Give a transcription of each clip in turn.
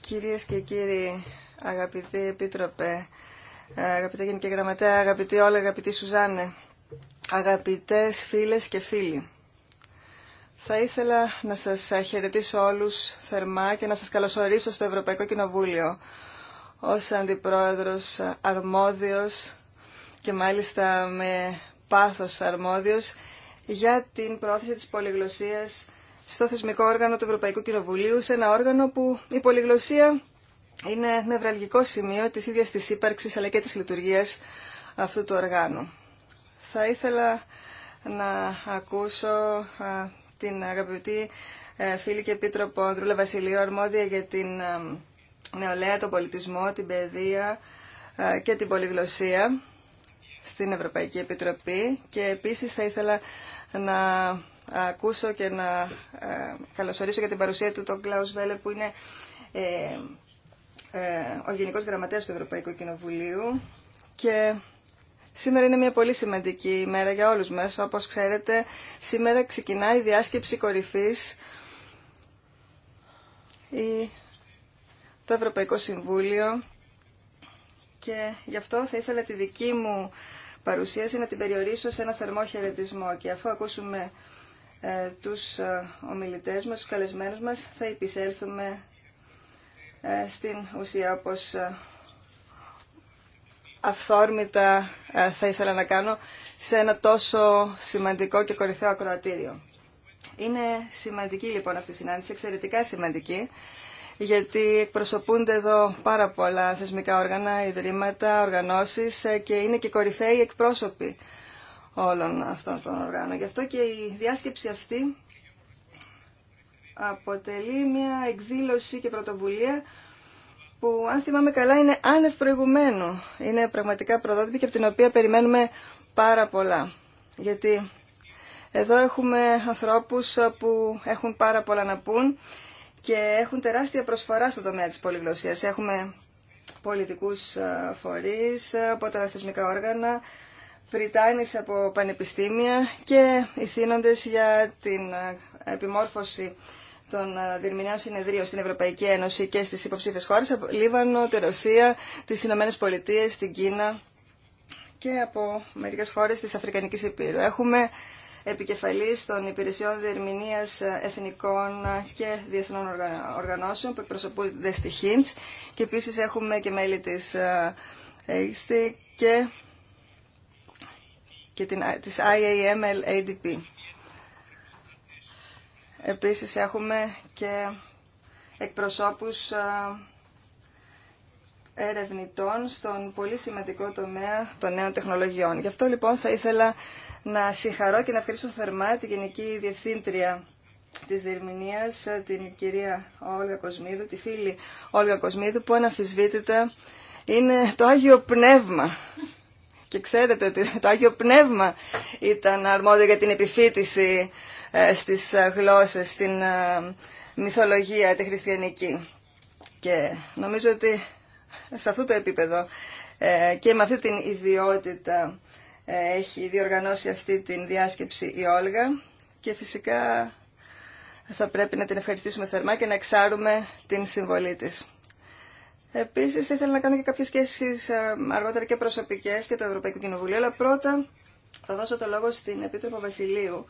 Κυρίες και κύριοι, αγαπητοί επίτροπε, αγαπητέ Γενική Γραμματέα, αγαπητοί όλα, αγαπητοί Σουζάνε, αγαπητές φίλες και φίλοι. Θα ήθελα να σας χαιρετήσω όλους θερμά και να σας καλωσορίσω στο Ευρωπαϊκό Κοινοβούλιο ως Αντιπρόεδρος Αρμόδιος και μάλιστα με πάθος αρμόδιος για την πρόθεση της πολυγλωσίας στο θεσμικό όργανο του Ευρωπαϊκού Κοινοβουλίου, σε ένα όργανο που η πολυγλωσία είναι νευραλγικό σημείο της ίδιας της ύπαρξης αλλά και της λειτουργίας αυτού του οργάνου. Θα ήθελα να ακούσω την αγαπητή ε, φίλη και επίτροπο Ανδρούλα Βασιλείου αρμόδια για την νεολαία, τον πολιτισμό, την παιδεία και την πολυγλωσία στην Ευρωπαϊκή Επιτροπή και επίσης θα ήθελα να ακούσω και να ε, καλωσορίσω για την παρουσία του τον Κλάους Βέλε που είναι ε, ε, ο Γενικός Γραμματέας του Ευρωπαϊκού Κοινοβουλίου και Σήμερα είναι μια πολύ σημαντική ημέρα για όλους μας. Όπως ξέρετε, σήμερα ξεκινά η διάσκεψη κορυφής η... το Ευρωπαϊκό Συμβούλιο και γι' αυτό θα ήθελα τη δική μου παρουσίαση να την περιορίσω σε ένα θερμό χαιρετισμό και αφού ακούσουμε ε, τους ε, ομιλητές μας, τους καλεσμένους μας, θα επισέλθουμε ε, στην ουσία όπως αυθόρμητα θα ήθελα να κάνω σε ένα τόσο σημαντικό και κορυφαίο ακροατήριο. Είναι σημαντική λοιπόν αυτή η συνάντηση, εξαιρετικά σημαντική, γιατί εκπροσωπούνται εδώ πάρα πολλά θεσμικά όργανα, ιδρύματα, οργανώσεις και είναι και κορυφαίοι εκπρόσωποι όλων αυτών των οργάνων. Γι' αυτό και η διάσκεψη αυτή αποτελεί μια εκδήλωση και πρωτοβουλία που αν θυμάμαι καλά είναι άνευ προηγουμένου. Είναι πραγματικά προδότυπη και από την οποία περιμένουμε πάρα πολλά. Γιατί εδώ έχουμε ανθρώπους που έχουν πάρα πολλά να πούν και έχουν τεράστια προσφορά στον τομέα της πολυγλωσίας Έχουμε πολιτικούς ε, φορείς ε, από τα θεσμικά όργανα, Βρυτάνης από πανεπιστήμια και ηθήνοντες για την ε, επιμόρφωση των ε, διερμηνέων συνεδρίων στην Ευρωπαϊκή Ένωση και στις υποψήφιες χώρες, από Λίβανο, τη Ρωσία, τις Ηνωμένες Πολιτείες, την Κίνα και από μερικές χώρες της Αφρικανικής Επίρου. Έχουμε επικεφαλής των υπηρεσιών διερμηνίας ε, εθνικών και διεθνών οργανώσεων που εκπροσωπούνται στη ΧΙΝΤΣ και επίσης έχουμε και μέλη της ΕΙΣΤΗ και και την, της IAML-ADP. Επίσης έχουμε και εκπροσώπους ε, ερευνητών στον πολύ σημαντικό τομέα των νέων τεχνολογιών. Γι' αυτό λοιπόν θα ήθελα να συγχαρώ και να ευχαριστώ θερμά την Γενική Διευθύντρια της Διερμηνίας, ε, την κυρία Όλγα Κοσμίδου, τη φίλη Όλγα Κοσμίδου, που αναφυσβήτητα είναι το Άγιο Πνεύμα και ξέρετε ότι το Άγιο Πνεύμα ήταν αρμόδιο για την επιφύτηση ε, στις ε, γλώσσες, στην ε, μυθολογία τη χριστιανική. Και νομίζω ότι σε αυτό το επίπεδο και με αυτή την ιδιότητα έχει διοργανώσει αυτή την διάσκεψη η Όλγα και φυσικά θα πρέπει να την ευχαριστήσουμε θερμά και να εξάρουμε την συμβολή της. Επίσης, θα ήθελα να κάνω και κάποιες σχέσεις ε, αργότερα και προσωπικέ και το Ευρωπαϊκό Κοινοβουλίο, αλλά πρώτα θα δώσω το λόγο στην Επίτροπο Βασιλείου,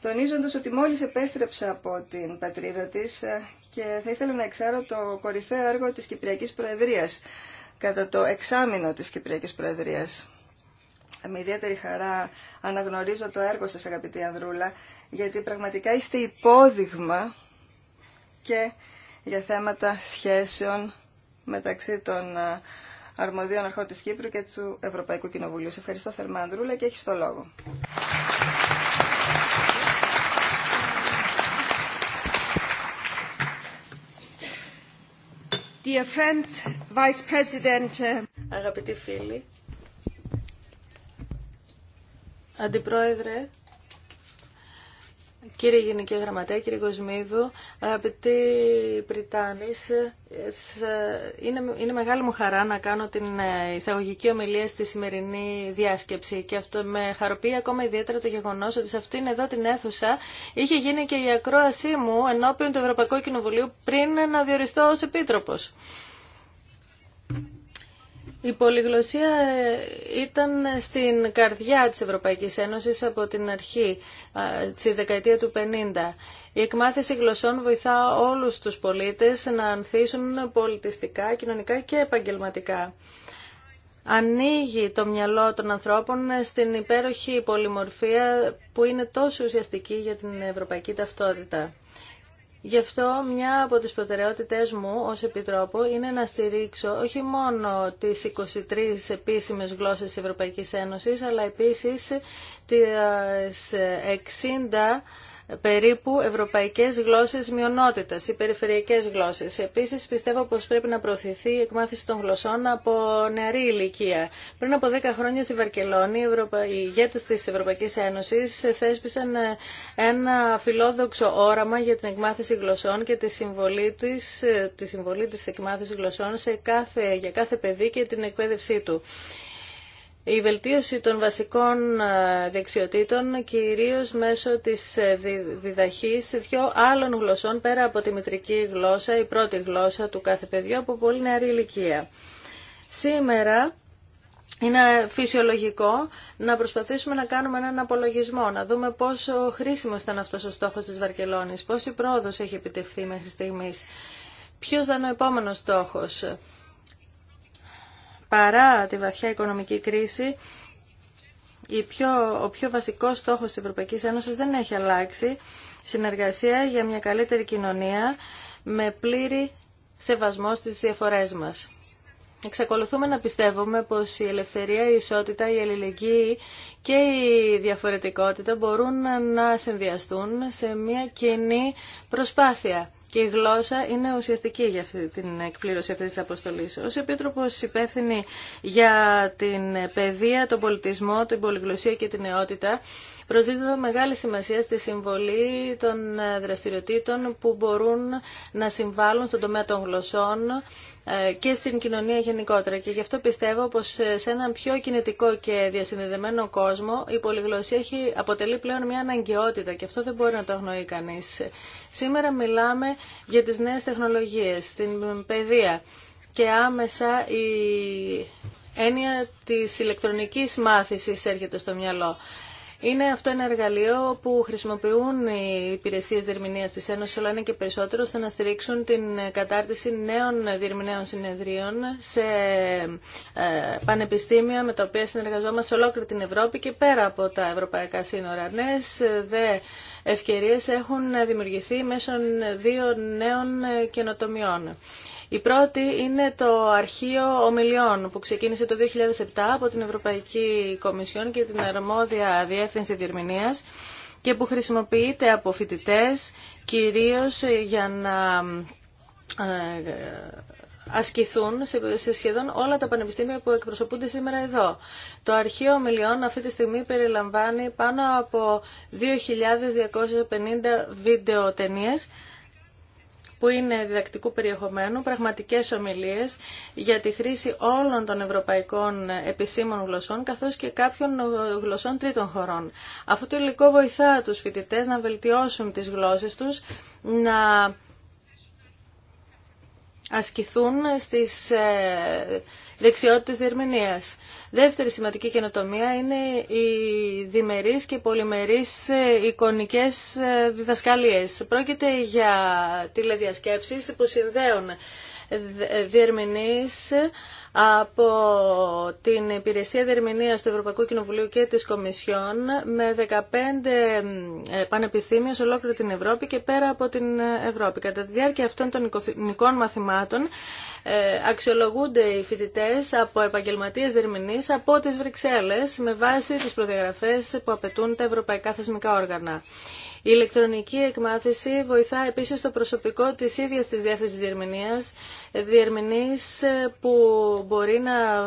τονίζοντα ότι μόλις επέστρεψα από την πατρίδα της ε, και θα ήθελα να εξάρω το κορυφαίο έργο της Κυπριακής Προεδρίας κατά το εξάμεινο της Κυπριακής προεδρία Με ιδιαίτερη χαρά αναγνωρίζω το έργο σας αγαπητή Ανδρούλα, γιατί πραγματικά είστε υπόδειγμα και για θέματα σχέσεων μεταξύ των ε, αρμοδίων αρχών της Κύπρου και του Ευρωπαϊκού Κοινοβουλίου. Σε ευχαριστώ θερμά, Ανδρούλα, και έχεις το λόγο. Dear friend, Vice President. Ε, Αγαπητοί φίλοι, Αντιπρόεδρε, Κύριε Γενική Γραμματέα, κύριε Κοσμίδου, αγαπητοί Πριτάνης, είναι μεγάλη μου χαρά να κάνω την ε, εισαγωγική ομιλία στη σημερινή διάσκεψη και αυτό με χαροποιεί ακόμα ιδιαίτερα το γεγονός ότι σε αυτήν εδώ την αίθουσα είχε γίνει και η ακρόασή μου ενώπιον του Ευρωπαϊκού Κοινοβουλίου πριν να διοριστώ ως Επίτροπος. Η πολυγλωσία ε, ήταν στην καρδιά της Ευρωπαϊκής Ένωσης από την αρχή, τη δεκαετία του 50. Η εκμάθηση γλωσσών βοηθά όλους τους πολίτες να ανθίσουν πολιτιστικά, κοινωνικά και επαγγελματικά. Ανοίγει το μυαλό των ανθρώπων στην υπέροχη πολυμορφία που είναι τόσο ουσιαστική για την ευρωπαϊκή ταυτότητα. Γι' αυτό μια από τις προτεραιότητες μου ως Επιτρόπο είναι να στηρίξω όχι μόνο τις 23 επίσημες γλώσσες της Ευρωπαϊκής Ένωσης, αλλά επίσης τις 60 περίπου ευρωπαϊκές γλώσσες μειονότητας ή περιφερειακές γλώσσες. Επίσης πιστεύω πω πρέπει να προωθηθεί η εκμάθηση των γλωσσών από νεαρή ηλικία. Πριν από 10 χρόνια στη Βαρκελόνη οι ηγέτε τη Ευρωπαϊκή Ένωση θέσπισαν ε, ένα φιλόδοξο όραμα για την εκμάθηση γλωσσών και τη συμβολή της, ε, τη συμβολή της εκμάθησης γλωσσών σε κάθε, για κάθε παιδί και την εκπαίδευσή του η βελτίωση των βασικών ε, δεξιοτήτων κυρίως μέσω της ε, διδαχής δυο άλλων γλωσσών πέρα από τη μητρική γλώσσα, η πρώτη γλώσσα του κάθε παιδιού από πολύ νεαρή ηλικία. Σήμερα είναι φυσιολογικό να προσπαθήσουμε να κάνουμε έναν απολογισμό, να δούμε πόσο χρήσιμο ήταν αυτός ο στόχος της Βαρκελόνης, πόση πρόοδος έχει επιτευχθεί μέχρι στιγμής, ποιος ήταν ο επόμενος στόχος παρά τη βαθιά οικονομική κρίση, η πιο, ο πιο βασικός στόχος της Ευρωπαϊκής Ένωσης δεν έχει αλλάξει. Συνεργασία για μια καλύτερη κοινωνία με πλήρη σεβασμό στις διαφορές μας. Εξακολουθούμε να πιστεύουμε πως η ελευθερία, η ισότητα, η ελληνική και η διαφορετικότητα μπορούν να συνδυαστούν σε μια κοινή προσπάθεια και η γλώσσα είναι ουσιαστική για αυτή την εκπλήρωση αυτή της αποστολή. Ω επίτροπο υπεύθυνη για την παιδεία, τον πολιτισμό, την πολυγλωσία και την νεότητα, προσδίδω μεγάλη σημασία στη συμβολή των ε, δραστηριοτήτων που μπορούν να συμβάλλουν στον τομέα των γλωσσών ε, και στην κοινωνία γενικότερα. Και γι' αυτό πιστεύω πως ε, σε έναν πιο κινητικό και διασυνδεδεμένο κόσμο η πολυγλωσσία έχει, αποτελεί πλέον μια αναγκαιότητα και αυτό δεν μπορεί να το αγνοεί κανείς. Σήμερα μιλάμε για τις νέες τεχνολογίες, την παιδεία και άμεσα η έννοια της ηλεκτρονικής μάθησης έρχεται στο μυαλό. Είναι αυτό ένα εργαλείο που χρησιμοποιούν οι υπηρεσίε διερμηνία τη Ένωση αλλά είναι και περισσότερο ώστε να στηρίξουν την κατάρτιση νέων διερμηνέων συνεδρίων σε ε, πανεπιστήμια με τα οποία συνεργαζόμαστε σε ολόκληρη την Ευρώπη και πέρα από τα ευρωπαϊκά σύνορα. Νέε δε ευκαιρίε έχουν δημιουργηθεί μέσω δύο νέων καινοτομιών. Η πρώτη είναι το Αρχείο Ομιλιών που ξεκίνησε το 2007 από την Ευρωπαϊκή Κομισιόν και την Αρμόδια Διεύθυνση Διερμηνίας και που χρησιμοποιείται από φοιτητέ κυρίως για να ε, ασκηθούν σε σχεδόν όλα τα πανεπιστήμια που εκπροσωπούνται σήμερα εδώ. Το Αρχείο Ομιλιών αυτή τη στιγμή περιλαμβάνει πάνω από 2.250 βίντεο ταινίες που είναι διδακτικού περιεχομένου, πραγματικές ομιλίες για τη χρήση όλων των ευρωπαϊκών επισήμων γλωσσών, καθώς και κάποιων γλωσσών τρίτων χωρών. Αυτό το υλικό βοηθά τους φοιτητές να βελτιώσουν τις γλώσσες τους, να ασκηθούν στις ε, δεξιότητες διερμηνίας. Δεύτερη σημαντική καινοτομία είναι οι διμερείς και πολυμερείς ε, εικονικές ε, διδασκαλίες. Πρόκειται για τηλεδιασκέψεις που συνδέουν ε, διερμηνείς από την Υπηρεσία δερμηνείας του Ευρωπαϊκού Κοινοβουλίου και της Κομισιόν με 15 ε, πανεπιστήμια σε ολόκληρη την Ευρώπη και πέρα από την Ευρώπη. Κατά τη διάρκεια αυτών των εικονικών μαθημάτων ε, αξιολογούνται οι φοιτητές από επαγγελματίες δερμηνείς από τις Βρυξέλλες με βάση τις προδιαγραφέ που απαιτούν τα ευρωπαϊκά θεσμικά όργανα. Η ηλεκτρονική εκμάθηση βοηθά επίσης το προσωπικό της ίδιας της διεύθυνσης διερμηνίας, διερμηνής που μπορεί να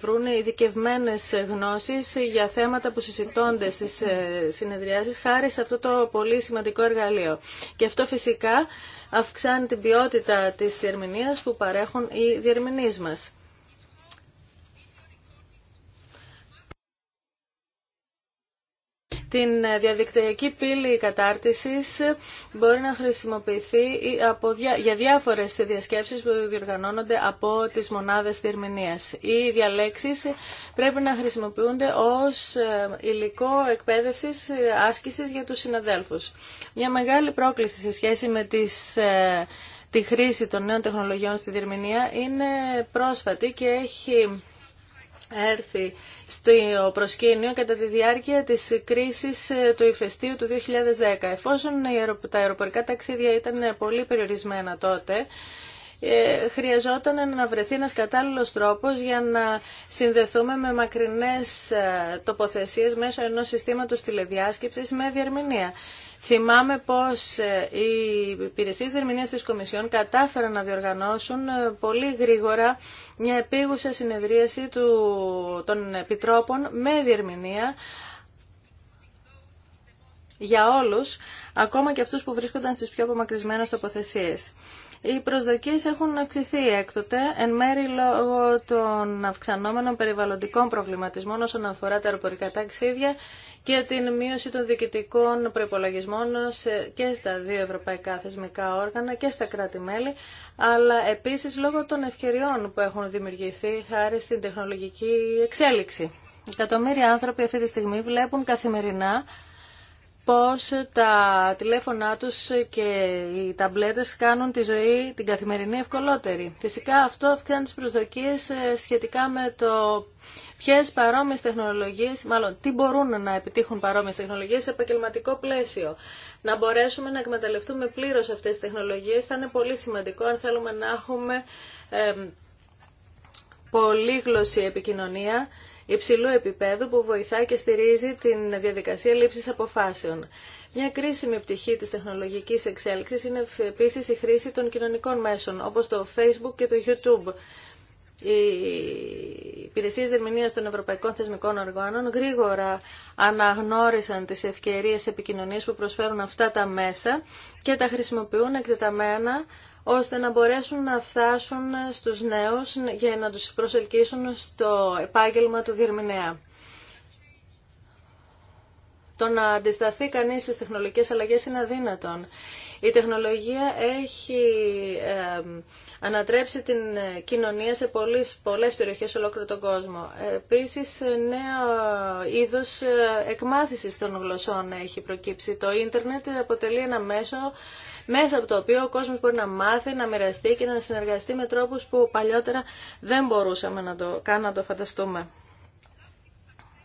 βρουν ειδικευμένε γνώσεις για θέματα που συζητώνται στις συνεδριάσεις χάρη σε αυτό το πολύ σημαντικό εργαλείο. Και αυτό φυσικά αυξάνει την ποιότητα της ερμηνείας που παρέχουν οι διερμηνείς μας. την ε, διαδικτυακή πύλη κατάρτισης μπορεί να χρησιμοποιηθεί από, για διάφορες διασκέψεις που διοργανώνονται από τις μονάδες διερμηνίας. Οι διαλέξεις πρέπει να χρησιμοποιούνται ως ε, υλικό εκπαίδευσης, ε, άσκησης για τους συναδέλφους. Μια μεγάλη πρόκληση σε σχέση με τις τη χρήση των νέων τεχνολογιών στη διερμηνία είναι πρόσφατη και έχει έρθει στο προσκήνιο κατά τη διάρκεια της κρίσης ε, του ηφαιστείου του 2010. Εφόσον τα αεροπορικά ταξίδια ήταν πολύ περιορισμένα τότε, ε, χρειαζόταν να βρεθεί ένας κατάλληλος τρόπος για να συνδεθούμε με μακρινές ε, τοποθεσίες μέσω ενός συστήματος τηλεδιάσκεψης με διερμηνία. Θυμάμαι πως ε, οι υπηρεσίε δερμηνίας της Κομισιόν κατάφεραν να διοργανώσουν ε, πολύ γρήγορα μια επίγουσα συνεδρίαση του, των επιτρόπων με διερμηνία για όλους, ακόμα και αυτούς που βρίσκονταν στις πιο απομακρυσμένες τοποθεσίες. Οι προσδοκίες έχουν αυξηθεί έκτοτε, εν μέρη λόγω των αυξανόμενων περιβαλλοντικών προβληματισμών όσον αφορά τα αεροπορικά ταξίδια και την μείωση των διοικητικών προπολογισμών και στα δύο ευρωπαϊκά θεσμικά όργανα και στα κράτη-μέλη, αλλά επίσης λόγω των ευκαιριών που έχουν δημιουργηθεί χάρη στην τεχνολογική εξέλιξη. Εκατομμύρια άνθρωποι αυτή τη στιγμή βλέπουν καθημερινά πώς τα τηλέφωνά τους και οι ταμπλέτες κάνουν τη ζωή την καθημερινή ευκολότερη. Φυσικά αυτό αυξάνει τις προσδοκίες ε, σχετικά με το ποιες παρόμοιες τεχνολογίες, μάλλον τι μπορούν να επιτύχουν παρόμοιες τεχνολογίες σε επαγγελματικό πλαίσιο. Να μπορέσουμε να εκμεταλλευτούμε πλήρως αυτές τις τεχνολογίες θα είναι πολύ σημαντικό αν θέλουμε να έχουμε ε, πολύγλωση επικοινωνία υψηλού επίπεδου που βοηθάει και στηρίζει την διαδικασία λήψη αποφάσεων. Μια κρίσιμη πτυχή της τεχνολογικής εξέλιξη είναι επίσης η χρήση των κοινωνικών μέσων, όπως το Facebook και το YouTube. Οι υπηρεσίε δερμηνία των Ευρωπαϊκών Θεσμικών Οργάνων γρήγορα αναγνώρισαν τις ευκαιρίες επικοινωνίας που προσφέρουν αυτά τα μέσα και τα χρησιμοποιούν εκτεταμένα ώστε να μπορέσουν να φτάσουν στους νέους για να τους προσελκύσουν στο επάγγελμα του διερμηνέα. Το να αντισταθεί κανείς στις τεχνολογικές αλλαγές είναι αδύνατον. Η τεχνολογία έχει ανατρέψει την κοινωνία σε πολλές, πολλές περιοχές ολόκληρο τον κόσμο. Επίσης, νέα είδος ε, εκμάθησης των γλωσσών έχει προκύψει. Το ίντερνετ αποτελεί ένα μέσο μέσα από το οποίο ο κόσμος μπορεί να μάθει, να μοιραστεί και να συνεργαστεί με τρόπους που παλιότερα δεν μπορούσαμε να το, να το φανταστούμε.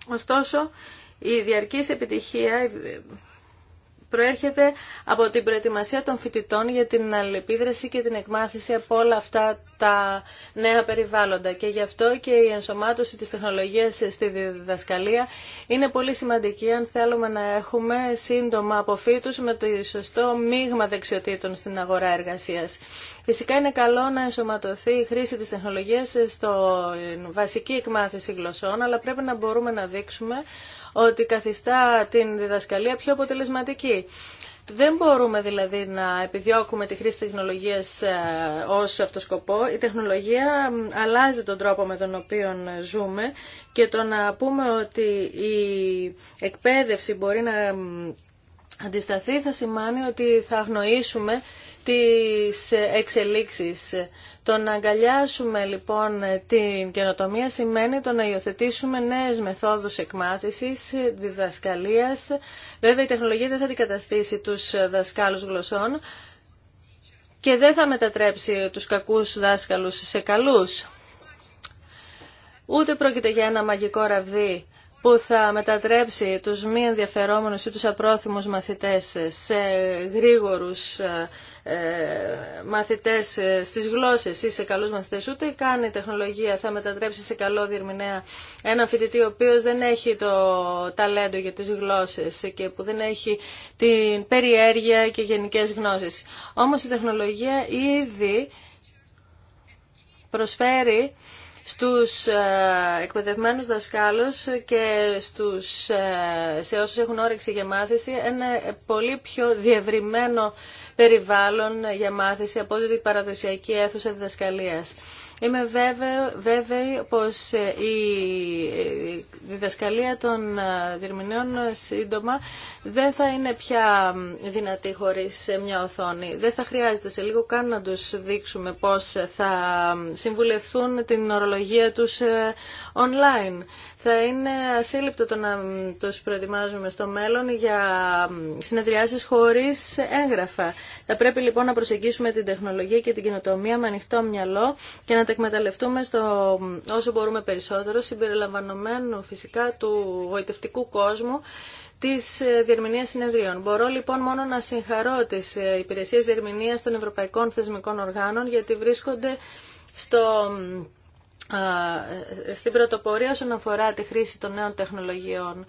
Ωστόσο, η διαρκής επιτυχία προέρχεται από την προετοιμασία των φοιτητών για την αλληλεπίδραση και την εκμάθηση από όλα αυτά τα νέα περιβάλλοντα. Και γι' αυτό και η ενσωμάτωση της τεχνολογίας στη διδασκαλία είναι πολύ σημαντική αν θέλουμε να έχουμε σύντομα αποφύτους με το σωστό μείγμα δεξιοτήτων στην αγορά εργασίας. Φυσικά είναι καλό να ενσωματωθεί η χρήση της τεχνολογίας στο βασική εκμάθηση γλωσσών, αλλά πρέπει να μπορούμε να δείξουμε ότι καθιστά την διδασκαλία πιο αποτελεσματική. Δεν μπορούμε δηλαδή να επιδιώκουμε τη χρήση τεχνολογίας ε, ως αυτοσκοπό, σκοπό. Η τεχνολογία αλλάζει τον τρόπο με τον οποίο ζούμε και το να πούμε ότι η εκπαίδευση μπορεί να αντισταθεί θα σημαίνει ότι θα αγνοήσουμε τις εξελίξεις. Το να αγκαλιάσουμε λοιπόν την καινοτομία σημαίνει το να υιοθετήσουμε νέες μεθόδους εκμάθησης, διδασκαλίας. Βέβαια η τεχνολογία δεν θα την τους δασκάλους γλωσσών και δεν θα μετατρέψει τους κακούς δάσκαλους σε καλούς. Ούτε πρόκειται για ένα μαγικό ραβδί που θα μετατρέψει τους μη ενδιαφερόμενους ή τους απρόθυμους μαθητές σε γρήγορους ε, ε, μαθητές ε, στις γλώσσες ή σε καλούς μαθητές. Ούτε καν η τεχνολογία θα μετατρέψει σε καλό διερμηνέα ένα φοιτητή ο οποίος δεν έχει το ταλέντο για τις γλώσσες και που δεν έχει την περιέργεια και γενικές γνώσεις. Όμως η τεχνολογία ήδη προσφέρει στους ε, εκπαιδευμένους δασκάλους και στους, ε, σε όσους έχουν όρεξη για μάθηση ένα πολύ πιο διευρυμένο περιβάλλον για μάθηση από η παραδοσιακή αίθουσα διδασκαλίας. Είμαι βέβαιη πως η διδασκαλία των ε, διερμηνέων ε, σύντομα δεν θα είναι πια δυνατή χωρίς μια οθόνη. Δεν θα χρειάζεται σε λίγο καν να τους δείξουμε πώς θα συμβουλευθούν την ορολογία τους ε, online. Θα είναι ασύλληπτο το να τους προετοιμάζουμε στο μέλλον για συνεδριάσεις χωρίς έγγραφα. Θα πρέπει λοιπόν να προσεγγίσουμε την τεχνολογία και την κοινοτομία με ανοιχτό μυαλό και να θα εκμεταλλευτούμε στο όσο μπορούμε περισσότερο, συμπεριλαμβανομένου φυσικά του γοητευτικού κόσμου τη ε, διερμηνία συνεδρίων. Μπορώ λοιπόν μόνο να συγχαρώ τι ε, υπηρεσίε διερμηνία των Ευρωπαϊκών Θεσμικών Οργάνων γιατί βρίσκονται στο ε, στην πρωτοπορία όσον αφορά τη χρήση των νέων τεχνολογιών.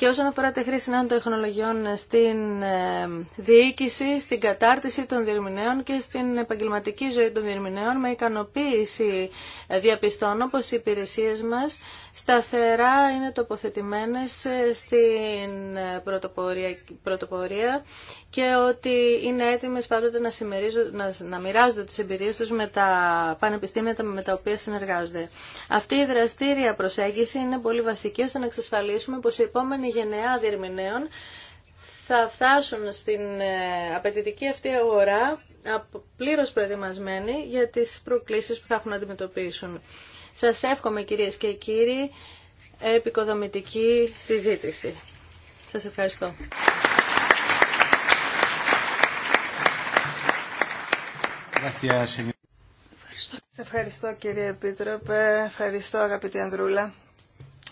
Και όσον αφορά τη χρήση νέων τεχνολογιών στην ε, διοίκηση, στην κατάρτιση των διερμηνέων και στην επαγγελματική ζωή των διερμηνέων, με ικανοποίηση ε, διαπιστώνω πως οι υπηρεσίες μας σταθερά είναι τοποθετημένες ε, στην ε, πρωτοπορία, πρωτοπορία και ότι είναι έτοιμες πάντοτε να, να, να μοιράζονται τις εμπειρίες τους με τα πανεπιστήμια με τα οποία συνεργάζονται. Αυτή η δραστήρια προσέγγιση είναι πολύ βασική ώστε να εξασφαλίσουμε πως η επόμενη γενεά διερμηνέων θα φτάσουν στην ε, απαιτητική αυτή αγορά πλήρως προετοιμασμένοι για τις προκλήσεις που θα έχουν να αντιμετωπίσουν. Σας εύχομαι κυρίες και κύριοι επικοδομητική συζήτηση. Σας ευχαριστώ. Ευχαριστώ. ευχαριστώ κύριε Επίτροπε, ευχαριστώ αγαπητή Ανδρούλα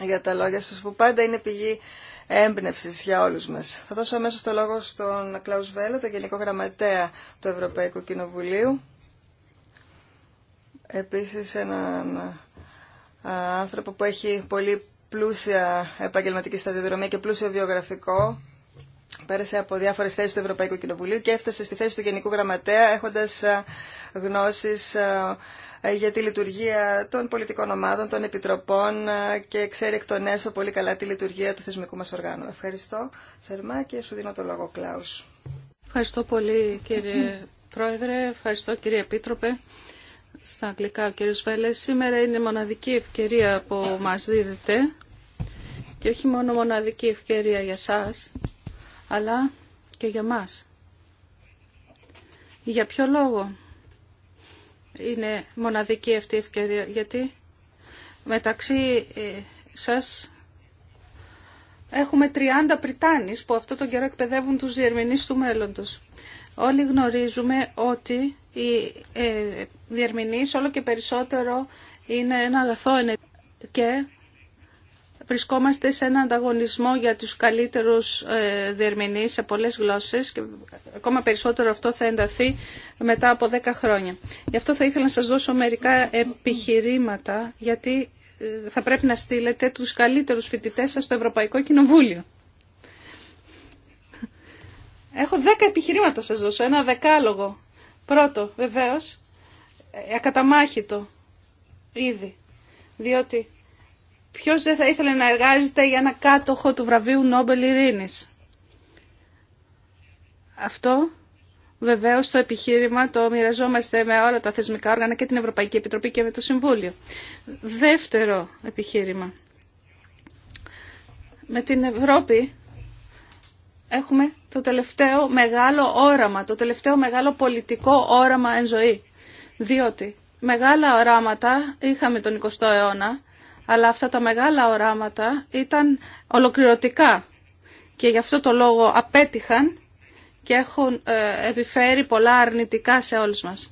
για τα λόγια σας που πάντα είναι πηγή έμπνευση για όλους μας. Θα δώσω αμέσω το λόγο στον Κλάους Βέλο, τον Γενικό Γραμματέα του Ευρωπαϊκού Κοινοβουλίου. Επίσης έναν άνθρωπο που έχει πολύ πλούσια επαγγελματική σταδιοδρομία και πλούσιο βιογραφικό. Πέρασε από διάφορες θέσεις του Ευρωπαϊκού Κοινοβουλίου και έφτασε στη θέση του Γενικού Γραμματέα έχοντας γνώσεις για τη λειτουργία των πολιτικών ομάδων, των επιτροπών και ξέρει εκ των έσω πολύ καλά τη λειτουργία του θεσμικού μας οργάνου. Ευχαριστώ θερμά και σου δίνω το λόγο, Κλάους. Ευχαριστώ πολύ κύριε Πρόεδρε, ευχαριστώ κύριε Επίτροπε στα αγγλικά ο κύριος Σήμερα είναι μοναδική ευκαιρία που μας δίδετε και όχι μόνο μοναδική ευκαιρία για σας, αλλά και για μας. Για ποιο λόγο είναι μοναδική αυτή η ευκαιρία, γιατί μεταξύ ε, σας έχουμε 30 Πριτάνης που αυτό τον καιρό εκπαιδεύουν τους διερμηνείς του μέλλοντος. Όλοι γνωρίζουμε ότι οι ε, διερμηνείς όλο και περισσότερο είναι ένα αγαθό και βρισκόμαστε σε ένα ανταγωνισμό για τους καλύτερους ε, διερμηνείς σε πολλές γλώσσες και ακόμα περισσότερο αυτό θα ενταθεί μετά από 10 χρόνια. Γι' αυτό θα ήθελα να σας δώσω μερικά επιχειρήματα γιατί ε, θα πρέπει να στείλετε τους καλύτερους φοιτητές σας στο Ευρωπαϊκό Κοινοβούλιο. Έχω δέκα επιχειρήματα σας δώσω, ένα δεκάλογο. Πρώτο, βεβαίως, ε, ακαταμάχητο ήδη. Διότι ποιος δεν θα ήθελε να εργάζεται για ένα κάτοχο του βραβείου Νόμπελ Ειρήνης. Αυτό βεβαίως, το επιχείρημα το μοιραζόμαστε με όλα τα θεσμικά όργανα και την Ευρωπαϊκή Επιτροπή και με το Συμβούλιο. Δεύτερο επιχείρημα. Με την Ευρώπη έχουμε το τελευταίο μεγάλο όραμα, το τελευταίο μεγάλο πολιτικό όραμα εν ζωή. Διότι μεγάλα οράματα είχαμε τον 20ο αιώνα, αλλά αυτά τα μεγάλα οράματα ήταν ολοκληρωτικά και γι' αυτό το λόγο απέτυχαν και έχουν ε, επιφέρει πολλά αρνητικά σε όλους μας.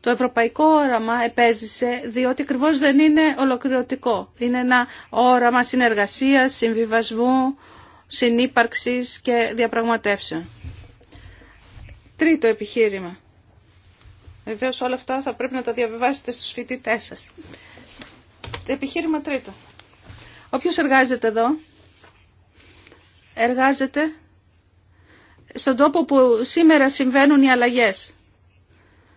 Το ευρωπαϊκό όραμα επέζησε διότι ακριβώ δεν είναι ολοκληρωτικό. Είναι ένα όραμα συνεργασίας, συμβιβασμού, συνύπαρξης και διαπραγματεύσεων. Τρίτο επιχείρημα. Βεβαίω όλα αυτά θα πρέπει να τα διαβιβάσετε στους φοιτητέ σας. Επιχείρημα τρίτο. Όποιος εργάζεται εδώ, εργάζεται στον τόπο που σήμερα συμβαίνουν οι αλλαγές.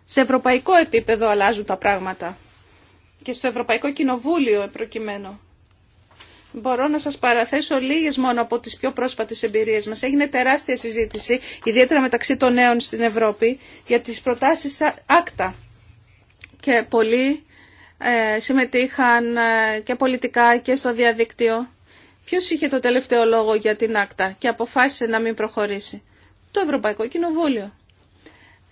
Σε ευρωπαϊκό επίπεδο αλλάζουν τα πράγματα και στο Ευρωπαϊκό Κοινοβούλιο προκειμένου. Μπορώ να σας παραθέσω λίγες μόνο από τις πιο πρόσφατες εμπειρίες μας. Έγινε τεράστια συζήτηση, ιδιαίτερα μεταξύ των νέων στην Ευρώπη, για τις προτάσεις άκτα. Και πολλοί ε, συμμετείχαν ε, και πολιτικά και στο διαδίκτυο. Ποιος είχε το τελευταίο λόγο για την άκτα και αποφάσισε να μην προχωρήσει. Το Ευρωπαϊκό Κοινοβούλιο.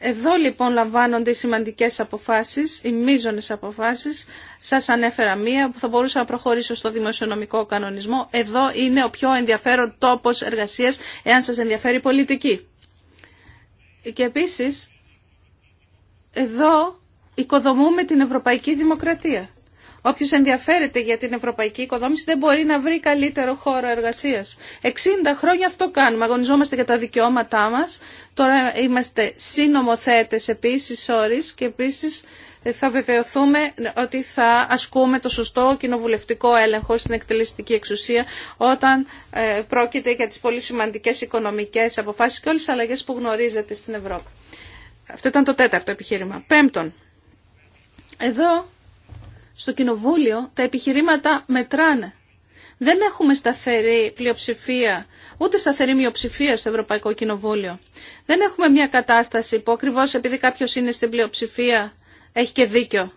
Εδώ λοιπόν λαμβάνονται οι σημαντικές αποφάσεις, οι μείζονες αποφάσεις. Σας ανέφερα μία που θα μπορούσα να προχωρήσω στο δημοσιονομικό κανονισμό. Εδώ είναι ο πιο ενδιαφέρον τόπος εργασίας, εάν σας ενδιαφέρει η πολιτική. Και επίσης, εδώ οικοδομούμε την Ευρωπαϊκή Δημοκρατία. Όποιο ενδιαφέρεται για την ευρωπαϊκή οικοδόμηση δεν μπορεί να βρει καλύτερο χώρο εργασία. 60 χρόνια αυτό κάνουμε. Αγωνιζόμαστε για τα δικαιώματά μα. Τώρα είμαστε συνομοθέτε επίση όρει και επίση ε, θα βεβαιωθούμε ότι θα ασκούμε το σωστό κοινοβουλευτικό έλεγχο στην εκτελεστική εξουσία όταν ε, πρόκειται για τις πολύ σημαντικές οικονομικές αποφάσεις και όλες τις αλλαγές που γνωρίζετε στην Ευρώπη. Αυτό ήταν το τέταρτο επιχείρημα. Πέμπτον, εδώ στο κοινοβούλιο τα επιχειρήματα μετράνε. Δεν έχουμε σταθερή πλειοψηφία, ούτε σταθερή μειοψηφία στο Ευρωπαϊκό Κοινοβούλιο. Δεν έχουμε μια κατάσταση που ακριβώ επειδή κάποιο είναι στην πλειοψηφία έχει και δίκιο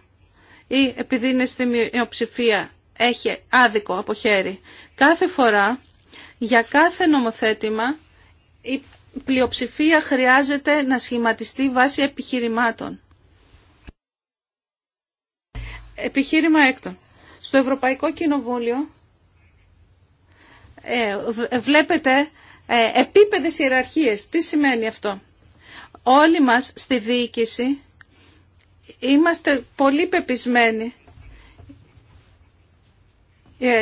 ή επειδή είναι στη μειοψηφία έχει άδικο από χέρι. Κάθε φορά, για κάθε νομοθέτημα, η πλειοψηφία χρειάζεται να σχηματιστεί βάσει επιχειρημάτων. Επιχείρημα έκτον. Στο Ευρωπαϊκό Κοινοβούλιο ε, ε, βλέπετε ε, επίπεδες ιεραρχίες. Τι σημαίνει αυτό. Όλοι μας στη διοίκηση είμαστε πολύ πεπισμένοι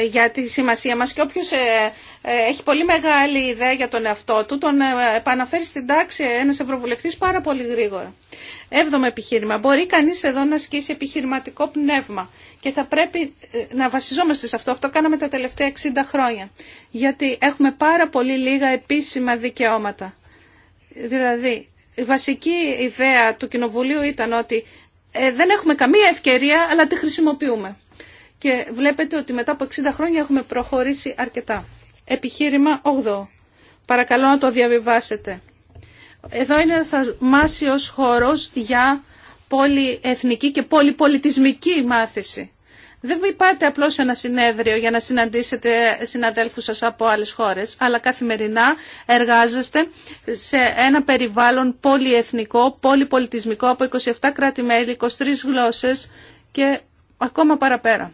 για τη σημασία μας και όποιος έχει πολύ μεγάλη ιδέα για τον εαυτό του, τον ε, επαναφέρει στην τάξη ένας ευρωβουλευτής πάρα πολύ γρήγορα. Έβδομο επιχείρημα. Μπορεί κανείς εδώ να ασκήσει επιχειρηματικό πνεύμα και θα πρέπει ε, να βασιζόμαστε σε αυτό. Αυτό κάναμε τα τελευταία 60 χρόνια, γιατί έχουμε πάρα πολύ λίγα επίσημα δικαιώματα. Δηλαδή, η βασική ιδέα του Κοινοβουλίου ήταν ότι ε, δεν έχουμε καμία ευκαιρία, αλλά τη χρησιμοποιούμε. Και βλέπετε ότι μετά από 60 χρόνια έχουμε προχωρήσει αρκετά επιχείρημα 8. Παρακαλώ να το διαβιβάσετε. Εδώ είναι θαυμάσιος χώρος για πολυεθνική και πολυπολιτισμική μάθηση. Δεν μην πάτε απλώς σε ένα συνέδριο για να συναντήσετε συναδέλφους σας από άλλες χώρες, αλλά καθημερινά εργάζεστε σε ένα περιβάλλον πολυεθνικό, πολυπολιτισμικό από 27 κράτη-μέλη, 23 γλώσσες και ακόμα παραπέρα.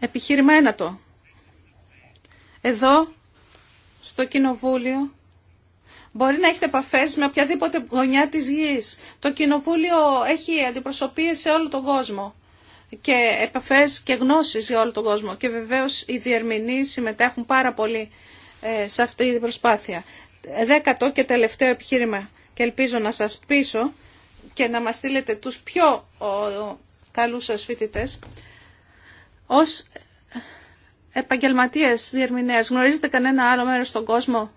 Επιχείρημα ένατο εδώ στο Κοινοβούλιο μπορεί να έχετε επαφέ με οποιαδήποτε γωνιά της γης. Το Κοινοβούλιο έχει αντιπροσωπείες σε όλο τον κόσμο και επαφές και γνώσεις για όλο τον κόσμο και βεβαίως οι διερμηνείς συμμετέχουν πάρα πολύ ε, σε αυτή την προσπάθεια. Δέκατο και τελευταίο επιχείρημα και ελπίζω να σας πείσω και να μας στείλετε τους πιο καλούς σας φοιτητές ως Επαγγελματίε διερμηνέα. Γνωρίζετε κανένα άλλο μέρο στον κόσμο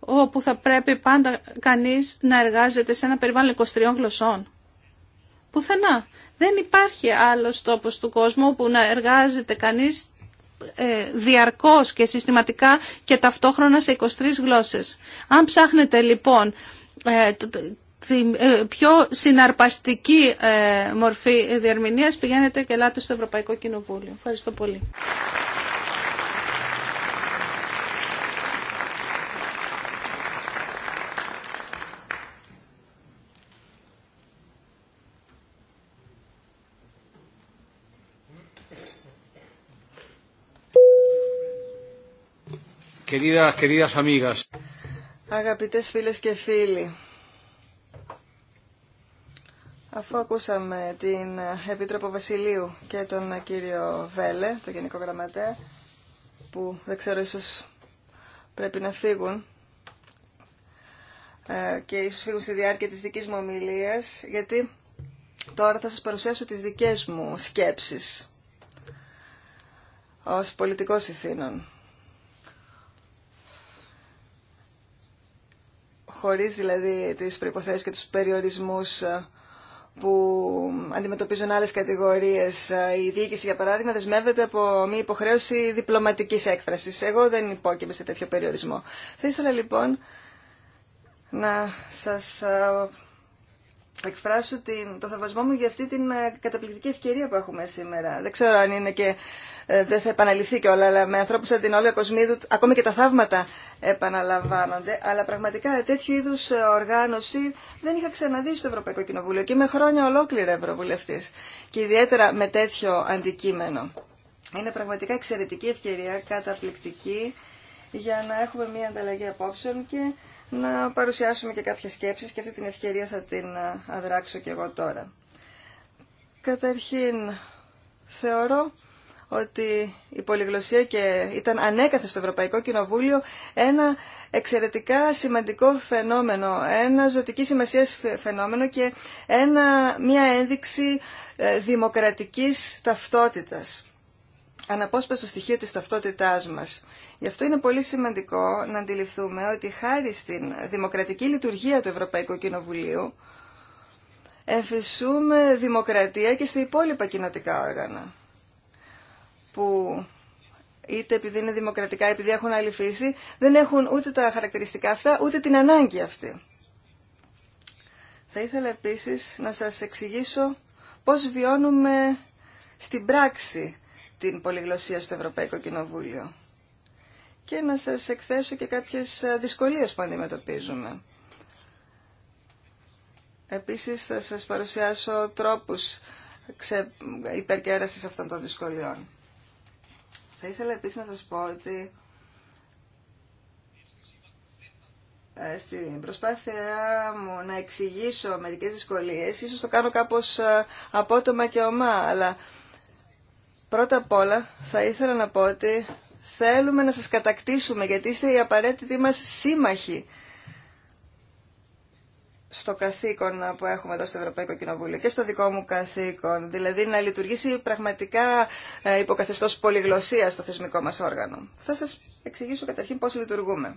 όπου θα πρέπει πάντα κανεί να εργάζεται σε ένα περιβάλλον 23 γλωσσών. Πουθενά. Δεν υπάρχει άλλο τόπο του κόσμου όπου να εργάζεται κανείς ε, διαρκώ και συστηματικά και ταυτόχρονα σε 23 γλώσσε. Αν ψάχνετε λοιπόν ε, ε, πιο συναρπαστική μορφή διερμηνίας πηγαίνετε και ελάτε στο Ευρωπαϊκό Κοινοβούλιο. Ευχαριστώ πολύ. Queridas, queridas amigas. Αγαπητές φίλες και φίλοι, αφού ακούσαμε την Επίτροπο Βασιλείου και τον κύριο Βέλε, τον Γενικό Γραμματέα, που δεν ξέρω ίσως πρέπει να φύγουν ε, και ίσως φύγουν στη διάρκεια της δικής μου ομιλίας, γιατί τώρα θα σας παρουσιάσω τις δικές μου σκέψεις ως πολιτικός ηθήνων. χωρίς δηλαδή τις προϋποθέσεις και τους περιορισμούς ε, που αντιμετωπίζουν άλλες κατηγορίες. Ε, η διοίκηση, για παράδειγμα, δεσμεύεται από μια υποχρέωση διπλωματικής έκφρασης. Εγώ δεν υπόκειμαι σε τέτοιο περιορισμό. Θα ήθελα λοιπόν να σας ε, εκφράσω την, το θαυμασμό μου για αυτή την καταπληκτική ευκαιρία που έχουμε σήμερα. Δεν ξέρω αν είναι και ε, δεν θα επαναληφθεί και όλα, αλλά με ανθρώπους σαν την Όλια Κοσμίδου ακόμη και τα θαύματα επαναλαμβάνονται. Αλλά πραγματικά τέτοιου είδου ε, οργάνωση δεν είχα ξαναδεί στο Ευρωπαϊκό Κοινοβούλιο και είμαι χρόνια ολόκληρα Ευρωβουλευτή. και ιδιαίτερα με τέτοιο αντικείμενο. Είναι πραγματικά εξαιρετική ευκαιρία, καταπληκτική, για να έχουμε μια ανταλλαγή απόψεων και να παρουσιάσουμε και κάποιες σκέψεις και αυτή την ευκαιρία θα την ε, αδράξω και εγώ τώρα. Καταρχήν, θεωρώ ότι η πολυγλωσία και ήταν ανέκαθεν στο Ευρωπαϊκό Κοινοβούλιο ένα εξαιρετικά σημαντικό φαινόμενο, ένα ζωτική σημασία φαινόμενο και ένα, μια ένδειξη ε, δημοκρατικής ταυτότητας. Αναπόσπαστο στοιχείο της ταυτότητάς μας. Γι' αυτό είναι πολύ σημαντικό να αντιληφθούμε ότι χάρη στην δημοκρατική λειτουργία του Ευρωπαϊκού Κοινοβουλίου εμφυσούμε δημοκρατία και στα υπόλοιπα κοινοτικά όργανα που είτε επειδή είναι δημοκρατικά, επειδή έχουν άλλη φύση, δεν έχουν ούτε τα χαρακτηριστικά αυτά, ούτε την ανάγκη αυτή. Θα ήθελα επίσης να σας εξηγήσω πώς βιώνουμε στην πράξη την πολυγλωσία στο Ευρωπαϊκό Κοινοβούλιο και να σας εκθέσω και κάποιες δυσκολίες που αντιμετωπίζουμε. Επίσης θα σας παρουσιάσω τρόπους υπερκέρασης αυτών των δυσκολιών. Θα ήθελα επίσης να σας πω ότι ε, στην προσπάθειά μου να εξηγήσω μερικές δυσκολίες, ίσως το κάνω κάπως ε, απότομα και ομά, αλλά πρώτα απ' όλα θα ήθελα να πω ότι θέλουμε να σας κατακτήσουμε, γιατί είστε οι απαραίτητοι μας σύμμαχοι στο καθήκον που έχουμε εδώ στο Ευρωπαϊκό Κοινοβούλιο και στο δικό μου καθήκον, δηλαδή να λειτουργήσει πραγματικά ε, υποκαθεστώς πολυγλωσία στο θεσμικό μας όργανο. Θα σας εξηγήσω καταρχήν πώς λειτουργούμε.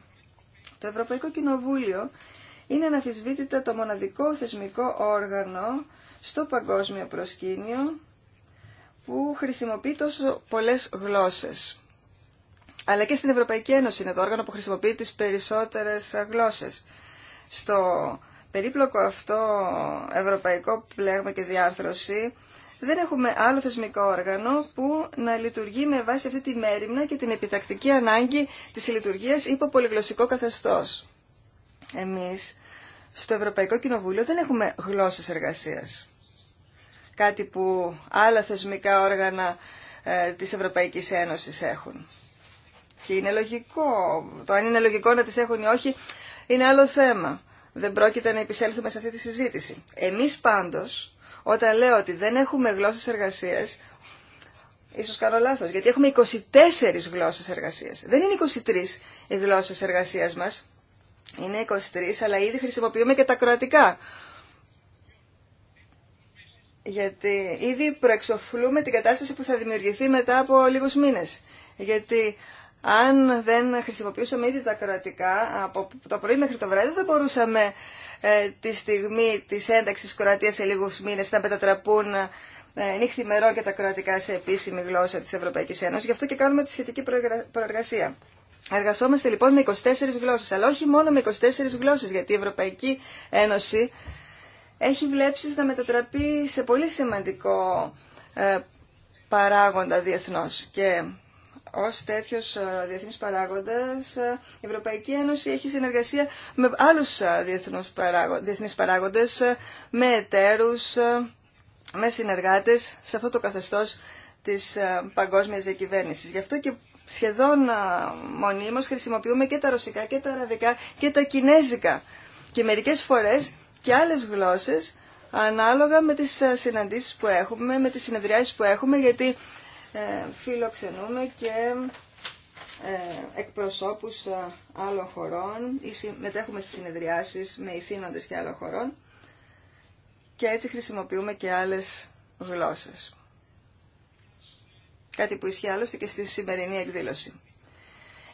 Το Ευρωπαϊκό Κοινοβούλιο είναι αναφυσβήτητα το μοναδικό θεσμικό όργανο στο παγκόσμιο προσκήνιο που χρησιμοποιεί τόσο πολλές γλώσσες. Αλλά και στην Ευρωπαϊκή Ένωση είναι το όργανο που χρησιμοποιεί τις περισσότερες γλώσσες. Στο περίπλοκο αυτό ευρωπαϊκό πλέγμα και διάρθρωση δεν έχουμε άλλο θεσμικό όργανο που να λειτουργεί με βάση αυτή τη μέρημνα και την επιτακτική ανάγκη της λειτουργίας υπό πολυγλωσσικό καθεστώς. Εμείς στο Ευρωπαϊκό Κοινοβούλιο δεν έχουμε γλώσσες εργασίας. Κάτι που άλλα θεσμικά όργανα ε, της Ευρωπαϊκής Ένωσης έχουν. Και είναι λογικό. Το αν είναι λογικό να τις έχουν ή όχι είναι άλλο θέμα δεν πρόκειται να επισέλθουμε σε αυτή τη συζήτηση. Εμείς πάντως, όταν λέω ότι δεν έχουμε γλώσσες εργασίας, ίσως κάνω λάθος, γιατί έχουμε 24 γλώσσες εργασίας. Δεν είναι 23 οι γλώσσες εργασίας μας, είναι 23, αλλά ήδη χρησιμοποιούμε και τα κροατικά. Γιατί ήδη προεξοφλούμε την κατάσταση που θα δημιουργηθεί μετά από λίγους μήνες. Γιατί αν δεν χρησιμοποιούσαμε ήδη τα κροατικά, από το πρωί μέχρι το βράδυ δεν θα μπορούσαμε ε, τη στιγμή της ένταξης Κροατίας σε λίγους μήνες να μετατραπούν ε, νύχθη μερό και τα κροατικά σε επίσημη γλώσσα της Ευρωπαϊκής Ένωσης. Γι' αυτό και κάνουμε τη σχετική προεργασία. Εργαζόμαστε λοιπόν με 24 γλώσσες, αλλά όχι μόνο με 24 γλώσσες, γιατί η Ευρωπαϊκή Ένωση έχει βλέψεις να μετατραπεί σε πολύ σημαντικό ε, παράγοντα διεθνώς. Και ως τέτοιος ε, διεθνής παράγοντας, ε, η Ευρωπαϊκή Ένωση έχει συνεργασία με άλλους ε, διεθνεί παράγοντε με εταίρους, με συνεργάτες σε αυτό το καθεστώς της παγκόσμιας διακυβέρνησης. Γι' αυτό και σχεδόν μονίμως χρησιμοποιούμε και τα ρωσικά και τα αραβικά και τα κινέζικα και μερικές φορές και άλλες γλώσσες ανάλογα με τις συναντήσεις που έχουμε, με τις συνεδριάσεις που έχουμε, γιατί ε, φιλοξενούμε και ε, εκπροσώπους ε, άλλων χωρών ή μετέχουμε στις συνεδριάσεις με ηθήνοντες και άλλων χωρών και έτσι χρησιμοποιούμε και άλλες γλώσσες. Κάτι που ισχύει άλλωστε και στη σημερινή εκδήλωση.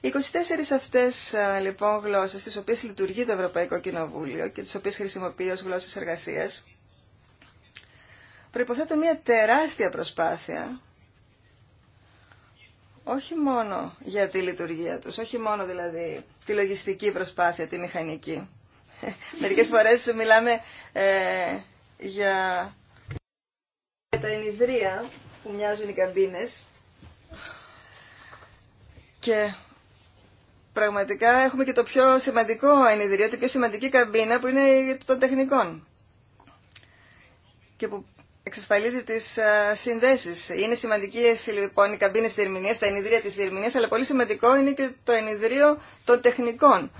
24 αυτές λοιπόν γλώσσες, τις οποίες λειτουργεί το Ευρωπαϊκό Κοινοβούλιο και τις οποίες χρησιμοποιεί ως γλώσσες εργασίας, προϋποθέτουν μια τεράστια προσπάθεια όχι μόνο για τη λειτουργία τους, όχι μόνο δηλαδή τη λογιστική προσπάθεια, τη μηχανική. Μερικές φορές μιλάμε ε, για τα ενιδρία που μοιάζουν οι καμπίνες και πραγματικά έχουμε και το πιο σημαντικό ενιδρίο, το πιο σημαντική καμπίνα που είναι των τεχνικών και που εξασφαλίζει τι ε, συνδέσει. Είναι σημαντική ε, λοιπόν οι καμπίνε διερμηνία, τα ενιδρία τη διερμηνία, αλλά πολύ σημαντικό είναι και το ενιδρίο των τεχνικών,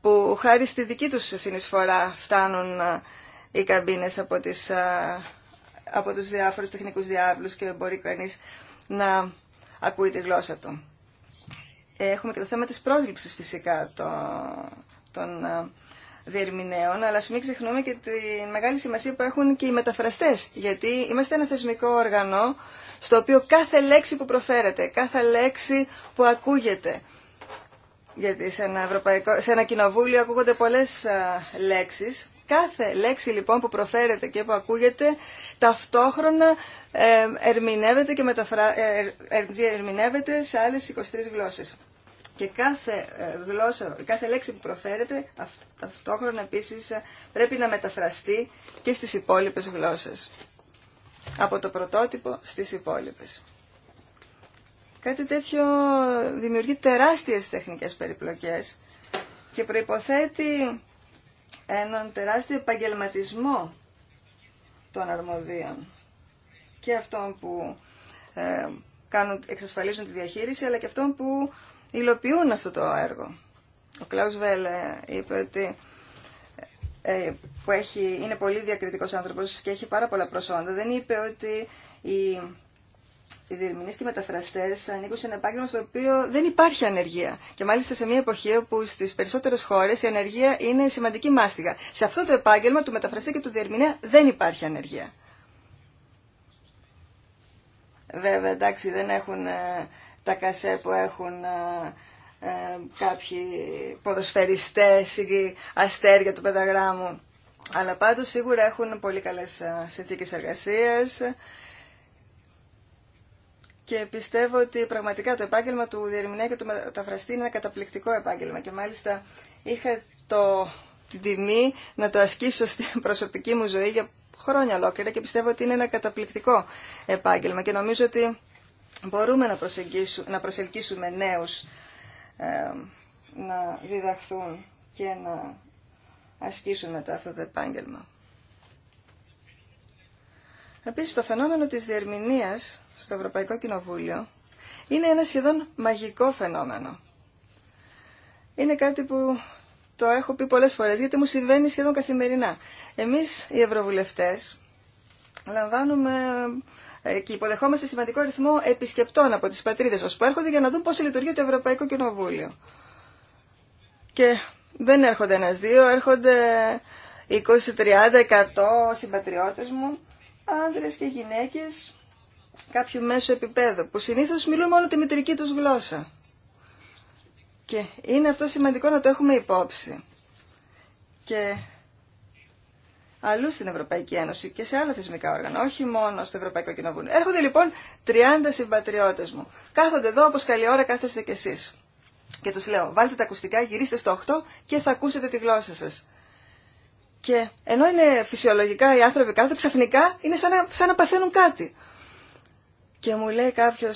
που χάρη στη δική του συνεισφορά φτάνουν ε, οι καμπίνε από, τις, από του διάφορου τεχνικού διάβλου και μπορεί κανεί να ακούει τη γλώσσα του. Έχουμε και το θέμα της πρόσληψης φυσικά των, διερμηνέων, αλλά μην ξεχνούμε και τη μεγάλη σημασία που έχουν και οι μεταφραστές, γιατί είμαστε ένα θεσμικό όργανο στο οποίο κάθε λέξη που προφέρεται, κάθε λέξη που ακούγεται, γιατί σε ένα, ευρωπαϊκό, σε ένα κοινοβούλιο ακούγονται πολλές α, λέξεις, κάθε λέξη λοιπόν που προφέρεται και που ακούγεται ταυτόχρονα ε, ερμηνεύεται και μεταφρα, ε, ε, σε άλλες 23 γλώσσες. Και κάθε, ε, γλώσσα, κάθε λέξη που προφέρεται ταυτόχρονα επίσης ε, πρέπει να μεταφραστεί και στις υπόλοιπες γλώσσες. Από το πρωτότυπο στις υπόλοιπες. Κάτι τέτοιο δημιουργεί τεράστιες τεχνικές περιπλοκές και προϋποθέτει έναν τεράστιο επαγγελματισμό των αρμοδίων και αυτών που ε, κάνουν, εξασφαλίζουν τη διαχείριση αλλά και αυτών που υλοποιούν αυτό το έργο. Ο Κλάους Βέλε είπε ότι ε, που έχει, είναι πολύ διακριτικός άνθρωπος και έχει πάρα πολλά προσόντα. Δεν είπε ότι οι, οι διερμηνείς και οι μεταφραστές ανήκουν σε ένα επάγγελμα στο οποίο δεν υπάρχει ανεργία. Και μάλιστα σε μια εποχή όπου στις περισσότερες χώρες η ανεργία είναι σημαντική μάστιγα. Σε αυτό το επάγγελμα του μεταφραστή και του διερμηνέα δεν υπάρχει ανεργία. Βέβαια, εντάξει, δεν έχουν ε, τα κασέ που έχουν ε, κάποιοι ποδοσφαιριστές ή αστέρια του πενταγράμμου. Αλλά πάντως σίγουρα έχουν πολύ καλές συνθήκε εργασίας και πιστεύω ότι πραγματικά το επάγγελμα του διερμηνέα και του μεταφραστή είναι ένα καταπληκτικό επάγγελμα και μάλιστα είχα το, την τιμή να το ασκήσω στην προσωπική μου ζωή για χρόνια ολόκληρα και πιστεύω ότι είναι ένα καταπληκτικό επάγγελμα και νομίζω ότι μπορούμε να, να προσελκύσουμε νέους να διδαχθούν και να ασκήσουν μετά αυτό το επάγγελμα. Επίσης, το φαινόμενο της διερμηνίας στο Ευρωπαϊκό Κοινοβούλιο είναι ένα σχεδόν μαγικό φαινόμενο. Είναι κάτι που το έχω πει πολλές φορές, γιατί μου συμβαίνει σχεδόν καθημερινά. Εμείς, οι Ευρωβουλευτές, λαμβάνουμε ε, και υποδεχόμαστε σημαντικό ρυθμό επισκεπτών από τις πατρίδες μας που έρχονται για να δουν πώς λειτουργεί το Ευρωπαϊκό Κοινοβούλιο. Και δεν έρχονται ένας-δύο, έρχονται 20-30% συμπατριώτες μου, άνδρες και γυναίκες κάποιου μέσου επίπεδου, που συνήθως μιλούν μόνο τη μητρική τους γλώσσα. Και είναι αυτό σημαντικό να το έχουμε υπόψη. Και αλλού στην Ευρωπαϊκή Ένωση και σε άλλα θεσμικά όργανα, όχι μόνο στο Ευρωπαϊκό Κοινοβούλιο. Έρχονται λοιπόν 30 συμπατριώτε μου. Κάθονται εδώ όπω καλή ώρα κάθεστε κι εσεί. Και του λέω, βάλτε τα ακουστικά, γυρίστε στο 8 και θα ακούσετε τη γλώσσα σα. Και ενώ είναι φυσιολογικά οι άνθρωποι κάτω, ξαφνικά είναι σαν να, σαν να παθαίνουν κάτι. Και μου λέει κάποιο,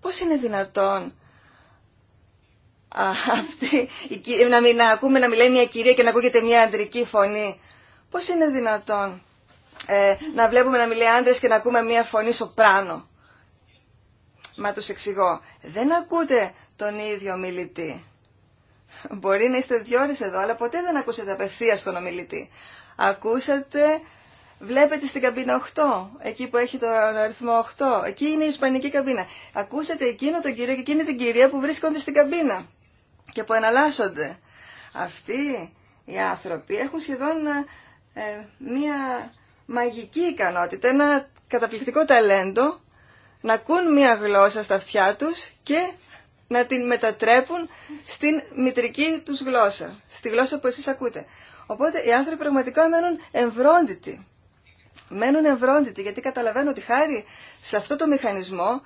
πώ είναι δυνατόν α, αυτή, να, μην, να ακούμε να μιλάει μια κυρία και να ακούγεται μια αντρική φωνή Πώς είναι δυνατόν ε, να βλέπουμε να μιλεί άντρε και να ακούμε μία φωνή σοπράνο. Μα τους εξηγώ, δεν ακούτε τον ίδιο μιλητή. Μπορεί να είστε δυο εδώ, αλλά ποτέ δεν ακούσετε απευθεία τον ομιλητή. Ακούσατε, βλέπετε στην καμπίνα 8, εκεί που έχει τον αριθμό 8. Εκεί είναι η ισπανική καμπίνα. Ακούσατε εκείνο τον κύριο και εκείνη την κυρία που βρίσκονται στην καμπίνα και που εναλλάσσονται. Αυτοί οι άνθρωποι έχουν σχεδόν ε, μία μαγική ικανότητα, ένα καταπληκτικό ταλέντο να ακούν μία γλώσσα στα αυτιά τους και να την μετατρέπουν στην μητρική τους γλώσσα, στη γλώσσα που εσείς ακούτε. Οπότε οι άνθρωποι πραγματικά μένουν εμβρόντιτοι. Μένουν εμβρόντιτοι γιατί καταλαβαίνω ότι χάρη σε αυτό το μηχανισμό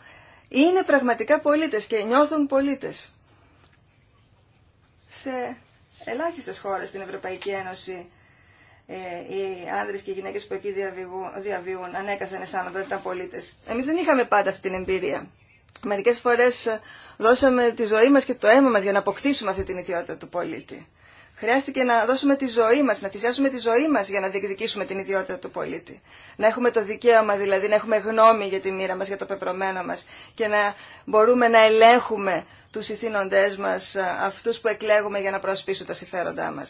είναι πραγματικά πολίτες και νιώθουν πολίτες. Σε ελάχιστες χώρες στην Ευρωπαϊκή Ένωση ε, οι άνδρε και οι γυναίκε που εκεί διαβίουν ανέκαθεν αισθάνονται ότι ήταν πολίτε. Εμεί δεν είχαμε πάντα αυτή την εμπειρία. Μερικέ φορέ ε, δώσαμε τη ζωή μα και το αίμα μα για να αποκτήσουμε αυτή την ιδιότητα του πολίτη. Χρειάστηκε να δώσουμε τη ζωή μα, να θυσιάσουμε τη ζωή μα για να διεκδικήσουμε την ιδιότητα του πολίτη. Να έχουμε το δικαίωμα δηλαδή, να έχουμε γνώμη για τη μοίρα μα, για το πεπρωμένο μα και να μπορούμε να ελέγχουμε του ηθήνοντέ μα, ε, αυτού που εκλέγουμε για να προασπίσουν τα συμφέροντά μα.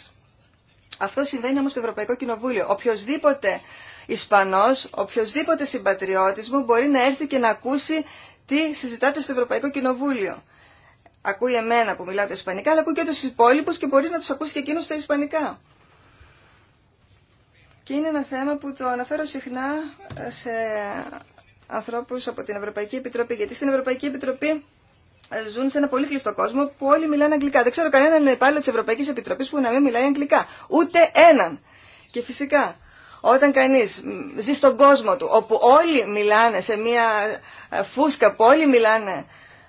Αυτό συμβαίνει όμως στο Ευρωπαϊκό Κοινοβούλιο. Οποιοδήποτε Ισπανός, οποιοδήποτε συμπατριώτης μου μπορεί να έρθει και να ακούσει τι συζητάτε στο Ευρωπαϊκό Κοινοβούλιο. Ακούει εμένα που μιλάω τα Ισπανικά, αλλά ακούει και τους υπόλοιπους και μπορεί να τους ακούσει και εκείνους στα Ισπανικά. Και είναι ένα θέμα που το αναφέρω συχνά σε ανθρώπους από την Ευρωπαϊκή Επιτροπή, γιατί στην Ευρωπαϊκή Επιτροπή ε, ζουν σε ένα πολύ κλειστό κόσμο που όλοι μιλάνε αγγλικά. Δεν ξέρω κανέναν υπάλληλο τη Ευρωπαϊκή Επιτροπή που να μην μιλάει αγγλικά. Ούτε έναν. Και φυσικά, όταν κανεί ζει στον κόσμο του, όπου όλοι μιλάνε σε μια ε, φούσκα που όλοι μιλάνε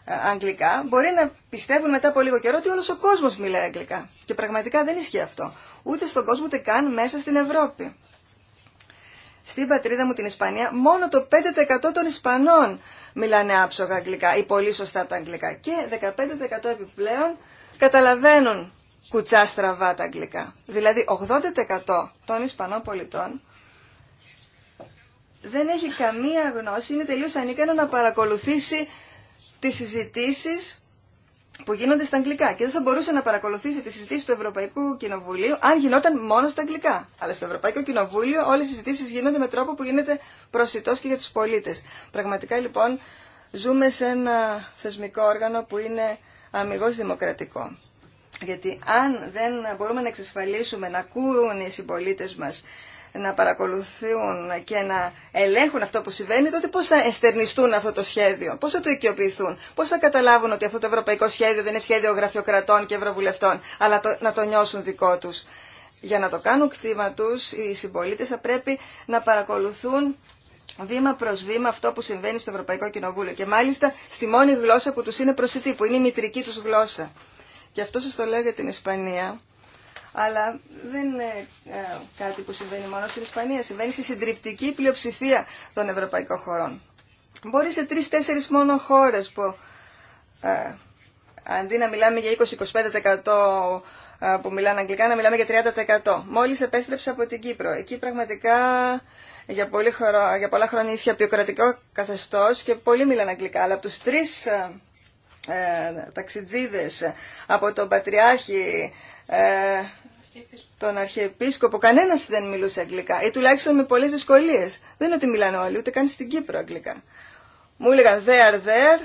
ε, αγγλικά, μπορεί να πιστεύουν μετά από λίγο καιρό ότι όλο ο κόσμο μιλάει αγγλικά. Και πραγματικά δεν ισχύει αυτό. Ούτε στον κόσμο, ούτε καν μέσα στην Ευρώπη. Στην πατρίδα μου την Ισπανία μόνο το 5% των Ισπανών μιλάνε άψογα αγγλικά ή πολύ σωστά τα αγγλικά και 15% επιπλέον καταλαβαίνουν κουτσά στραβά τα αγγλικά. Δηλαδή 80% των Ισπανών πολιτών δεν έχει καμία γνώση, είναι τελείως ανίκανο να παρακολουθήσει τις συζητήσεις που γίνονται στα αγγλικά και δεν θα μπορούσε να παρακολουθήσει τη συζήτηση του Ευρωπαϊκού Κοινοβουλίου αν γινόταν μόνο στα αγγλικά. Αλλά στο Ευρωπαϊκό Κοινοβούλιο όλες οι συζητήσεις γίνονται με τρόπο που γίνεται προσιτός και για τους πολίτες. Πραγματικά λοιπόν ζούμε σε ένα θεσμικό όργανο που είναι αμυγός δημοκρατικό. Γιατί αν δεν μπορούμε να εξασφαλίσουμε να ακούουν οι συμπολίτε μας να παρακολουθούν και να ελέγχουν αυτό που συμβαίνει, τότε πώς θα εστερνιστούν αυτό το σχέδιο, πώς θα το οικειοποιηθούν, πώς θα καταλάβουν ότι αυτό το ευρωπαϊκό σχέδιο δεν είναι σχέδιο γραφειοκρατών και ευρωβουλευτών, αλλά να το νιώσουν δικό τους. Για να το κάνουν κτήμα τους, οι συμπολίτες θα πρέπει να παρακολουθούν βήμα προ βήμα αυτό που συμβαίνει στο Ευρωπαϊκό Κοινοβούλιο και μάλιστα στη μόνη γλώσσα που του είναι προσιτή, που είναι η μητρική του γλώσσα. Και αυτό σα το λέω για την Ισπανία, αλλά δεν είναι ε, κάτι που συμβαίνει μόνο στην Ισπανία, συμβαίνει στη συντριπτική πλειοψηφία των ευρωπαϊκών χωρών. Μπορεί σε τρει-τέσσερι μόνο χώρε που ε, αντί να μιλάμε για 20-25% ε, που μιλάνε αγγλικά, να μιλάμε για 30%. Μόλις επέστρεψα από την Κύπρο. Εκεί πραγματικά για, πολύ για πολλά χρόνια πιο πιοκρατικό καθεστώ και πολλοί μιλάνε αγγλικά. Αλλά από του τρει ε, ε από τον Πατριάρχη, ε, τον Αρχιεπίσκοπο, κανένα δεν μιλούσε αγγλικά ή τουλάχιστον με πολλέ δυσκολίε. Δεν είναι ότι μιλάνε όλοι, ούτε καν στην Κύπρο αγγλικά. Μου έλεγαν are there,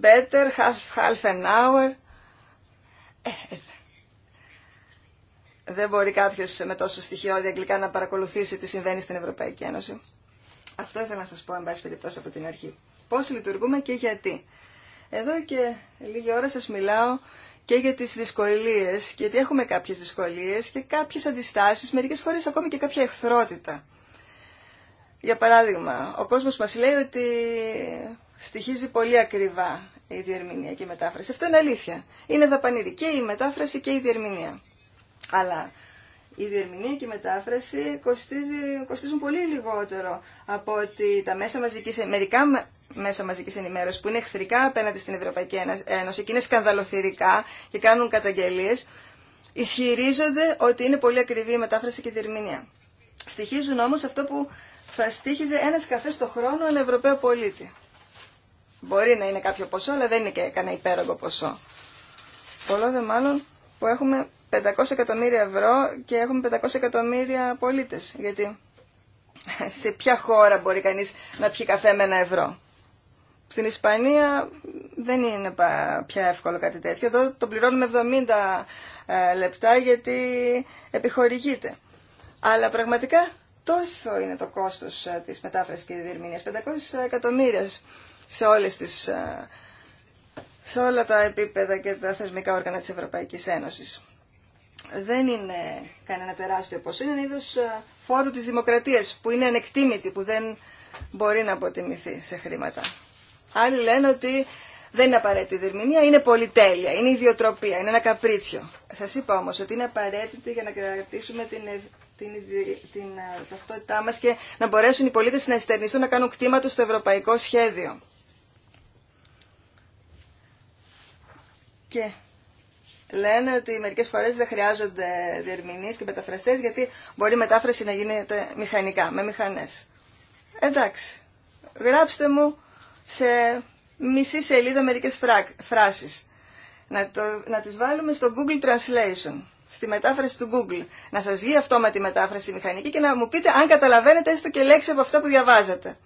better, half, half an hour. Ε, ε δεν μπορεί κάποιο με τόσο στοιχειώδη αγγλικά να παρακολουθήσει τι συμβαίνει στην Ευρωπαϊκή Ένωση. Αυτό ήθελα να σα πω, εν πάση περιπτώσει, από την αρχή. Πώ λειτουργούμε και γιατί. Εδώ και λίγη ώρα σα μιλάω και για τις δυσκολίες, γιατί έχουμε κάποιες δυσκολίες και κάποιες αντιστάσεις, μερικές φορές ακόμη και κάποια εχθρότητα. Για παράδειγμα, ο κόσμος μας λέει ότι στοιχίζει πολύ ακριβά η διερμηνία και η μετάφραση. Αυτό είναι αλήθεια. Είναι δαπανηρή και η μετάφραση και η διερμηνία. Αλλά η διερμηνία και η μετάφραση κοστίζουν πολύ λιγότερο από ότι τα μέσα μαζικής, μερικά μέσα μαζικής ενημέρωσης που είναι εχθρικά απέναντι στην Ευρωπαϊκή Ένωση και είναι σκανδαλοθυρικά και κάνουν καταγγελίες, ισχυρίζονται ότι είναι πολύ ακριβή η μετάφραση και η διερμηνία Στοιχίζουν όμως αυτό που θα στοίχιζε ένα καφέ το χρόνο ένα Ευρωπαίο πολίτη. Μπορεί να είναι κάποιο ποσό, αλλά δεν είναι και κανένα υπέρογκο ποσό. Πολλό δε μάλλον που έχουμε 500 εκατομμύρια ευρώ και έχουμε 500 εκατομμύρια πολίτες. Γιατί σε ποια χώρα μπορεί κανείς να πιει καφέ με ένα ευρώ. Στην Ισπανία δεν είναι πια εύκολο κάτι τέτοιο. Εδώ το πληρώνουμε 70 ε, λεπτά γιατί επιχορηγείται. Αλλά πραγματικά τόσο είναι το κόστος ε, της μετάφρασης και διερμηνίας. 500 εκατομμύρια σε, όλες τις, ε, όλα τα επίπεδα και τα θεσμικά όργανα της Ευρωπαϊκής Ένωσης. Δεν είναι κανένα τεράστιο ποσό, είναι ένα είδος φόρου της δημοκρατίας που είναι ανεκτήμητη, που δεν μπορεί να αποτιμηθεί σε χρήματα. Άλλοι λένε ότι δεν είναι απαραίτητη η διερμηνία, είναι πολυτέλεια, είναι ιδιοτροπία, είναι ένα καπρίτσιο. Σας είπα όμως ότι είναι απαραίτητη για να κρατήσουμε την, την, την ταυτότητά μα και να μπορέσουν οι πολίτες να εστερνιστούν να κάνουν κτήμα στο ευρωπαϊκό σχέδιο. Και λένε ότι μερικές φορές δεν χρειάζονται διερμηνεί και μεταφραστέ γιατί μπορεί η μετάφραση να γίνεται μηχανικά, με μηχανέ. Εντάξει, γράψτε μου σε μισή σελίδα μερικές φράσεις. Να, το, να τις βάλουμε στο Google Translation, στη μετάφραση του Google. Να σας βγει αυτόματη μετάφραση μηχανική και να μου πείτε αν καταλαβαίνετε έστω και λέξη από αυτά που διαβάζετε.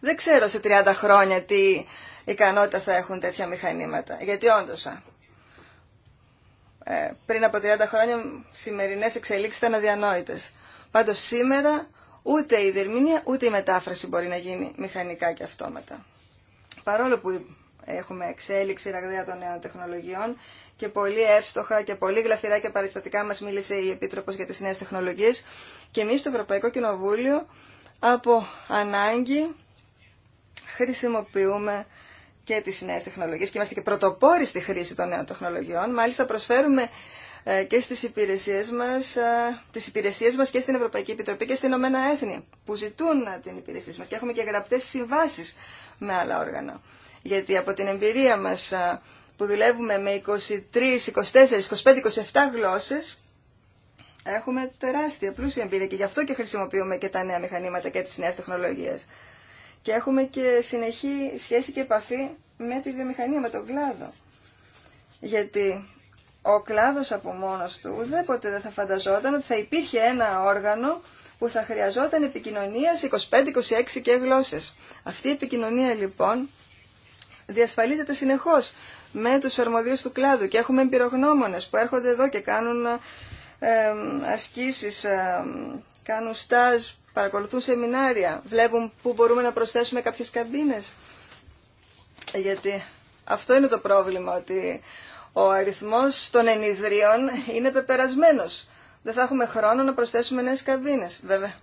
Δεν ξέρω σε 30 χρόνια τι ικανότητα θα έχουν τέτοια μηχανήματα. Γιατί όντως, ε, πριν από 30 χρόνια σημερινές εξελίξεις ήταν αδιανόητες. Πάντως σήμερα Ούτε η δερμήνια, ούτε η μετάφραση μπορεί να γίνει μηχανικά και αυτόματα. Παρόλο που έχουμε εξέλιξη ραγδαία των νέων τεχνολογιών και πολύ εύστοχα και πολύ γλαφυρά και παραστατικά μας μίλησε η Επίτροπος για τις νέες τεχνολογίες και εμείς στο Ευρωπαϊκό Κοινοβούλιο από ανάγκη χρησιμοποιούμε και τις νέες τεχνολογίες και είμαστε και πρωτοπόροι στη χρήση των νέων τεχνολογιών. Μάλιστα προσφέρουμε ε, και στις υπηρεσίες μας, ε, τις υπηρεσίες μας και στην Ευρωπαϊκή Επιτροπή και στην ομένα Έθνη που ζητούν την υπηρεσία μας και έχουμε και γραπτές συμβάσεις με άλλα όργανα. Γιατί από την εμπειρία μας ε, που δουλεύουμε με 23, 24, 25, 27 γλώσσες έχουμε τεράστια πλούσια εμπειρία και γι' αυτό και χρησιμοποιούμε και τα νέα μηχανήματα και τις νέες τεχνολογίες. Και έχουμε και συνεχή σχέση και επαφή με τη βιομηχανία, με τον κλάδο. Γιατί ο κλάδος από μόνος του ουδέποτε δεν θα φανταζόταν ότι θα υπήρχε ένα όργανο που θα χρειαζόταν επικοινωνία σε 25-26 και γλώσσες. Αυτή η επικοινωνία λοιπόν διασφαλίζεται συνεχώς με τους αρμοδίους του κλάδου και έχουμε εμπειρογνώμονες που έρχονται εδώ και κάνουν ε, ασκήσεις, κάνουν στάζ, παρακολουθούν σεμινάρια, βλέπουν πού μπορούμε να προσθέσουμε κάποιες καμπίνες. Γιατί αυτό είναι το πρόβλημα, ότι ο αριθμός των ενηδρίων είναι πεπερασμένος. Δεν θα έχουμε χρόνο να προσθέσουμε νέες καμπίνες. Βέβαια,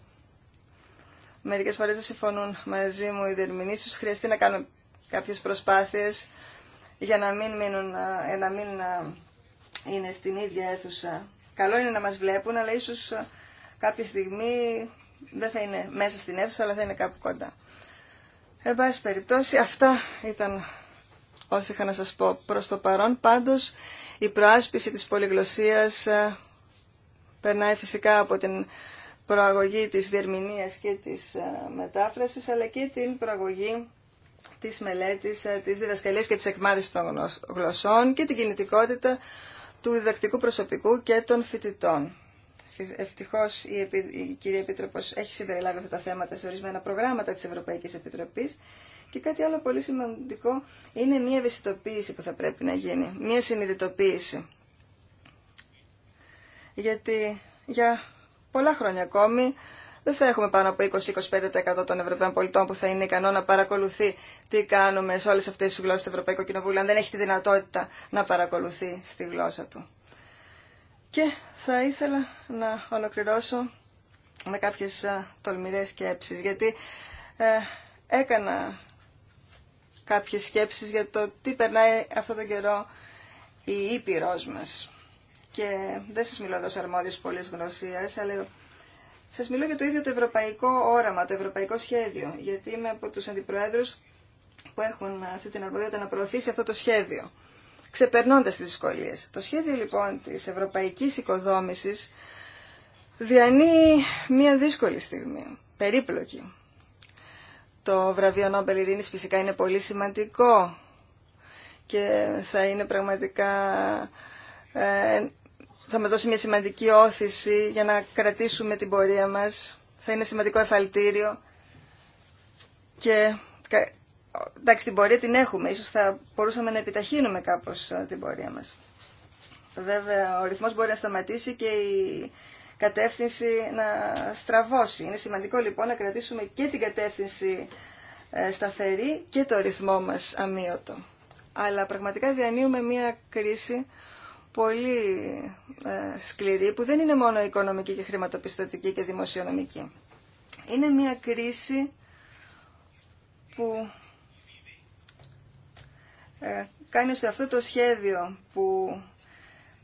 μερικές φορές δεν συμφωνούν μαζί μου οι διερμηνήσεις. Χρειαστεί να κάνουμε κάποιες προσπάθειες για να μην, μείνουν, ε, να μην είναι στην ίδια αίθουσα. Καλό είναι να μας βλέπουν, αλλά ίσως κάποια στιγμή δεν θα είναι μέσα στην αίθουσα, αλλά θα είναι κάπου κοντά. Εν πάση περιπτώσει, αυτά ήταν Όσο είχα να σας πω προς το παρόν. Πάντως, η προάσπιση της πολυγλωσσίας ε, περνάει φυσικά από την προαγωγή της διερμηνίας και της ε, μετάφρασης, αλλά και την προαγωγή της μελέτης, ε, της διδασκαλίας και της εκμάθησης των γλωσσών και την κινητικότητα του διδακτικού προσωπικού και των φοιτητών. Ευτυχώ η, κυρία Επίτροπος έχει συμπεριλάβει αυτά τα θέματα σε ορισμένα προγράμματα της Ευρωπαϊκής Επιτροπής, και κάτι άλλο πολύ σημαντικό είναι μια ευαισθητοποίηση που θα πρέπει να γίνει, μια συνειδητοποίηση. Γιατί για πολλά χρόνια ακόμη δεν θα έχουμε πάνω από 20-25% των Ευρωπαίων πολιτών που θα είναι ικανό να παρακολουθεί τι κάνουμε σε όλες αυτές τις γλώσσες του Ευρωπαϊκού Κοινοβούλου, αν δεν έχει τη δυνατότητα να παρακολουθεί στη γλώσσα του. Και θα ήθελα να ολοκληρώσω με κάποιες τολμηρές σκέψεις, γιατί ε, έκανα κάποιες σκέψεις για το τι περνάει αυτόν τον καιρό η Ήπειρός μας. Και δεν σας μιλώ εδώ σε αρμόδιες πολλές γνωσίες, αλλά σας μιλώ για το ίδιο το ευρωπαϊκό όραμα, το ευρωπαϊκό σχέδιο, γιατί είμαι από τους αντιπροέδρους που έχουν αυτή την αρμοδιότητα να προωθήσει αυτό το σχέδιο, ξεπερνώντας τις δυσκολίες. Το σχέδιο λοιπόν της ευρωπαϊκής οικοδόμησης διανύει μια δύσκολη στιγμή, περίπλοκη. Το βραβείο Νόμπελ Ειρήνης φυσικά είναι πολύ σημαντικό και θα είναι πραγματικά ε, θα μας δώσει μια σημαντική όθηση για να κρατήσουμε την πορεία μας. Θα είναι σημαντικό εφαλτήριο και εντάξει την πορεία την έχουμε. Ίσως θα μπορούσαμε να επιταχύνουμε κάπως ε, την πορεία μας. Βέβαια ο ρυθμός μπορεί να σταματήσει και η κατεύθυνση να στραβώσει. Είναι σημαντικό λοιπόν να κρατήσουμε και την κατεύθυνση ε, σταθερή και το ρυθμό μας αμύωτο. Αλλά πραγματικά διανύουμε μια κρίση πολύ ε, σκληρή που δεν είναι μόνο οικονομική και χρηματοπιστωτική και δημοσιονομική. Είναι μια κρίση που ε, κάνει ώστε αυτό το σχέδιο που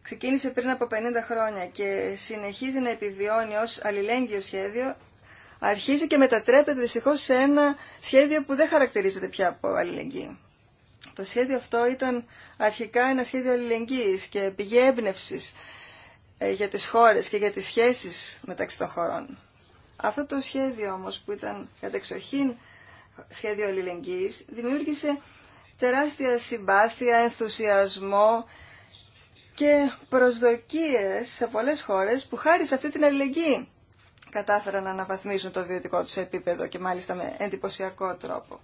ξεκίνησε πριν από 50 χρόνια και συνεχίζει να επιβιώνει ως αλληλέγγυο σχέδιο, αρχίζει και μετατρέπεται δυστυχώ σε ένα σχέδιο που δεν χαρακτηρίζεται πια από αλληλεγγύη. Το σχέδιο αυτό ήταν αρχικά ένα σχέδιο αλληλεγγύης και πηγή έμπνευση ε, για τις χώρες και για τις σχέσεις μεταξύ των χωρών. Αυτό το σχέδιο όμως που ήταν κατεξοχήν σχέδιο αλληλεγγύης δημιούργησε τεράστια συμπάθεια, ενθουσιασμό και προσδοκίες σε πολλές χώρες που χάρη σε αυτή την αλληλεγγύη κατάφεραν να αναβαθμίσουν το βιωτικό τους επίπεδο και μάλιστα με εντυπωσιακό τρόπο.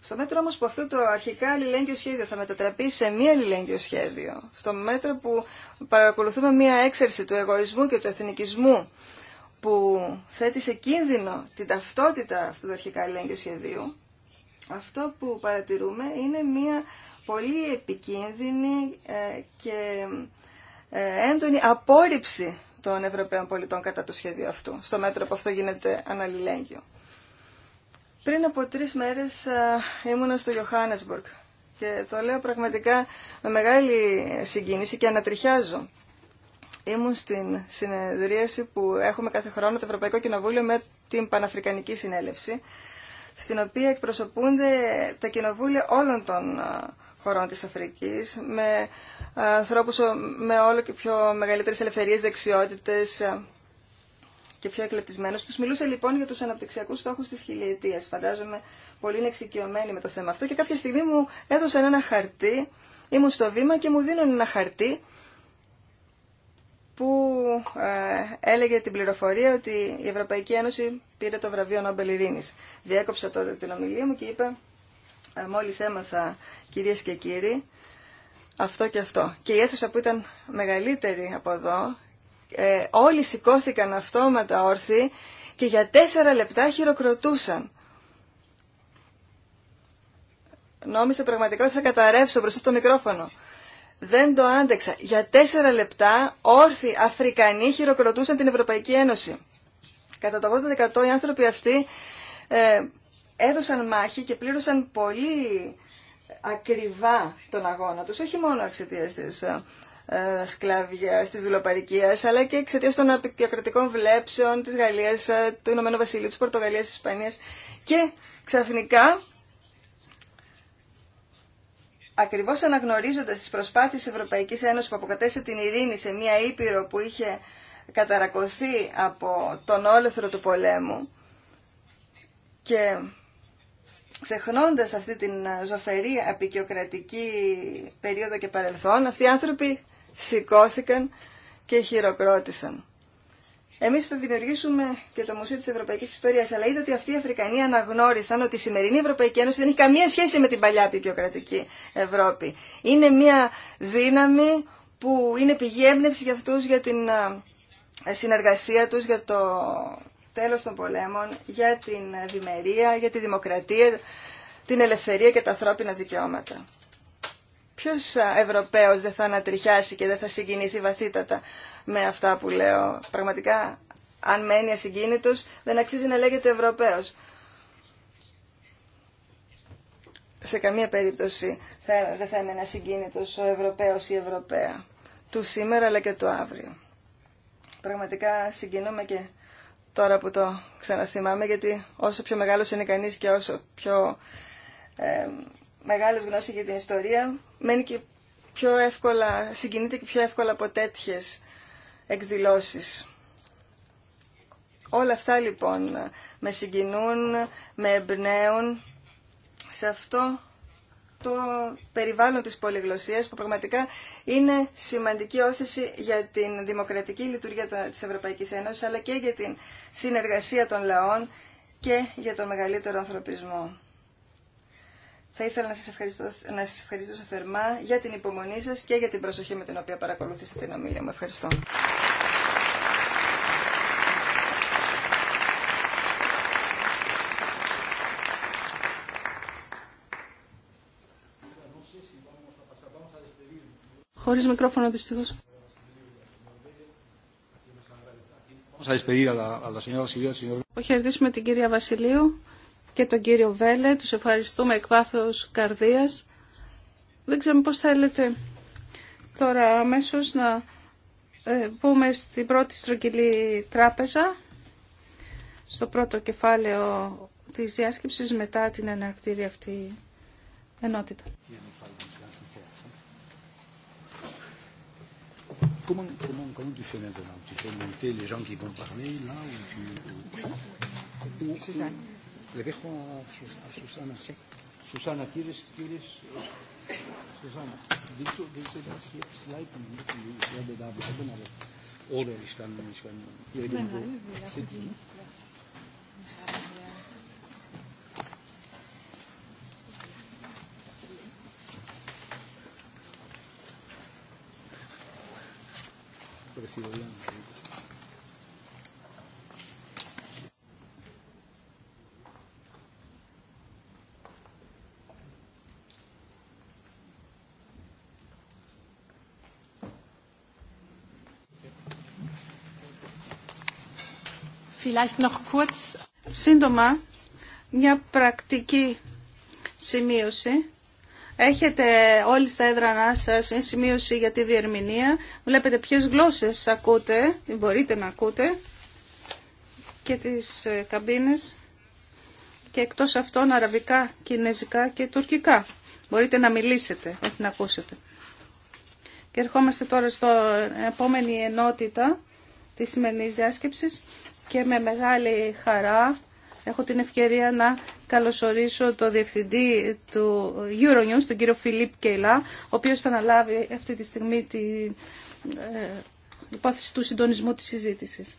Στο μέτρο όμως που αυτό το αρχικά αλληλέγγυο σχέδιο θα μετατραπεί σε μία αλληλέγγυο σχέδιο, στο μέτρο που παρακολουθούμε μία έξαρση του εγωισμού και του εθνικισμού που θέτει σε κίνδυνο την ταυτότητα αυτού του αρχικά αλληλέγγυου σχεδίου, αυτό που παρατηρούμε είναι μία πολύ επικίνδυνη ε, και ε, έντονη απόρριψη των Ευρωπαίων πολιτών κατά το σχέδιο αυτού, στο μέτρο που αυτό γίνεται αναλληλέγγυο. Πριν από τρεις μέρες ε, ήμουν στο Johannesburg και το λέω πραγματικά με μεγάλη συγκίνηση και ανατριχιάζω. Ήμουν στην συνεδρίαση που έχουμε κάθε χρόνο το Ευρωπαϊκό Κοινοβούλιο με την Παναφρικανική Συνέλευση, στην οποία εκπροσωπούνται τα κοινοβούλια όλων των χωρών της Αφρικής με ε, ανθρώπους με όλο και πιο μεγαλύτερες ελευθερίες, δεξιότητες ε, και πιο εκλεπτισμένους. Τους μιλούσε λοιπόν για τους αναπτυξιακούς στόχους της χιλιετίας. Φαντάζομαι πολύ είναι εξοικειωμένοι με το θέμα αυτό και κάποια στιγμή μου έδωσαν ένα χαρτί, ήμουν στο βήμα και μου δίνουν ένα χαρτί που ε, έλεγε την πληροφορία ότι η Ευρωπαϊκή Ένωση πήρε το βραβείο Νόμπελ Ειρήνης. Διέκοψα τότε την ομιλία μου και είπε μόλις έμαθα, κυρίες και κύριοι, αυτό και αυτό. Και η αίθουσα που ήταν μεγαλύτερη από εδώ, ε, όλοι σηκώθηκαν αυτόματα όρθιοι και για τέσσερα λεπτά χειροκροτούσαν. Νόμιζα πραγματικά ότι θα καταρρεύσω μπροστά στο μικρόφωνο. Δεν το άντεξα. Για τέσσερα λεπτά όρθιοι Αφρικανοί χειροκροτούσαν την Ευρωπαϊκή Ένωση. Κατά το 80% οι άνθρωποι αυτοί ε, έδωσαν μάχη και πλήρωσαν πολύ ακριβά τον αγώνα τους, όχι μόνο εξαιτία τη σκλάβια, τη της ε, αλλά και εξαιτία των απεικιοκρατικών βλέψεων της Γαλλίας, ε, του Ηνωμένου Βασιλείου, της Πορτογαλίας, της Ισπανίας και ξαφνικά ακριβώς αναγνωρίζοντας τις προσπάθειες τη Ευρωπαϊκής Ένωσης που αποκατέστησε την ειρήνη σε μια ήπειρο που είχε καταρακωθεί από τον όλεθρο του πολέμου και ξεχνώντας αυτή την ζωφερή απεικιοκρατική περίοδο και παρελθόν, αυτοί οι άνθρωποι σηκώθηκαν και χειροκρότησαν. Εμείς θα δημιουργήσουμε και το Μουσείο της Ευρωπαϊκής Ιστορίας, αλλά είδα ότι αυτοί οι Αφρικανοί αναγνώρισαν ότι η σημερινή Ευρωπαϊκή Ένωση δεν έχει καμία σχέση με την παλιά απεικιοκρατική Ευρώπη. Είναι μια δύναμη που είναι πηγή έμπνευση για αυτούς, για την ε, συνεργασία τους, για το τέλος των πολέμων, για την ευημερία, για τη δημοκρατία, την ελευθερία και τα ανθρώπινα δικαιώματα. Ποιος Ευρωπαίος δεν θα ανατριχιάσει και δεν θα συγκινηθεί βαθύτατα με αυτά που λέω. Πραγματικά, αν μένει ασυγκίνητος, δεν αξίζει να λέγεται Ευρωπαίος. Σε καμία περίπτωση δεν θα έμενα συγκίνητος ο Ευρωπαίος ή η Ευρωπαία του σήμερα αλλά και του αύριο. Πραγματικά συγκινούμε και τώρα που το ξαναθυμάμαι, γιατί όσο πιο μεγάλος είναι κανείς και όσο πιο ε, μεγάλος γνώση για την ιστορία, μένει και πιο εύκολα, συγκινείται και πιο εύκολα από τέτοιε εκδηλώσεις. Όλα αυτά λοιπόν με συγκινούν, με εμπνέουν σε αυτό το περιβάλλον της πολυγλωσσίας που πραγματικά είναι σημαντική όθηση για την δημοκρατική λειτουργία της Ευρωπαϊκής Ένωσης αλλά και για την συνεργασία των λαών και για το μεγαλύτερο ανθρωπισμό. Θα ήθελα να σας, ευχαριστώ, να σας ευχαριστήσω θερμά για την υπομονή σας και για την προσοχή με την οποία παρακολουθήσατε την ομίλια μου. Ευχαριστώ. Χωρίς μικρόφωνο δυστυχώς. Θα χαιρετήσουμε την κυρία Βασιλείου και τον κύριο Βέλε. Τους ευχαριστούμε εκ βάθους καρδίας. Δεν ξέρω πώς θέλετε τώρα αμέσω να ε, πούμε στην πρώτη στρογγυλή τράπεζα, στο πρώτο κεφάλαιο της διάσκεψης μετά την εναρκτήρια αυτή ενότητα. Comment, comment, comment tu fais maintenant Tu fais monter les gens qui vont parler là ou tu... Ou, Suzanne. Le dejo a, Susanna. Susanna, Sí. Susana, ¿quieres, quieres Susana, willst du, willst du das jetzt leiten? Ich werde da bleiben, Oder ich kann, ich kann irgendwo sitzen. Σύντομα, μια πρακτική σημείωση. Έχετε όλοι στα έδρανά σας μια σημείωση για τη διερμηνία. Βλέπετε ποιες γλώσσες ακούτε, μπορείτε να ακούτε και τις ε, καμπίνες και εκτός αυτών αραβικά, κινέζικα και τουρκικά. Μπορείτε να μιλήσετε, όχι να ακούσετε. Και ερχόμαστε τώρα στο επόμενη ενότητα της σημερινής διάσκεψης και με μεγάλη χαρά έχω την ευκαιρία να καλωσορίσω το διευθυντή του Euronews, τον κύριο Φιλίπ Κέιλα, ο οποίος θα αναλάβει αυτή τη στιγμή την ε, υπόθεση του συντονισμού της συζήτησης.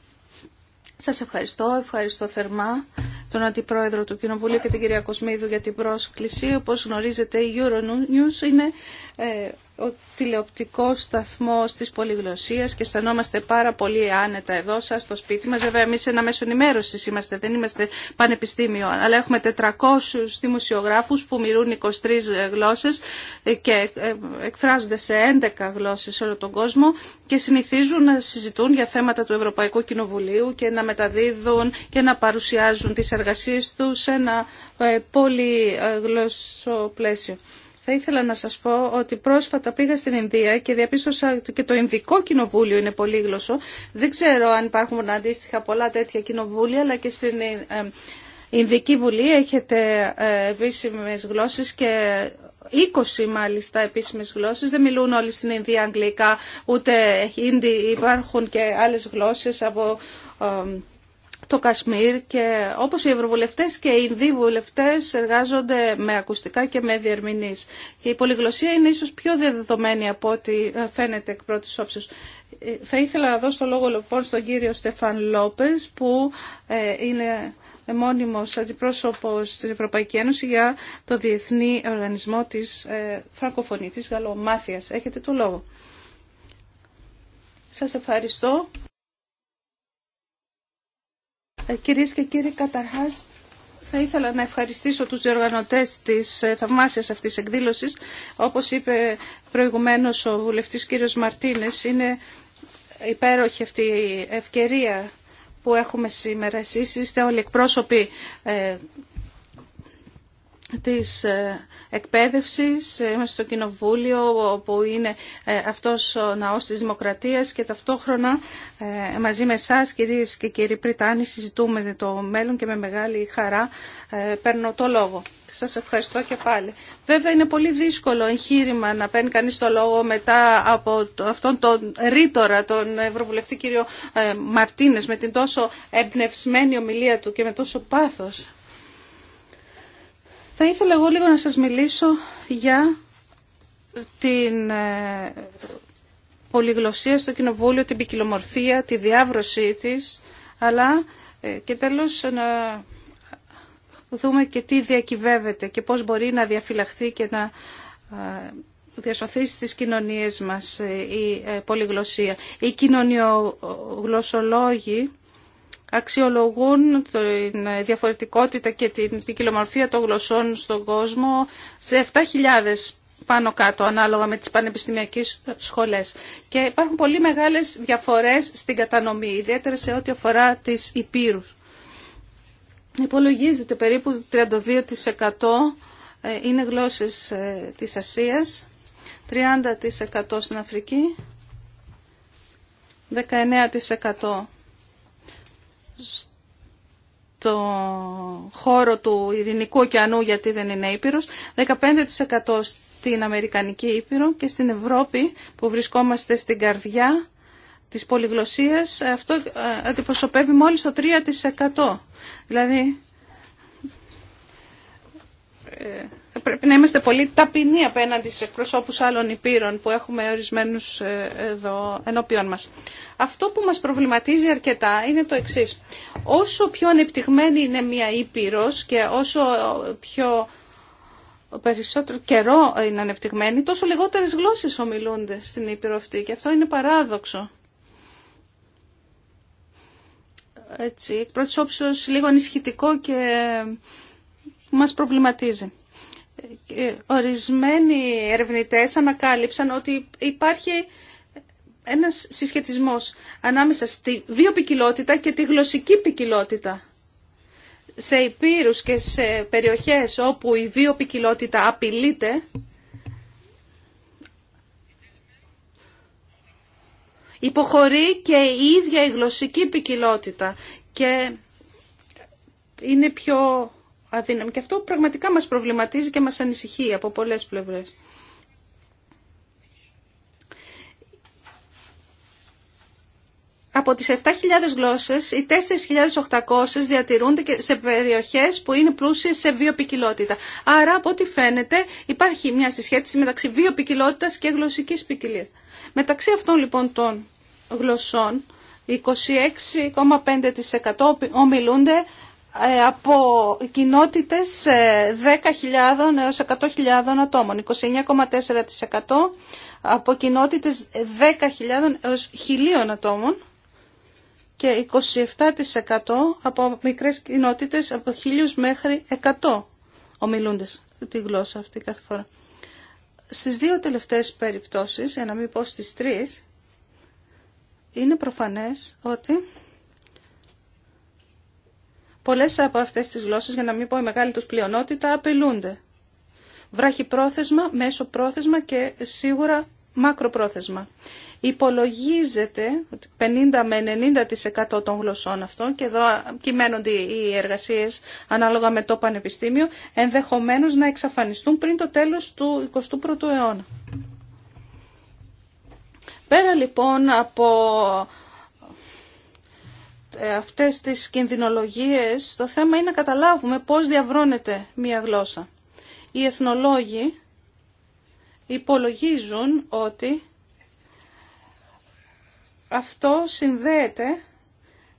Σας ευχαριστώ, ευχαριστώ θερμά τον Αντιπρόεδρο του Κοινοβουλίου και την κυρία Κοσμίδου για την πρόσκληση. Όπως γνωρίζετε η Euronews είναι ε, ο τηλεοπτικός σταθμός της πολυγλωσσίας και αισθανόμαστε πάρα πολύ άνετα εδώ σας στο σπίτι μας. Βέβαια εμείς ένα μέσο ενημέρωση είμαστε, δεν είμαστε πανεπιστήμιο, αλλά έχουμε 400 δημοσιογράφους που μοιρούν 23 γλώσσες και ε, εκφράζονται σε 11 γλώσσες σε όλο τον κόσμο και συνηθίζουν να συζητούν για θέματα του Ευρωπαϊκού Κοινοβουλίου και να μεταδίδουν και να παρουσιάζουν τις εργασίες τους σε ένα ε, πολύ ε, γλώσσο πλαίσιο. Θα ήθελα να σας πω ότι πρόσφατα πήγα στην Ινδία και διαπίστωσα και το Ινδικό Κοινοβούλιο είναι πολύγλωσσο. Δεν ξέρω αν υπάρχουν αντίστοιχα πολλά τέτοια κοινοβούλια, αλλά και στην ε, ε, Ινδική Βουλή έχετε ε, επίσημες γλώσσες και 20 μάλιστα επίσημες γλώσσες. Δεν μιλούν όλοι στην Ινδία αγγλικά, ούτε Ινδί. Υπάρχουν και άλλες γλώσσες από το Κασμίρ και όπως οι ευρωβουλευτές και οι Ινδοί βουλευτές εργάζονται με ακουστικά και με διερμηνείς. Και η πολυγλωσία είναι ίσως πιο διαδεδομένη από ό,τι ε, φαίνεται εκ πρώτης όψης. Ε, θα ήθελα να δώσω το λόγο λοιπόν στον κύριο Στεφάν Λόπες που ε, είναι μόνιμος αντιπρόσωπος στην Ευρωπαϊκή Ένωση για το Διεθνή Οργανισμό της ε, Φραγκοφωνή, της Γαλλομάθειας. Έχετε το λόγο. Σας ευχαριστώ. Ε, κυρίες και κύριοι, καταρχάς θα ήθελα να ευχαριστήσω τους διοργανωτές της ε, θαυμάσιας αυτής εκδήλωσης. Όπως είπε προηγουμένως ο βουλευτής κύριος Μαρτίνες, είναι υπέροχη αυτή η ευκαιρία που έχουμε σήμερα. Εσείς είστε όλοι εκπρόσωποι ε, της ε, εκπαίδευσης, είμαστε στο κοινοβούλιο που είναι ε, αυτός ο ναός της δημοκρατίας και ταυτόχρονα ε, μαζί με εσά, κυρίες και κύριοι Πριτάνη συζητούμε το μέλλον και με μεγάλη χαρά παίρνω το λόγο. Σας ευχαριστώ και πάλι. Βέβαια είναι πολύ δύσκολο εγχείρημα να παίρνει κανείς το λόγο μετά από αυτόν τον ρήτορα, τον Ευρωβουλευτή κύριο Μαρτίνες με την τόσο εμπνευσμένη ομιλία του και με τόσο πάθος. Θα ήθελα εγώ λίγο να σας μιλήσω για την ε, πολυγλωσία στο κοινοβούλιο, την ποικιλομορφία, τη διάβρωσή της, αλλά ε, και τέλος να δούμε και τι διακυβεύεται και πώς μπορεί να διαφυλαχθεί και να ε, διασωθεί στις κοινωνίες μας η πολυγλωσία. Οι κοινωνιογλωσσολόγοι αξιολογούν την διαφορετικότητα και την ποικιλομορφία των γλωσσών στον κόσμο σε 7.000 πάνω κάτω ανάλογα με τις πανεπιστημιακές σχολές. Και υπάρχουν πολύ μεγάλες διαφορές στην κατανομή, ιδιαίτερα σε ό,τι αφορά τις υπήρους. Υπολογίζεται περίπου 32% ε, είναι γλώσσες ε, της Ασίας, 30% στην Αφρική, 19% στο χώρο του Ειρηνικού ωκεανού γιατί δεν είναι Ήπειρος, 15% στην Αμερικανική Ήπειρο και στην Ευρώπη που βρισκόμαστε στην καρδιά της πολυγλωσσίας αυτό ε, αντιπροσωπεύει μόλις το 3%. Δηλαδή ε, πρέπει να είμαστε πολύ ταπεινοί απέναντι σε εκπροσώπου άλλων υπήρων που έχουμε ορισμένου ε, εδώ ενώπιον μας. Αυτό που μας προβληματίζει αρκετά είναι το εξή. Όσο πιο ανεπτυγμένη είναι μια ήπειρο και όσο πιο περισσότερο καιρό είναι ανεπτυγμένη, τόσο λιγότερες γλώσσες ομιλούνται στην ήπειρο αυτή και αυτό είναι παράδοξο. Έτσι, εκ πρώτης λίγο ενισχυτικό και μας προβληματίζει. Ε, ορισμένοι ερευνητές ανακάλυψαν ότι υπάρχει ένας συσχετισμός ανάμεσα στη βιοπικιλότητα και τη γλωσσική ποικιλότητα. Σε υπήρους και σε περιοχές όπου η βιοπικιλότητα απειλείται, υποχωρεί και η ίδια η γλωσσική ποικιλότητα και είναι πιο αδύναμη. Και αυτό πραγματικά μας προβληματίζει και μας ανησυχεί από πολλές πλευρές. από τις 7.000 γλώσσες, οι 4.800 διατηρούνται σε περιοχές που είναι πλούσιες σε βιοπικιλότητα. Άρα, από ό,τι φαίνεται, υπάρχει μια συσχέτιση μεταξύ βιοπικιλότητας και γλωσσικής ποικιλία. Μεταξύ αυτών λοιπόν των γλωσσών, 26,5% ομιλούνται ε, από κοινότητες 10.000 ε, έως 100.000 ατόμων, 29,4% από κοινότητες 10.000 έως 1.000 ατόμων και 27% από μικρές κοινότητες από 1.000 μέχρι 100 ομιλούντες τη γλώσσα αυτή κάθε φορά. Στις δύο τελευταίες περιπτώσεις, για να μην πω στις τρεις, είναι προφανές ότι Πολλέ από αυτές τις γλώσσες, για να μην πω η μεγάλη του πλειονότητα, απειλούνται. πρόθεσμα, μέσο πρόθεσμα και σίγουρα μακροπρόθεσμα. Υπολογίζεται 50 με 90% των γλωσσών αυτών και εδώ κυμαίνονται οι εργασίες ανάλογα με το πανεπιστήμιο ενδεχομένως να εξαφανιστούν πριν το τέλος του 21ου αιώνα. Πέρα λοιπόν από ε, αυτές τις κινδυνολογίες, το θέμα είναι να καταλάβουμε πώς διαβρώνεται μία γλώσσα. Οι εθνολόγοι υπολογίζουν ότι αυτό συνδέεται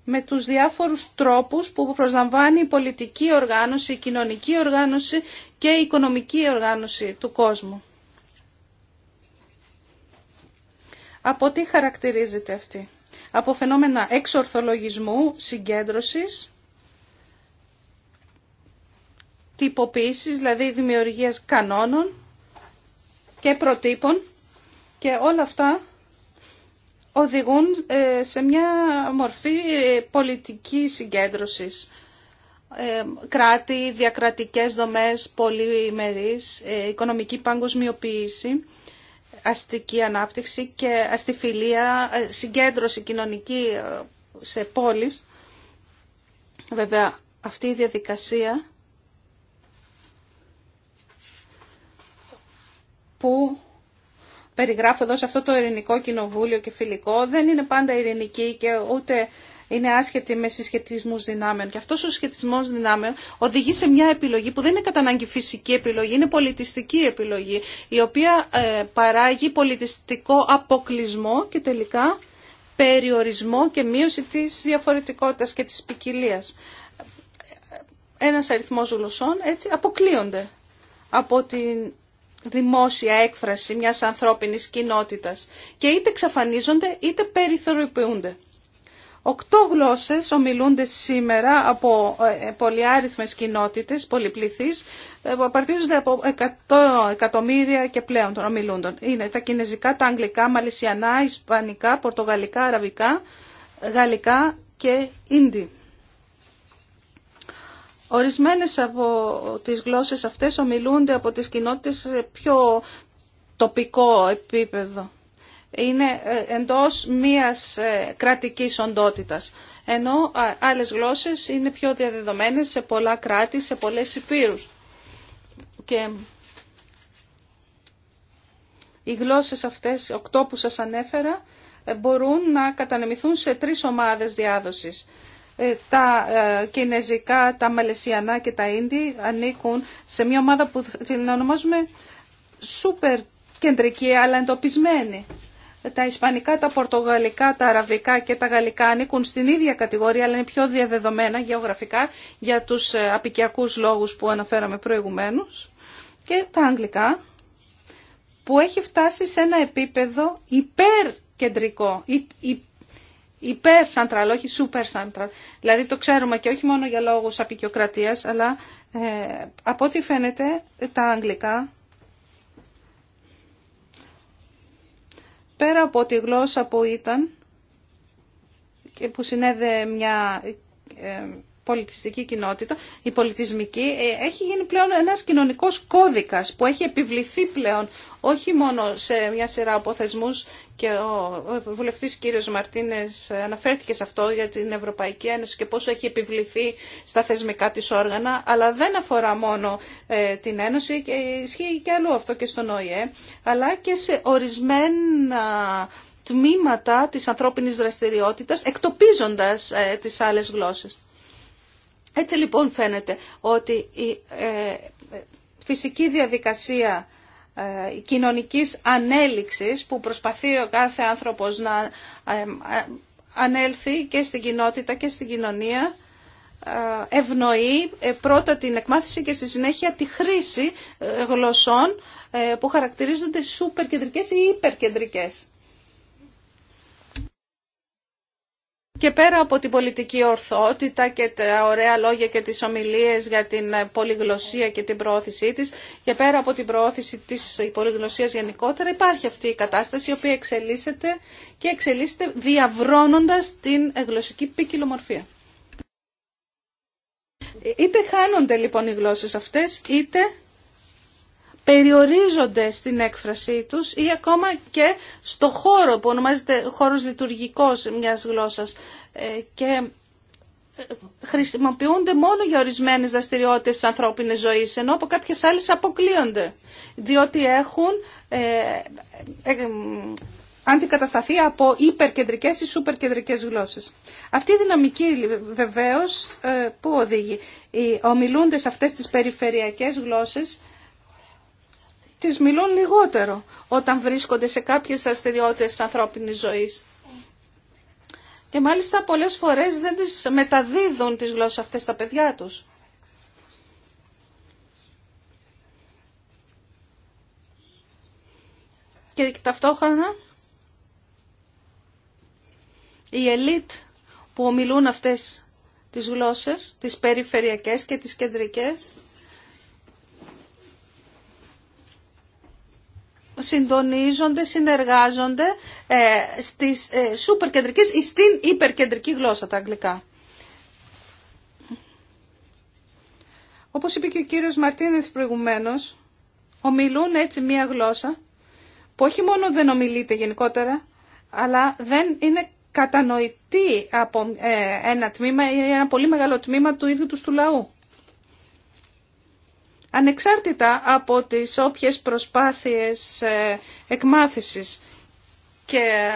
με τους διάφορους τρόπους που προσλαμβάνει η πολιτική οργάνωση, η κοινωνική οργάνωση και η οικονομική οργάνωση του κόσμου. Από τι χαρακτηρίζεται αυτή από φαινόμενα εξορθολογισμού, συγκέντρωσης, τυποποίησης, δηλαδή δημιουργίας κανόνων και προτύπων και όλα αυτά οδηγούν ε, σε μια μορφή ε, πολιτικής συγκέντρωσης. Ε, κράτη, διακρατικές δομές, πολυμερείς, οικονομική παγκοσμιοποίηση αστική ανάπτυξη και αστιφιλία, ε, συγκέντρωση κοινωνική ε, σε πόλεις. Βέβαια, αυτή η διαδικασία που περιγράφω εδώ σε αυτό το ειρηνικό κοινοβούλιο και φιλικό δεν είναι πάντα ειρηνική και ούτε είναι άσχετη με συσχετισμού δυνάμεων. Και αυτό ο συσχετισμός δυνάμεων οδηγεί σε μια επιλογή που δεν είναι κατά ανάγκη φυσική επιλογή, είναι πολιτιστική επιλογή, η οποία ε, παράγει πολιτιστικό αποκλεισμό και τελικά περιορισμό και μείωση της διαφορετικότητας και της ποικιλία. Ένας αριθμό γλωσσών έτσι αποκλείονται από την δημόσια έκφραση μιας ανθρώπινης κοινότητας και είτε εξαφανίζονται είτε περιθωριοποιούνται. Οκτώ γλώσσες ομιλούνται σήμερα από ε, πολυάριθμες κοινότητες, πολυπληθείς, ε, που απαρτίζονται από εκατομμύρια και πλέον των ομιλούντων. Είναι τα κινέζικα, τα αγγλικά, μαλισιανά, ισπανικά, πορτογαλικά, αραβικά, γαλλικά και ίντι. Ορισμένες από τις γλώσσες αυτές ομιλούνται από τις κοινότητες σε πιο τοπικό επίπεδο είναι ε, εντός μίας ε, κρατικής οντότητας. Ενώ άλλες γλώσσες είναι πιο διαδεδομένες σε πολλά κράτη, σε πολλές υπήρους. Και οι γλώσσες αυτές, οκτώ που σας ανέφερα, ε, μπορούν να κατανεμηθούν σε τρεις ομάδες διάδοσης. Τα κινέζικα, τα μαλαισιανά και τα ίντι ανήκουν σε μια ομάδα που την ονομάζουμε σούπερ κεντρική αλλά εντοπισμένη τα ισπανικά, τα πορτογαλικά, τα αραβικά και τα γαλλικά ανήκουν στην ίδια κατηγορία, αλλά είναι πιο διαδεδομένα γεωγραφικά για τους ε, απικιακούς λόγους που αναφέραμε προηγουμένως. Και τα αγγλικά, που έχει φτάσει σε ένα επίπεδο υπερκεντρικό, υπέρ σαντραλ, όχι σούπερ σαντραλ. Δηλαδή το ξέρουμε και όχι μόνο για λόγους απικιοκρατίας αλλά ε, από ό,τι φαίνεται τα αγγλικά πέρα από τη γλώσσα που ήταν και που συνέδε μια ε, πολιτιστική κοινότητα, η πολιτισμική, ε, έχει γίνει πλέον ένας κοινωνικός κώδικας που έχει επιβληθεί πλέον όχι μόνο σε μια σειρά από θεσμού και ο βουλευτής κύριος Μαρτίνε αναφέρθηκε σε αυτό για την Ευρωπαϊκή Ένωση και πόσο έχει επιβληθεί στα θεσμικά τη όργανα, αλλά δεν αφορά μόνο ε, την Ένωση και ισχύει και αλλού αυτό και στον ΟΗΕ, αλλά και σε ορισμένα τμήματα της ανθρώπινης δραστηριότητας, εκτοπίζοντας ε, τις άλλες γλώσσες. Έτσι λοιπόν φαίνεται ότι η ε, φυσική διαδικασία ε, κοινωνικής ανέλυξης που προσπαθεί ο κάθε άνθρωπος να ε, ε, ανέλθει και στην κοινότητα και στην κοινωνία ευνοεί πρώτα την εκμάθηση και στη συνέχεια τη χρήση γλωσσών που χαρακτηρίζονται σούπερ κεντρικές ή υπερκεντρικές. Και πέρα από την πολιτική ορθότητα και τα ωραία λόγια και τις ομιλίες για την πολυγλωσία και την προώθησή της και πέρα από την προώθηση της πολυγλωσίας γενικότερα υπάρχει αυτή η κατάσταση η οποία εξελίσσεται και εξελίσσεται διαβρώνοντας την γλωσσική ποικιλομορφία. Είτε χάνονται λοιπόν οι γλώσσες αυτές είτε περιορίζονται στην έκφρασή τους ή ακόμα και στο χώρο που ονομάζεται χώρος λειτουργικός μιας γλώσσας ε, και ε, χρησιμοποιούνται μόνο για ορισμένες δραστηριότητες της ανθρώπινης ζωής, ενώ από κάποιες άλλες αποκλείονται, διότι έχουν ε, αντικατασταθεί από υπερκεντρικές ή σούπερκεντρικές γλώσσες. Αυτή η δυναμική βεβαίως που οδηγεί οι ομιλούντες αυτές τις περιφερειακές γλώσσες τις μιλούν λιγότερο όταν βρίσκονται σε κάποιες δραστηριότητες της ανθρώπινης ζωής. Και μάλιστα πολλές φορές δεν τις μεταδίδουν τις γλώσσες αυτές στα παιδιά τους. Και ταυτόχρονα η ελίτ που ομιλούν αυτές τις γλώσσες, τις περιφερειακές και τις κεντρικές, συντονίζονται, συνεργάζονται ε, στις ε, σούπερ κεντρικές ή στην υπερκεντρική γλώσσα τα αγγλικά. Όπως είπε και ο κύριος Μαρτίνες προηγουμένως, ομιλούν έτσι μία γλώσσα που όχι μόνο δεν ομιλείται γενικότερα, αλλά δεν είναι κατανοητή από ε, ένα τμήμα ή ένα πολύ μεγάλο τμήμα του ίδιου του του λαού ανεξάρτητα από τις όποιες προσπάθειες ε, εκμάθησης και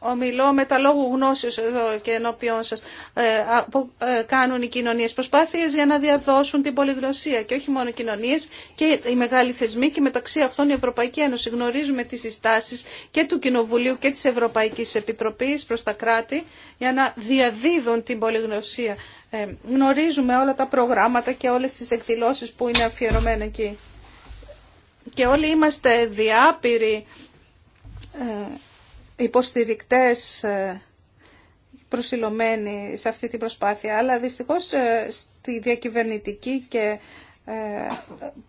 ομιλώ με τα λόγου γνώσεως εδώ και ενώπιόν σας, ε, που ε, κάνουν οι κοινωνίες προσπάθειες για να διαδώσουν την πολυγνωσία και όχι μόνο οι κοινωνίες και οι μεγάλοι θεσμοί και μεταξύ αυτών η Ευρωπαϊκή Ένωση. Γνωρίζουμε τις συστάσεις και του Κοινοβουλίου και της Ευρωπαϊκής Επιτροπής προς τα κράτη για να διαδίδουν την πολυγνωσία. Ε, γνωρίζουμε όλα τα προγράμματα και όλες τις εκδηλώσεις που είναι αφιερωμένα εκεί. Και όλοι είμαστε διάπηροι υποστηρικτές ε, προσιλωμένοι σε αυτή την προσπάθεια, αλλά δυστυχώς ε, στη διακυβερνητική και ε,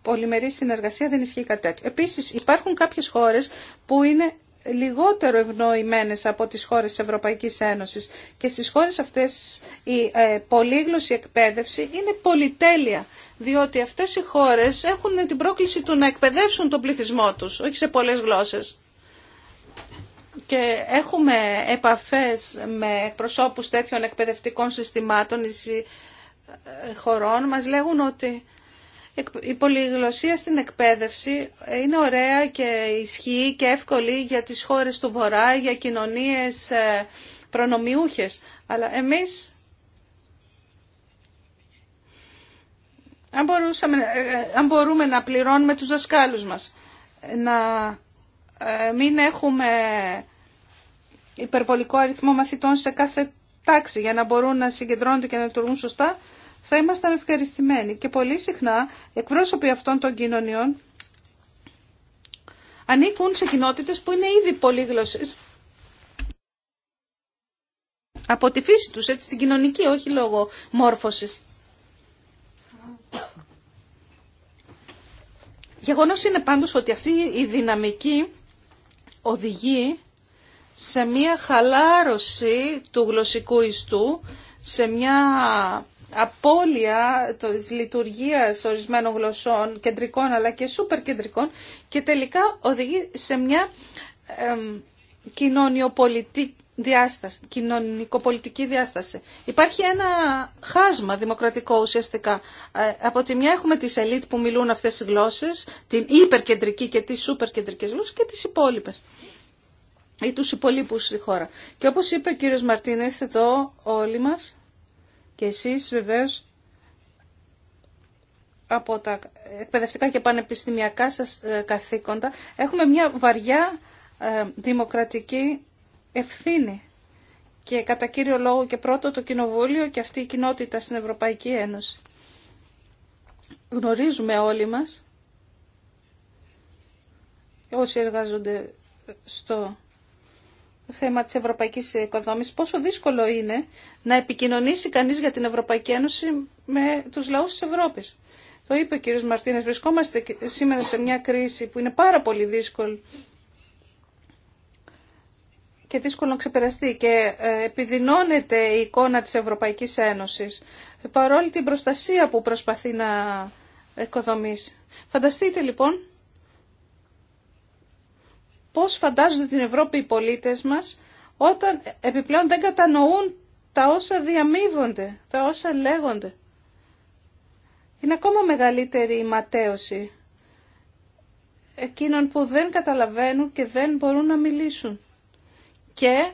πολυμερή συνεργασία δεν ισχύει κάτι τέτοιο. Επίσης υπάρχουν κάποιες χώρες που είναι λιγότερο ευνοημένες από τις χώρες της Ευρωπαϊκής Ένωσης και στις χώρες αυτές η πολύγλωση εκπαίδευση είναι πολυτέλεια διότι αυτές οι χώρες έχουν την πρόκληση του να εκπαιδεύσουν τον πληθυσμό τους, όχι σε πολλές γλώσσες και έχουμε επαφές με προσώπους τέτοιων εκπαιδευτικών συστημάτων ε, χωρών, μας λέγουν ότι η πολυγλωσία στην εκπαίδευση είναι ωραία και ισχύει και εύκολη για τις χώρες του Βορρά, για κοινωνίες ε, προνομιούχες. Αλλά εμείς, αν, μπορούσαμε, ε, αν μπορούμε να πληρώνουμε τους δασκάλους μας, να μην έχουμε υπερβολικό αριθμό μαθητών σε κάθε τάξη για να μπορούν να συγκεντρώνονται και να λειτουργούν σωστά, θα ήμασταν ευχαριστημένοι. Και πολύ συχνά εκπρόσωποι αυτών των κοινωνιών ανήκουν σε κοινότητε που είναι ήδη πολύγλωσσες. Από τη φύση τους, έτσι, την κοινωνική, όχι λόγω μόρφωσης. Γεγονός είναι πάντως ότι αυτή η δυναμική οδηγεί σε μια χαλάρωση του γλωσσικού ιστού, σε μια απώλεια της λειτουργίας ορισμένων γλωσσών, κεντρικών αλλά και σούπερ κεντρικών και τελικά οδηγεί σε μια κοινωνιοπολιτική διάσταση, κοινωνικοπολιτική διάσταση. Υπάρχει ένα χάσμα δημοκρατικό ουσιαστικά. Ε, από τη μια έχουμε τις ελίτ που μιλούν αυτές τις γλώσσες, την υπερκεντρική και τις σούπερ γλώσσες και τις υπόλοιπες ή τους υπολείπους στη χώρα. Και όπως είπε ο κύριος Μαρτίνεθ εδώ όλοι μας και εσείς βεβαίως από τα εκπαιδευτικά και πανεπιστημιακά σας ε, καθήκοντα έχουμε μια βαριά ε, δημοκρατική ευθύνη και κατά κύριο λόγο και πρώτο το Κοινοβούλιο και αυτή η κοινότητα στην Ευρωπαϊκή Ένωση. Γνωρίζουμε όλοι μας όσοι εργάζονται στο θέμα της ευρωπαϊκής οικοδόμησης, πόσο δύσκολο είναι να επικοινωνήσει κανείς για την Ευρωπαϊκή Ένωση με τους λαούς της Ευρώπης. Το είπε ο κ. Μαρτίνες, βρισκόμαστε σήμερα σε μια κρίση που είναι πάρα πολύ δύσκολη και δύσκολο να ξεπεραστεί και ε, επιδεινώνεται η εικόνα της Ευρωπαϊκής Ένωσης παρόλη την προστασία που προσπαθεί να οικοδομήσει. Φανταστείτε λοιπόν πώς φαντάζονται την Ευρώπη οι πολίτες μας όταν επιπλέον δεν κατανοούν τα όσα διαμείβονται, τα όσα λέγονται. Είναι ακόμα μεγαλύτερη η ματέωση εκείνων που δεν καταλαβαίνουν και δεν μπορούν να μιλήσουν. Και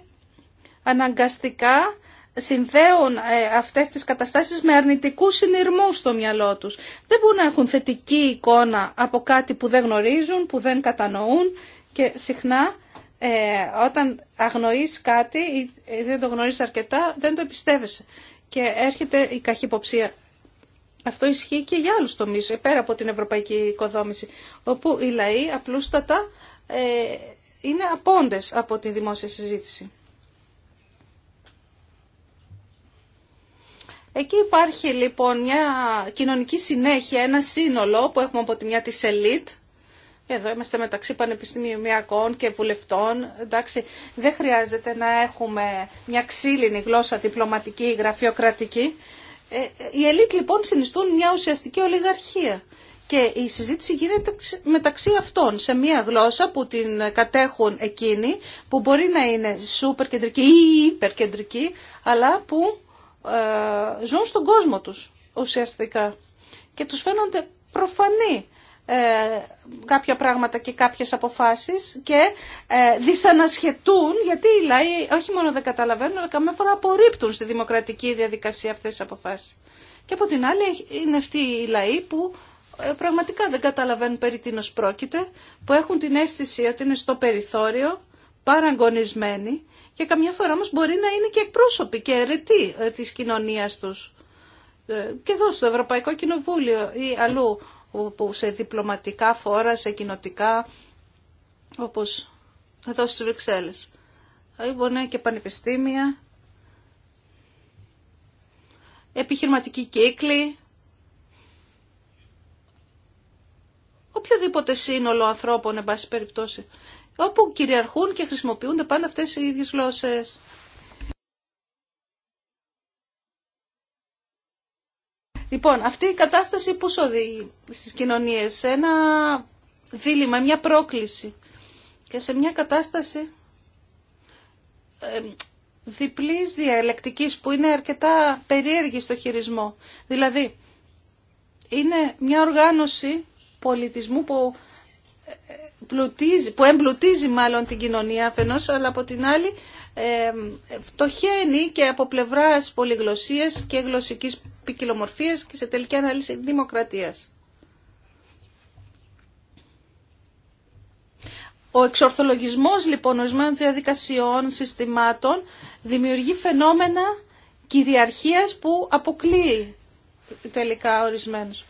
αναγκαστικά συνδέουν ε, αυτές τις καταστάσεις με αρνητικούς συνειρμούς στο μυαλό τους. Δεν μπορούν να έχουν θετική εικόνα από κάτι που δεν γνωρίζουν, που δεν κατανοούν και συχνά ε, όταν αγνοείς κάτι ή ε, δεν το γνωρίζεις αρκετά, δεν το εμπιστεύεσαι. Και έρχεται η καχυποψία. Αυτό ισχύει και για άλλους τομείς, ε, πέρα από την ευρωπαϊκή οικοδόμηση, όπου οι λαοί απλούστατα είναι απόντες από τη δημόσια συζήτηση. Εκεί υπάρχει λοιπόν μια κοινωνική συνέχεια, ένα σύνολο που έχουμε από τη μια της ελίτ, εδώ είμαστε μεταξύ πανεπιστημιακών και βουλευτών. Εντάξει, δεν χρειάζεται να έχουμε μια ξύλινη γλώσσα διπλωματική ή γραφειοκρατική. Ε, οι ελίτ λοιπόν συνιστούν μια ουσιαστική ολιγαρχία. Και η συζήτηση γίνεται μεταξύ αυτών, σε μια γλώσσα που την κατέχουν εκείνοι, που μπορεί να είναι σούπερ κεντρική ή κεντρική, αλλά που ε, ζουν στον κόσμο τους ουσιαστικά. Και τους φαίνονται προφανή ε, κάποια πράγματα και κάποιες αποφάσεις και ε, δυσανασχετούν γιατί οι λαοί όχι μόνο δεν καταλαβαίνουν αλλά καμιά φορά απορρίπτουν στη δημοκρατική διαδικασία αυτές τις αποφάσεις. Και από την άλλη είναι αυτοί οι λαοί που ε, πραγματικά δεν καταλαβαίνουν περί τίνος πρόκειται, που έχουν την αίσθηση ότι είναι στο περιθώριο, παραγωνισμένοι και καμιά φορά όμως μπορεί να είναι και εκπρόσωποι και αιρετοί της κοινωνίας τους. Και εδώ στο Ευρωπαϊκό Κοινοβούλιο ή αλλού που σε διπλωματικά φόρα, σε κοινοτικά, όπως εδώ στις Βρυξέλλες. Ε, μπορεί και πανεπιστήμια, επιχειρηματική κύκλοι, οποιοδήποτε σύνολο ανθρώπων, εν πάση περιπτώσει, όπου κυριαρχούν και χρησιμοποιούνται πάντα αυτές οι ίδιες γλώσσες. Λοιπόν, αυτή η κατάσταση πώς οδηγεί στις κοινωνίες, σε ένα δίλημα, μια πρόκληση και σε μια κατάσταση διπλής διαλεκτικής που είναι αρκετά περίεργη στο χειρισμό. Δηλαδή, είναι μια οργάνωση πολιτισμού που, ε, που εμπλουτίζει μάλλον την κοινωνία αφενός, αλλά από την άλλη ε, φτωχαίνει και από πλευράς πολυγλωσσίας και γλωσσικής και σε τελική ανάλυση δημοκρατίας. Ο εξορθολογισμός λοιπόν ορισμένων διαδικασιών, συστημάτων δημιουργεί φαινόμενα κυριαρχίας που αποκλείει τελικά ορισμένους.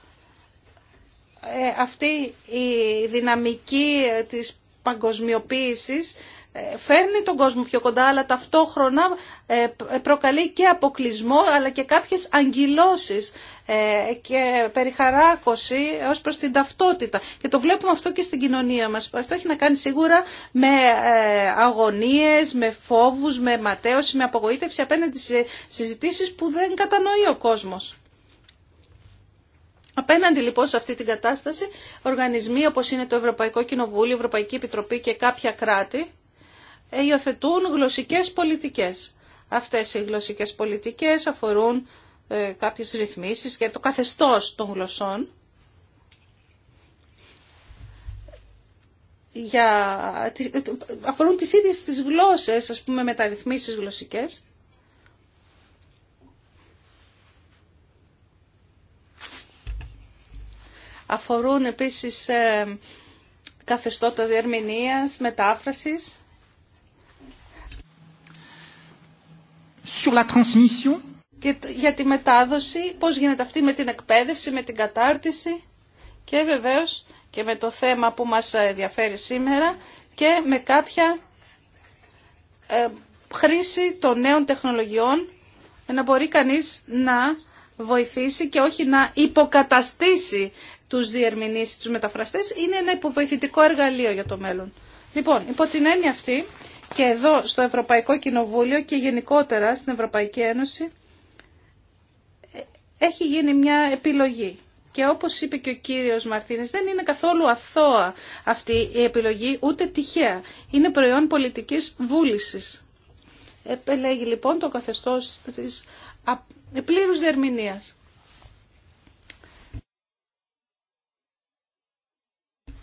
Ε, αυτή η δυναμική της παγκοσμιοποίησης ε, φέρνει τον κόσμο πιο κοντά, αλλά ταυτόχρονα ε, προκαλεί και αποκλεισμό, αλλά και κάποιες αγγυλώσεις ε, και περιχαράκωση ως προς την ταυτότητα. Και το βλέπουμε αυτό και στην κοινωνία μας. Αυτό έχει να κάνει σίγουρα με αγωνίες, με φόβους, με ματέωση, με απογοήτευση απέναντι σε συζητήσεις που δεν κατανοεί ο κόσμος. Απέναντι λοιπόν σε αυτή την κατάσταση, οργανισμοί όπως είναι το Ευρωπαϊκό Κοινοβούλιο, η Ευρωπαϊκή Επιτροπή και κάποια κράτη ε, υιοθετούν γλωσσικές πολιτικές. Αυτές οι γλωσσικές πολιτικές αφορούν ε, κάποιες ρυθμίσεις για το καθεστώς των γλωσσών. Για, ε, αφορούν τις ίδιες τις γλώσσες, ας πούμε, μεταρρυθμίσεις γλωσσικές. Αφορούν επίσης καθεστώτα διερμηνίας, μετάφρασης. sur la transmission. Και για τη μετάδοση, πώς γίνεται αυτή με την εκπαίδευση, με την κατάρτιση και βεβαίως και με το θέμα που μας ε, ενδιαφέρει σήμερα και με κάποια ε, χρήση των νέων τεχνολογιών να μπορεί κανείς να βοηθήσει και όχι να υποκαταστήσει τους διερμηνείς, τους μεταφραστές, είναι ένα υποβοηθητικό εργαλείο για το μέλλον. Λοιπόν, υπό την έννοια αυτή και εδώ στο Ευρωπαϊκό Κοινοβούλιο και γενικότερα στην Ευρωπαϊκή Ένωση έχει γίνει μια επιλογή. Και όπως είπε και ο κύριος Μαρτίνης, δεν είναι καθόλου αθώα αυτή η επιλογή, ούτε τυχαία. Είναι προϊόν πολιτικής βούλησης. Επελέγει λοιπόν το καθεστώς της πλήρους δερμηνίας.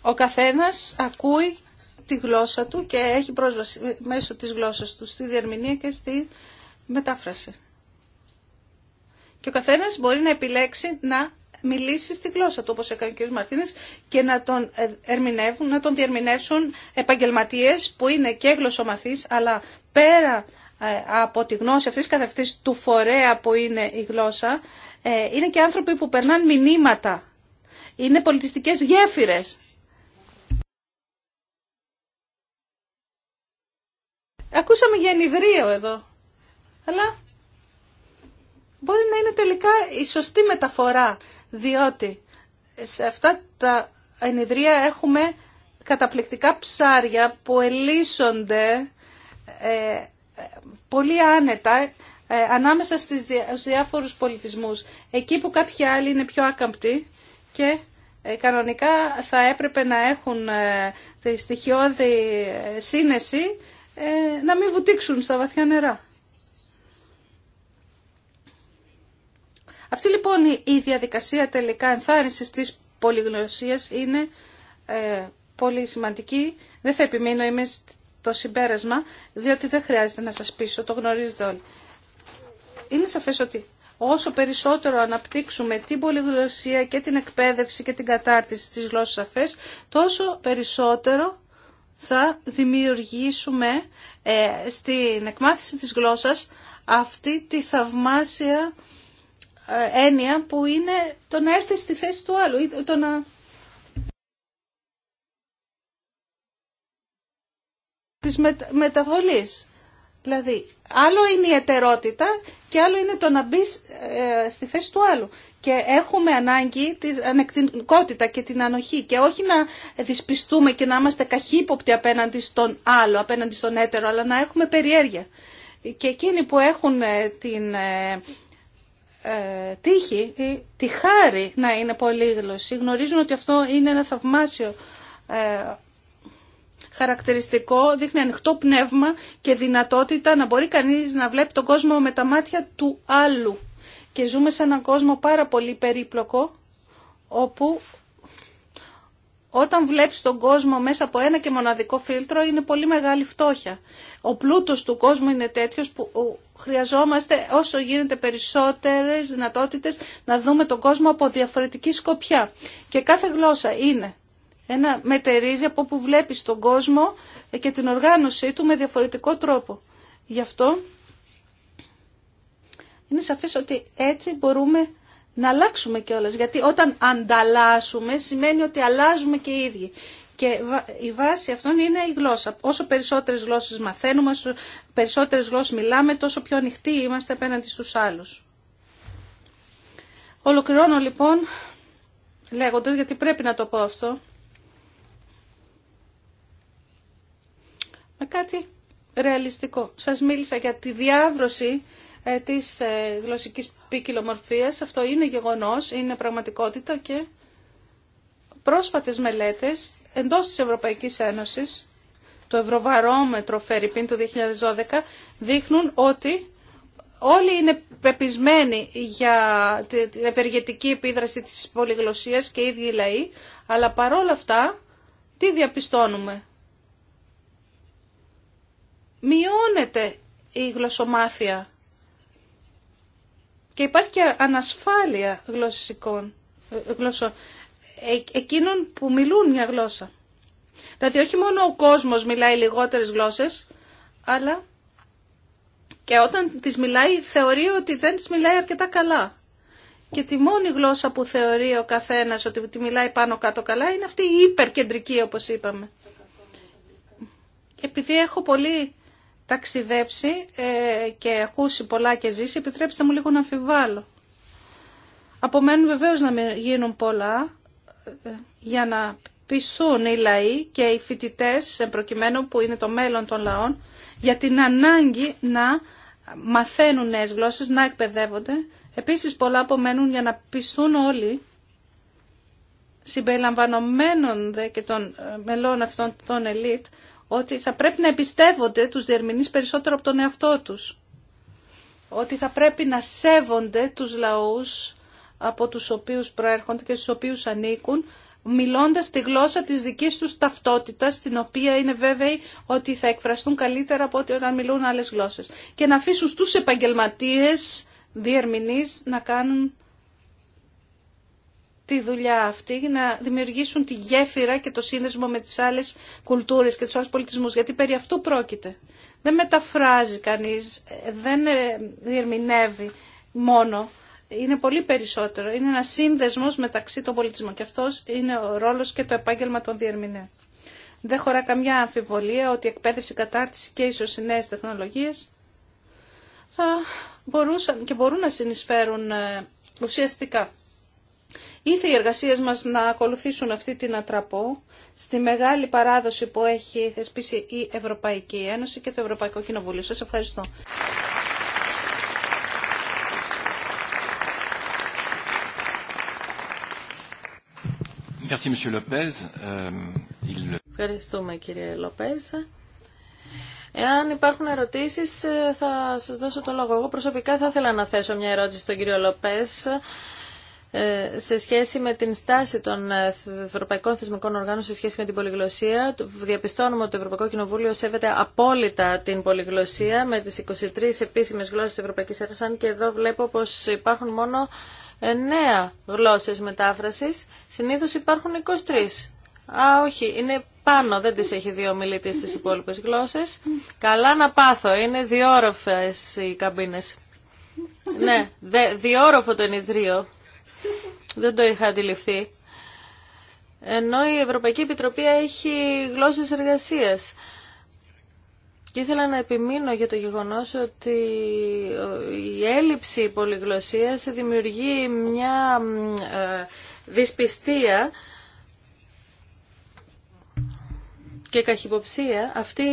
Ο καθένας ακούει τη γλώσσα του και έχει πρόσβαση μέσω της γλώσσας του στη διερμηνία και στη μετάφραση. Και ο καθένας μπορεί να επιλέξει να μιλήσει στη γλώσσα του, όπως έκανε ο κ. Μαρτίνες, και να τον, ερμηνεύουν, να τον διερμηνεύσουν επαγγελματίες που είναι και γλωσσομαθείς, αλλά πέρα ε, από τη γνώση αυτής καθ' του φορέα που είναι η γλώσσα, ε, είναι και άνθρωποι που περνάνε μηνύματα. Είναι πολιτιστικές γέφυρες Ακούσαμε για ενιδρίο εδώ. Αλλά μπορεί να είναι τελικά η σωστή μεταφορά, διότι σε αυτά τα ενιδρία έχουμε καταπληκτικά ψάρια που ελίσσονται ε, ε, πολύ άνετα ε, ανάμεσα στις, διάφορους πολιτισμούς. Εκεί που κάποιοι άλλοι είναι πιο άκαμπτοι και κανονικά θα έπρεπε να έχουν τη στοιχειώδη σύνεση, ε, να μην βουτήξουν στα βαθιά νερά. Αυτή λοιπόν η διαδικασία τελικά ενθάρρυνσης της πολυγνωσίας είναι ε, πολύ σημαντική. Δεν θα επιμείνω, είμαι στο συμπέρασμα, διότι δεν χρειάζεται να σας πείσω, το γνωρίζετε όλοι. Είναι σαφές ότι όσο περισσότερο αναπτύξουμε την πολυγνωσία και την εκπαίδευση και την κατάρτιση της γλώσσας αφές, τόσο περισσότερο θα δημιουργήσουμε ε, στην εκμάθηση της γλώσσας αυτή τη θαυμάσια ε, έννοια που είναι το να έρθει στη θέση του άλλου ή το να της μεταβολής. Δηλαδή, άλλο είναι η ετερότητα και άλλο είναι το να μπει ε, στη θέση του άλλου. Και έχουμε ανάγκη την ανεκτικότητα και την ανοχή και όχι να δυσπιστούμε και να είμαστε καχύποπτοι απέναντι στον άλλο, απέναντι στον έτερο, αλλά να έχουμε περιέργεια. Και εκείνοι που έχουν ε, την ε, ε τύχη, τη χάρη να είναι πολύγλωσσοι, γνωρίζουν ότι αυτό είναι ένα θαυμάσιο χαρακτηριστικό, δείχνει ανοιχτό πνεύμα και δυνατότητα να μπορεί κανείς να βλέπει τον κόσμο με τα μάτια του άλλου. Και ζούμε σε έναν κόσμο πάρα πολύ περίπλοκο, όπου όταν βλέπεις τον κόσμο μέσα από ένα και μοναδικό φίλτρο είναι πολύ μεγάλη φτώχεια. Ο πλούτος του κόσμου είναι τέτοιος που χρειαζόμαστε όσο γίνεται περισσότερες δυνατότητες να δούμε τον κόσμο από διαφορετική σκοπιά. Και κάθε γλώσσα είναι ένα μετερίζει από όπου βλέπεις τον κόσμο και την οργάνωσή του με διαφορετικό τρόπο. Γι' αυτό είναι σαφές ότι έτσι μπορούμε να αλλάξουμε κιόλα. Γιατί όταν ανταλλάσσουμε σημαίνει ότι αλλάζουμε και οι ίδιοι. Και η βάση αυτών είναι η γλώσσα. Όσο περισσότερες γλώσσες μαθαίνουμε, όσο περισσότερες γλώσσες μιλάμε, τόσο πιο ανοιχτοί είμαστε απέναντι στους άλλους. Ολοκληρώνω λοιπόν λέγοντας, γιατί πρέπει να το πω αυτό, με κάτι ρεαλιστικό. Σας μίλησα για τη διάβρωση ε, της ε, γλωσσικής ποικιλομορφίας. Αυτό είναι γεγονός, είναι πραγματικότητα και πρόσφατες μελέτες εντός της Ευρωπαϊκής Ένωσης, το Ευρωβαρόμετρο Φερρυπίν του 2012, δείχνουν ότι όλοι είναι πεπισμένοι για την ευεργετική επίδραση της πολυγλωσσίας και οι ίδιοι λαοί, αλλά παρόλα αυτά τι διαπιστώνουμε μειώνεται η γλωσσομάθεια και υπάρχει και ανασφάλεια γλωσσικών, ε, γλωσσο, ε, εκείνων που μιλούν μια γλώσσα. Δηλαδή όχι μόνο ο κόσμος μιλάει λιγότερες γλώσσες, αλλά και όταν τις μιλάει θεωρεί ότι δεν τις μιλάει αρκετά καλά. Και τη μόνη γλώσσα που θεωρεί ο καθένας ότι τη μιλάει πάνω κάτω καλά είναι αυτή η υπερκεντρική όπως είπαμε. Επειδή έχω πολύ ταξιδέψει ε, και ακούσει πολλά και ζήσει, επιτρέψτε μου λίγο να αμφιβάλλω. Απομένουν βεβαίως να γίνουν πολλά ε, για να πιστούν οι λαοί και οι φοιτητές, προκειμένου που είναι το μέλλον των λαών, για την ανάγκη να μαθαίνουν νέες γλώσσες, να εκπαιδεύονται. Επίσης πολλά απομένουν για να πιστούν όλοι, συμπεριλαμβανομένων δε και των ε, μελών αυτών των ελίτ, ότι θα πρέπει να εμπιστεύονται τους διερμηνείς περισσότερο από τον εαυτό τους. Ότι θα πρέπει να σέβονται τους λαούς από τους οποίους προέρχονται και στους οποίους ανήκουν, μιλώντας τη γλώσσα της δικής τους ταυτότητας, την οποία είναι βέβαιη ότι θα εκφραστούν καλύτερα από ό,τι όταν μιλούν άλλες γλώσσες. Και να αφήσουν στους επαγγελματίες διερμηνείς να κάνουν τη δουλειά αυτή να δημιουργήσουν τη γέφυρα και το σύνδεσμο με τις άλλες κουλτούρες και τους άλλους πολιτισμούς, γιατί περί αυτού πρόκειται. Δεν μεταφράζει κανείς, δεν ε, διερμηνεύει μόνο. Είναι πολύ περισσότερο. Είναι ένα σύνδεσμος μεταξύ των πολιτισμών και αυτός είναι ο ρόλος και το επάγγελμα των διερμηνέων. Δεν χωρά καμιά αμφιβολία ότι η εκπαίδευση, κατάρτιση και ίσως οι νέες τεχνολογίες θα μπορούσαν και μπορούν να συνεισφέρουν ε, ουσιαστικά Ήθε οι εργασίες μας να ακολουθήσουν αυτή την ατραπό στη μεγάλη παράδοση που έχει θεσπίσει η Ευρωπαϊκή Ένωση και το Ευρωπαϊκό Κοινοβούλιο. Σας ευχαριστώ. Euh, Ευχαριστούμε κύριε Λοπέζ. Εάν υπάρχουν ερωτήσεις ε, θα σας δώσω το λόγο. Εγώ προσωπικά θα ήθελα να θέσω μια ερώτηση στον κύριο Λοπέζ ε, σε σχέση με την στάση των ε, ευρωπαϊκών θεσμικών οργάνων σε σχέση με την πολυγλωσία. Διαπιστώνουμε ότι το Ευρωπαϊκό Κοινοβούλιο σέβεται απόλυτα την πολυγλωσία με τις 23 επίσημες γλώσσες της Ευρωπαϊκής Ένωσης, και εδώ βλέπω πως υπάρχουν μόνο 9 ε, γλώσσες μετάφρασης, συνήθως υπάρχουν 23. Α, όχι, είναι πάνω, δεν τις έχει δύο μιλητές στις υπόλοιπες γλώσσες. Καλά να πάθω, είναι διόροφες οι καμπίνες. ναι, διόροφο το ενιδρίο. Δεν το είχα αντιληφθεί. Ενώ η Ευρωπαϊκή Επιτροπή έχει γλώσσες εργασίας. Και ήθελα να επιμείνω για το γεγονός ότι η έλλειψη πολυγλωσσίας δημιουργεί μια ε, δυσπιστία και καχυποψία, αυτή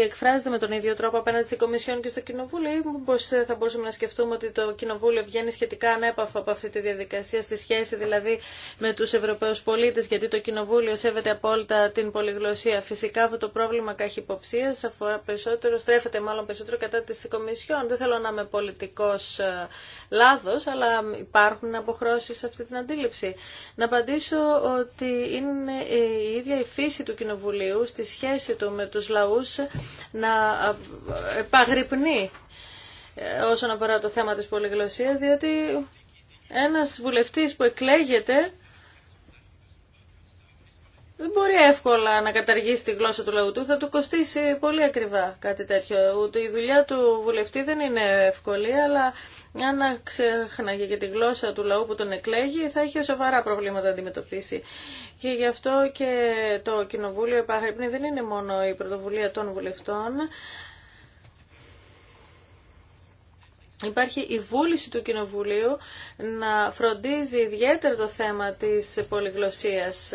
εκφράζεται με τον ίδιο τρόπο απέναντι στην Κομισιόν και στο Κοινοβούλιο ή μήπω θα μπορούσαμε να σκεφτούμε ότι το Κοινοβούλιο βγαίνει σχετικά ανέπαφο από αυτή τη διαδικασία, στη σχέση δηλαδή με του Ευρωπαίου πολίτε, γιατί το Κοινοβούλιο σέβεται απόλυτα την πολυγλωσία. Φυσικά αυτό το πρόβλημα καχυποψίας αφορά περισσότερο, στρέφεται μάλλον περισσότερο κατά τη Κομισιόν. Δεν θέλω να είμαι πολιτικό ε, λάθος, αλλά υπάρχουν αποχρώσει σε αυτή την αντίληψη. Να απαντήσω ότι είναι ε, η ίδια η φύση του Κοινοβουλίου σχέση του με τους λαούς να επαγρυπνεί ε, όσον αφορά το θέμα της πολυγλωσσίας, διότι ένας βουλευτής που εκλέγεται δεν μπορεί εύκολα να καταργήσει τη γλώσσα του λαού του. Θα του κοστίσει πολύ ακριβά κάτι τέτοιο. Ούτε η δουλειά του βουλευτή δεν είναι εύκολη, αλλά αν ξεχνάγε και τη γλώσσα του λαού που τον εκλέγει, θα είχε σοβαρά προβλήματα να αντιμετωπίσει. Και γι' αυτό και το Κοινοβούλιο επαγρυπνή δεν είναι μόνο η πρωτοβουλία των βουλευτών, Υπάρχει η βούληση του Κοινοβουλίου να φροντίζει ιδιαίτερα το θέμα της πολυγλωσσίας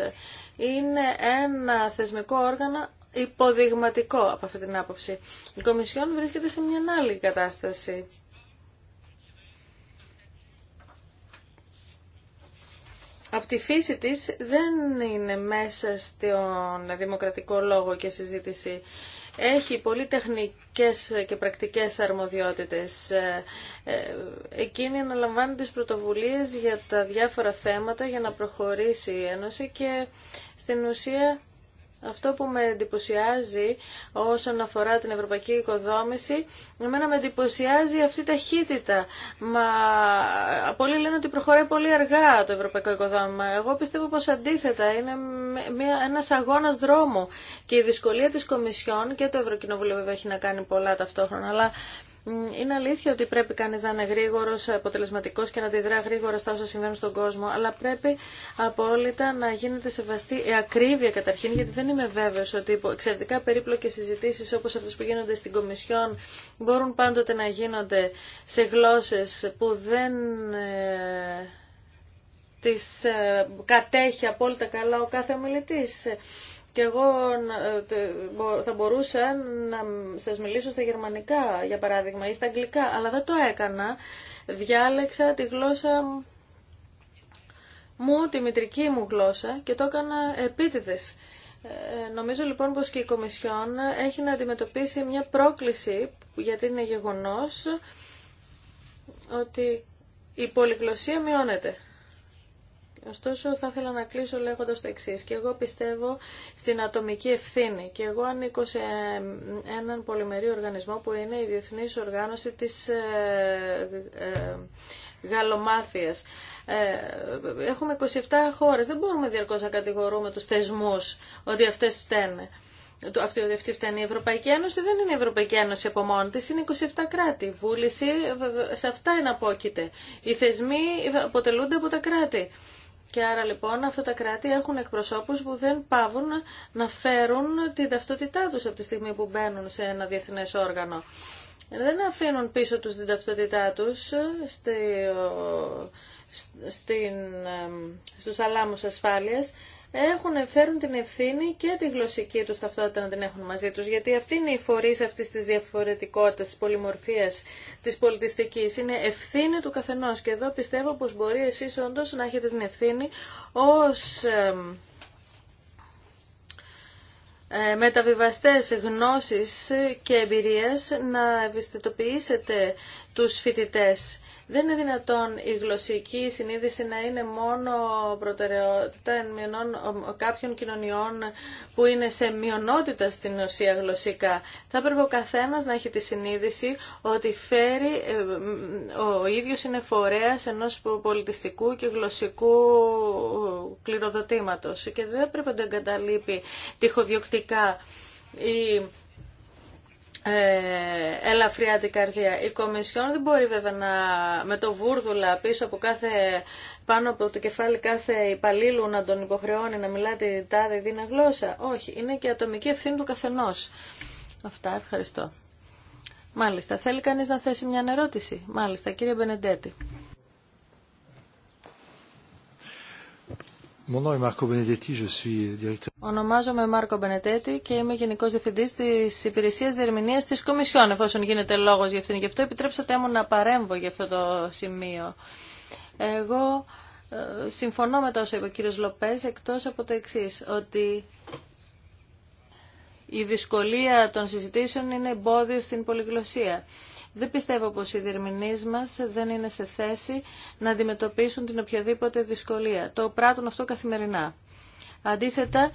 είναι ένα θεσμικό όργανο υποδειγματικό από αυτή την άποψη. Η Κομισιόν βρίσκεται σε μια άλλη κατάσταση. Από τη φύση της δεν είναι μέσα στον δημοκρατικό λόγο και συζήτηση έχει πολύ τεχνικές και πρακτικές αρμοδιότητες. Ε, ε, εκείνη αναλαμβάνει τις πρωτοβουλίες για τα διάφορα θέματα για να προχωρήσει η Ένωση και στην ουσία αυτό που με εντυπωσιάζει όσον αφορά την ευρωπαϊκή οικοδόμηση, εμένα με εντυπωσιάζει αυτή η ταχύτητα. Μα πολλοί λένε ότι προχωράει πολύ αργά το ευρωπαϊκό οικοδόμημα. Εγώ πιστεύω πως αντίθετα είναι μια, ένας αγώνας δρόμου και η δυσκολία της Κομισιόν και το Ευρωκοινοβούλιο βέβαια έχει να κάνει πολλά ταυτόχρονα, αλλά είναι αλήθεια ότι πρέπει κανείς να είναι γρήγορος, αποτελεσματικός και να αντιδρά γρήγορα στα όσα συμβαίνουν στον κόσμο, αλλά πρέπει απόλυτα να γίνεται σεβαστή η ακρίβεια καταρχήν, γιατί δεν είμαι βέβαιος ότι εξαιρετικά περίπλοκες συζητήσεις όπως αυτές που γίνονται στην Κομισιόν μπορούν πάντοτε να γίνονται σε γλώσσες που δεν ε, τις ε, κατέχει απόλυτα καλά ο κάθε ομιλητής. Και εγώ ε, θα μπορούσα να σας μιλήσω στα γερμανικά, για παράδειγμα, ή στα αγγλικά, αλλά δεν το έκανα. Διάλεξα τη γλώσσα μου, τη μητρική μου γλώσσα και το έκανα επίτηδες. Ε, νομίζω λοιπόν πως και η Κομισιόν έχει να αντιμετωπίσει μια πρόκληση, γιατί είναι γεγονός ότι η πολυγλωσία μειώνεται. Ωστόσο, θα ήθελα να κλείσω λέγοντα το εξή. Και εγώ πιστεύω στην ατομική ευθύνη. Και εγώ ανήκω σε έναν πολυμερή οργανισμό που είναι η Διεθνή Οργάνωση τη ε, ε, Γαλλομάθειας. Ε, έχουμε 27 χώρε. Δεν μπορούμε διαρκώ να κατηγορούμε του θεσμού ότι αυτέ φταίνε. Αυτή, αυτή η Ευρωπαϊκή Ένωση, δεν είναι η Ευρωπαϊκή Ένωση από μόνη τη, είναι 27 κράτη. Βούληση σε αυτά εναπόκειται. Οι θεσμοί αποτελούνται από τα κράτη. Και άρα λοιπόν αυτά τα κράτη έχουν εκπροσώπους που δεν πάβουν να φέρουν την ταυτότητά τους από τη στιγμή που μπαίνουν σε ένα διεθνές όργανο. Δεν αφήνουν πίσω τους την ταυτότητά τους στη, στην, στους αλάμους ασφάλειας έχουν, φέρουν την ευθύνη και τη γλωσσική τους ταυτότητα να την έχουν μαζί τους. Γιατί αυτή είναι η φορή αυτής της διαφορετικότητας, της πολυμορφίας, της πολιτιστικής. Είναι ευθύνη του καθενός. Και εδώ πιστεύω πως μπορεί εσείς όντως να έχετε την ευθύνη ως ε, μεταβιβαστές γνώσης και εμπειρίες να ευαισθητοποιήσετε τους φοιτητές δεν είναι δυνατόν η γλωσσική συνείδηση να είναι μόνο προτεραιότητα εν μειονών κάποιων κοινωνιών που είναι σε μειονότητα στην ουσία γλωσσικά. Θα έπρεπε ο καθένας να έχει τη συνείδηση ότι φέρει, ε, ο ίδιος είναι φορέας ενός πολιτιστικού και γλωσσικού κληροδοτήματος και δεν πρέπει να το εγκαταλείπει τυχοδιοκτικά ε, ελαφριά την καρδιά. Η Κομισιόν δεν μπορεί βέβαια να, με το βούρδουλα πίσω από κάθε, πάνω από το κεφάλι κάθε υπαλλήλου να τον υποχρεώνει να μιλά τη τάδε δίνα γλώσσα. Όχι, είναι και ατομική ευθύνη του καθενός. Αυτά, ευχαριστώ. Μάλιστα, θέλει κανείς να θέσει μια ερώτηση. Μάλιστα, κύριε Μπενεντέτη. Ονομάζομαι Μάρκο Μπενετέτη και είμαι Γενικός Διευθυντής της Υπηρεσίας Διερμηνίας της Κομισιόν, εφόσον γίνεται λόγος για αυτήν. Γι' αυτό επιτρέψατε μου να παρέμβω για αυτό το σημείο. Εγώ ε, συμφωνώ με το όσο είπε ο κύριος Λοπές, εκτός από το εξή ότι η δυσκολία των συζητήσεων είναι εμπόδιο στην πολυγλωσία. Δεν πιστεύω πως οι διερμηνείς μας δεν είναι σε θέση να αντιμετωπίσουν την οποιαδήποτε δυσκολία. Το πράττουν αυτό καθημερινά. Αντίθετα,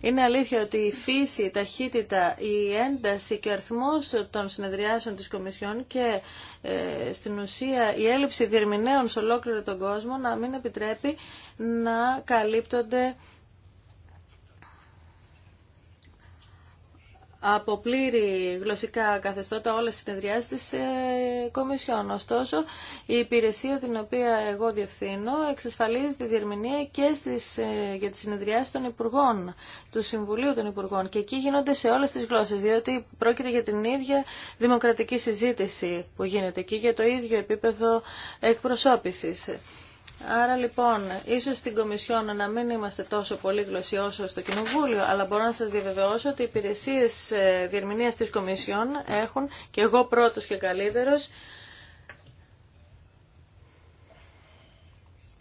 είναι αλήθεια ότι η φύση, η ταχύτητα, η ένταση και ο αριθμός των συνεδριάσεων της Κομισιόν και ε, στην ουσία η έλλειψη διερμηνέων σε ολόκληρο τον κόσμο να μην επιτρέπει να καλύπτονται από πλήρη γλωσσικά καθεστώτα όλες τις συνεδριάσεις της ε, Κομισιόν. Ωστόσο, η υπηρεσία την οποία εγώ διευθύνω εξασφαλίζει τη διερμηνία και στις, ε, για τις συνεδριάσεις των Υπουργών, του Συμβουλίου των Υπουργών. Και εκεί γίνονται σε όλες τις γλώσσες, διότι πρόκειται για την ίδια δημοκρατική συζήτηση που γίνεται εκεί για το ίδιο επίπεδο εκπροσώπησης. Άρα λοιπόν, ίσω στην Κομισιόν να μην είμαστε τόσο γλωσσοί όσο στο Κοινοβούλιο, αλλά μπορώ να σα διαβεβαιώσω ότι οι υπηρεσίε διερμηνία τη Κομισιόν έχουν, και εγώ πρώτο και καλύτερο,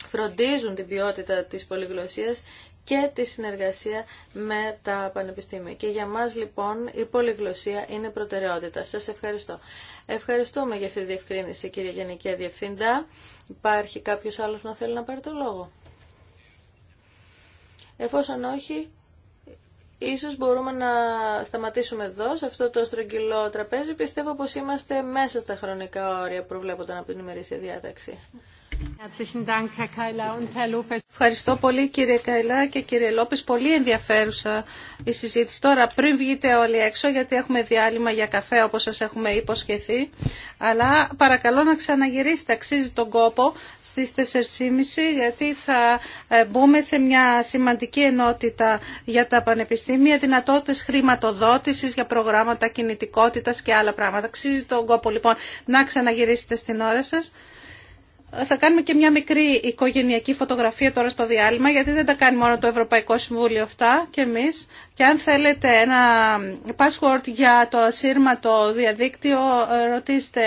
φροντίζουν την ποιότητα της πολυγλωσσίας και τη συνεργασία με τα πανεπιστήμια. Και για μας λοιπόν η πολυγλωσία είναι προτεραιότητα. Σας ευχαριστώ. Ευχαριστούμε για αυτή τη διευκρίνηση κύριε Γενική Διευθύντα. Υπάρχει κάποιος άλλος να θέλει να πάρει το λόγο. Εφόσον όχι, Ίσως μπορούμε να σταματήσουμε εδώ, σε αυτό το στρογγυλό τραπέζι. Πιστεύω πως είμαστε μέσα στα χρονικά όρια που από την ημερήσια διάταξη. Ευχαριστώ πολύ κύριε Καϊλά και κύριε Λόπες. Πολύ ενδιαφέρουσα η συζήτηση. Τώρα πριν βγείτε όλοι έξω γιατί έχουμε διάλειμμα για καφέ όπως σας έχουμε υποσχεθεί. Αλλά παρακαλώ να ξαναγυρίσετε. Αξίζει τον κόπο στις 4.30 γιατί θα ε, μπούμε σε μια σημαντική ενότητα για τα πανεπιστήμια, δυνατότητες χρηματοδότησης για προγράμματα κινητικότητας και άλλα πράγματα. Αξίζει τον κόπο λοιπόν να ξαναγυρίσετε στην ώρα σας. Θα κάνουμε και μια μικρή οικογενειακή φωτογραφία τώρα στο διάλειμμα, γιατί δεν τα κάνει μόνο το Ευρωπαϊκό Συμβούλιο αυτά και εμείς. Και αν θέλετε ένα password για το ασύρματο διαδίκτυο, ε, ρωτήστε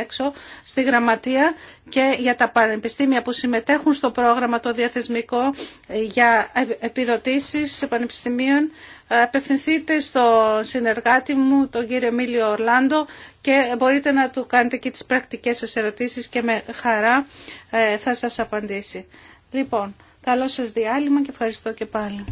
έξω στη γραμματεία και για τα πανεπιστήμια που συμμετέχουν στο πρόγραμμα το διαθεσμικό ε, για επιδοτήσεις πανεπιστημίων απευθυνθείτε στο συνεργάτη μου, τον κύριο Εμίλιο Ορλάντο και μπορείτε να του κάνετε και τις πρακτικές σας ερωτήσεις και με χαρά ε, θα σας απαντήσει. Λοιπόν, καλό σας διάλειμμα και ευχαριστώ και πάλι.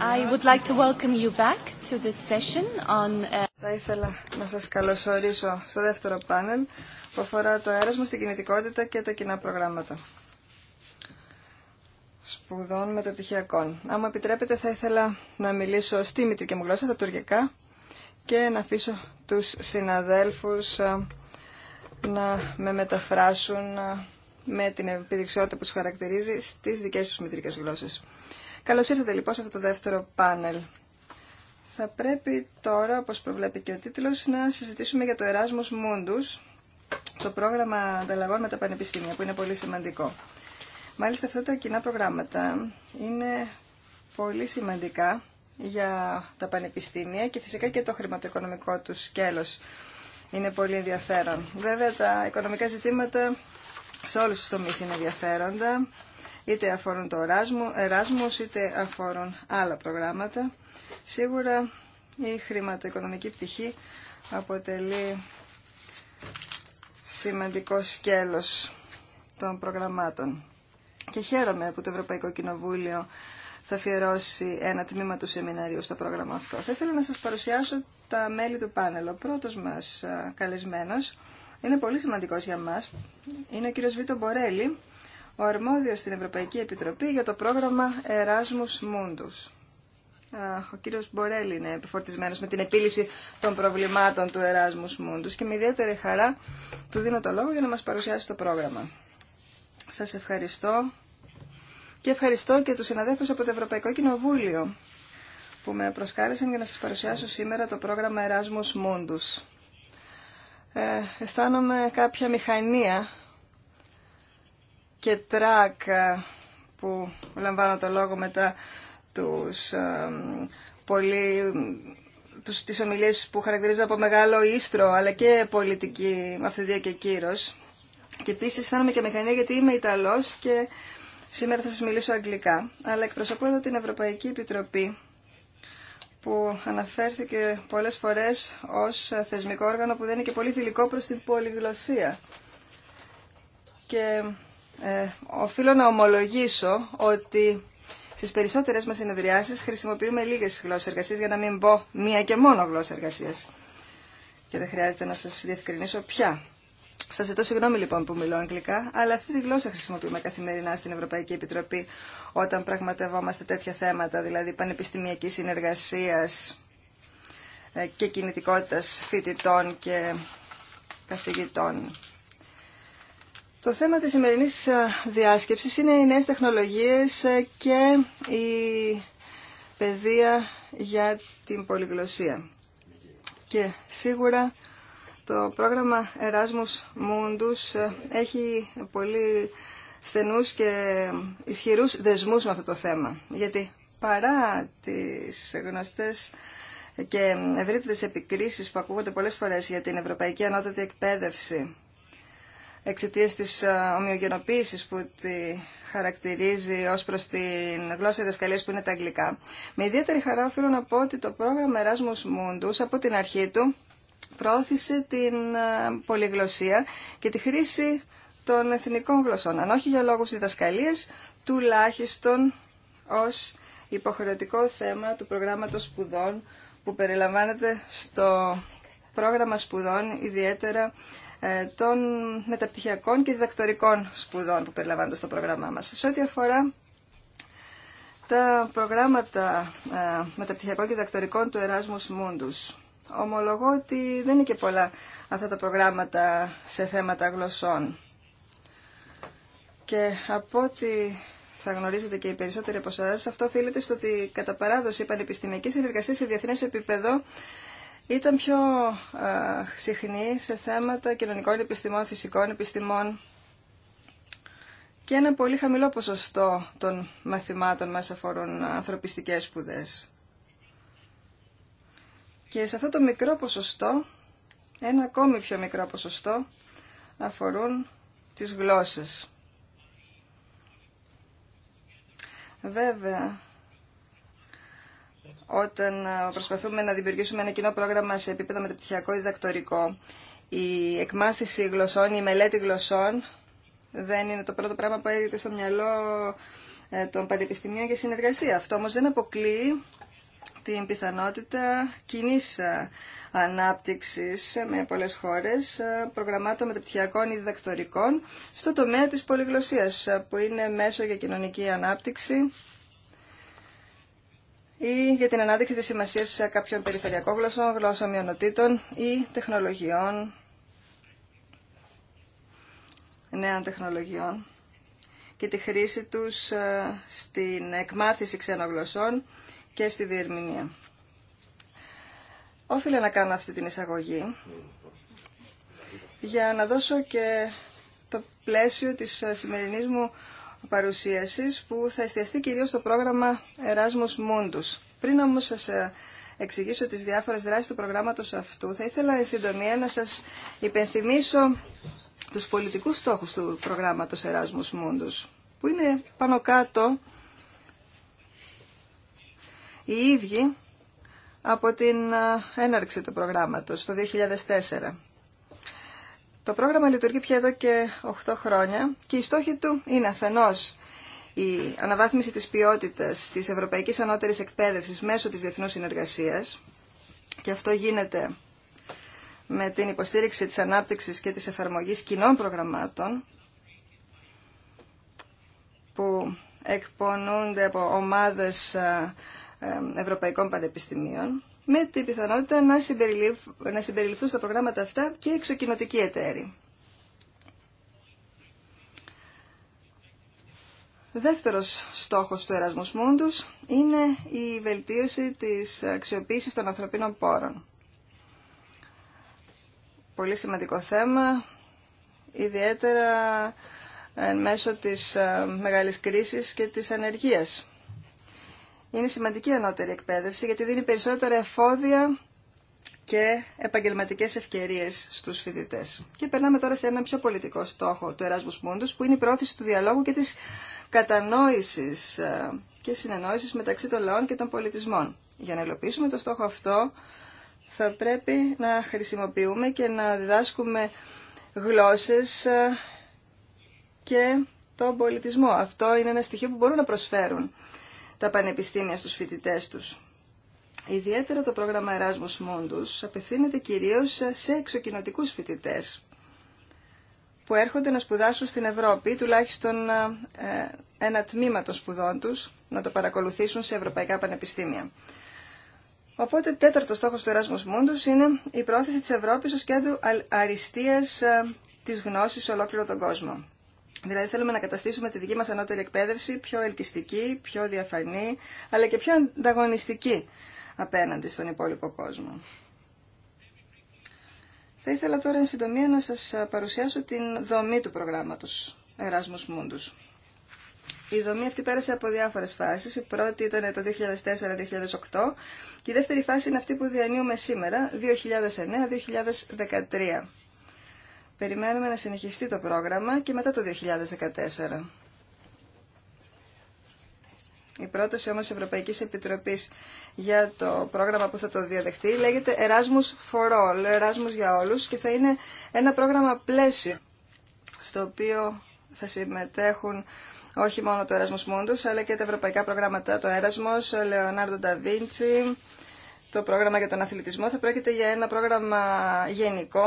I would like to welcome you back to this session uh, Θα ήθελα να σας καλωσορίσω στο δεύτερο πάνελ που αφορά το αέρασμα στην κινητικότητα και τα κοινά προγράμματα σπουδών Αν Άμα επιτρέπετε θα ήθελα να μιλήσω στη μητρική μου γλώσσα, τα τουρκικά, και να αφήσω τους συναδέλφους ε, να με μεταφράσουν ε, με την επιδειξιότητα που του χαρακτηρίζει στις δικές τους μητρικές γλώσσες. Καλώς ήρθατε λοιπόν σε αυτό το δεύτερο πάνελ. Θα πρέπει τώρα, όπως προβλέπει και ο τίτλος, να συζητήσουμε για το Erasmus Mundus, το πρόγραμμα ανταλλαγών με τα πανεπιστήμια, που είναι πολύ σημαντικό. Μάλιστα αυτά τα κοινά προγράμματα είναι πολύ σημαντικά για τα πανεπιστήμια και φυσικά και το χρηματοοικονομικό του σκέλος είναι πολύ ενδιαφέρον. Βέβαια τα οικονομικά ζητήματα σε όλους τους τομείς είναι ενδιαφέροντα, είτε αφορούν το Εράσμος, είτε αφορούν άλλα προγράμματα. Σίγουρα η χρηματοοικονομική πτυχή αποτελεί σημαντικό σκέλος των προγραμμάτων. Και χαίρομαι που το Ευρωπαϊκό Κοινοβούλιο θα αφιερώσει ένα τμήμα του σεμιναρίου στο πρόγραμμα αυτό. Θα ήθελα να σας παρουσιάσω τα μέλη του πάνελ. Ο πρώτος μας καλεσμένος είναι πολύ σημαντικό για μα. Είναι ο κύριο Βίτο Μπορέλη, ο αρμόδιο στην Ευρωπαϊκή Επιτροπή για το πρόγραμμα Erasmus Mundus. Ο κύριο Μπορέλη είναι επιφορτισμένος με την επίλυση των προβλημάτων του Erasmus Mundus και με ιδιαίτερη χαρά του δίνω το λόγο για να μα παρουσιάσει το πρόγραμμα. Σα ευχαριστώ και ευχαριστώ και του συναδέλφου από το Ευρωπαϊκό Κοινοβούλιο που με προσκάλεσαν για να σας παρουσιάσω σήμερα το πρόγραμμα Erasmus Mundus. Ε, αισθάνομαι κάποια μηχανία και τρακ ε, που λαμβάνω το λόγο μετά τους ε, πολύ τους, τις ομιλίες που χαρακτηρίζονται από μεγάλο ίστρο αλλά και πολιτική αυθεντία και κύρος και επίση αισθάνομαι και μηχανία γιατί είμαι Ιταλός και σήμερα θα σας μιλήσω αγγλικά αλλά εκπροσωπώ εδώ την Ευρωπαϊκή Επιτροπή που αναφέρθηκε πολλές φορές ως θεσμικό όργανο που δεν είναι και πολύ φιλικό προς την πολυγλωσία. Και ε, οφείλω να ομολογήσω ότι στις περισσότερες μας συνεδριάσεις χρησιμοποιούμε λίγες γλώσσες εργασίας για να μην πω μία και μόνο γλώσσα εργασίας. Και δεν χρειάζεται να σας διευκρινίσω ποια. Σα ζητώ συγγνώμη λοιπόν που μιλώ αγγλικά, αλλά αυτή τη γλώσσα χρησιμοποιούμε καθημερινά στην Ευρωπαϊκή Επιτροπή όταν πραγματευόμαστε τέτοια θέματα, δηλαδή πανεπιστημιακή συνεργασία ε, και κινητικότητα φοιτητών και καθηγητών. Το θέμα της σημερινής ε, διάσκεψης είναι οι νέες τεχνολογίες ε, και η παιδεία για την πολυγλωσία. Και σίγουρα το πρόγραμμα Erasmus Mundus ε, έχει πολύ στενούς και ισχυρούς δεσμούς με αυτό το θέμα. Γιατί παρά τις γνωστές και ευρύτερες επικρίσεις που ακούγονται πολλές φορές για την Ευρωπαϊκή Ανώτατη Εκπαίδευση εξαιτία της ε, ομοιογενοποίησης που τη χαρακτηρίζει ως προς την γλώσσα διδασκαλία που είναι τα αγγλικά. Με ιδιαίτερη χαρά οφείλω να πω ότι το πρόγραμμα Erasmus Mundus από την αρχή του προώθησε την ε, πολυγλωσία και τη χρήση των εθνικών γλωσσών, αν όχι για λόγους διδασκαλίας, τουλάχιστον ως υποχρεωτικό θέμα του προγράμματος σπουδών που περιλαμβάνεται στο πρόγραμμα σπουδών, ιδιαίτερα ε, των μεταπτυχιακών και διδακτορικών σπουδών που περιλαμβάνονται στο πρόγραμμά μας. Σε ό,τι αφορά τα προγράμματα ε, μεταπτυχιακών και διδακτορικών του Erasmus Mundus, ομολογώ ότι δεν είναι και πολλά αυτά τα προγράμματα σε θέματα γλωσσών. Και από ό,τι θα γνωρίζετε και οι περισσότεροι από εσά, αυτό οφείλεται στο ότι κατά παράδοση η πανεπιστημιακή συνεργασία σε διεθνέ επίπεδο ήταν πιο α, συχνή σε θέματα κοινωνικών επιστημών, φυσικών επιστημών και ένα πολύ χαμηλό ποσοστό των μαθημάτων μας αφορούν ανθρωπιστικές σπουδές. Και σε αυτό το μικρό ποσοστό, ένα ακόμη πιο μικρό ποσοστό, αφορούν τις γλώσσες. Βέβαια, όταν προσπαθούμε να δημιουργήσουμε ένα κοινό πρόγραμμα σε επίπεδο μεταπτυχιακό ή διδακτορικό, η εκμάθηση γλωσσών, η μελέτη γλωσσών δεν είναι το πρώτο πράγμα που έρχεται στο μυαλό ε, των πανεπιστημίων για συνεργασία. Αυτό όμως δεν αποκλείει την πιθανότητα κοινή ε, ανάπτυξη με πολλέ χώρε ε, προγραμμάτων μεταπτυχιακών ή διδακτορικών στο τομέα της πολυγλωσία, ε, που είναι μέσο για κοινωνική ανάπτυξη ή για την ανάδειξη τη σημασία κάποιων περιφερειακών γλωσσών, γλώσσων μειονοτήτων ή τεχνολογιών, νέων τεχνολογιών και τη χρήση τους στην εκμάθηση ξένων γλωσσών και στη διερμηνία. Όφελα να κάνω αυτή την εισαγωγή για να δώσω και το πλαίσιο της ε, σημερινής μου παρουσίασης που θα εστιαστεί κυρίως στο πρόγραμμα Erasmus Mundus. Πριν όμως σας ε, εξηγήσω τις διάφορες δράσεις του προγράμματος αυτού, θα ήθελα εν συντομία να σας υπενθυμίσω τους πολιτικούς στόχους του προγράμματος Erasmus Mundus, που είναι πάνω κάτω οι ίδιοι από την ε, έναρξη του προγράμματος το 2004. Το πρόγραμμα λειτουργεί πια εδώ και 8 χρόνια και η στόχη του είναι αφενός η αναβάθμιση της ποιότητας της Ευρωπαϊκής Ανώτερης Εκπαίδευσης μέσω της διεθνούς συνεργασίας και αυτό γίνεται με την υποστήριξη της ανάπτυξης και της εφαρμογής κοινών προγραμμάτων που εκπονούνται από ομάδες ε, Ευρωπαϊκών Πανεπιστημίων με την πιθανότητα να, να συμπεριληφθούν στα προγράμματα αυτά και εξοκοινοτικοί εταίροι. Δεύτερος στόχος του Ερασμούς Μούντους είναι η βελτίωση της αξιοποίησης των ανθρωπίνων πόρων. Πολύ σημαντικό θέμα, ιδιαίτερα μέσω της ε, μεγάλης κρίσης και της ανεργίας. Είναι σημαντική ανώτερη εκπαίδευση γιατί δίνει περισσότερα εφόδια και επαγγελματικές ευκαιρίες στους φοιτητές. Και περνάμε τώρα σε ένα πιο πολιτικό στόχο του Erasmus Mundus που είναι η πρόθεση του διαλόγου και της κατανόησης ε, και συνεννόησης μεταξύ των λαών και των πολιτισμών. Για να υλοποιήσουμε το στόχο αυτό θα πρέπει να χρησιμοποιούμε και να διδάσκουμε γλώσσες ε, και τον πολιτισμό. Αυτό είναι ένα στοιχείο που μπορούν να προσφέρουν τα πανεπιστήμια στους φοιτητές τους. Ιδιαίτερα το πρόγραμμα Erasmus Mundus απευθύνεται κυρίως σε εξοκοινοτικούς φοιτητές που έρχονται να σπουδάσουν στην Ευρώπη, τουλάχιστον ε, ένα τμήμα των σπουδών τους, να το παρακολουθήσουν σε ευρωπαϊκά πανεπιστήμια. Οπότε τέταρτος στόχος του Erasmus Mundus είναι η πρόθεση της Ευρώπης ως κέντρο αριστείας ε, της γνώσης σε ολόκληρο τον κόσμο. Δηλαδή θέλουμε να καταστήσουμε τη δική μας ανώτερη εκπαίδευση πιο ελκυστική, πιο διαφανή, αλλά και πιο ανταγωνιστική απέναντι στον υπόλοιπο κόσμο. Θα ήθελα τώρα εν συντομία να σας παρουσιάσω την δομή του προγράμματος Erasmus Mundus. Η δομή αυτή πέρασε από διάφορες φάσεις. Η πρώτη ήταν το 2004-2008 και η δεύτερη φάση είναι αυτή που διανύουμε σήμερα, 2009-2013. Περιμένουμε να συνεχιστεί το πρόγραμμα και μετά το 2014. Η πρόταση όμως της Ευρωπαϊκής Επιτροπής για το πρόγραμμα που θα το διαδεχτεί λέγεται Erasmus for All, Erasmus για όλους και θα είναι ένα πρόγραμμα πλαίσιο στο οποίο θα συμμετέχουν όχι μόνο το Erasmus Mundus αλλά και τα ευρωπαϊκά προγράμματα, το Erasmus, Leonardo da Vinci, το πρόγραμμα για τον αθλητισμό. Θα πρόκειται για ένα πρόγραμμα γενικό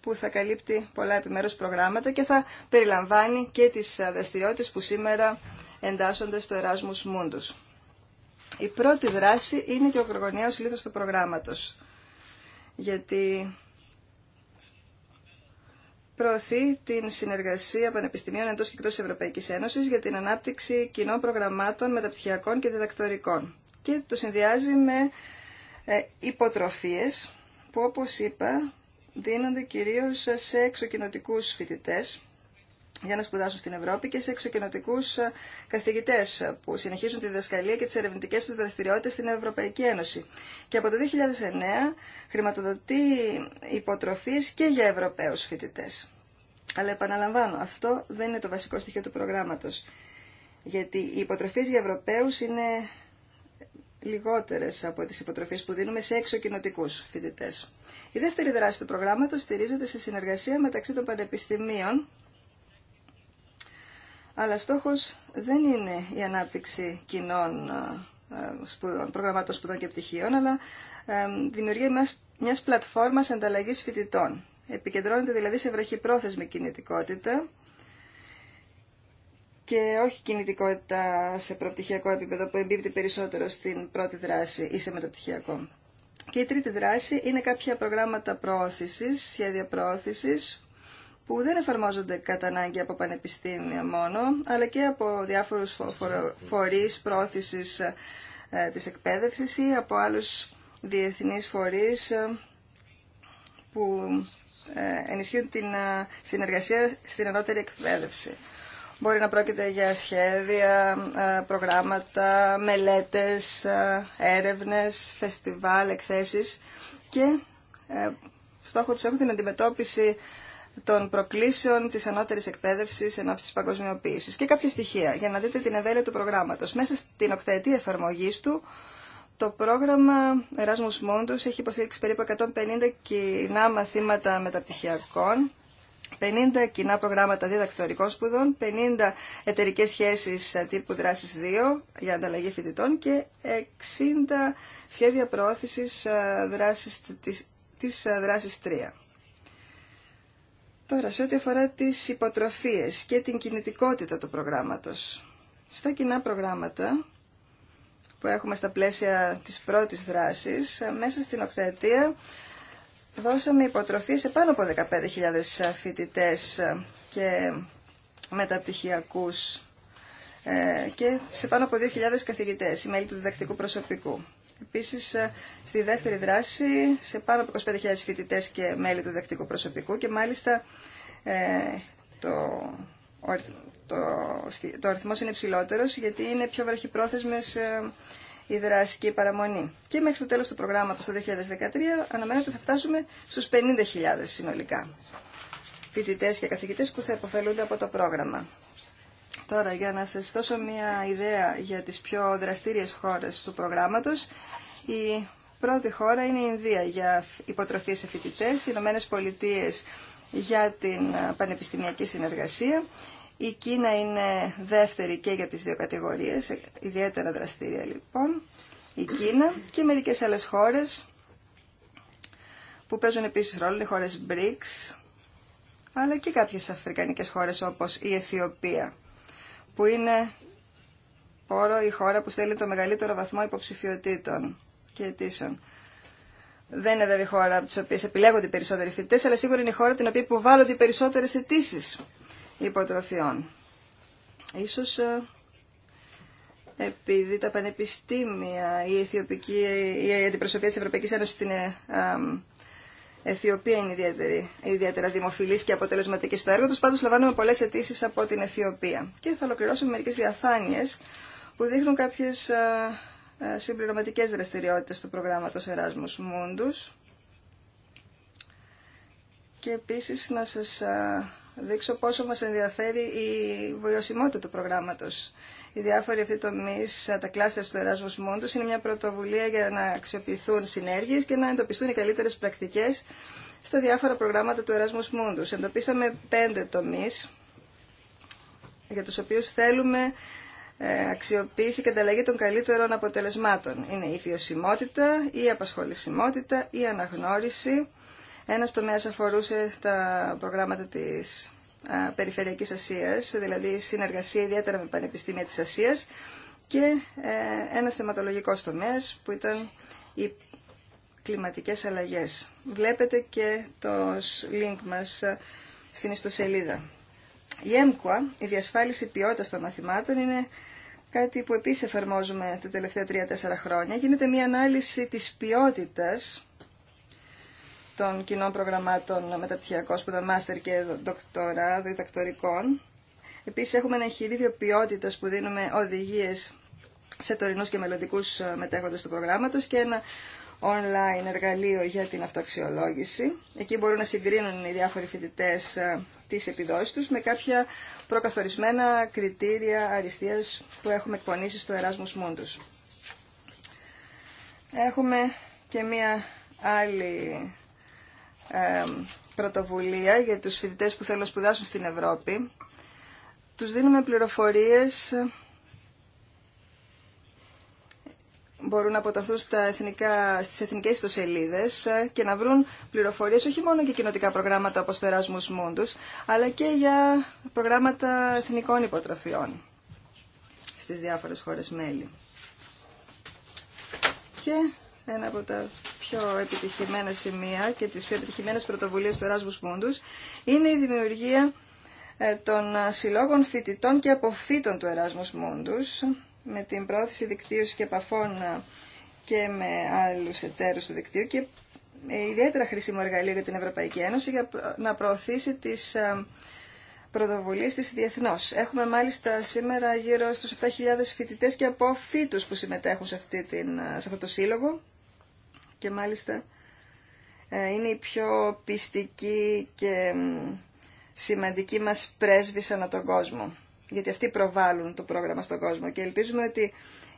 που θα καλύπτει πολλά επιμέρους προγράμματα και θα περιλαμβάνει και τις δραστηριότητε που σήμερα εντάσσονται στο Erasmus Mundus. Η πρώτη δράση είναι και ο ακρογωνιαίος λίθος του προγράμματος, γιατί προωθεί την συνεργασία πανεπιστημίων εντός και εκτός Ευρωπαϊκής Ένωσης για την ανάπτυξη κοινών προγραμμάτων μεταπτυχιακών και διδακτορικών και το συνδυάζει με ε, υποτροφίες που όπως είπα δίνονται κυρίως σε εξοκοινοτικούς φοιτητές για να σπουδάσουν στην Ευρώπη και σε εξοκοινωτικούς ε, καθηγητές που συνεχίζουν τη διδασκαλία και τις ερευνητικές του δραστηριότητες στην Ευρωπαϊκή Ένωση. Και από το 2009 χρηματοδοτεί υποτροφίες και για Ευρωπαίους φοιτητές. Αλλά επαναλαμβάνω, αυτό δεν είναι το βασικό στοιχείο του προγράμματος. Γιατί οι υποτροφίες για Ευρωπαίους είναι λιγότερες από τις υποτροφίες που δίνουμε σε έξω φοιτητέ. φοιτητές. Η δεύτερη δράση του προγράμματος στηρίζεται σε συνεργασία μεταξύ των πανεπιστημίων, αλλά στόχος δεν είναι η ανάπτυξη κοινών ε, προγραμμάτων σπουδών και πτυχίων, αλλά ε, δημιουργία μιας, πλατφόρμα πλατφόρμας φοιτητών. Επικεντρώνεται δηλαδή σε βραχυπρόθεσμη κινητικότητα, και όχι κινητικότητα σε προπτυχιακό επίπεδο που εμπίπτει περισσότερο στην πρώτη δράση ή σε μεταπτυχιακό. Και η τρίτη δράση είναι κάποια προγράμματα προώθησης, σχέδια προώθησης, που δεν εφαρμόζονται κατά ανάγκη από πανεπιστήμια μόνο, αλλά και από διάφορους φορείς προώθησης ε, της εκπαίδευσης ή από άλλους διεθνείς φορείς ε, που ε, ενισχύουν την συνεργασία στην ανώτερη εκπαίδευση. Μπορεί να πρόκειται για σχέδια, ε, προγράμματα, μελέτες, ε, έρευνες, φεστιβάλ, εκθέσεις και ε, στόχο τους έχουν την αντιμετώπιση των προκλήσεων της ανώτερη εκπαίδευσης εν ώψη τη Και κάποια στοιχεία για να δείτε την ευέλεια του προγράμματος. Μέσα στην οκταετή εφαρμογή του, το πρόγραμμα Erasmus Mundus έχει υποστηρίξει περίπου 150 κοινά μαθήματα μεταπτυχιακών 50 κοινά προγράμματα διδακτορικών σπουδών, 50 εταιρικέ σχέσει ε, τύπου δράση 2 για ανταλλαγή φοιτητών και 60 σχέδια προώθηση ε, τη της, ε, δράσης 3. Τώρα, σε ό,τι αφορά τι υποτροφίες και την κινητικότητα του προγράμματος. Στα κοινά προγράμματα που έχουμε στα πλαίσια της πρώτης δράσης, μέσα στην οκταετία δώσαμε υποτροφή σε πάνω από 15.000 φοιτητέ και μεταπτυχιακούς ε, και σε πάνω από 2.000 καθηγητές, μέλη του διδακτικού προσωπικού. Επίσης, ε, στη δεύτερη δράση, σε πάνω από 25.000 φοιτητές και μέλη του διδακτικού προσωπικού και μάλιστα ε, το, το, το αριθμός είναι υψηλότερος γιατί είναι πιο βραχυπρόθεσμες η δράση και η παραμονή. Και μέχρι το τέλος του προγράμματος το 2013 αναμένεται ότι θα φτάσουμε στους 50.000 συνολικά φοιτητέ και καθηγητές που θα υποφελούνται από το πρόγραμμα. Τώρα, για να σας δώσω μια ιδέα για τις πιο δραστήριες χώρες του προγράμματος, η πρώτη χώρα είναι η Ινδία για υποτροφίες σε φοιτητές, οι Ηνωμένες Πολιτείες για την πανεπιστημιακή συνεργασία η Κίνα είναι δεύτερη και για τις δύο κατηγορίες, ιδιαίτερα δραστήρια λοιπόν. Η Κίνα και μερικές άλλες χώρες που παίζουν επίσης ρόλο, οι χώρες BRICS, αλλά και κάποιες αφρικανικές χώρες όπως η Αιθιοπία, που είναι πόρο η χώρα που στέλνει το μεγαλύτερο βαθμό υποψηφιωτήτων και αιτήσεων. Δεν είναι βέβαια η χώρα από τι οποίε επιλέγονται οι περισσότεροι φοιτητέ, αλλά σίγουρα είναι η χώρα την οποία υποβάλλονται οι περισσότερε αιτήσει υποτροφιών. Ίσως ε, επειδή τα πανεπιστήμια, η, Αιθιοπική, η αντιπροσωπεία της Ευρωπαϊκής Ένωσης στην ε, Αιθιοπία είναι ιδιαίτερη, ιδιαίτερα δημοφιλής και αποτελεσματική στο έργο τους. Πάντως λαμβάνουμε πολλές αιτήσει από την Αιθιοπία. Και θα ολοκληρώσω με μερικές διαφάνειες που δείχνουν κάποιες ε, συμπληρωματικές δραστηριότητες του προγράμματος Erasmus Mundus. Και επίσης να σας δείξω πόσο μας ενδιαφέρει η βιωσιμότητα του προγράμματος. Οι διάφοροι αυτοί τομεί, τα κλάστερ του Erasmus Mundus, είναι μια πρωτοβουλία για να αξιοποιηθούν συνέργειε και να εντοπιστούν οι καλύτερε πρακτικέ στα διάφορα προγράμματα του Erasmus Mundus. Εντοπίσαμε πέντε τομεί για του οποίου θέλουμε ε, αξιοποίηση και ανταλλαγή των καλύτερων αποτελεσμάτων. Είναι η βιωσιμότητα, η απασχολησιμότητα, η αναγνώριση, ένα τομέα αφορούσε τα προγράμματα της Περιφερειακής Ασίας, δηλαδή συνεργασία ιδιαίτερα με πανεπιστήμια της Ασίας και ε, ένα θεματολογικό τομέα που ήταν οι κλιματικές αλλαγές. Βλέπετε και το link μας στην ιστοσελίδα. Η ΕΜΚΟΑ, η διασφάλιση ποιότητας των μαθημάτων, είναι κάτι που επίση εφαρμόζουμε τα τελευταία τρία-τέσσερα χρόνια. Γίνεται μια ανάλυση της ποιότητα των κοινών προγραμμάτων μεταπτυχιακών σπουδών μάστερ και δοκτορά, διδακτορικών. Επίσης έχουμε ένα εγχειρίδιο ποιότητας που δίνουμε οδηγίες σε τωρινούς και μελλοντικού ε, μετέχοντες του προγράμματος και ένα online εργαλείο για την αυτοαξιολόγηση. Εκεί μπορούν να συγκρίνουν οι διάφοροι φοιτητέ ε, τις επιδόσεις τους με κάποια προκαθορισμένα κριτήρια αριστείας που έχουμε εκπονήσει στο Erasmus Mundus. Έχουμε και μία άλλη πρωτοβουλία για τους φοιτητές που θέλουν να σπουδάσουν στην Ευρώπη. Τους δίνουμε πληροφορίες μπορούν να αποταθούν στα εθνικά, στις εθνικές ιστοσελίδες ε, και να βρουν πληροφορίες όχι μόνο για κοινοτικά προγράμματα όπως το Erasmus αλλά και για προγράμματα εθνικών υποτροφιών στις διάφορες χώρες μέλη. Και ένα από πιο επιτυχημένα σημεία και τις πιο επιτυχημένες πρωτοβουλίες του Erasmus Mundus είναι η δημιουργία ε, των ε, συλλόγων φοιτητών και αποφύτων του Erasmus Mundus με την πρόθεση δικτύωση και επαφών ε, και με άλλους εταίρους του δικτύου και ιδιαίτερα χρήσιμο εργαλείο για την Ευρωπαϊκή Ένωση για να προωθήσει τις πρωτοβουλίες της διεθνώς. Έχουμε μάλιστα σήμερα γύρω στους 7.000 φοιτητές και αποφύτους που συμμετέχουν σε, αυτή την, σε αυτό το σύλλογο και μάλιστα ε, είναι η πιο πιστική και σημαντική μας πρέσβησα ανά τον κόσμο. Γιατί αυτοί προβάλλουν το πρόγραμμα στον κόσμο και ελπίζουμε ότι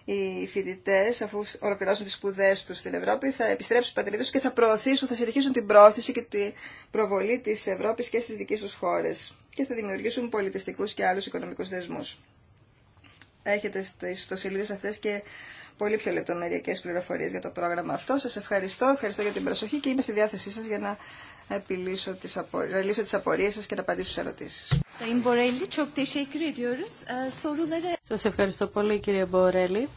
οι φοιτητέ, αφού ολοκληρώσουν τι σπουδέ του στην Ευρώπη, θα επιστρέψουν στου πατρίδε και θα προωθήσουν, θα συνεχίσουν την πρόθεση και την προβολή τη Ευρώπη και στι δικέ του χώρε και θα δημιουργήσουν πολιτιστικού και άλλου οικονομικού δεσμού. Έχετε στι ιστοσελίδε αυτέ και πολύ πιο λεπτομεριακές πληροφορίες για το πρόγραμμα αυτό. Σας ευχαριστώ, ευχαριστώ για την προσοχή και είμαι στη διάθεσή σας για να επιλύσω τις, απο... λύσω τις απορίες σας και να απαντήσω στις ερωτήσεις. Σας ευχαριστώ πολύ κύριε Μπορέλη.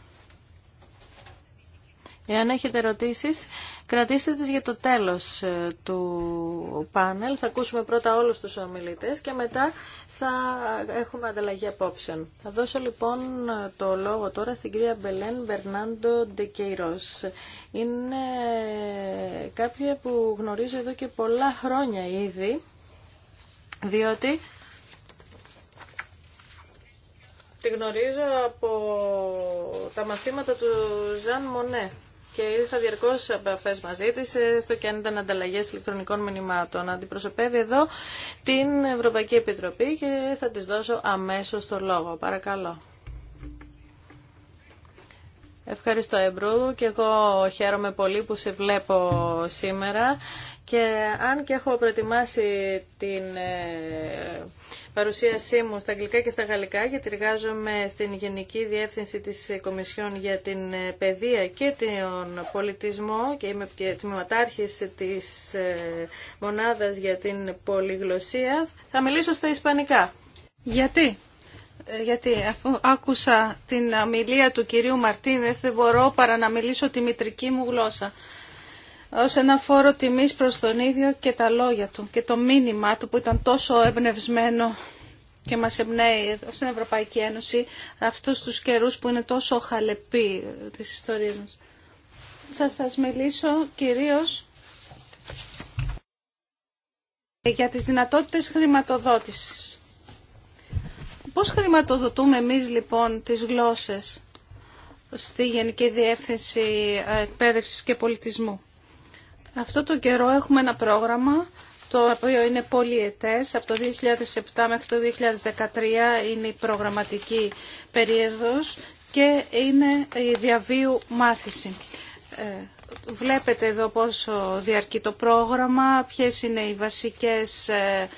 Εάν έχετε ερωτήσεις, κρατήστε τις για το τέλος ε, του πάνελ. Θα ακούσουμε πρώτα όλους τους ομιλητές και μετά θα έχουμε ανταλλαγή απόψεων. Θα δώσω λοιπόν το λόγο τώρα στην κυρία Μπελέν Μπερνάντο Ντεκεϊρός. Είναι κάποια που γνωρίζω εδώ και πολλά χρόνια ήδη, διότι τη γνωρίζω από τα μαθήματα του Ζαν Μονέ και είχα διαρκώ επαφέ μαζί τη, στο και αν ήταν ανταλλαγέ ηλεκτρονικών μηνυμάτων. Αντιπροσωπεύει εδώ την Ευρωπαϊκή Επιτροπή και θα τη δώσω αμέσω το λόγο. Παρακαλώ. Ευχαριστώ Εμπρού και εγώ χαίρομαι πολύ που σε βλέπω σήμερα και αν και έχω προετοιμάσει την ε, παρουσίασή μου στα αγγλικά και στα γαλλικά, γιατί εργάζομαι στην Γενική Διεύθυνση της Κομισιόν για την ε, Παιδεία και τον Πολιτισμό και είμαι και τμήματάρχης της ε, Μονάδας για την Πολυγλωσία. Θα μιλήσω στα Ισπανικά. Γιατί? Ε, γιατί αφού άκουσα την ομιλία του κυρίου Μαρτίνε, δεν μπορώ παρά να μιλήσω τη μητρική μου γλώσσα ως ένα φόρο τιμής προς τον ίδιο και τα λόγια του και το μήνυμά του που ήταν τόσο εμπνευσμένο και μας εμπνέει εδώ στην Ευρωπαϊκή Ένωση αυτούς τους καιρούς που είναι τόσο χαλεποί της ιστορίας μας. Θα σας μιλήσω κυρίως για τις δυνατότητες χρηματοδότησης. Πώς χρηματοδοτούμε εμείς λοιπόν τις γλώσσες στη Γενική Διεύθυνση Εκπαίδευσης και Πολιτισμού. Αυτό το καιρό έχουμε ένα πρόγραμμα το οποίο είναι πολυετές, από το 2007 μέχρι το 2013 είναι η προγραμματική περίοδος και είναι η διαβίου μάθηση. Ε, βλέπετε εδώ πόσο διαρκεί το πρόγραμμα, ποιες είναι οι βασικές ε,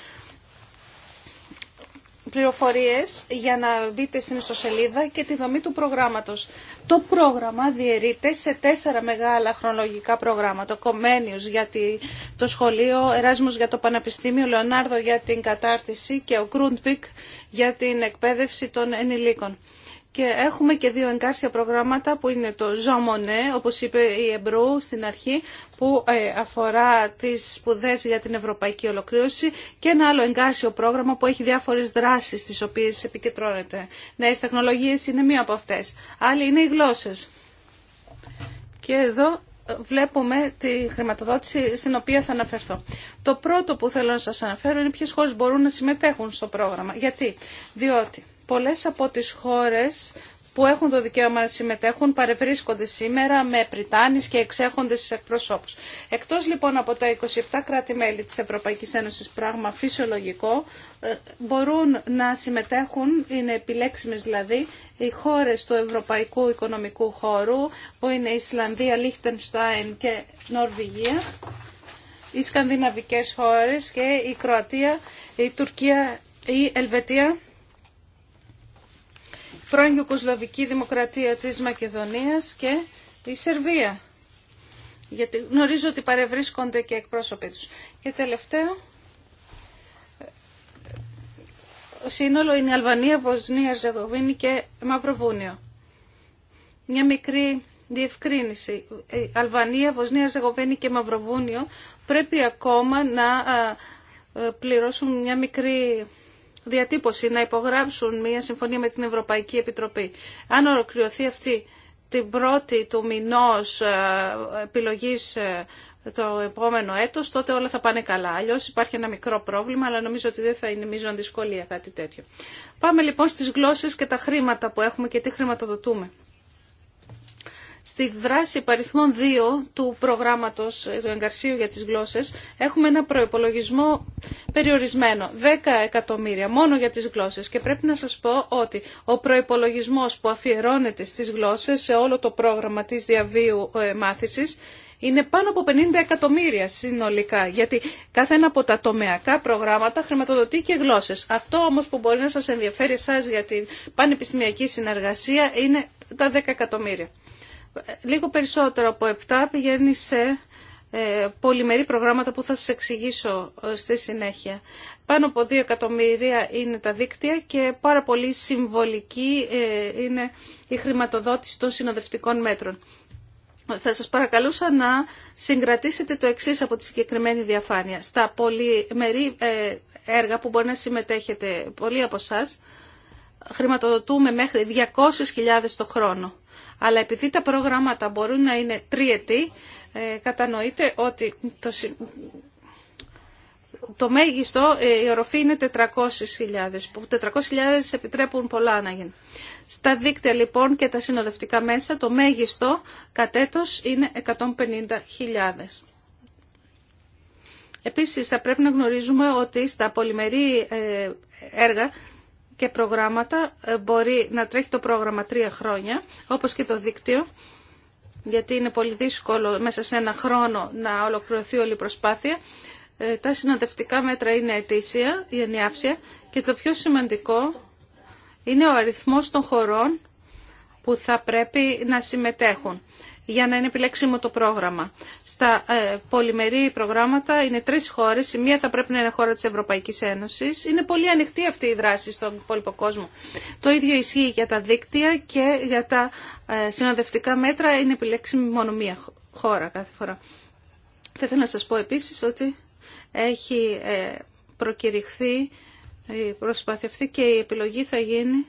πληροφορίες για να μπείτε στην ιστοσελίδα και τη δομή του προγράμματος. Το πρόγραμμα διαιρείται σε τέσσερα μεγάλα χρονολογικά προγράμματα. Κομένιους για το σχολείο, Εράσμος για το Πανεπιστήμιο, Λεωνάρδο για την κατάρτιση και ο Κρούντβικ για την εκπαίδευση των ενηλίκων. Και έχουμε και δύο εγκάρσια προγράμματα που είναι το Ζωμονέ, όπως είπε η Εμπρού στην αρχή, που ε, αφορά τις σπουδέ για την ευρωπαϊκή ολοκλήρωση και ένα άλλο εγκάρσιο πρόγραμμα που έχει διάφορες δράσεις τις οποίες επικεντρώνεται. Νέε τεχνολογίες είναι μία από αυτές. Άλλοι είναι οι γλώσσες. Και εδώ ε, βλέπουμε τη χρηματοδότηση στην οποία θα αναφερθώ. Το πρώτο που θέλω να σας αναφέρω είναι ποιες χώρες μπορούν να συμμετέχουν στο πρόγραμμα. Γιατί, διότι Πολλές από τις χώρες που έχουν το δικαίωμα να συμμετέχουν παρευρίσκονται σήμερα με πριτάνεις και εξέχονται στις εκπροσώπους. Εκτός λοιπόν από τα 27 κράτη-μέλη της Ευρωπαϊκής Ένωσης, πράγμα φυσιολογικό, ε, μπορούν να συμμετέχουν, είναι επιλέξιμες δηλαδή, οι χώρες του Ευρωπαϊκού Οικονομικού Χώρου, που είναι Ισλανδία, Λίχτενστάιν και Νορβηγία, οι σκανδιναβικές χώρες και η Κροατία, η Τουρκία, η Ελβετία πρώην Ιουκοσλαβική Δημοκρατία της Μακεδονίας και η Σερβία. Γιατί γνωρίζω ότι παρευρίσκονται και εκπρόσωποι τους. Και τελευταίο, σύνολο είναι η Αλβανία, Βοσνία, Ζεγοβίνη και Μαυροβούνιο. Μια μικρή διευκρίνηση. Η Αλβανία, Βοσνία, Ζεγοβίνη και Μαυροβούνιο πρέπει ακόμα να ε, ε, πληρώσουν μια μικρή διατύπωση να υπογράψουν μια συμφωνία με την Ευρωπαϊκή Επιτροπή. Αν ολοκληρωθεί αυτή την πρώτη του μηνός ε, επιλογής ε, το επόμενο έτος, τότε όλα θα πάνε καλά. Αλλιώ υπάρχει ένα μικρό πρόβλημα, αλλά νομίζω ότι δεν θα είναι μείζον δυσκολία κάτι τέτοιο. Πάμε λοιπόν στις γλώσσες και τα χρήματα που έχουμε και τι χρηματοδοτούμε. Στη δράση παριθμών 2 του προγράμματος του εγκαρσίου για τις γλώσσες έχουμε ένα προϋπολογισμό περιορισμένο, 10 εκατομμύρια μόνο για τις γλώσσες και πρέπει να σας πω ότι ο προϋπολογισμός που αφιερώνεται στις γλώσσες σε όλο το πρόγραμμα της διαβίου ε, μάθησης είναι πάνω από 50 εκατομμύρια συνολικά, γιατί κάθε ένα από τα τομεακά προγράμματα χρηματοδοτεί και γλώσσες. Αυτό όμως που μπορεί να σας ενδιαφέρει εσά για την πανεπιστημιακή συνεργασία είναι τα 10 εκατομμύρια λίγο περισσότερο από 7 πηγαίνει σε ε, πολυμερή προγράμματα που θα σας εξηγήσω ε, στη συνέχεια. Πάνω από 2 εκατομμύρια είναι τα δίκτυα και πάρα πολύ συμβολική ε, είναι η χρηματοδότηση των συνοδευτικών μέτρων. Θα σας παρακαλούσα να συγκρατήσετε το εξής από τη συγκεκριμένη διαφάνεια. Στα πολυμερή έργα που μπορεί να συμμετέχετε πολλοί από εσά, χρηματοδοτούμε μέχρι 200.000 το χρόνο. Αλλά επειδή τα προγράμματα μπορούν να είναι τριετή, ε, κατανοείτε ότι το, το μέγιστο, ε, η οροφή είναι 400.000, που 400.000 επιτρέπουν πολλά να γίνουν. Στα δίκτυα λοιπόν και τα συνοδευτικά μέσα, το μέγιστο κατέτος είναι 150.000. Επίσης θα πρέπει να γνωρίζουμε ότι στα πολυμερή ε, έργα και προγράμματα. Ε, μπορεί να τρέχει το πρόγραμμα τρία χρόνια, όπως και το δίκτυο, γιατί είναι πολύ δύσκολο μέσα σε ένα χρόνο να ολοκληρωθεί όλη η προσπάθεια. Ε, τα συνοδευτικά μέτρα είναι αιτήσια, η ενιάψια και το πιο σημαντικό είναι ο αριθμός των χωρών που θα πρέπει να συμμετέχουν για να είναι επιλέξιμο το πρόγραμμα. Στα ε, πολυμερή προγράμματα είναι τρεις χώρες, η μία θα πρέπει να είναι χώρα της Ευρωπαϊκής Ένωσης. Είναι πολύ ανοιχτή αυτή η δράση στον υπόλοιπο κόσμο. Το ίδιο ισχύει για τα δίκτυα και για τα ε, συνοδευτικά μέτρα είναι επιλέξιμη μόνο μία χώρα κάθε φορά. Θα ήθελα να σας πω επίσης ότι έχει ε, προκηρυχθεί, προσπαθευτεί και η επιλογή θα γίνει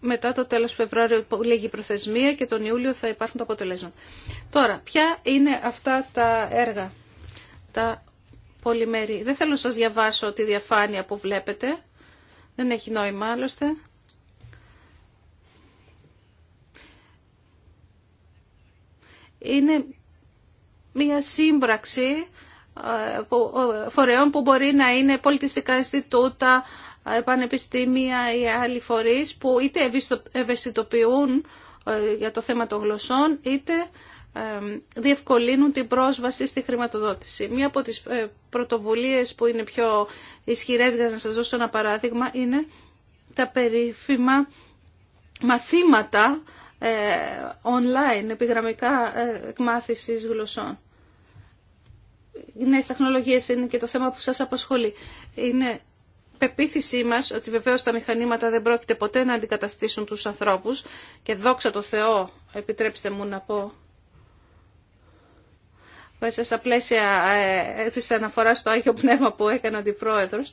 μετά το τέλος Φεβρουάριου λέγει η προθεσμία και τον Ιούλιο θα υπάρχουν τα αποτελέσματα. Τώρα, ποια είναι αυτά τα έργα, τα πολυμερή. Δεν θέλω να σας διαβάσω τη διαφάνεια που βλέπετε. Δεν έχει νόημα άλλωστε. Είναι μια σύμπραξη ε, ε, φορεών που μπορεί να είναι πολιτιστικά Ινστιτούτα, πανεπιστήμια ή άλλοι φορείς που είτε ευαισθητοποιούν ε, για το θέμα των γλωσσών είτε ε, διευκολύνουν την πρόσβαση στη χρηματοδότηση. Μία από τις ε, πρωτοβουλίες που είναι πιο ισχυρές, για να σας δώσω ένα παράδειγμα, είναι τα περίφημα μαθήματα online, επιγραμμικά εκμάθησης γλωσσών. Νέες τεχνολογίες είναι και το θέμα που σας απασχολεί. Είναι πεποίθησή μας ότι βεβαίως τα μηχανήματα δεν πρόκειται ποτέ να αντικαταστήσουν τους ανθρώπους και δόξα το Θεό, επιτρέψτε μου να πω, μέσα στα πλαίσια ε, της αναφοράς στο Άγιο Πνεύμα που έκανε ο Αντιπρόεδρος,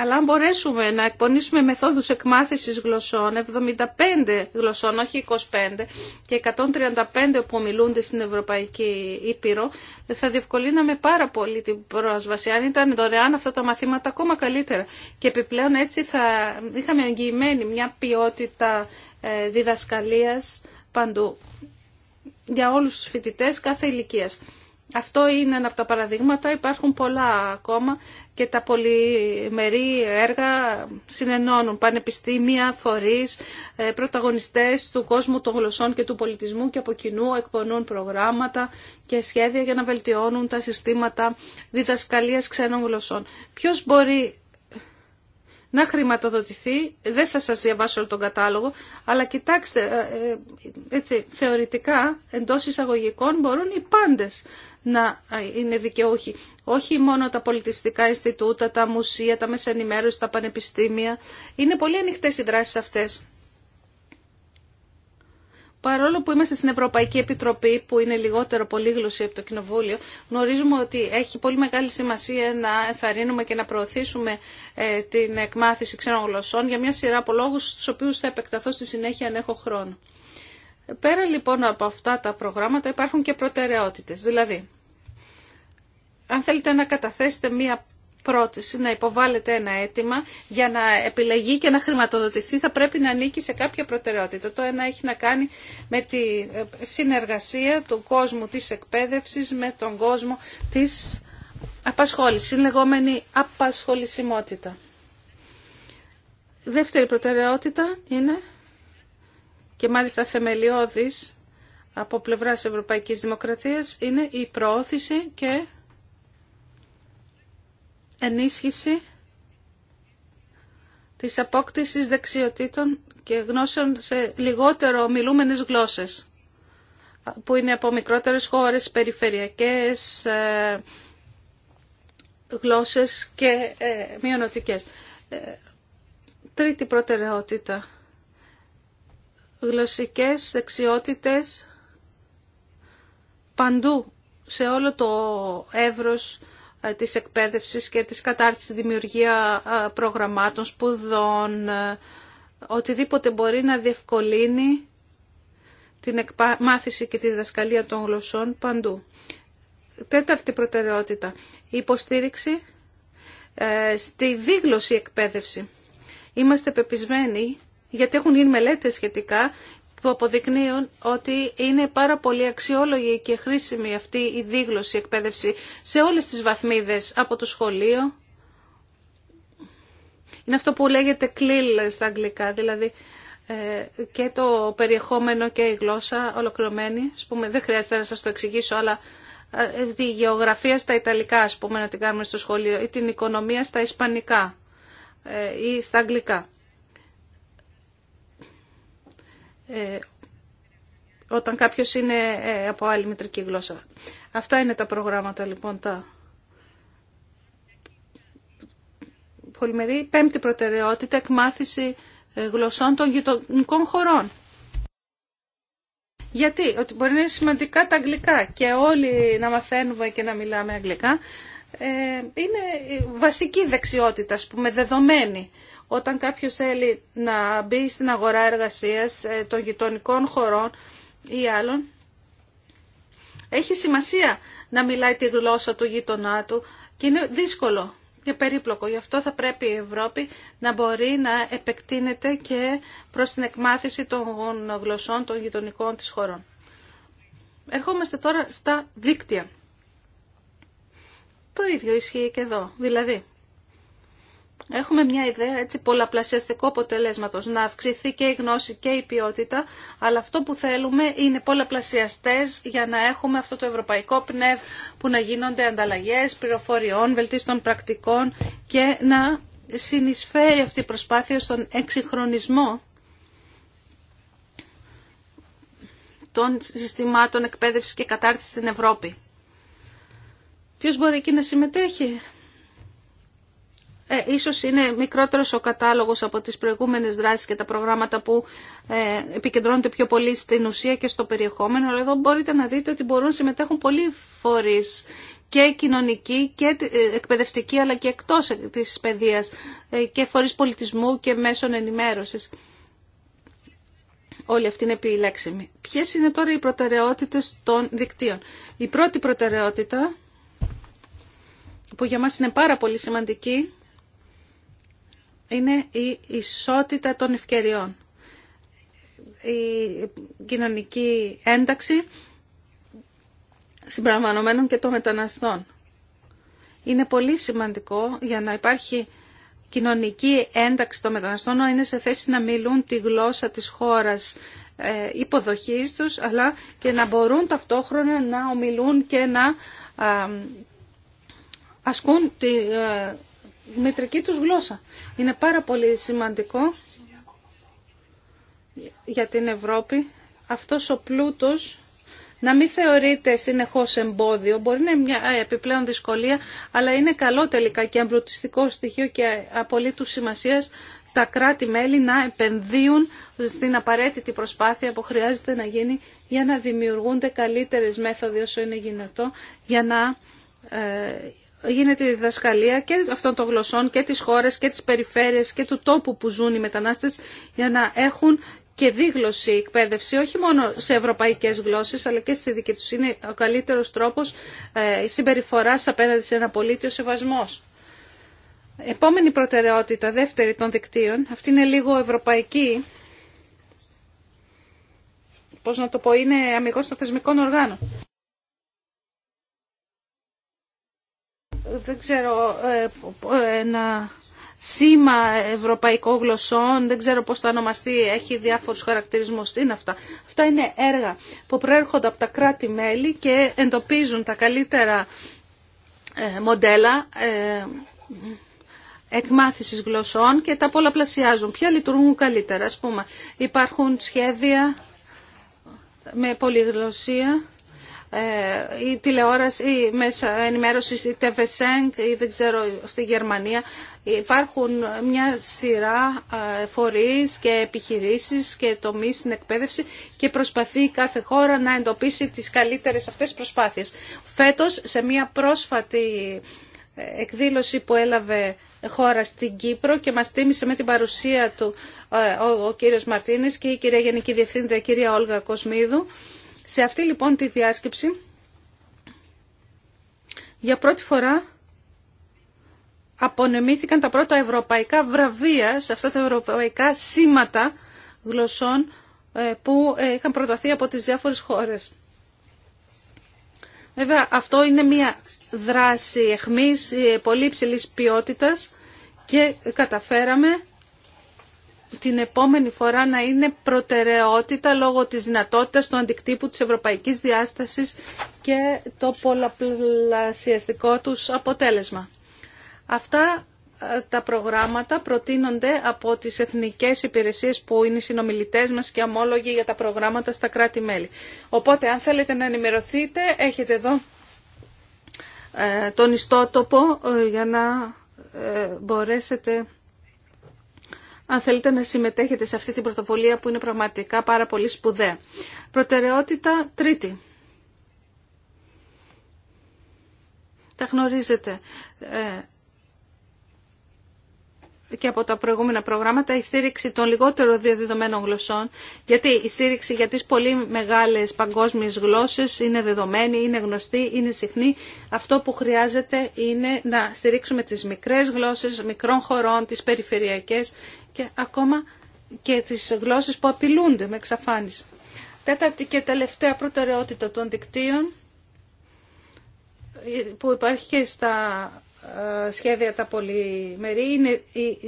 Αλλά αν μπορέσουμε να εκπονήσουμε μεθόδους εκμάθησης γλωσσών, 75 γλωσσών, όχι 25, και 135 που μιλούνται στην Ευρωπαϊκή Ήπειρο, θα διευκολύναμε πάρα πολύ την πρόσβαση. Αν ήταν δωρεάν αυτά τα μαθήματα, ακόμα καλύτερα. Και επιπλέον έτσι θα είχαμε εγγυημένη μια ποιότητα ε, διδασκαλίας παντού για όλους τους φοιτητές κάθε ηλικίας. Αυτό είναι ένα από τα παραδείγματα, υπάρχουν πολλά ακόμα και τα πολυμερή έργα συνενώνουν πανεπιστήμια, φορείς, ε, πρωταγωνιστές του κόσμου των γλωσσών και του πολιτισμού και από κοινού εκπονούν προγράμματα και σχέδια για να βελτιώνουν τα συστήματα διδασκαλίας ξένων γλωσσών. Ποιος μπορεί να χρηματοδοτηθεί, δεν θα σας διαβάσω τον κατάλογο, αλλά κοιτάξτε, ε, ε, έτσι, θεωρητικά, εντός εισαγωγικών μπορούν οι πάντες να είναι δικαιούχοι. Όχι μόνο τα πολιτιστικά Ινστιτούτα, τα μουσεία, τα μέσα ενημέρωση, τα πανεπιστήμια. Είναι πολύ ανοιχτέ οι δράσει αυτέ. Παρόλο που είμαστε στην Ευρωπαϊκή Επιτροπή, που είναι λιγότερο πολύγλωση από το Κοινοβούλιο, γνωρίζουμε ότι έχει πολύ μεγάλη σημασία να ενθαρρύνουμε και να προωθήσουμε ε, την εκμάθηση ξένων γλωσσών για μια σειρά από λόγου, στου οποίου θα επεκταθώ στη συνέχεια αν έχω χρόνο. Πέρα λοιπόν από αυτά τα προγράμματα υπάρχουν και προτεραιότητες. Δηλαδή, αν θέλετε να καταθέσετε μία πρόταση, να υποβάλλετε ένα αίτημα για να επιλεγεί και να χρηματοδοτηθεί θα πρέπει να ανήκει σε κάποια προτεραιότητα. Το ένα έχει να κάνει με τη συνεργασία του κόσμου της εκπαίδευσης με τον κόσμο της απασχόλησης, είναι λεγόμενη απασχολησιμότητα. Δεύτερη προτεραιότητα είναι και μάλιστα θεμελιώδης από πλευράς Ευρωπαϊκής Δημοκρατίας είναι η προώθηση και ενίσχυση της απόκτησης δεξιοτήτων και γνώσεων σε λιγότερο μιλούμενες γλώσσες που είναι από μικρότερες χώρες, περιφερειακές ε, γλώσσες και ε, μειονοτικές. Ε, τρίτη προτεραιότητα. Γλωσσικές δεξιότητες παντού σε όλο το εύρος ε, της εκπαίδευσης και της κατάρτισης δημιουργία ε, προγραμμάτων, σπουδών, ε, οτιδήποτε μπορεί να διευκολύνει την εκμάθηση και τη διδασκαλία των γλωσσών παντού. Τέταρτη προτεραιότητα, η υποστήριξη στη δίγλωση εκπαίδευση. Είμαστε πεπισμένοι, γιατί έχουν γίνει μελέτες σχετικά, που αποδεικνύουν ότι είναι πάρα πολύ αξιόλογη και χρήσιμη αυτή η δίγλωση εκπαίδευση σε όλες τις βαθμίδες από το σχολείο. Είναι αυτό που λέγεται CLIL στα αγγλικά, δηλαδή ε, και το περιεχόμενο και η γλώσσα ολοκληρωμένη. πούμε, δεν χρειάζεται να σας το εξηγήσω, αλλά ε, τη γεωγραφία στα Ιταλικά, ας πούμε, να την κάνουμε στο σχολείο, ή την οικονομία στα Ισπανικά ε, ή στα Αγγλικά. Ε, όταν κάποιος είναι ε, από άλλη μητρική γλώσσα. Αυτά είναι τα προγράμματα λοιπόν τα πολυμερή. Πέμπτη προτεραιότητα, εκμάθηση ε, γλωσσών των γειτονικών χωρών. Γιατί, ότι μπορεί να είναι σημαντικά τα αγγλικά και όλοι να μαθαίνουμε και να μιλάμε αγγλικά, είναι βασική δεξιότητα, που πούμε, δεδομένη όταν κάποιος θέλει να μπει στην αγορά εργασίας ε, των γειτονικών χωρών ή άλλων, έχει σημασία να μιλάει τη γλώσσα του γείτονά του και είναι δύσκολο και περίπλοκο. Γι' αυτό θα πρέπει η Ευρώπη να μπορεί να επεκτείνεται και προς την εκμάθηση των γλωσσών των γειτονικών της χωρών. Ερχόμαστε τώρα στα δίκτυα. Το ίδιο ισχύει και εδώ. Δηλαδή, Έχουμε μια ιδέα έτσι πολλαπλασιαστικού αποτελέσματος, να αυξηθεί και η γνώση και η ποιότητα, αλλά αυτό που θέλουμε είναι πολλαπλασιαστές για να έχουμε αυτό το ευρωπαϊκό πνεύ που να γίνονται ανταλλαγές πληροφοριών, βελτίστων πρακτικών και να συνεισφέρει αυτή η προσπάθεια στον εξυγχρονισμό των συστημάτων εκπαίδευσης και κατάρτισης στην Ευρώπη. Ποιος μπορεί εκεί να συμμετέχει ε, ίσως είναι μικρότερος ο κατάλογος από τις προηγούμενες δράσεις και τα προγράμματα που ε, επικεντρώνονται πιο πολύ στην ουσία και στο περιεχόμενο, αλλά εδώ μπορείτε να δείτε ότι μπορούν να συμμετέχουν πολλοί φορείς και κοινωνική και ε, εκπαιδευτική αλλά και εκτός της παιδείας ε, και φορείς πολιτισμού και μέσων ενημέρωσης. Όλη αυτή είναι επιλέξιμη. Ποιες είναι τώρα οι προτεραιότητες των δικτύων. Η πρώτη προτεραιότητα που για μας είναι πάρα πολύ σημαντική είναι η ισότητα των ευκαιριών. Η κοινωνική ένταξη συμπραγμανωμένων και των μεταναστών. Είναι πολύ σημαντικό για να υπάρχει κοινωνική ένταξη των μεταναστών να είναι σε θέση να μιλούν τη γλώσσα της χώρας ε, υποδοχής τους αλλά και να μπορούν ταυτόχρονα να ομιλούν και να ε, ασκούν τη ε, μητρική τους γλώσσα. Είναι πάρα πολύ σημαντικό για την Ευρώπη αυτός ο πλούτος να μην θεωρείται συνεχώς εμπόδιο, μπορεί να είναι μια επιπλέον δυσκολία, αλλά είναι καλό τελικά και εμπλουτιστικό στοιχείο και απολύτου σημασίας τα κράτη-μέλη να επενδύουν στην απαραίτητη προσπάθεια που χρειάζεται να γίνει για να δημιουργούνται καλύτερες μέθοδοι όσο είναι γυνατό για να ε, γίνεται η διδασκαλία και αυτών των γλωσσών και της χώρας και της περιφέρειας και του τόπου που ζουν οι μετανάστες για να έχουν και δίγλωση εκπαίδευση, όχι μόνο σε ευρωπαϊκές γλώσσες, αλλά και στη δική τους. Είναι ο καλύτερος τρόπος ε, συμπεριφοράς απέναντι σε ένα πολίτη σεβασμός. Επόμενη προτεραιότητα, δεύτερη των δικτύων, αυτή είναι λίγο ευρωπαϊκή, πώς να το πω, είναι αμυγός των θεσμικών οργάνων. δεν ξέρω, ε, ένα σήμα ευρωπαϊκών γλωσσών, δεν ξέρω πώς θα ονομαστεί, έχει διάφορους χαρακτηρισμούς, είναι αυτά. Αυτά είναι έργα που προέρχονται από τα κράτη-μέλη και εντοπίζουν τα καλύτερα ε, μοντέλα ε, εκμάθησης γλωσσών και τα πολλαπλασιάζουν. Ποια λειτουργούν καλύτερα, ας πούμε. Υπάρχουν σχέδια με πολυγλωσσία ε, η τηλεόραση, η μέσα ενημέρωση, η tv ή δεν ξέρω, στη Γερμανία. Υπάρχουν μια σειρά ε, φορείς και επιχειρήσεις και τομείς στην εκπαίδευση και προσπαθεί κάθε χώρα να εντοπίσει τις καλύτερες αυτές προσπάθειες. Φέτος, σε μια πρόσφατη ε, εκδήλωση που έλαβε χώρα στην Κύπρο και μας τίμησε με την παρουσία του ο, ο κύριος Μαρτίνης και η κυρία Γενική Διευθύντρια, κυρία Όλγα Κοσμίδου, σε αυτή λοιπόν τη διάσκεψη για πρώτη φορά απονεμήθηκαν τα πρώτα ευρωπαϊκά βραβεία σε αυτά τα ευρωπαϊκά σήματα γλωσσών ε, που ε, είχαν προταθεί από τις διάφορες χώρες. Βέβαια αυτό είναι μια δράση εχμής ε, πολύ υψηλής ποιότητας και καταφέραμε την επόμενη φορά να είναι προτεραιότητα λόγω της δυνατότητας του αντικτύπου της ευρωπαϊκής διάστασης και το πολλαπλασιαστικό τους αποτέλεσμα. Αυτά ε, τα προγράμματα προτείνονται από τις εθνικές υπηρεσίες που είναι οι συνομιλητές μας και αμόλογοι για τα προγράμματα στα κράτη-μέλη. Οπότε αν θέλετε να ενημερωθείτε έχετε εδώ ε, τον ιστότοπο ε, για να μπορέσετε αν θέλετε να συμμετέχετε σε αυτή την πρωτοβουλία που είναι πραγματικά πάρα πολύ σπουδαία. Προτεραιότητα τρίτη. Τα γνωρίζετε. Ε, και από τα προηγούμενα προγράμματα η στήριξη των λιγότερο διαδεδομένων γλωσσών, γιατί η στήριξη για τις πολύ μεγάλες παγκόσμιες γλώσσες είναι δεδομένη, είναι γνωστή, είναι συχνή. Αυτό που χρειάζεται είναι να στηρίξουμε τις μικρές γλώσσες μικρών χωρών, τις περιφερειακές και ακόμα και τις γλώσσες που απειλούνται με εξαφάνιση. Τέταρτη και τελευταία προτεραιότητα των δικτύων που υπάρχει και στα ε, σχέδια τα πολυμερή είναι η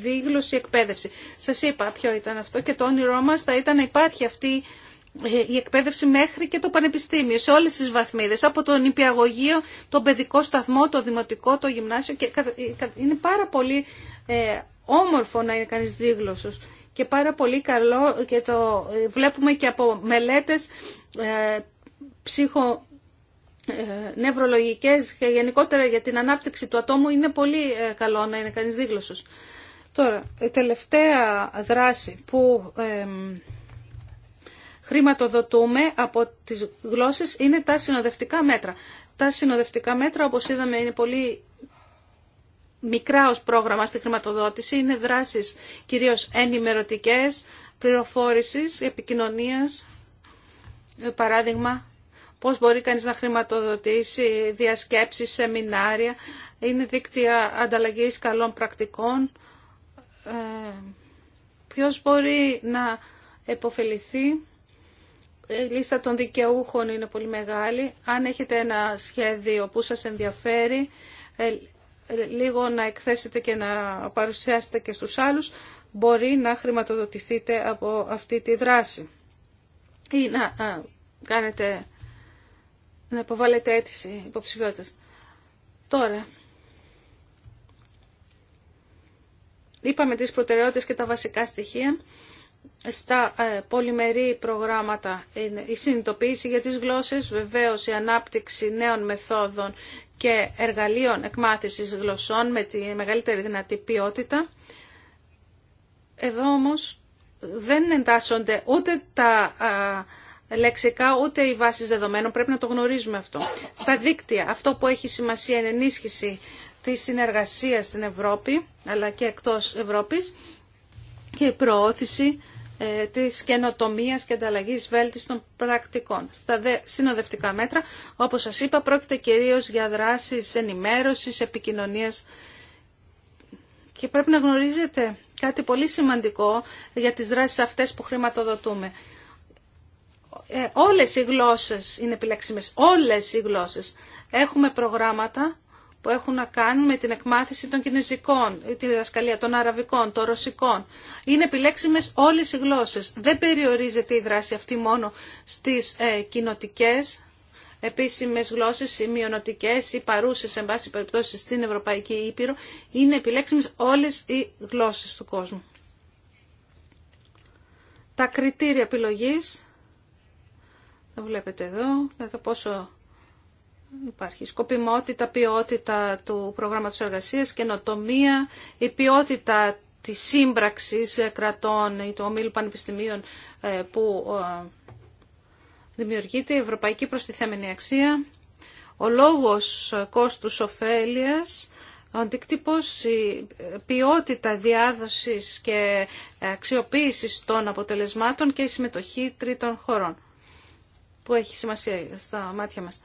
δίγλωση εκπαίδευση. Σας είπα ποιο ήταν αυτό και το όνειρό μας θα ήταν να υπάρχει αυτή ε, η εκπαίδευση μέχρι και το πανεπιστήμιο σε όλες τις βαθμίδες από το νηπιαγωγείο, το παιδικό σταθμό, το δημοτικό, το γυμνάσιο και ε, είναι πάρα πολύ όμορφο να είναι κανείς δίγλωσος και πάρα πολύ καλό και το βλέπουμε και από μελέτες ψυχο ε, νευρολογικές και γενικότερα για την ανάπτυξη του ατόμου είναι πολύ ε, καλό να είναι κανείς δίγλωσος. Τώρα, η τελευταία δράση που χρηματοδοτούμε από τις γλώσσες είναι τα συνοδευτικά μέτρα. Τα συνοδευτικά μέτρα, όπως είδαμε, είναι πολύ μικρά ως πρόγραμμα στη χρηματοδότηση. Είναι δράσεις κυρίως ενημερωτικές, πληροφόρησης, επικοινωνίας. Ε, παράδειγμα, πώς μπορεί κανείς να χρηματοδοτήσει διασκέψεις, σεμινάρια, είναι δίκτυα ανταλλαγής καλών πρακτικών, ε, ποιος μπορεί να επωφεληθεί. Ε, η λίστα των δικαιούχων είναι πολύ μεγάλη. Αν έχετε ένα σχέδιο που σας ενδιαφέρει, ε, λίγο να εκθέσετε και να παρουσιάσετε και στους άλλους, μπορεί να χρηματοδοτηθείτε από αυτή τη δράση ή να κάνετε να υποβάλλετε αίτηση υποψηφιότητας. Τώρα, είπαμε τις προτεραιότητες και τα βασικά στοιχεία. Στα ε, πολυμερή προγράμματα είναι η συνειδητοποίηση για τις γλώσσες, βεβαίως η ανάπτυξη νέων μεθόδων και εργαλείων εκμάθησης γλωσσών με τη μεγαλύτερη δυνατή ποιότητα. Εδώ όμως δεν εντάσσονται ούτε τα λεξικά ούτε οι βάσεις δεδομένων. Πρέπει να το γνωρίζουμε αυτό. Στα δίκτυα, αυτό που έχει σημασία είναι ενίσχυση της συνεργασίας στην Ευρώπη, αλλά και εκτός Ευρώπης, και η προώθηση ε, της καινοτομίας και ανταλλαγής βέλτιστων πρακτικών. Στα συνοδευτικά μέτρα, όπως σας είπα, πρόκειται κυρίως για δράσεις ενημέρωσης, επικοινωνίας και πρέπει να γνωρίζετε κάτι πολύ σημαντικό για τις δράσεις αυτές που χρηματοδοτούμε. Ε, όλες οι γλώσσες είναι επιλέξιμες, όλες οι γλώσσες. Έχουμε προγράμματα που έχουν να κάνουν με την εκμάθηση των κινέζικων, τη διδασκαλία των αραβικών, των ρωσικών. Είναι επιλέξιμες όλες οι γλώσσες. Δεν περιορίζεται η δράση αυτή μόνο στις ε, κοινοτικές επίσημες γλώσσες, οι μειονοτικές ή παρούσες, εν πάση περιπτώσει, στην Ευρωπαϊκή Ήπειρο. Είναι επιλέξιμες όλε οι γλώσσε του κόσμου. Τα κριτήρια επιλογής το βλέπετε εδώ, το πόσο υπάρχει σκοπιμότητα, ποιότητα του προγράμματος εργασίας, καινοτομία, η ποιότητα της σύμπραξης κρατών ή του ομίλου πανεπιστημίων ε, που ε, δημιουργείται, η ευρωπαϊκή προστιθέμενη αξία, ο λόγος κόστους ωφέλειας, ο αντικτύπος, η ποιότητα διάδοσης και αξιοποίησης των αποτελεσμάτων και η συμμετοχή τρίτων χωρών που έχει σημασία στα μάτια μας.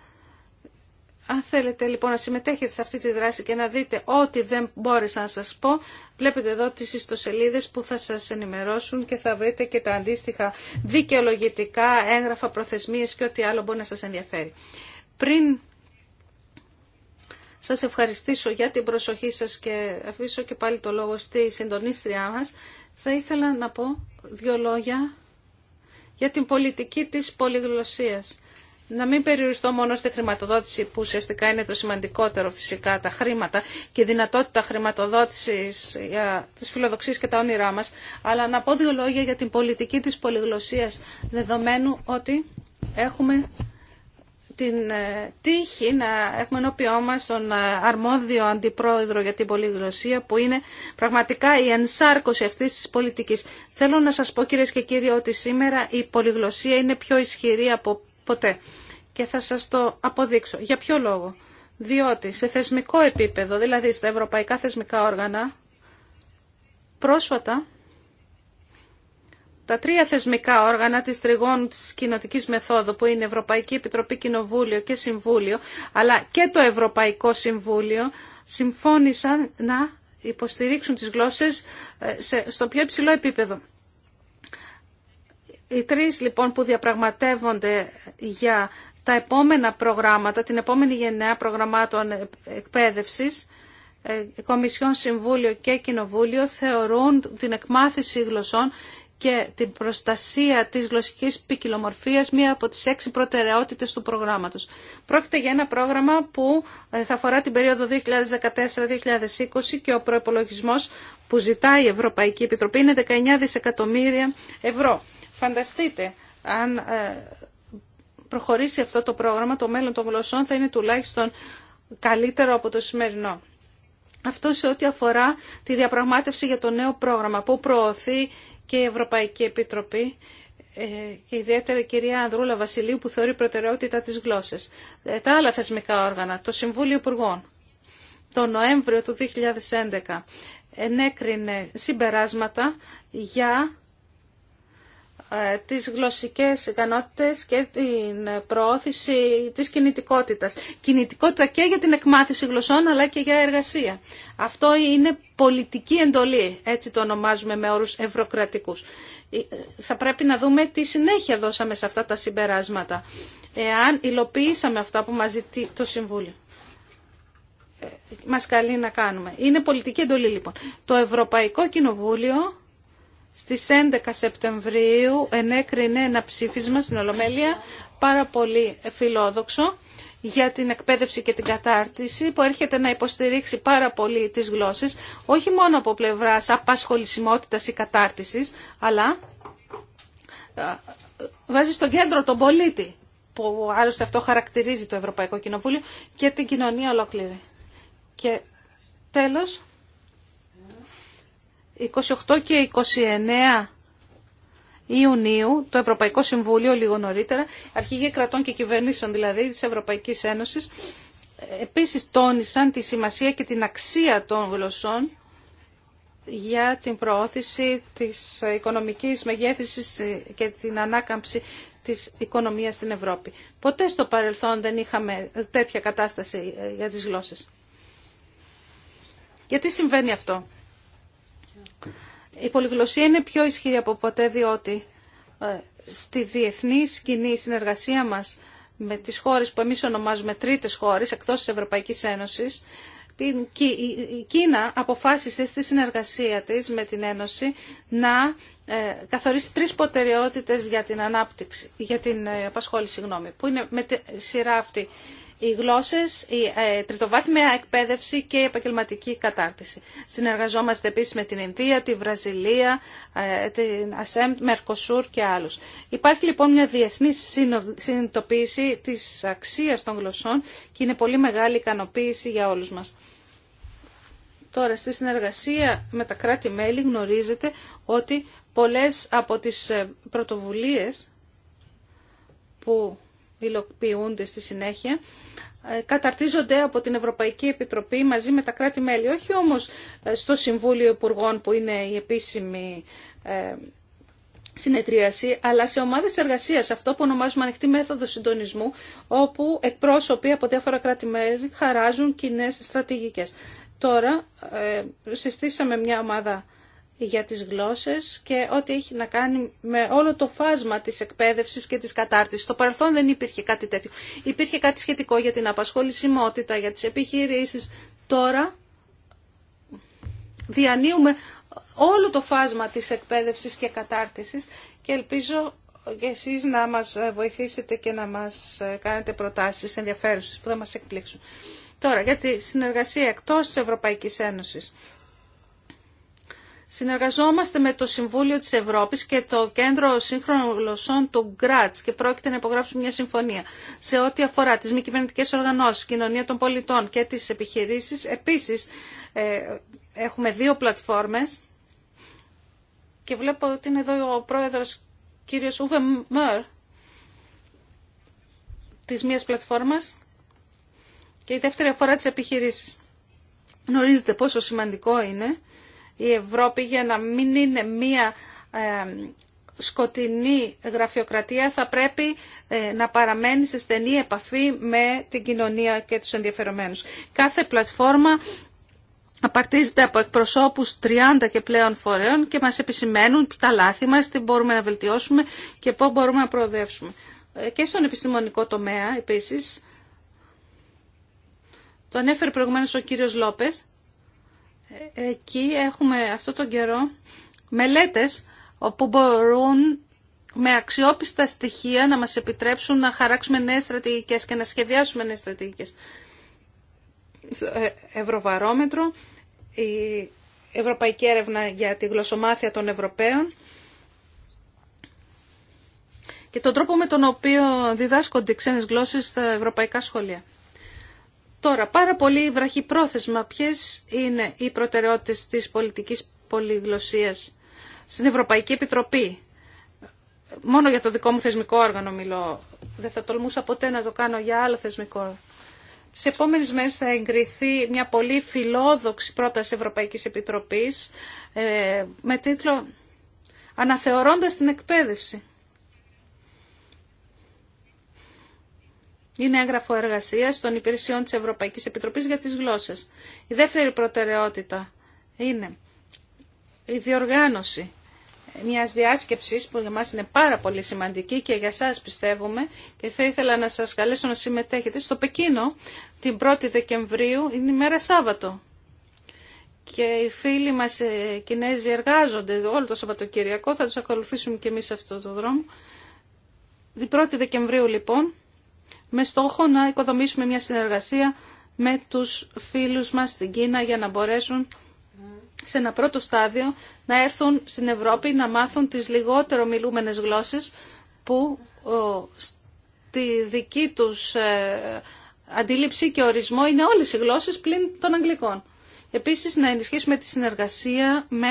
Αν θέλετε λοιπόν να συμμετέχετε σε αυτή τη δράση και να δείτε ό,τι δεν μπόρεσα να σας πω, βλέπετε εδώ τις ιστοσελίδες που θα σας ενημερώσουν και θα βρείτε και τα αντίστοιχα δικαιολογητικά έγγραφα, προθεσμίες και ό,τι άλλο μπορεί να σας ενδιαφέρει. Πριν σας ευχαριστήσω για την προσοχή σας και αφήσω και πάλι το λόγο στη συντονίστριά μας, θα ήθελα να πω δύο λόγια για την πολιτική της πολυγλωσσίας. Να μην περιοριστώ μόνο στη χρηματοδότηση που ουσιαστικά είναι το σημαντικότερο φυσικά τα χρήματα και η δυνατότητα χρηματοδότησης για τις φιλοδοξίες και τα όνειρά μας, αλλά να πω δύο λόγια για την πολιτική της πολυγλωσσίας, δεδομένου ότι έχουμε την ε, τύχη να έχουμε ενώπιό μας τον ε, αρμόδιο αντιπρόεδρο για την πολυγλωσία που είναι πραγματικά η ενσάρκωση αυτής της πολιτικής. Θέλω να σας πω κυρίες και κύριοι ότι σήμερα η πολυγλωσία είναι πιο ισχυρή από ποτέ και θα σας το αποδείξω. Για ποιο λόγο. Διότι σε θεσμικό επίπεδο, δηλαδή στα ευρωπαϊκά θεσμικά όργανα, πρόσφατα τα τρία θεσμικά όργανα της τριγώνου της κοινοτικής μεθόδου που είναι Ευρωπαϊκή Επιτροπή Κοινοβούλιο και Συμβούλιο αλλά και το Ευρωπαϊκό Συμβούλιο συμφώνησαν να υποστηρίξουν τις γλώσσες ε, στο πιο υψηλό επίπεδο. Οι τρεις λοιπόν που διαπραγματεύονται για τα επόμενα προγράμματα, την επόμενη γενναία προγραμμάτων εκπαίδευσης, ε, Κομισιόν, Συμβούλιο και Κοινοβούλιο θεωρούν την εκμάθηση γλωσσών και την προστασία της γλωσσικής ποικιλομορφία μία από τις έξι προτεραιότητες του προγράμματος. Πρόκειται για ένα πρόγραμμα που ε, θα αφορά την περίοδο 2014-2020 και ο προϋπολογισμός που ζητάει η Ευρωπαϊκή Επιτροπή είναι 19 δισεκατομμύρια ευρώ. Φανταστείτε, αν ε, προχωρήσει αυτό το πρόγραμμα, το μέλλον των γλωσσών θα είναι τουλάχιστον καλύτερο από το σημερινό. Αυτό σε ό,τι αφορά τη διαπραγμάτευση για το νέο πρόγραμμα που προωθεί και η Ευρωπαϊκή Επιτροπή ε, και ιδιαίτερα η κυρία Ανδρούλα Βασιλείου που θεωρεί προτεραιότητα τις γλώσσες. Ε, τα άλλα θεσμικά όργανα, το Συμβούλιο Υπουργών, το Νοέμβριο του 2011 ενέκρινε συμπεράσματα για ε, τις γλωσσικές ικανότητες και την προώθηση της κινητικότητας. Κινητικότητα και για την εκμάθηση γλωσσών αλλά και για εργασία. Αυτό είναι πολιτική εντολή, έτσι το ονομάζουμε με όρους ευρωκρατικούς. Ε, θα πρέπει να δούμε τι συνέχεια δώσαμε σε αυτά τα συμπεράσματα, εάν υλοποιήσαμε αυτά που μας ζητεί το Συμβούλιο ε, μας καλεί να κάνουμε. Είναι πολιτική εντολή λοιπόν. Το Ευρωπαϊκό Κοινοβούλιο στις 11 Σεπτεμβρίου ενέκρινε ένα ψήφισμα στην Ολομέλεια πάρα πολύ φιλόδοξο για την εκπαίδευση και την κατάρτιση που έρχεται να υποστηρίξει πάρα πολύ τις γλώσσες, όχι μόνο από πλευράς απασχολησιμότητας ή κατάρτισης, αλλά ε, βάζει στο κέντρο τον πολίτη, που άλλωστε αυτό χαρακτηρίζει το Ευρωπαϊκό Κοινοβούλιο και την κοινωνία ολόκληρη. Και τέλος, 28 και 29 Ιουνίου το Ευρωπαϊκό Συμβούλιο λίγο νωρίτερα, αρχηγοί κρατών και κυβερνήσεων δηλαδή της Ευρωπαϊκής Ένωσης, επίσης τόνισαν τη σημασία και την αξία των γλωσσών για την προώθηση της οικονομικής μεγέθυνσης και την ανάκαμψη της οικονομίας στην Ευρώπη. Ποτέ στο παρελθόν δεν είχαμε τέτοια κατάσταση ε, για τις γλώσσες. Γιατί συμβαίνει αυτό. Η πολυγλωσία είναι πιο ισχυρή από ποτέ διότι ε, στη διεθνή σκηνή συνεργασία μας με τις χώρες που εμείς ονομάζουμε τρίτες χώρες εκτός της Ευρωπαϊκής Ένωσης η Κίνα αποφάσισε στη συνεργασία της με την Ένωση να ε, καθορίσει τρεις προτεραιότητες για την ανάπτυξη, για την ε, απασχόληση, γνώμη, που είναι με τη σειρά αυτή οι γλώσσε, η ε, τριτοβάθμια εκπαίδευση και η επαγγελματική κατάρτιση. Συνεργαζόμαστε επίσης με την Ινδία, τη Βραζιλία, ε, την ΑΣΕΜ, Μερκοσούρ και άλλους. Υπάρχει λοιπόν μια διεθνή συνειδητοποίηση της αξία των γλωσσών και είναι πολύ μεγάλη ικανοποίηση για όλους μας. Τώρα, στη συνεργασία με τα κράτη-μέλη γνωρίζετε ότι πολλές από τις ε, πρωτοβουλίες που υλοποιούνται στη συνέχεια, ε, καταρτίζονται από την Ευρωπαϊκή Επιτροπή μαζί με τα κράτη-μέλη, όχι όμως ε, στο Συμβούλιο Υπουργών που είναι η επίσημη ε, συνεδρίαση, αλλά σε ομάδες εργασίας, αυτό που ονομάζουμε ανοιχτή μέθοδο συντονισμού, όπου εκπρόσωποι από διάφορα κράτη-μέλη χαράζουν κοινέ στρατηγικές. Τώρα συστήσαμε μια ομάδα για τις γλώσσες και ό,τι έχει να κάνει με όλο το φάσμα της εκπαίδευσης και της κατάρτισης. Στο παρελθόν δεν υπήρχε κάτι τέτοιο. Υπήρχε κάτι σχετικό για την απασχολησιμότητα, για τις επιχειρήσεις. Τώρα διανύουμε όλο το φάσμα της εκπαίδευσης και κατάρτισης και ελπίζω και εσείς να μας βοηθήσετε και να μας κάνετε προτάσεις ενδιαφέρουσες που θα μας εκπλήξουν. Τώρα, για τη συνεργασία εκτός της Ευρωπαϊκής Ένωσης. Συνεργαζόμαστε με το Συμβούλιο της Ευρώπης και το Κέντρο Σύγχρονων Γλωσσών του Γκράτς και πρόκειται να υπογράψουμε μια συμφωνία σε ό,τι αφορά τις μη κυβερνητικέ οργανώσεις, κοινωνία των πολιτών και τις επιχειρήσεις. Επίσης, ε, έχουμε δύο πλατφόρμες και βλέπω ότι είναι εδώ ο πρόεδρος κύριος Ούβε Μερ της μίας πλατφόρμας και η δεύτερη αφορά τις επιχειρήσεις. Γνωρίζετε πόσο σημαντικό είναι η Ευρώπη για να μην είναι μία ε, σκοτεινή γραφειοκρατία θα πρέπει ε, να παραμένει σε στενή επαφή με την κοινωνία και τους ενδιαφερομένους. Κάθε πλατφόρμα απαρτίζεται από εκπροσώπους 30 και πλέον φορέων και μας επισημαίνουν τα λάθη μας, τι μπορούμε να βελτιώσουμε και πώς μπορούμε να προοδεύσουμε. Ε, και στον επιστημονικό τομέα επίσης, το ανέφερε προηγουμένως ο κύριος Λόπες, Εκεί έχουμε αυτό τον καιρό μελέτες όπου μπορούν με αξιόπιστα στοιχεία να μας επιτρέψουν να χαράξουμε νέες στρατηγικές και να σχεδιάσουμε νέες στρατηγικές. Ε, Ευρωβαρόμετρο, η Ευρωπαϊκή Έρευνα για τη Γλωσσομάθεια των Ευρωπαίων και τον τρόπο με τον οποίο διδάσκονται ξένες γλώσσες στα ευρωπαϊκά σχολεία. Τώρα, πάρα πολύ πρόθεσμα. ποιες είναι οι προτεραιότητες της πολιτικής πολυγλωσία στην Ευρωπαϊκή Επιτροπή. Μόνο για το δικό μου θεσμικό όργανο μιλώ. Δεν θα τολμούσα ποτέ να το κάνω για άλλο θεσμικό. Τις επόμενες μέρες θα εγκριθεί μια πολύ φιλόδοξη πρόταση Ευρωπαϊκής Επιτροπής ε, με τίτλο «Αναθεωρώντας την εκπαίδευση». είναι έγγραφο εργασία των υπηρεσιών τη Ευρωπαϊκή Επιτροπής για τι γλώσσε. Η δεύτερη προτεραιότητα είναι η διοργάνωση μια διάσκεψης που για μας είναι πάρα πολύ σημαντική και για εσά πιστεύουμε και θα ήθελα να σα καλέσω να συμμετέχετε στο Πεκίνο την 1η Δεκεμβρίου, είναι ημέρα Σάββατο. Και οι φίλοι μα οι ε, Κινέζοι εργάζονται όλο το Σαββατοκυριακό, θα του ακολουθήσουμε και εμεί αυτό το δρόμο. Την 1η Δεκεμβρίου λοιπόν με στόχο να οικοδομήσουμε μια συνεργασία με τους φίλους μας στην Κίνα για να μπορέσουν σε ένα πρώτο στάδιο να έρθουν στην Ευρώπη να μάθουν τις λιγότερο μιλούμενες γλώσσες που στη δική τους ε, αντίληψη και ορισμό είναι όλες οι γλώσσες πλην των Αγγλικών. Επίσης να ενισχύσουμε τη συνεργασία με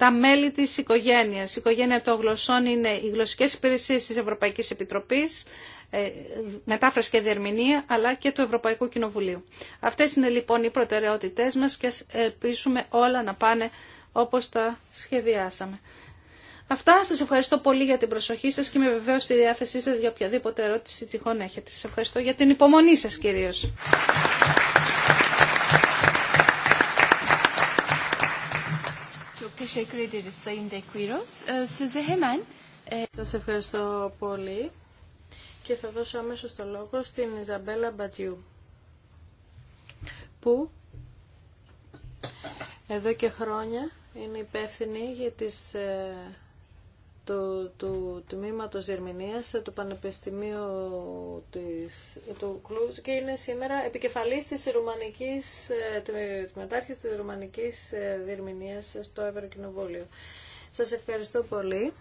τα μέλη της οικογένειας. Η οικογένεια των γλωσσών είναι οι γλωσσικές υπηρεσίες της Ευρωπαϊκής Επιτροπής, ε, μετάφραση και διερμηνία, αλλά και του Ευρωπαϊκού Κοινοβουλίου. Αυτές είναι λοιπόν οι προτεραιότητές μας και ελπίσουμε όλα να πάνε όπως τα σχεδιάσαμε. Αυτά σας ευχαριστώ πολύ για την προσοχή σας και με βεβαίως στη διάθεσή σας για οποιαδήποτε ερώτηση τυχόν έχετε. Σας ευχαριστώ για την υπομονή σας κυρίως. Teşekkür e, Σας ευχαριστώ πολύ και θα δώσω αμέσως το λόγο στην Ιζαμπέλα Μπατιού που εδώ και χρόνια είναι υπεύθυνη για τις ε, του, του τμήματος Ερμηνείας του Πανεπιστημίου της, του Κλούζ και είναι σήμερα επικεφαλής της Ρουμανικής, ε, μετάρχης της Ρουμανικής ε, Διερμηνίας στο Ευρωκοινοβούλιο. Σας ευχαριστώ πολύ.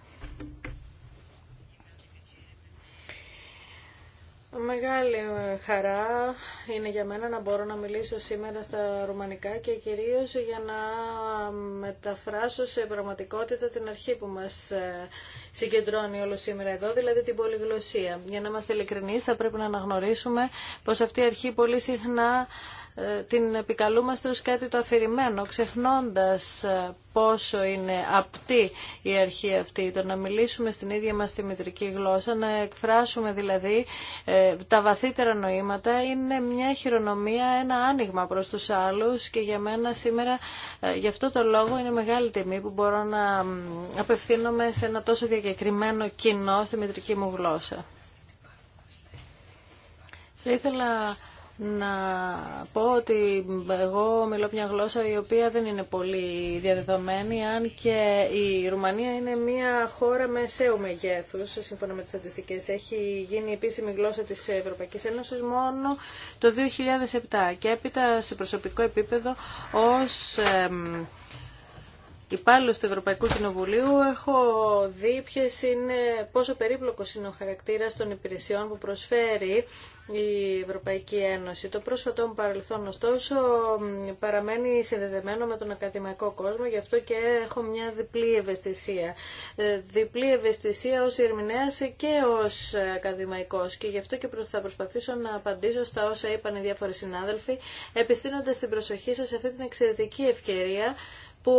Μεγάλη χαρά είναι για μένα να μπορώ να μιλήσω σήμερα στα ρουμανικά και κυρίως για να μεταφράσω σε πραγματικότητα την αρχή που μας ε, συγκεντρώνει όλο σήμερα εδώ, δηλαδή την πολυγλωσία. Για να είμαστε ειλικρινείς θα πρέπει να αναγνωρίσουμε πως αυτή η αρχή πολύ συχνά ε, την επικαλούμαστε ως κάτι το αφηρημένο, ξεχνώντας ε, πόσο είναι απτή η αρχή αυτή, το να μιλήσουμε στην ίδια μας τη μητρική γλώσσα, να εκφράσουμε δηλαδή ε, τα βαθύτερα νοήματα, είναι μια χειρονομία, ένα άνοιγμα προς τους άλλους και για μένα σήμερα, γι' αυτό το λόγο είναι μεγάλη τιμή που μπορώ να απευθύνομαι σε ένα τόσο διακεκριμένο κοινό στη μητρική μου γλώσσα. Θα ήθελα να πω ότι εγώ μιλώ μια γλώσσα η οποία δεν είναι πολύ διαδεδομένη, αν και η Ρουμανία είναι μια χώρα μεσαίου μεγέθου, σύμφωνα με τι στατιστικέ. Έχει γίνει επίσημη γλώσσα τη Ευρωπαϊκή Ένωση μόνο το 2007 και έπειτα σε προσωπικό επίπεδο ω υπάλληλο του Ευρωπαϊκού Κοινοβουλίου έχω δει είναι, πόσο περίπλοκο είναι ο χαρακτήρα των υπηρεσιών που προσφέρει η Ευρωπαϊκή Ένωση. Το πρόσφατό μου παρελθόν ωστόσο παραμένει συνδεδεμένο με τον ακαδημαϊκό κόσμο, γι' αυτό και έχω μια διπλή ευαισθησία. Ε, διπλή ευαισθησία ω ερμηνέα και ω ακαδημαϊκός και γι' αυτό και θα προσπαθήσω να απαντήσω στα όσα είπαν οι διάφοροι συνάδελφοι, επιστήνοντα την προσοχή σα σε αυτή την εξαιρετική ευκαιρία που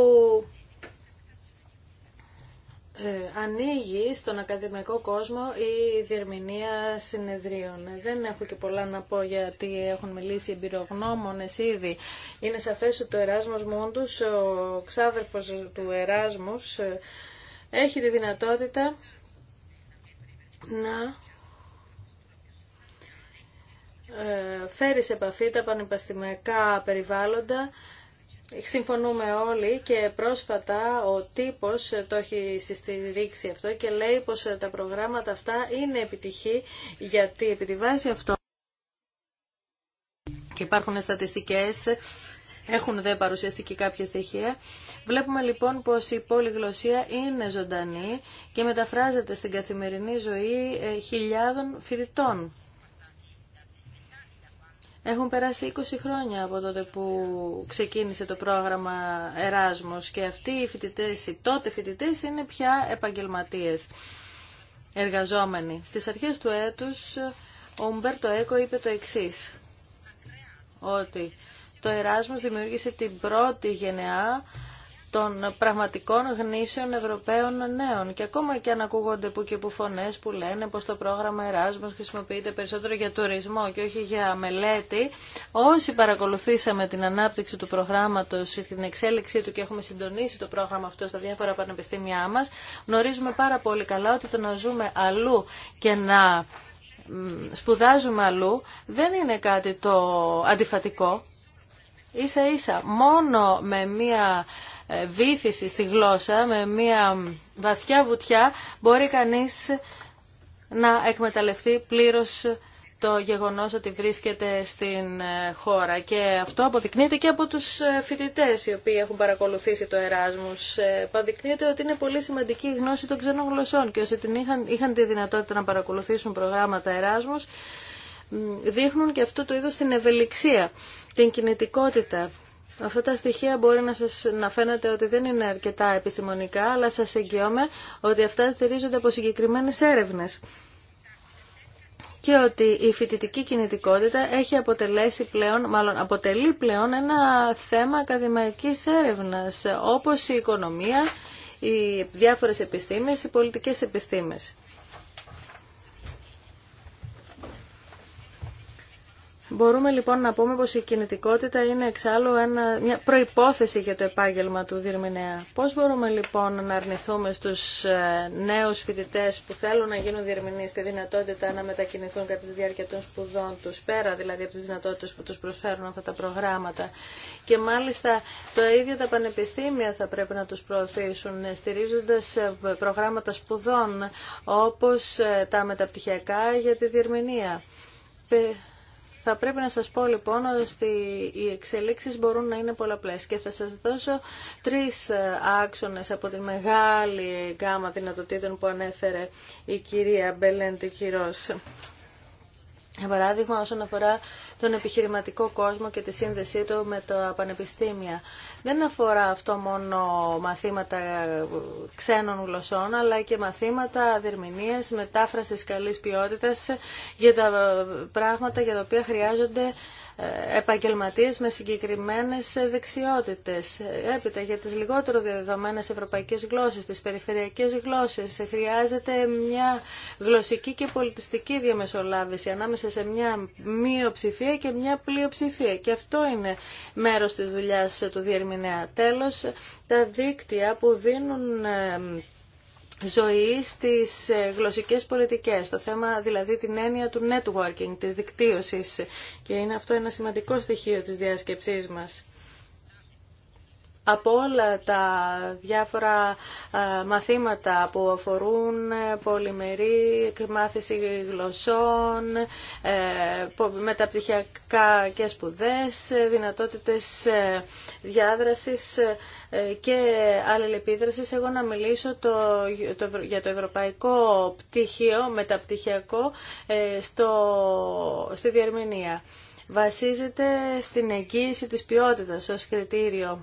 ε, ανοίγει στον ακαδημαϊκό κόσμο η διερμηνία συνεδρίων. Δεν έχω και πολλά να πω γιατί έχουν μιλήσει οι ήδη. Είναι σαφές ότι το Εράσμος Μούντους, ο ξάδερφος του Εράσμους, έχει τη δυνατότητα να ε, φέρει σε επαφή τα πανεπιστημιακά περιβάλλοντα συμφωνούμε όλοι και πρόσφατα ο τύπος το έχει συστηρίξει αυτό και λέει πως τα προγράμματα αυτά είναι επιτυχή γιατί επί τη βάση αυτό και υπάρχουν στατιστικές έχουν δε παρουσιαστική κάποια στοιχεία. Βλέπουμε λοιπόν πως η πολυγλωσία είναι ζωντανή και μεταφράζεται στην καθημερινή ζωή ε, χιλιάδων φοιτητών. Έχουν περάσει 20 χρόνια από τότε που ξεκίνησε το πρόγραμμα Εράσμος και αυτοί οι φοιτητές, οι τότε φοιτητές είναι πια επαγγελματίες εργαζόμενοι. Στις αρχές του έτους ο Ουμπέρτο Έκο είπε το εξής, ότι το Εράσμος δημιούργησε την πρώτη γενεά των πραγματικών γνήσεων Ευρωπαίων νέων. Και ακόμα και αν ακούγονται που και που φωνέ που λένε πω το πρόγραμμα Εράσμο χρησιμοποιείται περισσότερο για τουρισμό και όχι για μελέτη, όσοι παρακολουθήσαμε την ανάπτυξη του προγράμματο, την εξέλιξή του και έχουμε συντονίσει το πρόγραμμα αυτό στα διάφορα πανεπιστήμια μα, γνωρίζουμε πάρα πολύ καλά ότι το να ζούμε αλλού και να σπουδάζουμε αλλού δεν είναι κάτι το αντιφατικό. Ίσα ίσα μόνο με μία ε, βήθηση στη γλώσσα, με μια βαθιά βουτιά, μπορεί κανείς να εκμεταλλευτεί πλήρως το γεγονός ότι βρίσκεται στην ε, χώρα. Και αυτό αποδεικνύεται και από τους ε, φοιτητές οι οποίοι έχουν παρακολουθήσει το Εράσμους. Αποδεικνύεται ότι είναι πολύ σημαντική η γνώση των ξένων γλωσσών και όσοι την είχαν, είχαν τη δυνατότητα να παρακολουθήσουν προγράμματα Εράσμους δείχνουν και αυτό το είδος την ευελιξία, την κινητικότητα Αυτά τα στοιχεία μπορεί να σας να φαίνεται ότι δεν είναι αρκετά επιστημονικά, αλλά σας εγγυώμαι ότι αυτά στηρίζονται από συγκεκριμένες έρευνες και ότι η φοιτητική κινητικότητα έχει αποτελέσει πλέον, μάλλον αποτελεί πλέον ένα θέμα ακαδημαϊκής έρευνας, όπως η οικονομία, οι διάφορες επιστήμες, οι πολιτικές επιστήμες. Μπορούμε λοιπόν να πούμε πως η κινητικότητα είναι εξάλλου ένα, μια προϋπόθεση για το επάγγελμα του διερμηνέα. Πώς μπορούμε λοιπόν να αρνηθούμε στους ε, νέους φοιτητές που θέλουν να γίνουν διερμηνείς τη δυνατότητα να μετακινηθούν κατά τη διάρκεια των σπουδών τους, πέρα δηλαδή από τις δυνατότητες που τους προσφέρουν αυτά τα προγράμματα. Και μάλιστα το ίδιο τα πανεπιστήμια θα πρέπει να τους προωθήσουν, ε, στηρίζοντας ε, προγράμματα σπουδών όπως τα μεταπτυχιακά για τη διερμηνία. Θα πρέπει να σας πω λοιπόν ότι οι εξελίξεις μπορούν να είναι πολλαπλές και θα σας δώσω τρεις ε, άξονες από τη μεγάλη γάμα δυνατοτήτων που ανέφερε η κυρία Μπελέντη Κυρός για παράδειγμα, όσον αφορά τον επιχειρηματικό κόσμο και τη σύνδεσή του με τα πανεπιστήμια. Δεν αφορά αυτό μόνο μαθήματα ξένων γλωσσών, αλλά και μαθήματα δερμηνίας, μετάφρασης καλής ποιότητας για τα πράγματα για τα οποία χρειάζονται επαγγελματίες με συγκεκριμένες δεξιότητες. Έπειτα για τις λιγότερο διαδεδομένες ευρωπαϊκές γλώσσες, τις περιφερειακές γλώσσες, χρειάζεται μια γλωσσική και πολιτιστική διαμεσολάβηση ανάμεσα σε μια μειοψηφία και μια πλειοψηφία. Και αυτό είναι μέρος της δουλειάς του διερμηνέα. Τέλος, τα δίκτυα που δίνουν ε, ζωή στις ε, γλωσσικές πολιτικές. Το θέμα δηλαδή την έννοια του networking, της δικτύωσης και είναι αυτό ένα σημαντικό στοιχείο της διάσκεψής μας από όλα τα διάφορα μαθήματα που αφορούν ε, πολυμερή μάθηση γλωσσών, ε, μεταπτυχιακά και σπουδές, ε, δυνατότητες διάδρασης και αλληλεπίδρασης. Εγώ να μιλήσω το, το, για το ευρωπαϊκό πτυχίο, μεταπτυχιακό, στο, στη Διερμηνία. Βασίζεται στην εγγύηση της ποιότητας ως κριτήριο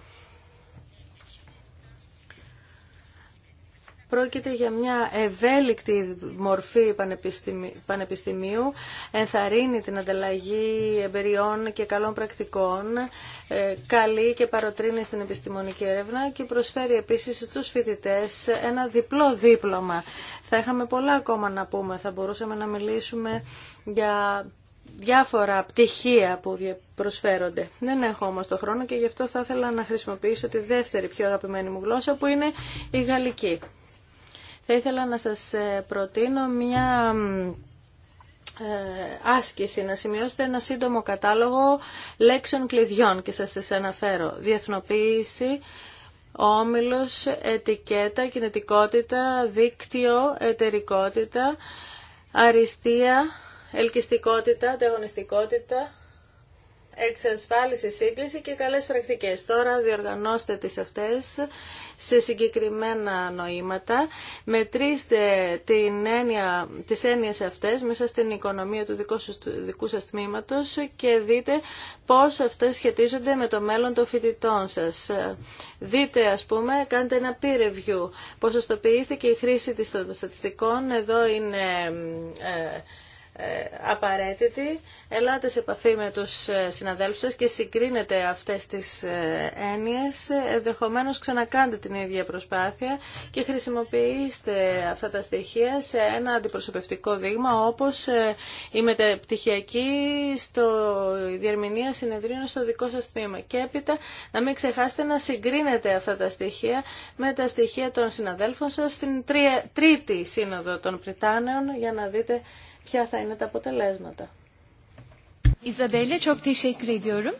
Πρόκειται για μια ευέλικτη μορφή πανεπιστημίου, ενθαρρύνει την ανταλλαγή εμπειριών και καλών πρακτικών, ε, καλή και παροτρύνει στην επιστημονική έρευνα και προσφέρει επίσης στους φοιτητές ένα διπλό δίπλωμα. Θα είχαμε πολλά ακόμα να πούμε, θα μπορούσαμε να μιλήσουμε για διάφορα πτυχία που προσφέρονται. Δεν έχω όμως το χρόνο και γι' αυτό θα ήθελα να χρησιμοποιήσω τη δεύτερη πιο αγαπημένη μου γλώσσα που είναι η γαλλική θα ήθελα να σας ε, προτείνω μια ε, άσκηση, να σημειώσετε ένα σύντομο κατάλογο λέξεων κλειδιών και σας τις αναφέρω. Διεθνοποίηση, όμιλος, ετικέτα, κινητικότητα, δίκτυο, εταιρικότητα, αριστεία, ελκυστικότητα, ανταγωνιστικότητα, εξασφάλιση, σύγκληση και καλές πρακτικές. Τώρα διοργανώστε τις αυτές σε συγκεκριμένα νοήματα. Μετρήστε την έννοια, τις έννοιες αυτές μέσα στην οικονομία του δικού σας, δικού τμήματος και δείτε πώς αυτές σχετίζονται με το μέλλον των φοιτητών σας. Δείτε, ας πούμε, κάντε ένα peer review. Ποσοστοποιήστε και η χρήση των στατιστικών. Εδώ είναι ε, ε, απαραίτητη. Ελάτε σε επαφή με τους ε, συναδέλφους σας και συγκρίνετε αυτές τις ε, έννοιες. Ενδεχομένω ξανακάντε την ίδια προσπάθεια και χρησιμοποιήστε αυτά τα στοιχεία σε ένα αντιπροσωπευτικό δείγμα όπως ε, η μεταπτυχιακή στο διερμηνία συνεδρίων στο δικό σας τμήμα. Και έπειτα να μην ξεχάσετε να συγκρίνετε αυτά τα στοιχεία με τα στοιχεία των συναδέλφων σας στην τρίτη σύνοδο των Πριτάνεων για να δείτε ποια θα είναι τα αποτελέσματα çok teşekkür ediyorum.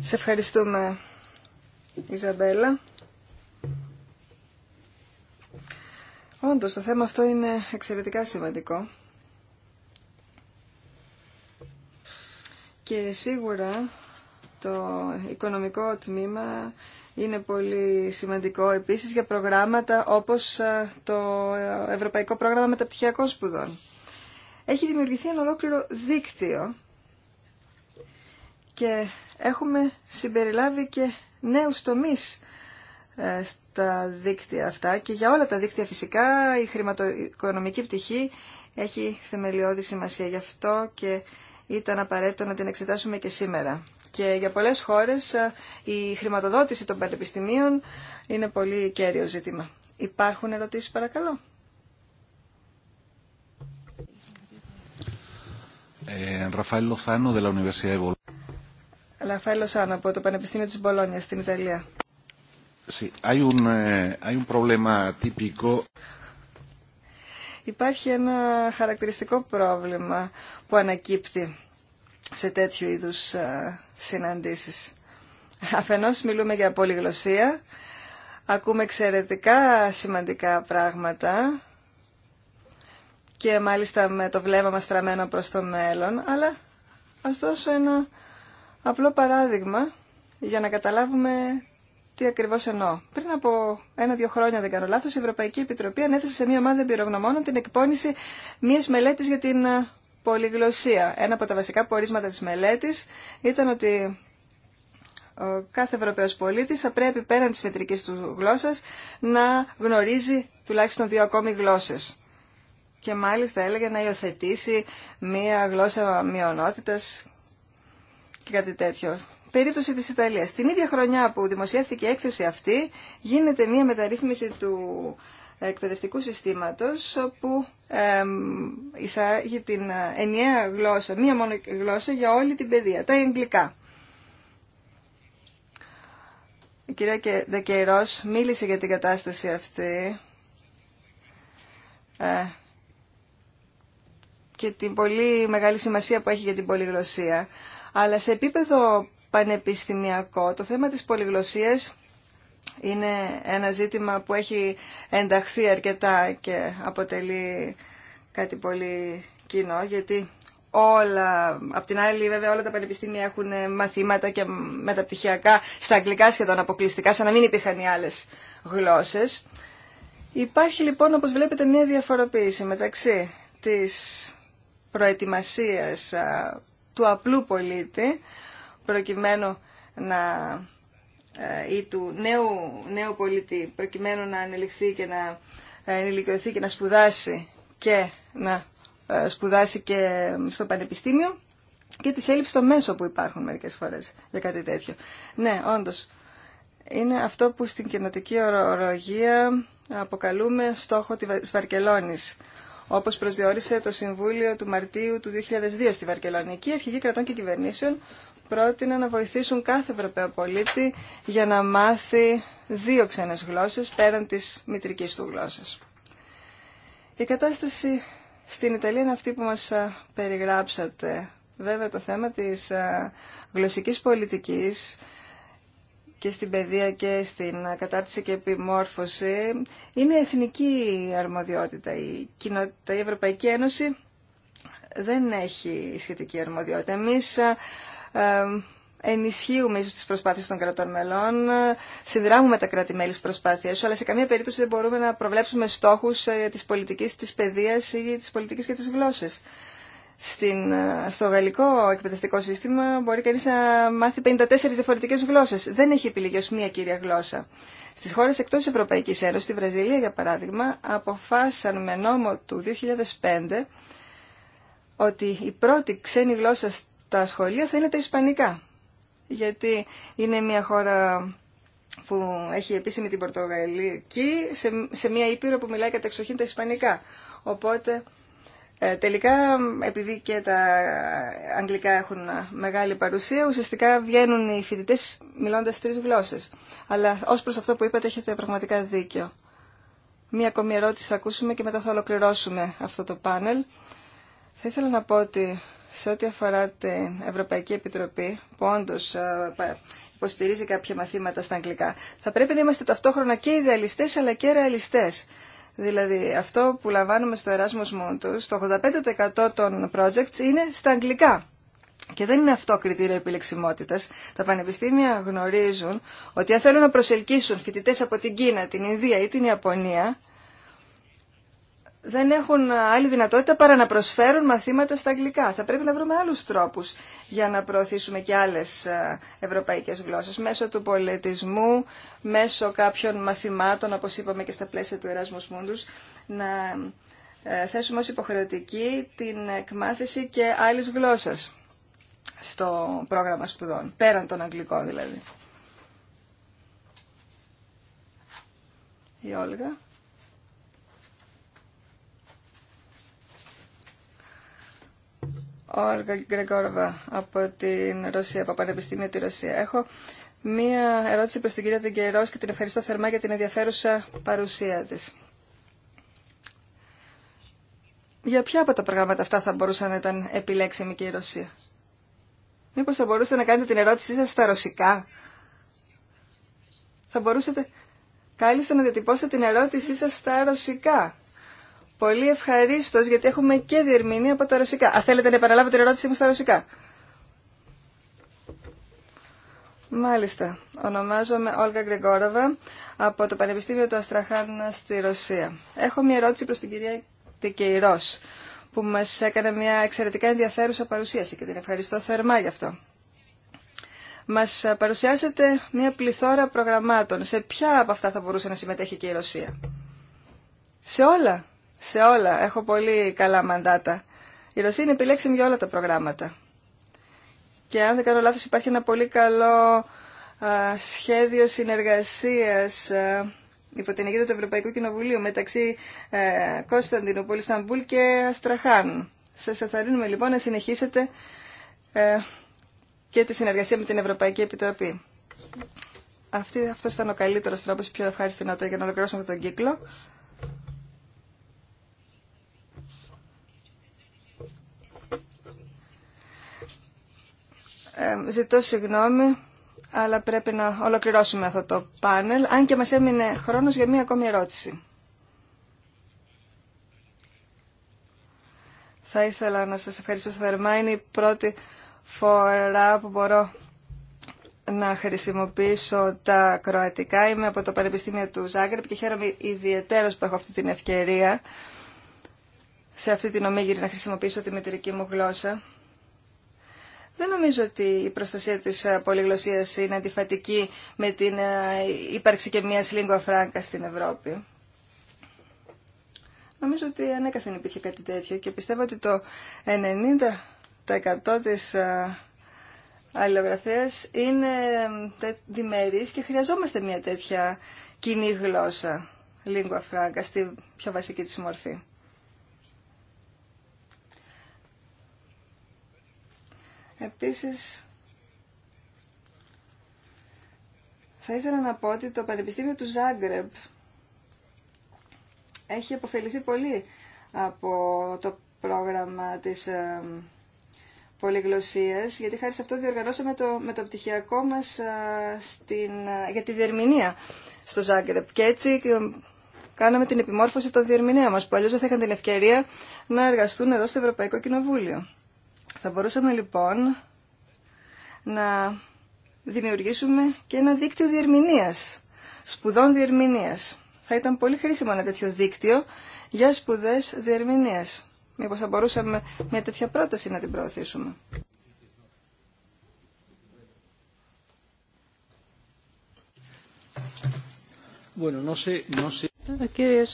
Σε ευχαριστούμε, Ιζαμπέλα. Όντως, το θέμα αυτό είναι εξαιρετικά σημαντικό. Και σίγουρα το οικονομικό τμήμα είναι πολύ σημαντικό επίσης για προγράμματα όπως ε, το Ευρωπαϊκό Πρόγραμμα Μεταπτυχιακών Σπουδών. Έχει δημιουργηθεί ένα ολόκληρο δίκτυο και έχουμε συμπεριλάβει και νέους τομείς ε, στα δίκτυα αυτά και για όλα τα δίκτυα φυσικά η χρηματοοικονομική πτυχή έχει θεμελιώδη σημασία γι' αυτό και ήταν απαραίτητο να την εξετάσουμε και σήμερα. Και για πολλές χώρες ε, η χρηματοδότηση των πανεπιστημίων είναι πολύ κέριο ζήτημα. Υπάρχουν ερωτήσεις παρακαλώ. Λοθάνο, de la Ραφαέλο Σάνα από το Πανεπιστήμιο τη Μπολόνια στην Ιταλία. Eh, Υπάρχει ένα χαρακτηριστικό πρόβλημα που ανακύπτει σε τέτοιου είδους ε, συναντήσεις. Αφενός μιλούμε για πολυγλωσία, ακούμε εξαιρετικά σημαντικά πράγματα και μάλιστα με το βλέμμα μας στραμμένο προς το μέλλον, αλλά ας δώσω ένα απλό παράδειγμα για να καταλάβουμε τι ακριβώ εννοώ. Πριν από ένα-δύο χρόνια, δεν κάνω λάθο, η Ευρωπαϊκή Επιτροπή ανέθεσε σε μια ομάδα εμπειρογνωμόνων την εκπόνηση μια μελέτη για την ε, πολυγλωσία. Ένα από τα βασικά πορίσματα τη μελέτη ήταν ότι ο ε, κάθε Ευρωπαίο πολίτη θα πρέπει πέραν τη μετρική του γλώσσα να γνωρίζει τουλάχιστον δύο ακόμη γλώσσε. Και μάλιστα έλεγε να υιοθετήσει μία γλώσσα μειονότητα και κάτι τέτοιο. Περίπτωση της Ιταλίας. Την ίδια χρονιά που δημοσιεύθηκε η έκθεση αυτή, γίνεται μια μεταρρύθμιση του εκπαιδευτικού συστήματος, όπου εισάγει την ε, ενιαία γλώσσα, μία μόνο γλώσσα για όλη την παιδεία, τα εγγλικά. Η κυρία Δεκαιρός μίλησε για την κατάσταση αυτή ε, και την πολύ μεγάλη σημασία που έχει για την πολυγλωσσία. Αλλά σε επίπεδο πανεπιστημιακό το θέμα της πολυγλωσσίας είναι ένα ζήτημα που έχει ενταχθεί αρκετά και αποτελεί κάτι πολύ κοινό γιατί όλα, απ' την άλλη βέβαια όλα τα πανεπιστήμια έχουν μαθήματα και μεταπτυχιακά στα αγγλικά σχεδόν αποκλειστικά σαν να μην υπήρχαν οι άλλες γλώσσες. Υπάρχει λοιπόν όπως βλέπετε μια διαφοροποίηση μεταξύ της προετοιμασίας του απλού πολίτη, προκειμένου να ε, ή του νέου, νέου πολίτη προκειμένου να ανελιχθεί και να ε, ενηλικιωθεί και να σπουδάσει και να ε, σπουδάσει και στο πανεπιστήμιο και τις έλλειψη στο μέσο που υπάρχουν μερικές φορές για κάτι τέτοιο. Ναι, όντως, είναι αυτό που στην κοινοτική ορολογία αποκαλούμε στόχο της Βαρκελόνης όπως προσδιορίσε το Συμβούλιο του Μαρτίου του 2002 στη Βαρκελονική, οι αρχηγοί κρατών και κυβερνήσεων πρότειναν να βοηθήσουν κάθε Ευρωπαίο πολίτη για να μάθει δύο ξένες γλώσσες πέραν της μητρικής του γλώσσας. Η κατάσταση στην Ιταλία είναι αυτή που μας περιγράψατε. Βέβαια το θέμα της γλωσσικής πολιτικής και στην παιδεία και στην κατάρτιση και επιμόρφωση είναι εθνική αρμοδιότητα. Η, κοινότητα, η Ευρωπαϊκή Ένωση δεν έχει σχετική αρμοδιότητα. Εμείς ε, ε, ενισχύουμε ίσως τις προσπάθειες των κρατών μελών, συνδράμουμε τα κράτη-μέλη στις προσπάθειες, αλλά σε καμία περίπτωση δεν μπορούμε να προβλέψουμε στόχους ε, της πολιτικής της παιδείας ή της πολιτικής και της γλώσσας στην, ε, στο γαλλικό εκπαιδευτικό σύστημα μπορεί κανείς να μάθει 54 διαφορετικές γλώσσες. Δεν έχει επιλογή μία κύρια γλώσσα. Στις χώρες εκτός Ευρωπαϊκής Ένωσης, στη Βραζιλία για παράδειγμα, αποφάσισαν με νόμο του 2005 ότι η πρώτη ξένη γλώσσα στα σχολεία θα είναι τα ισπανικά. Γιατί είναι μια χώρα που έχει επίσημη την Πορτογαλική σε, σε μια ήπειρο που μιλάει εξοχήν τα ισπανικά. Οπότε ε, τελικά, επειδή και τα αγγλικά έχουν μεγάλη παρουσία, ουσιαστικά βγαίνουν οι φοιτητέ μιλώντα τρει γλώσσε. Αλλά ω προ αυτό που είπατε, έχετε πραγματικά δίκιο. Μία ακόμη ερώτηση θα ακούσουμε και μετά θα ολοκληρώσουμε αυτό το πάνελ. Θα ήθελα να πω ότι σε ό,τι αφορά την Ευρωπαϊκή Επιτροπή, που όντω ε, υποστηρίζει κάποια μαθήματα στα αγγλικά, θα πρέπει να είμαστε ταυτόχρονα και ιδεαλιστέ αλλά και ρεαλιστέ. Δηλαδή, αυτό που λαμβάνουμε στο Erasmus Mundus, το 85% των projects είναι στα αγγλικά. Και δεν είναι αυτό κριτήριο επιλεξιμότητα. Τα πανεπιστήμια γνωρίζουν ότι αν θέλουν να προσελκύσουν φοιτητέ από την Κίνα, την Ινδία ή την Ιαπωνία, δεν έχουν άλλη δυνατότητα παρά να προσφέρουν μαθήματα στα αγγλικά. Θα πρέπει να βρούμε άλλους τρόπους για να προωθήσουμε και άλλες ε, ευρωπαϊκές γλώσσες, μέσω του πολιτισμού, μέσω κάποιων μαθημάτων, όπως είπαμε και στα πλαίσια του Erasmus Mundus, να ε, θέσουμε ως υποχρεωτική την εκμάθηση και άλλης γλώσσας στο πρόγραμμα σπουδών, πέραν των αγγλικών δηλαδή. Η Όλγα. Όργα Γκρεγόρβα από την Ρωσία, από Πανεπιστήμιο τη Ρωσία. Έχω μία ερώτηση προς την κυρία Τεγκερός και την ευχαριστώ θερμά για την ενδιαφέρουσα παρουσία της. Για ποια από τα προγράμματα αυτά θα μπορούσαν να ήταν επιλέξιμη και η Ρωσία. Μήπως θα μπορούσατε να κάνετε την ερώτησή σας στα ρωσικά. Θα μπορούσατε κάλλιστα να διατυπώσετε την ερώτησή σας στα ρωσικά. Πολύ ευχαρίστω, γιατί έχουμε και διερμηνία από τα ρωσικά. Α, θέλετε να επαναλάβω την ερώτησή μου στα ρωσικά. Μάλιστα. Ονομάζομαι Όλγα Γκρεγόροβα από το Πανεπιστήμιο του Αστραχάν στη Ρωσία. Έχω μια ερώτηση προς την κυρία Τικεϊρός που μας έκανε μια εξαιρετικά ενδιαφέρουσα παρουσίαση και την ευχαριστώ θερμά γι' αυτό. Μα παρουσιάσετε μια πληθώρα προγραμμάτων. Σε ποια από αυτά θα μπορούσε να συμμετέχει και η Ρωσία. Σε όλα. Σε όλα. Έχω πολύ καλά μαντάτα. Η Ρωσία είναι επιλέξιμη για όλα τα προγράμματα. Και αν δεν κάνω λάθος υπάρχει ένα πολύ καλό α, σχέδιο συνεργασίας α, υπό την αιγύδα του Ευρωπαϊκού Κοινοβουλίου μεταξύ ε, Κωνσταντινούπολη, Σταμπούλ και Αστραχάν. Σα εθαρρύνουμε λοιπόν να συνεχίσετε ε, και τη συνεργασία με την Ευρωπαϊκή Επιτροπή. Αυτό αυτός ήταν ο καλύτερος τρόπος, πιο ευχάριστη νότα για να ολοκληρώσουμε αυτόν τον κύκλο. ζητώ συγγνώμη, αλλά πρέπει να ολοκληρώσουμε αυτό το πάνελ, αν και μας έμεινε χρόνος για μία ακόμη ερώτηση. Θα ήθελα να σας ευχαριστώ θερμά. Είναι η πρώτη φορά που μπορώ να χρησιμοποιήσω τα κροατικά. Είμαι από το Πανεπιστήμιο του Ζάγκρεπ και χαίρομαι ιδιαίτερος που έχω αυτή την ευκαιρία σε αυτή την ομίγυρη να χρησιμοποιήσω τη μετρική μου γλώσσα. Δεν νομίζω ότι η προστασία της ε, πολυγλωσσίας είναι αντιφατική με την ε, ύπαρξη και μιας Λίγκου φράγκα στην Ευρώπη. Νομίζω ότι ανέκαθεν υπήρχε κάτι τέτοιο και πιστεύω ότι το 90% της ε, αλληλογραφίας είναι διμερής και χρειαζόμαστε μια τέτοια κοινή γλώσσα, Λίγκου φράγκα, στη πιο βασική της μορφή. Επίσης, θα ήθελα να πω ότι το Πανεπιστήμιο του Ζάγκρεμπ έχει αποφεληθεί πολύ από το πρόγραμμα της ε, πολυγλωσίας, γιατί χάρη σε αυτό διοργανώσαμε το μεταπτυχιακό μας ε, στην, ε, για τη διερμηνία στο Ζάγκρεπ. Και έτσι κάναμε την επιμόρφωση των διερμηνέων μας, που αλλιώς δεν θα είχαν την ευκαιρία να εργαστούν εδώ στο Ευρωπαϊκό Κοινοβούλιο. Θα μπορούσαμε λοιπόν να δημιουργήσουμε και ένα δίκτυο διερμηνίας, σπουδών διερμηνίας. Θα ήταν πολύ χρήσιμο ένα τέτοιο δίκτυο για σπουδές διερμηνίας. Μήπως θα μπορούσαμε μια τέτοια πρόταση να την προωθήσουμε. Κύριε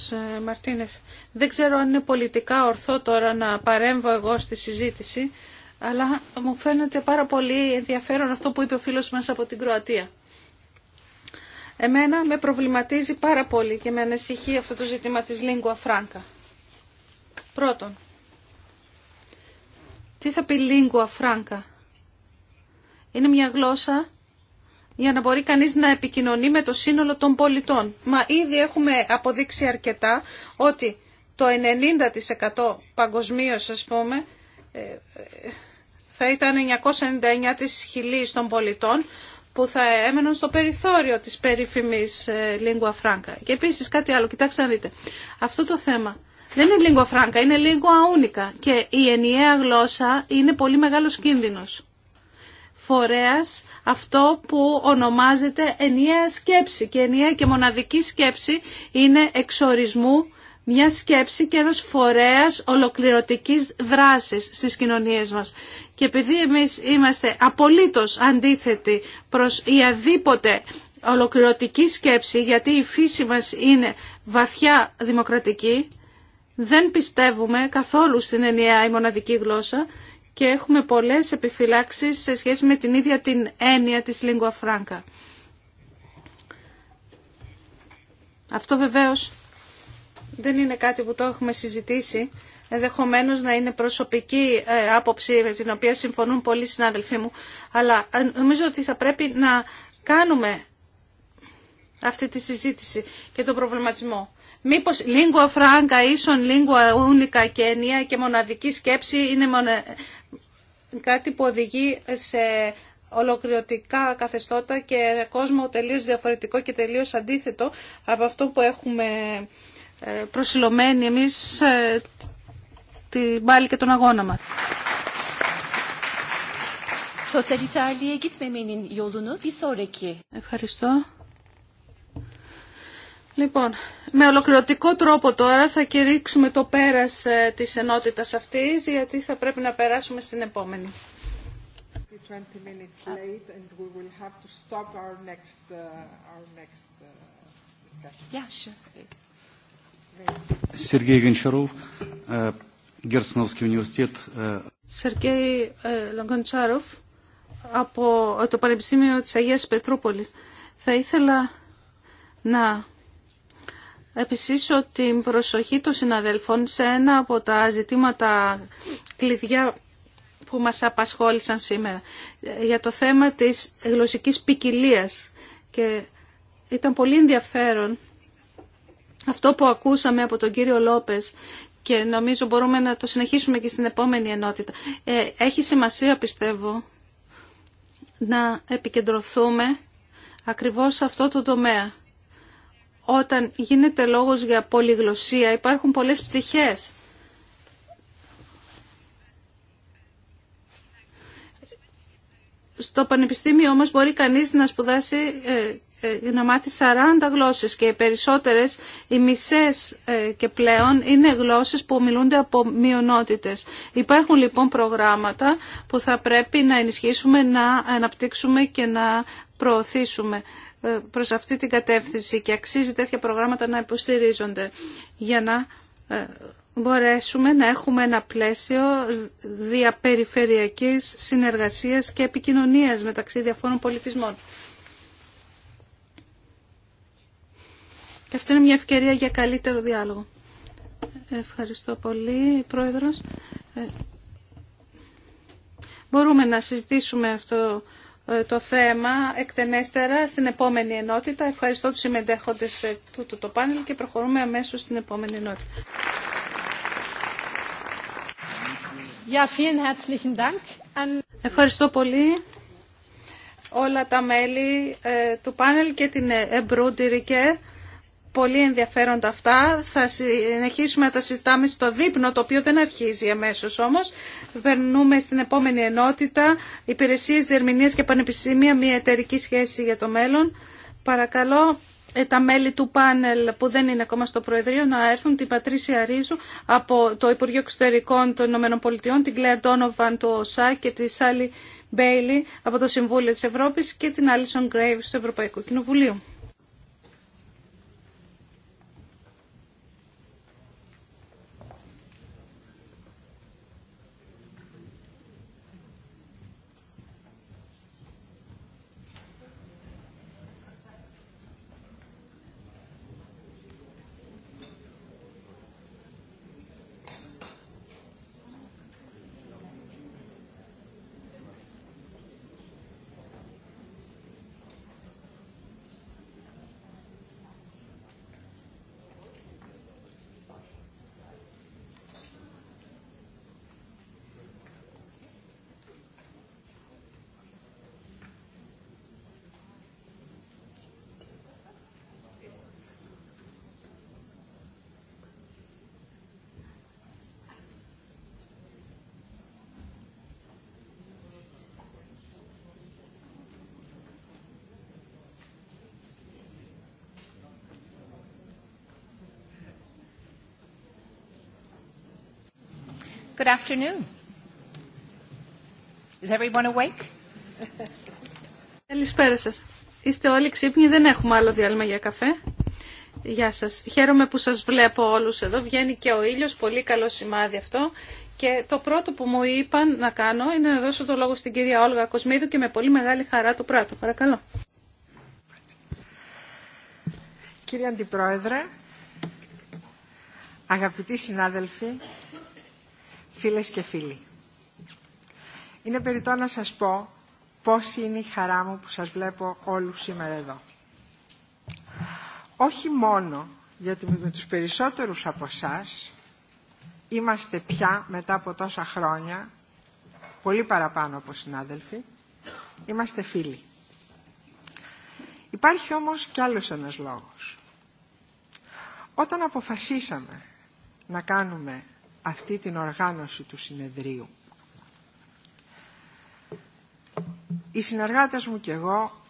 Μαρτίνεφ, δεν ξέρω αν είναι πολιτικά ορθό τώρα να παρέμβω εγώ στη συζήτηση, αλλά μου φαίνεται πάρα πολύ ενδιαφέρον αυτό που είπε ο φίλος μας από την Κροατία. Εμένα με προβληματίζει πάρα πολύ και με ανησυχεί αυτό το ζήτημα της lingua franca. Πρώτον, τι θα πει lingua franca. Είναι μια γλώσσα για να μπορεί κανείς να επικοινωνεί με το σύνολο των πολιτών. Μα ήδη έχουμε αποδείξει αρκετά ότι το 90% παγκοσμίως, ας πούμε, ε, ε, θα ήταν 999 της χιλής των πολιτών που θα έμεναν στο περιθώριο της περίφημης ε, lingua franca. Και επίσης κάτι άλλο, κοιτάξτε να δείτε. Αυτό το θέμα δεν είναι lingua franca, είναι lingua unica και η ενιαία γλώσσα είναι πολύ μεγάλος κίνδυνος. Φορέας αυτό που ονομάζεται ενιαία σκέψη και ενιαία και μοναδική σκέψη είναι εξορισμού μια σκέψη και ένας φορέας ολοκληρωτικής δράσης στις κοινωνίες μας. Και επειδή εμείς είμαστε απολύτως αντίθετοι προς η αδίποτε ολοκληρωτική σκέψη, γιατί η φύση μας είναι βαθιά δημοκρατική, δεν πιστεύουμε καθόλου στην ενιαία η μοναδική γλώσσα και έχουμε πολλές επιφυλάξεις σε σχέση με την ίδια την έννοια της lingua franca. Αυτό βεβαίως δεν είναι κάτι που το έχουμε συζητήσει. ενδεχομένω να είναι προσωπική ε, άποψη με την οποία συμφωνούν πολλοί συνάδελφοί μου. Αλλά ε, νομίζω ότι θα πρέπει να κάνουμε αυτή τη συζήτηση και τον προβληματισμό. Μήπως lingua franca, ίσον lingua unica και ενία και μοναδική σκέψη είναι μονα... κάτι που οδηγεί σε ολοκληρωτικά καθεστώτα και κόσμο τελείως διαφορετικό και τελείως αντίθετο από αυτό που έχουμε ε, προσιλωμένοι εμείς ε, την πάλη και τον αγώνα μας. Ευχαριστώ. Λοιπόν, με ολοκληρωτικό τρόπο τώρα θα κηρύξουμε το πέρας ε, της ενότητας αυτής, γιατί θα πρέπει να περάσουμε στην επόμενη. Сергей Гончаров, э, университет. Э, Сергей Λαγκοντσάροφ από το Πανεπιστήμιο της Αγίας Πετρούπολης. Θα ήθελα να επισήσω την προσοχή των συναδελφών σε ένα από τα ζητήματα κλειδιά που μας απασχόλησαν σήμερα για το θέμα της γλωσσικής ποικιλία και ήταν πολύ ενδιαφέρον αυτό που ακούσαμε από τον κύριο Λόπες και νομίζω μπορούμε να το συνεχίσουμε και στην επόμενη ενότητα. Ε, έχει σημασία πιστεύω να επικεντρωθούμε ακριβώς σε αυτό το τομέα. Όταν γίνεται λόγος για πολυγλωσία υπάρχουν πολλές πτυχές. Στο πανεπιστήμιο όμως μπορεί κανείς να σπουδάσει ε, ε, να μάθει 40 γλώσσες και οι περισσότερες, οι μισές ε, και πλέον, είναι γλώσσες που μιλούνται από μειονότητες. Υπάρχουν λοιπόν προγράμματα που θα πρέπει να ενισχύσουμε, να αναπτύξουμε και να προωθήσουμε ε, προς αυτή την κατεύθυνση και αξίζει τέτοια προγράμματα να υποστηρίζονται για να μπορέσουμε να έχουμε ένα πλαίσιο διαπεριφερειακής συνεργασίας και επικοινωνίας μεταξύ διαφόρων πολιτισμών. Και αυτό είναι μια ευκαιρία για καλύτερο διάλογο. Ευχαριστώ πολύ, Πρόεδρος. Ε, μπορούμε να συζητήσουμε αυτό ε, το θέμα εκτενέστερα στην επόμενη ενότητα. Ευχαριστώ τους συμμετέχοντες σε τούτο το πάνελ και προχωρούμε αμέσως στην επόμενη ενότητα. vielen herzlichen Dank an... Ευχαριστώ πολύ όλα τα μέλη ε, του πάνελ και την Εμπρούντιρικε πολύ ενδιαφέροντα αυτά. Θα συνεχίσουμε να τα συζητάμε στο δείπνο, το οποίο δεν αρχίζει αμέσω όμω. Βερνούμε στην επόμενη ενότητα, υπηρεσίε, διερμηνίας και πανεπιστήμια, μια εταιρική σχέση για το μέλλον. Παρακαλώ ε, τα μέλη του πάνελ που δεν είναι ακόμα στο Προεδρείο να έρθουν την Πατρίσια Ρίζου από το Υπουργείο Εξωτερικών των Ηνωμένων Πολιτειών, την Κλέρ Ντόνοβαν του ΟΣΑ και τη Σάλι Μπέιλι από το Συμβούλιο της Ευρώπης και την Άλισον Γκρέιβ του Ευρωπαϊκού Κοινοβουλίου. Good afternoon. Is everyone awake? Καλησπέρα σας. Είστε όλοι ξύπνοι, δεν έχουμε άλλο διάλειμμα για καφέ. Γεια σας. Χαίρομαι που σας βλέπω όλους εδώ. Βγαίνει και ο ήλιος, πολύ καλό σημάδι αυτό. Και το πρώτο που μου είπαν να κάνω είναι να δώσω το λόγο στην κυρία Όλγα Κοσμίδου και με πολύ μεγάλη χαρά το πράττω. Παρακαλώ. Κύριε Αντιπρόεδρε, αγαπητοί συνάδελφοι, φίλες και φίλοι. Είναι περιττό να σας πω πώς είναι η χαρά μου που σας βλέπω όλους σήμερα εδώ. Όχι μόνο γιατί με τους περισσότερους από εσά είμαστε πια μετά από τόσα χρόνια, πολύ παραπάνω από συνάδελφοι, είμαστε φίλοι. Υπάρχει όμως κι άλλος ένας λόγος. Όταν αποφασίσαμε να κάνουμε αυτή την οργάνωση του συνεδρίου. Οι συνεργάτες μου και εγώ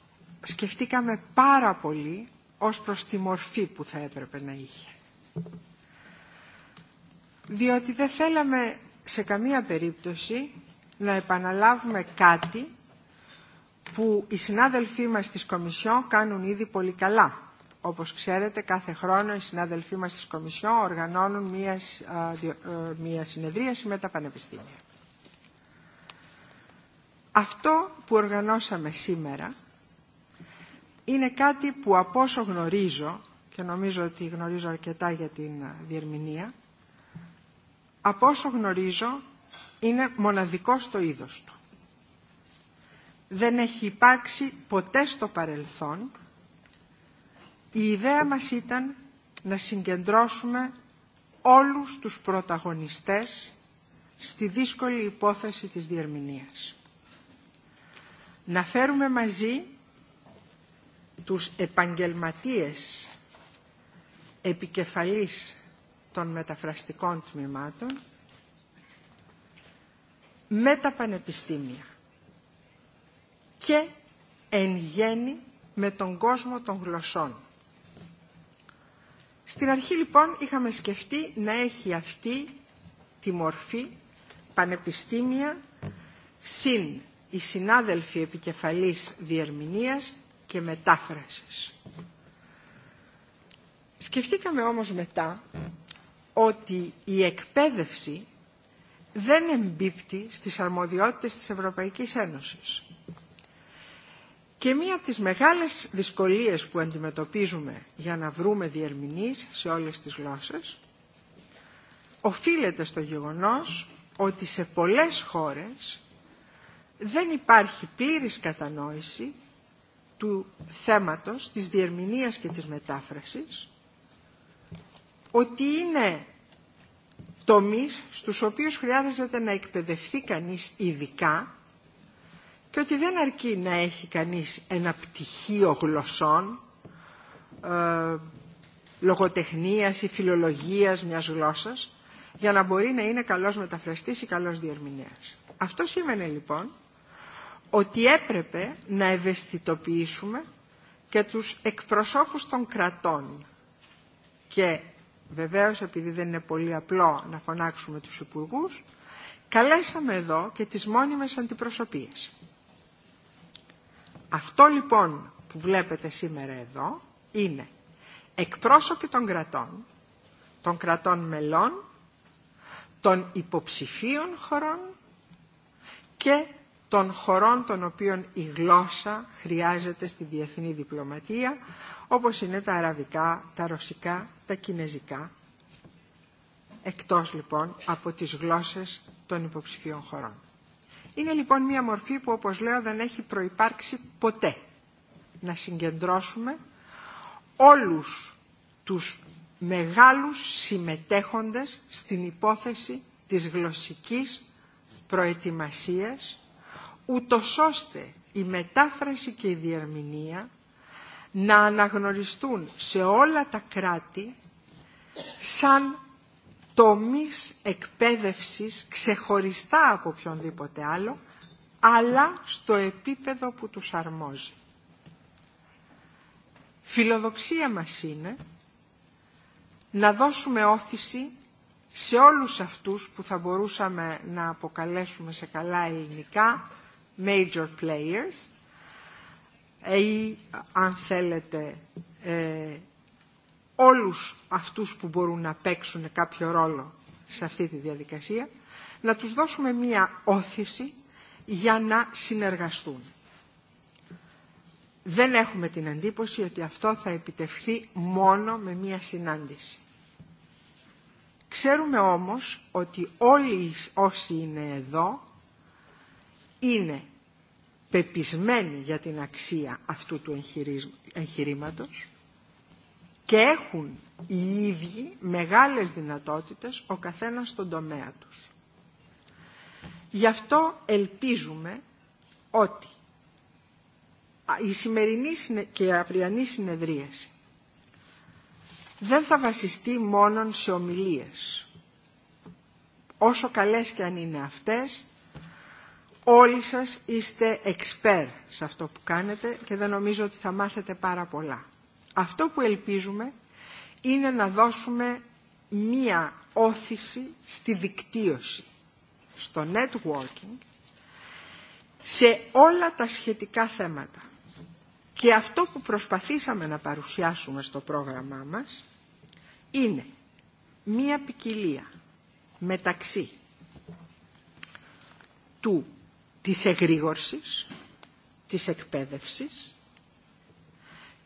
σκεφτήκαμε πάρα πολύ ως προς τη μορφή που θα έπρεπε να είχε. Διότι δεν θέλαμε σε καμία περίπτωση να επαναλάβουμε κάτι που οι συνάδελφοί μας της Κομισιόν κάνουν ήδη πολύ καλά. Όπως ξέρετε, κάθε χρόνο οι συνάδελφοί μας της Κομισιόν οργανώνουν μία, ε, μία συνεδρίαση με τα πανεπιστήμια. Αυτό που οργανώσαμε σήμερα είναι κάτι που από όσο γνωρίζω, και νομίζω ότι γνωρίζω αρκετά για την διερμηνία, από όσο γνωρίζω είναι μοναδικό στο είδος του. Δεν έχει υπάρξει ποτέ στο παρελθόν η ιδέα μας ήταν να συγκεντρώσουμε όλους τους πρωταγωνιστές στη δύσκολη υπόθεση της διερμηνίας. Να φέρουμε μαζί τους επαγγελματίες επικεφαλής των μεταφραστικών τμήματων με τα πανεπιστήμια και εν γέννη με τον κόσμο των γλωσσών στην αρχή λοιπόν είχαμε σκεφτεί να έχει αυτή τη μορφή πανεπιστήμια συν οι συνάδελφοι επικεφαλής διερμηνίας και μετάφρασης. Σκεφτήκαμε όμως μετά ότι η εκπαίδευση δεν εμπίπτει στις αρμοδιότητες της Ευρωπαϊκής Ένωσης. Και μία από τις μεγάλες δυσκολίες που αντιμετωπίζουμε για να βρούμε διερμηνείς σε όλες τις γλώσσες οφείλεται στο γεγονός ότι σε πολλές χώρες δεν υπάρχει πλήρης κατανόηση του θέματος της διερμηνίας και της μετάφρασης ότι είναι τομείς στους οποίους χρειάζεται να εκπαιδευτεί κανείς ειδικά και ότι δεν αρκεί να έχει κανείς ένα πτυχίο γλωσσών, ε, λογοτεχνίας ή φιλολογίας μιας γλώσσας, για να μπορεί να είναι καλός μεταφραστής ή καλός διερμηνέας. Αυτό σήμαινε λοιπόν ότι έπρεπε να ευαισθητοποιήσουμε και τους εκπροσώπους των κρατών. Και βεβαίως επειδή δεν είναι πολύ απλό να φωνάξουμε τους υπουργούς, καλέσαμε εδώ και τις μόνιμες αντιπροσωπείες. Αυτό λοιπόν που βλέπετε σήμερα εδώ είναι εκπρόσωποι των κρατών, των κρατών μελών, των υποψηφίων χωρών και των χωρών των οποίων η γλώσσα χρειάζεται στη διεθνή διπλωματία, όπως είναι τα αραβικά, τα ρωσικά, τα κινέζικα, εκτός λοιπόν από τις γλώσσες των υποψηφίων χωρών. Είναι λοιπόν μια μορφή που όπως λέω δεν έχει προϋπάρξει ποτέ. Να συγκεντρώσουμε όλους τους μεγάλους συμμετέχοντες στην υπόθεση της γλωσσικής προετοιμασίας, ούτω ώστε η μετάφραση και η διερμηνία να αναγνωριστούν σε όλα τα κράτη σαν τομείς εκπαίδευσης ξεχωριστά από οποιονδήποτε άλλο, αλλά στο επίπεδο που τους αρμόζει. Φιλοδοξία μας είναι να δώσουμε όθηση σε όλους αυτούς που θα μπορούσαμε να αποκαλέσουμε σε καλά ελληνικά major players ε, ή αν θέλετε ε, όλους αυτούς που μπορούν να παίξουν κάποιο ρόλο σε αυτή τη διαδικασία, να τους δώσουμε μία όθηση για να συνεργαστούν. Δεν έχουμε την αντίποση ότι αυτό θα επιτευχθεί μόνο με μία συνάντηση. Ξέρουμε όμως ότι όλοι όσοι είναι εδώ είναι πεπισμένοι για την αξία αυτού του εγχειρήματος και έχουν οι ίδιοι μεγάλες δυνατότητες ο καθένας στον τομέα τους. Γι' αυτό ελπίζουμε ότι η σημερινή και η αυριανή συνεδρίαση δεν θα βασιστεί μόνον σε ομιλίες. Όσο καλές και αν είναι αυτές, όλοι σας είστε εξπέρ σε αυτό που κάνετε και δεν νομίζω ότι θα μάθετε πάρα πολλά. Αυτό που ελπίζουμε είναι να δώσουμε μία όθηση στη δικτύωση, στο networking, σε όλα τα σχετικά θέματα. Και αυτό που προσπαθήσαμε να παρουσιάσουμε στο πρόγραμμά μας είναι μία ποικιλία μεταξύ του, της εγρήγορσης, της εκπαίδευσης,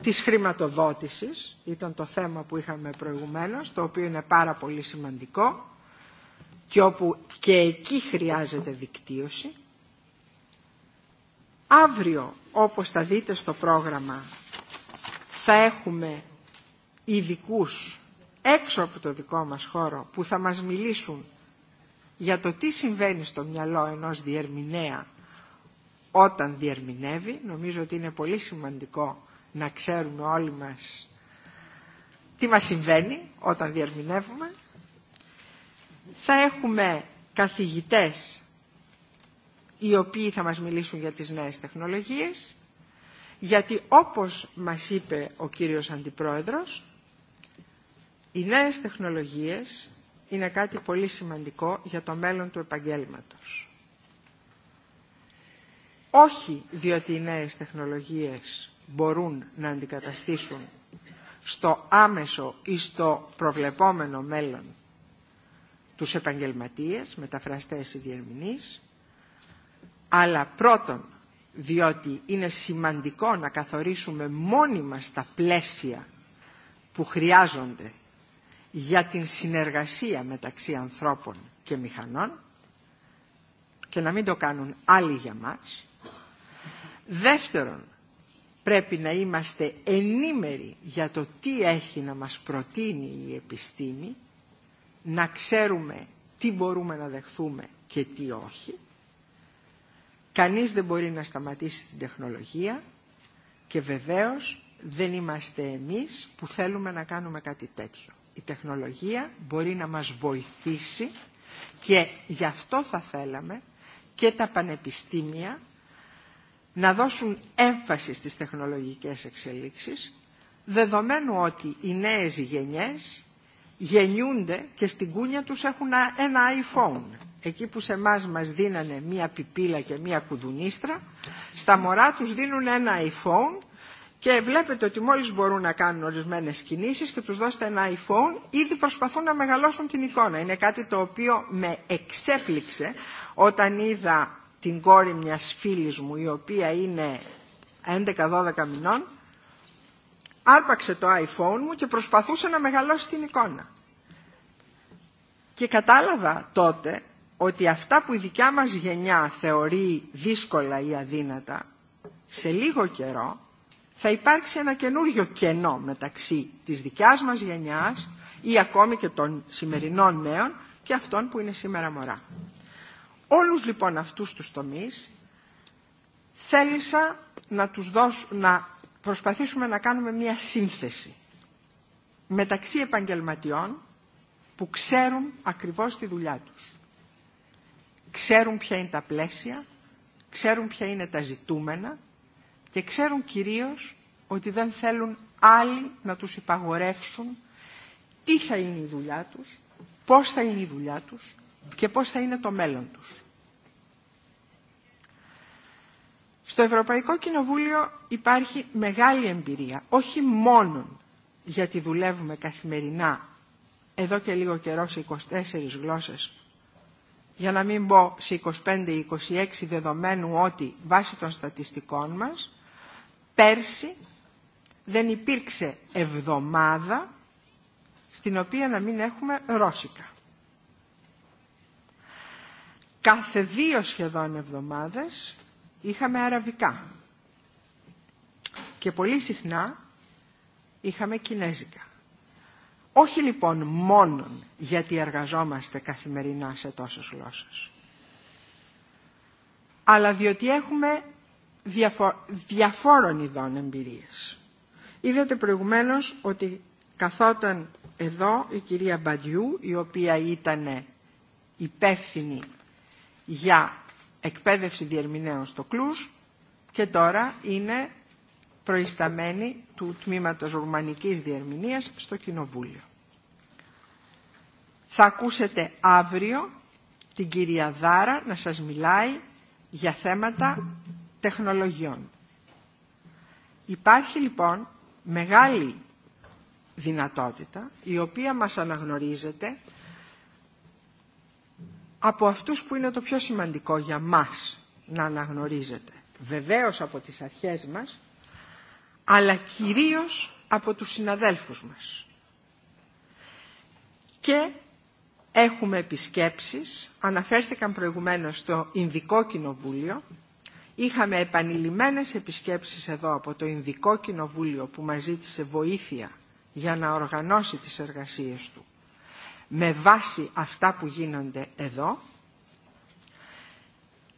της χρηματοδότησης, ήταν το θέμα που είχαμε προηγουμένως, το οποίο είναι πάρα πολύ σημαντικό και όπου και εκεί χρειάζεται δικτύωση. Αύριο, όπως θα δείτε στο πρόγραμμα, θα έχουμε ειδικού έξω από το δικό μας χώρο που θα μας μιλήσουν για το τι συμβαίνει στο μυαλό ενός διερμηνέα όταν διερμηνεύει. Νομίζω ότι είναι πολύ σημαντικό να ξέρουμε όλοι μας τι μας συμβαίνει όταν διερμηνεύουμε. Θα έχουμε καθηγητές οι οποίοι θα μας μιλήσουν για τις νέες τεχνολογίες, γιατί όπως μας είπε ο κύριος Αντιπρόεδρος, οι νέες τεχνολογίες είναι κάτι πολύ σημαντικό για το μέλλον του επαγγέλματος. Όχι διότι οι νέες τεχνολογίες μπορούν να αντικαταστήσουν στο άμεσο ή στο προβλεπόμενο μέλλον τους επαγγελματίες, μεταφραστές ή διερμηνείς, αλλά πρώτον, διότι είναι σημαντικό να καθορίσουμε μόνοι μας τα πλαίσια που χρειάζονται για την συνεργασία μεταξύ ανθρώπων και μηχανών και να μην το κάνουν άλλοι για μας. Δεύτερον, πρέπει να είμαστε ενήμεροι για το τι έχει να μας προτείνει η επιστήμη, να ξέρουμε τι μπορούμε να δεχθούμε και τι όχι. Κανείς δεν μπορεί να σταματήσει την τεχνολογία και βεβαίως δεν είμαστε εμείς που θέλουμε να κάνουμε κάτι τέτοιο. Η τεχνολογία μπορεί να μας βοηθήσει και γι' αυτό θα θέλαμε και τα πανεπιστήμια να δώσουν έμφαση στις τεχνολογικές εξελίξεις, δεδομένου ότι οι νέες γενιές γεννιούνται και στην κούνια τους έχουν ένα iPhone. Εκεί που σε εμά μας δίνανε μία πιπίλα και μία κουδουνίστρα, στα μωρά τους δίνουν ένα iPhone και βλέπετε ότι μόλις μπορούν να κάνουν ορισμένες κινήσεις και τους δώσετε ένα iPhone, ήδη προσπαθούν να μεγαλώσουν την εικόνα. Είναι κάτι το οποίο με εξέπληξε όταν είδα την κόρη μιας φίλης μου η οποία είναι 11-12 μηνών άρπαξε το iPhone μου και προσπαθούσε να μεγαλώσει την εικόνα. Και κατάλαβα τότε ότι αυτά που η δικιά μας γενιά θεωρεί δύσκολα ή αδύνατα, σε λίγο καιρό θα υπάρξει ένα καινούριο κενό μεταξύ της δικιάς μας γενιάς ή ακόμη και των σημερινών νέων και αυτών που είναι σήμερα μωρά όλους λοιπόν αυτούς τους τομείς θέλησα να, τους να προσπαθήσουμε να κάνουμε μια σύνθεση μεταξύ επαγγελματιών που ξέρουν ακριβώς τη δουλειά τους. Ξέρουν ποια είναι τα πλαίσια, ξέρουν ποια είναι τα ζητούμενα και ξέρουν κυρίως ότι δεν θέλουν άλλοι να τους υπαγορεύσουν τι θα είναι η δουλειά τους, πώς θα είναι η δουλειά τους και πώς θα είναι το μέλλον τους. Στο Ευρωπαϊκό Κοινοβούλιο υπάρχει μεγάλη εμπειρία, όχι μόνο γιατί δουλεύουμε καθημερινά εδώ και λίγο καιρό σε 24 γλώσσες, για να μην πω σε 25-26 δεδομένου ότι βάσει των στατιστικών μας, πέρσι δεν υπήρξε εβδομάδα στην οποία να μην έχουμε ρώσικα κάθε δύο σχεδόν εβδομάδες είχαμε αραβικά και πολύ συχνά είχαμε κινέζικα. Όχι λοιπόν μόνον γιατί εργαζόμαστε καθημερινά σε τόσες γλώσσες, αλλά διότι έχουμε διαφόρων ειδών εμπειρίες. Είδατε προηγουμένως ότι καθόταν εδώ η κυρία Μπαντιού, η οποία ήταν υπεύθυνη για εκπαίδευση διερμηνέων στο Κλούς και τώρα είναι προϊσταμένη του Τμήματος Ρουμανικής Διερμηνίας στο Κοινοβούλιο. Θα ακούσετε αύριο την κυρία Δάρα να σας μιλάει για θέματα τεχνολογιών. Υπάρχει λοιπόν μεγάλη δυνατότητα η οποία μας αναγνωρίζεται από αυτούς που είναι το πιο σημαντικό για μας να αναγνωρίζεται. Βεβαίως από τις αρχές μας, αλλά κυρίως από τους συναδέλφους μας. Και έχουμε επισκέψεις, αναφέρθηκαν προηγουμένως στο Ινδικό Κοινοβούλιο, είχαμε επανειλημμένες επισκέψεις εδώ από το Ινδικό Κοινοβούλιο που μας ζήτησε βοήθεια για να οργανώσει τις εργασίες του με βάση αυτά που γίνονται εδώ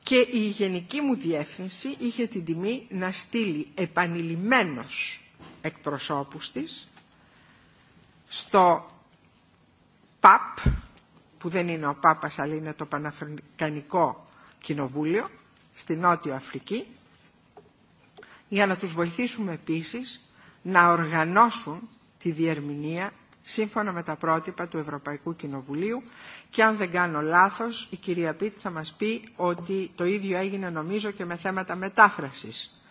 και η γενική μου διεύθυνση είχε την τιμή να στείλει επανειλημμένος εκπροσώπους της στο ΠΑΠ, που δεν είναι ο Πάπας αλλά είναι το Παναφρικανικό Κοινοβούλιο, στη Νότιο Αφρική, για να τους βοηθήσουμε επίσης να οργανώσουν τη διερμηνία σύμφωνα με τα πρότυπα του Ευρωπαϊκού Κοινοβουλίου και αν δεν κάνω λάθος η κυρία Πίτ θα μας πει ότι το ίδιο έγινε νομίζω και με θέματα μετάφρασης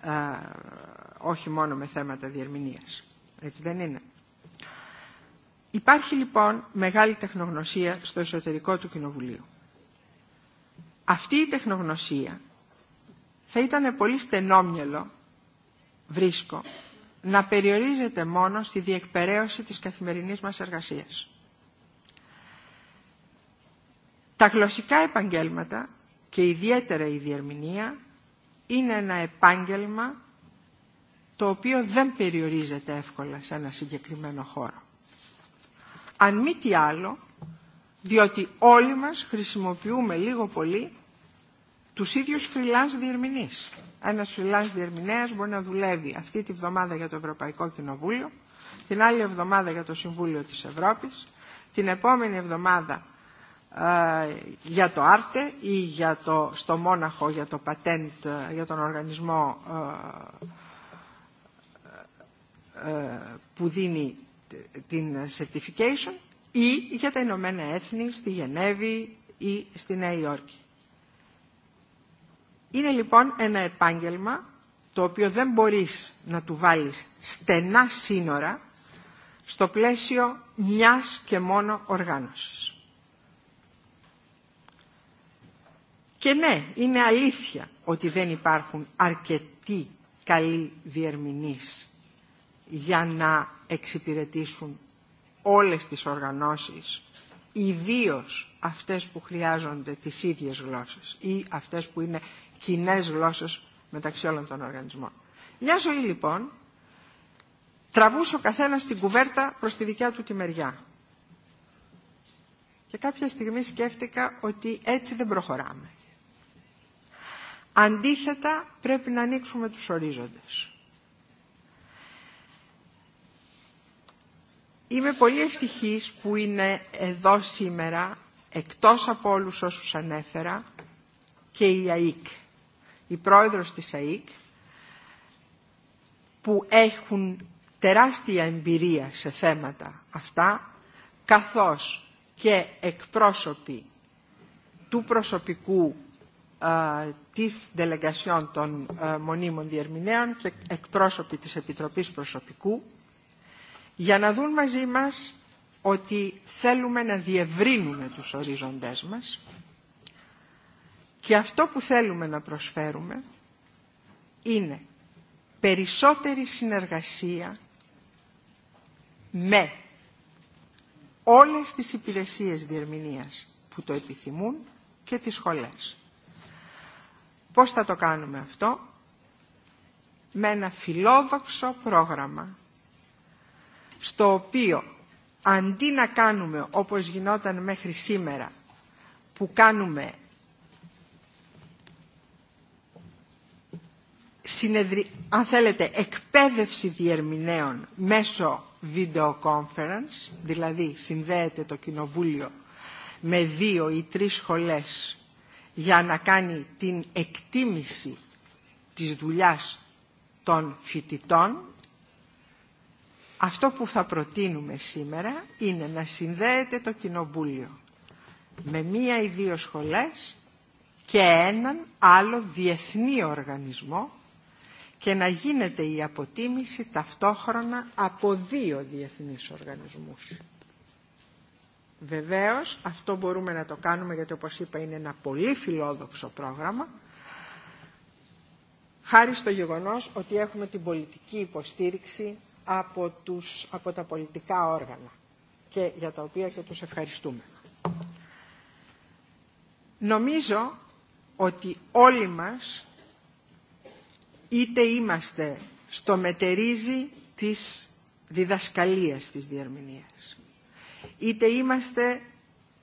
ε, όχι μόνο με θέματα διερμηνίας. Έτσι δεν είναι. Υπάρχει λοιπόν μεγάλη τεχνογνωσία στο εσωτερικό του Κοινοβουλίου. Αυτή η τεχνογνωσία θα ήταν πολύ στενόμυελο, βρίσκω, να περιορίζεται μόνο στη διεκπεραίωση της καθημερινής μας εργασίας. Τα γλωσσικά επαγγέλματα και ιδιαίτερα η διερμηνία είναι ένα επάγγελμα το οποίο δεν περιορίζεται εύκολα σε ένα συγκεκριμένο χώρο. Αν μη τι άλλο, διότι όλοι μας χρησιμοποιούμε λίγο πολύ τους ίδιους φριλάνς διερμηνείς. Ένα φυλά διερμηνέα μπορεί να δουλεύει αυτή τη βδομάδα για το Ευρωπαϊκό Κοινοβούλιο, την άλλη εβδομάδα για το Συμβούλιο τη Ευρώπη, την επόμενη εβδομάδα ε, για το Άρτε ή για το, στο Μόναχο για το πατέντ, ε, για τον οργανισμό ε, ε, που δίνει την certification ή για τα Ηνωμένα Έθνη στη Γενέβη ή στη Νέα Υόρκη. Είναι λοιπόν ένα επάγγελμα το οποίο δεν μπορείς να του βάλεις στενά σύνορα στο πλαίσιο μιας και μόνο οργάνωσης. Και ναι, είναι αλήθεια ότι δεν υπάρχουν αρκετοί καλοί διερμηνείς για να εξυπηρετήσουν όλες τις οργανώσεις, ιδίως αυτές που χρειάζονται τις ίδιες γλώσσες ή αυτές που είναι κοινέ γλώσσε μεταξύ όλων των οργανισμών. Μια ζωή λοιπόν τραβούσε ο καθένα την κουβέρτα προς τη δικιά του τη μεριά. Και κάποια στιγμή σκέφτηκα ότι έτσι δεν προχωράμε. Αντίθετα πρέπει να ανοίξουμε τους ορίζοντες. Είμαι πολύ ευτυχής που είναι εδώ σήμερα, εκτός από όλους όσους ανέφερα, και η ΑΕΚ η πρόεδρος της ΑΕΚ, που έχουν τεράστια εμπειρία σε θέματα αυτά, καθώς και εκπρόσωποι του προσωπικού της Δελεγκασιών των Μονίμων Διερμηνέων και εκπρόσωποι της Επιτροπής Προσωπικού για να δουν μαζί μας ότι θέλουμε να διευρύνουμε τους οριζοντές μας και αυτό που θέλουμε να προσφέρουμε είναι περισσότερη συνεργασία με όλες τις υπηρεσίες διερμηνίας που το επιθυμούν και τις σχολές. Πώς θα το κάνουμε αυτό? Με ένα φιλόδοξο πρόγραμμα στο οποίο αντί να κάνουμε όπως γινόταν μέχρι σήμερα που κάνουμε αν θέλετε, εκπαίδευση διερμηνέων μέσω video conference, δηλαδή συνδέεται το κοινοβούλιο με δύο ή τρεις σχολές για να κάνει την εκτίμηση της δουλειάς των φοιτητών. Αυτό που θα προτείνουμε σήμερα είναι να συνδέεται το κοινοβούλιο με μία ή δύο σχολές και έναν άλλο διεθνή οργανισμό και να γίνεται η αποτίμηση ταυτόχρονα από δύο διεθνείς οργανισμούς. Βεβαίως, αυτό μπορούμε να το κάνουμε γιατί όπως είπα είναι ένα πολύ φιλόδοξο πρόγραμμα χάρη στο γεγονός ότι έχουμε την πολιτική υποστήριξη από, τους, τα πολιτικά όργανα και για τα οποία και τους ευχαριστούμε. Νομίζω ότι όλοι μας είτε είμαστε στο μετερίζει της διδασκαλίας της διερμηνίας, είτε είμαστε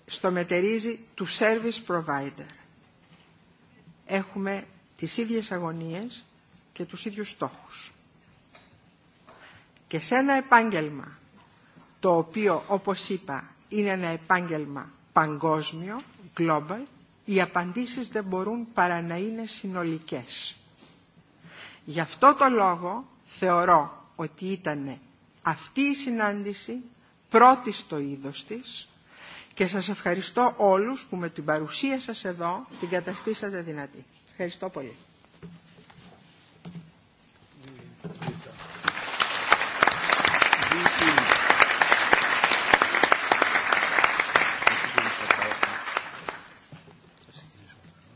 στο μετερίζει του service provider. Έχουμε τις ίδιες αγωνίες και τους ίδιους στόχους. Και σε ένα επάγγελμα, το οποίο, όπως είπα, είναι ένα επάγγελμα παγκόσμιο, global, οι απαντήσεις δεν μπορούν παρά να είναι συνολικές. Γι' αυτό το λόγο θεωρώ ότι ήταν αυτή η συνάντηση πρώτη στο είδος της και σας ευχαριστώ όλους που με την παρουσία σας εδώ την καταστήσατε δυνατή. Ευχαριστώ πολύ.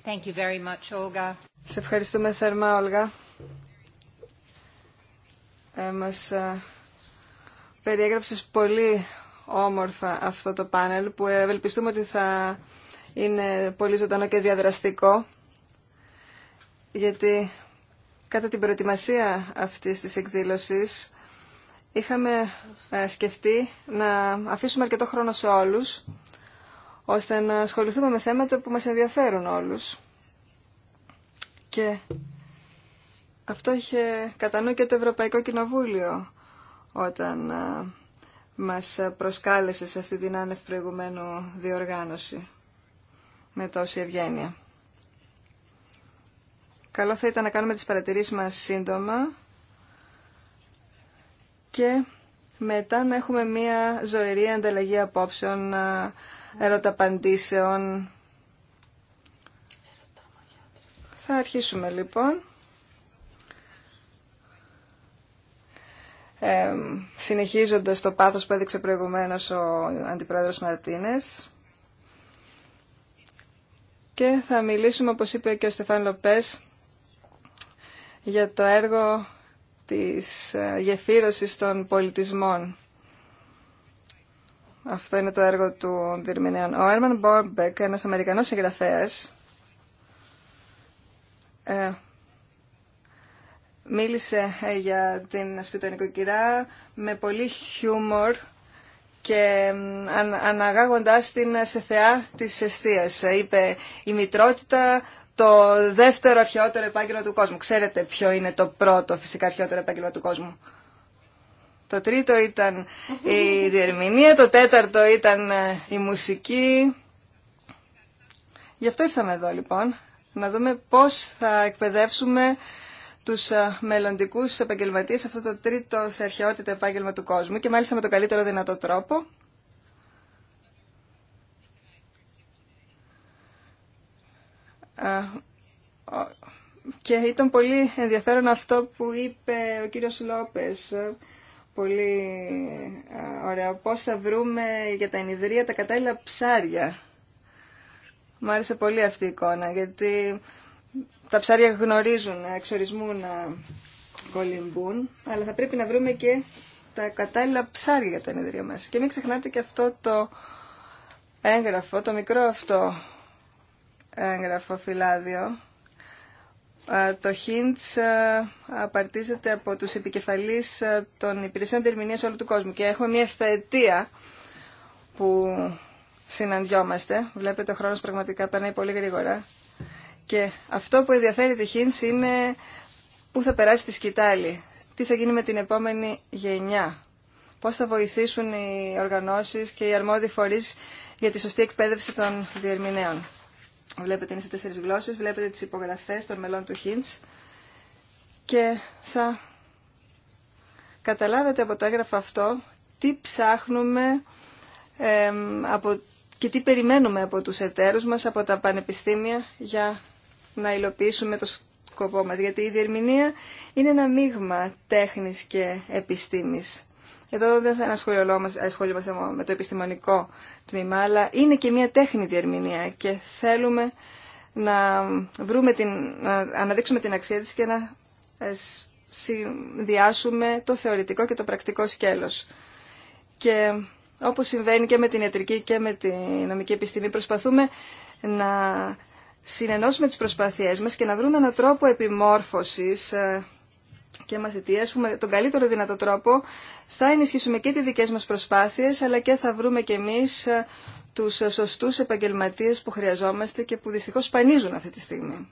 Thank you Σε ευχαριστούμε θερμά, Όλγα. Ε, μας ε, περιέγραψες πολύ όμορφα αυτό το πάνελ που ευελπιστούμε ότι θα είναι πολύ ζωντανό και διαδραστικό γιατί κατά την προετοιμασία αυτής της εκδήλωσης είχαμε ε, σκεφτεί να αφήσουμε αρκετό χρόνο σε όλους ώστε να ασχοληθούμε με θέματα που μας ενδιαφέρουν όλους και αυτό είχε κατά νου και το Ευρωπαϊκό Κοινοβούλιο όταν ε, μας προσκάλεσε σε αυτή την άνευ προηγουμένου διοργάνωση με τόση ευγένεια. Καλό θα ήταν να κάνουμε τις παρατηρήσεις μας σύντομα και μετά να έχουμε μία ζωηρή ανταλλαγή απόψεων, ε, ερωταπαντήσεων. Θα αρχίσουμε λοιπόν. Ε, συνεχίζοντας το πάθος που έδειξε προηγουμένως ο Αντιπρόεδρος Μαρτίνες και θα μιλήσουμε, όπως είπε και ο Στεφάν Λοπές, για το έργο της ε, γεφύρωσης των πολιτισμών. Αυτό είναι το έργο του Διερμηνέων. Ο Έρμαν Μπόρμπεκ, ένας Αμερικανός συγγραφέας, ε, μίλησε ε, για την σπιτονικοκυρά με πολύ χιούμορ και αναγάγοντάς την σε θεά της αιστείας. Είπε η μητρότητα το δεύτερο αρχαιότερο επάγγελμα του κόσμου. Ξέρετε ποιο είναι το πρώτο φυσικά αρχαιότερο επάγγελμα του κόσμου. Το τρίτο ήταν η διερμηνία, το τέταρτο ήταν ε, η μουσική. Γι' αυτό ήρθαμε εδώ λοιπόν, να δούμε πώς θα εκπαιδεύσουμε τους ε, επαγγελματίε σε αυτό το τρίτο σε αρχαιότητα επάγγελμα του κόσμου και μάλιστα με τον καλύτερο δυνατό τρόπο. Ε, και ήταν πολύ ενδιαφέρον αυτό που είπε ο κύριος Λόπες, ε, πολύ ωραία, πώς θα βρούμε για τα ενιδρία τα κατάλληλα ψάρια. Μ' άρεσε πολύ αυτή η εικόνα, γιατί τα ψάρια γνωρίζουν ε, εξορισμού να ε, κολυμπούν, αλλά θα πρέπει να βρούμε και τα κατάλληλα ψάρια για το ενεδρίο μας. Και μην ξεχνάτε και αυτό το έγγραφο, το μικρό αυτό έγγραφο φυλάδιο. Ε, το Hints απαρτίζεται από τους επικεφαλείς των υπηρεσιών διερμηνίας όλου του κόσμου και έχουμε μια εφταετία που συναντιόμαστε. Βλέπετε ο χρόνος πραγματικά περνάει πολύ γρήγορα και αυτό που ενδιαφέρει τη Χίντς είναι πού θα περάσει τη σκητάλη, τι θα γίνει με την επόμενη γενιά, πώς θα βοηθήσουν οι οργανώσεις και οι αρμόδιοι φορείς για τη σωστή εκπαίδευση των διερμηνέων. Βλέπετε είναι σε τέσσερις γλώσσες, βλέπετε τις υπογραφές των μελών του Χίντς και θα καταλάβετε από το έγγραφο αυτό τι ψάχνουμε από, και τι περιμένουμε από τους εταίρους μας, από τα πανεπιστήμια για να υλοποιήσουμε το σκοπό μας. Γιατί η διερμηνία είναι ένα μείγμα τέχνης και επιστήμης. Εδώ δεν θα ασχολούμαστε με το επιστημονικό τμήμα, αλλά είναι και μια τέχνη διερμηνία και θέλουμε να, βρούμε την, να αναδείξουμε την αξία της και να ε, συνδυάσουμε το θεωρητικό και το πρακτικό σκέλος. Και όπως συμβαίνει και με την ιατρική και με την νομική επιστήμη, προσπαθούμε να συνενώσουμε τις προσπάθειές μας και να βρούμε έναν τρόπο επιμόρφωσης ε, και μαθητείας που με τον καλύτερο δυνατό τρόπο θα ενισχύσουμε και τις δικές μας προσπάθειες αλλά και θα βρούμε και εμείς ε, τους σωστούς επαγγελματίες που χρειαζόμαστε και που δυστυχώς σπανίζουν αυτή τη στιγμή.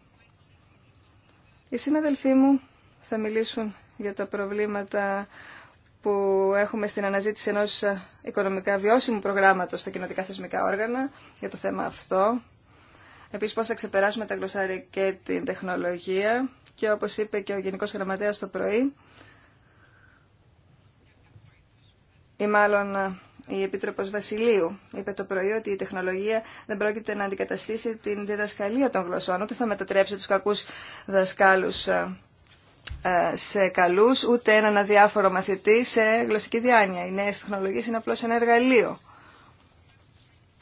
Οι συναδελφοί μου θα μιλήσουν για τα προβλήματα που έχουμε στην αναζήτηση ενός ε, οικονομικά βιώσιμου προγράμματος στα κοινωτικά θεσμικά όργανα για το θέμα αυτό Επίσης πώς θα ξεπεράσουμε τα γλωσσάρια και την τεχνολογία και όπως είπε και ο Γενικός Γραμματέας το πρωί ή μάλλον ε, η Επίτροπος Βασιλείου είπε το πρωί ότι η τεχνολογία δεν πρόκειται να αντικαταστήσει την διδασκαλία των γλωσσών, ούτε θα μετατρέψει τους κακούς δασκάλους ε, ε, σε καλούς, ούτε έναν αδιάφορο μαθητή σε γλωσσική διάνοια. Οι νέες τεχνολογίες είναι απλώς ένα εργαλείο.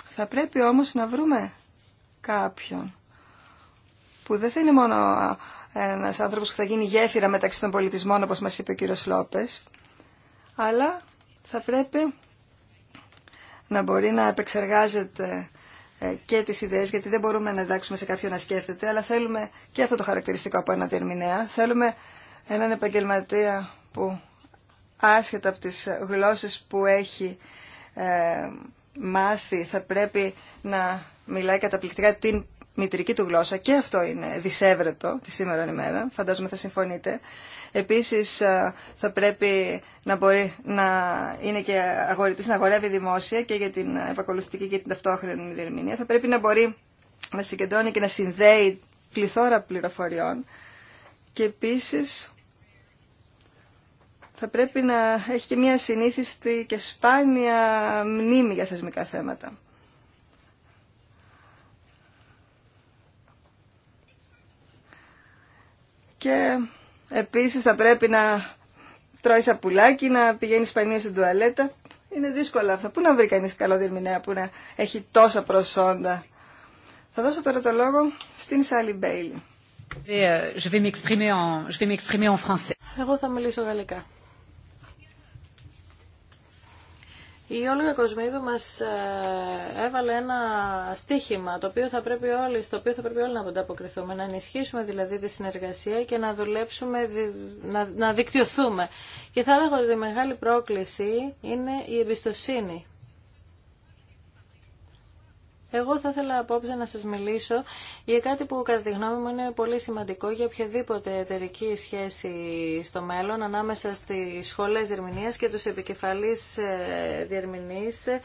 Θα πρέπει όμως να βρούμε κάποιον που δεν θα είναι μόνο ένας άνθρωπος που θα γίνει γέφυρα μεταξύ των πολιτισμών όπως μας είπε ο κύριος Λόπες αλλά θα πρέπει να μπορεί να επεξεργάζεται ε, και τις ιδέες, γιατί δεν μπορούμε να εντάξουμε σε κάποιον να σκέφτεται, αλλά θέλουμε και αυτό το χαρακτηριστικό από ένα διερμηνέα. Θέλουμε έναν επαγγελματία που άσχετα από τις γλώσσες που έχει ε, μάθει θα πρέπει να μιλάει καταπληκτικά την μητρική του γλώσσα και αυτό είναι δυσέβρετο τη σήμερα ημέρα, φαντάζομαι θα συμφωνείτε. Επίσης ε, θα πρέπει να μπορεί να είναι και αγορητής να αγορεύει δημόσια και για την επακολουθητική και την ταυτόχρονη διερμηνία. Θα πρέπει να μπορεί να συγκεντρώνει και να συνδέει πληθώρα πληροφοριών και επίσης θα πρέπει να έχει και μια συνήθιστη και σπάνια μνήμη για θεσμικά θέματα. και επίσης θα πρέπει να τρώει σαπουλάκι, να πηγαίνει σπανίως στην τουαλέτα. Είναι δύσκολα αυτά. Πού να βρει κανείς καλό διερμηνέα που να έχει τόσα προσόντα. Θα δώσω τώρα το λόγο στην Σάλι Μπέιλι. Εγώ θα μιλήσω γαλλικά. Η Όλγα Κοσμίδου μας ε, έβαλε ένα στίχημα το οποίο θα πρέπει όλοι, στο οποίο θα πρέπει όλοι να ανταποκριθούμε, να ενισχύσουμε δηλαδή τη συνεργασία και να δουλέψουμε, να, να δικτυωθούμε. Και θα έλεγα ότι η μεγάλη πρόκληση είναι η εμπιστοσύνη εγώ θα ήθελα απόψε να σας μιλήσω για κάτι που κατά τη γνώμη μου είναι πολύ σημαντικό για οποιαδήποτε εταιρική σχέση στο μέλλον ανάμεσα στις σχολές διερμηνίας και τους επικεφαλείς ε, διερμηνείς ε,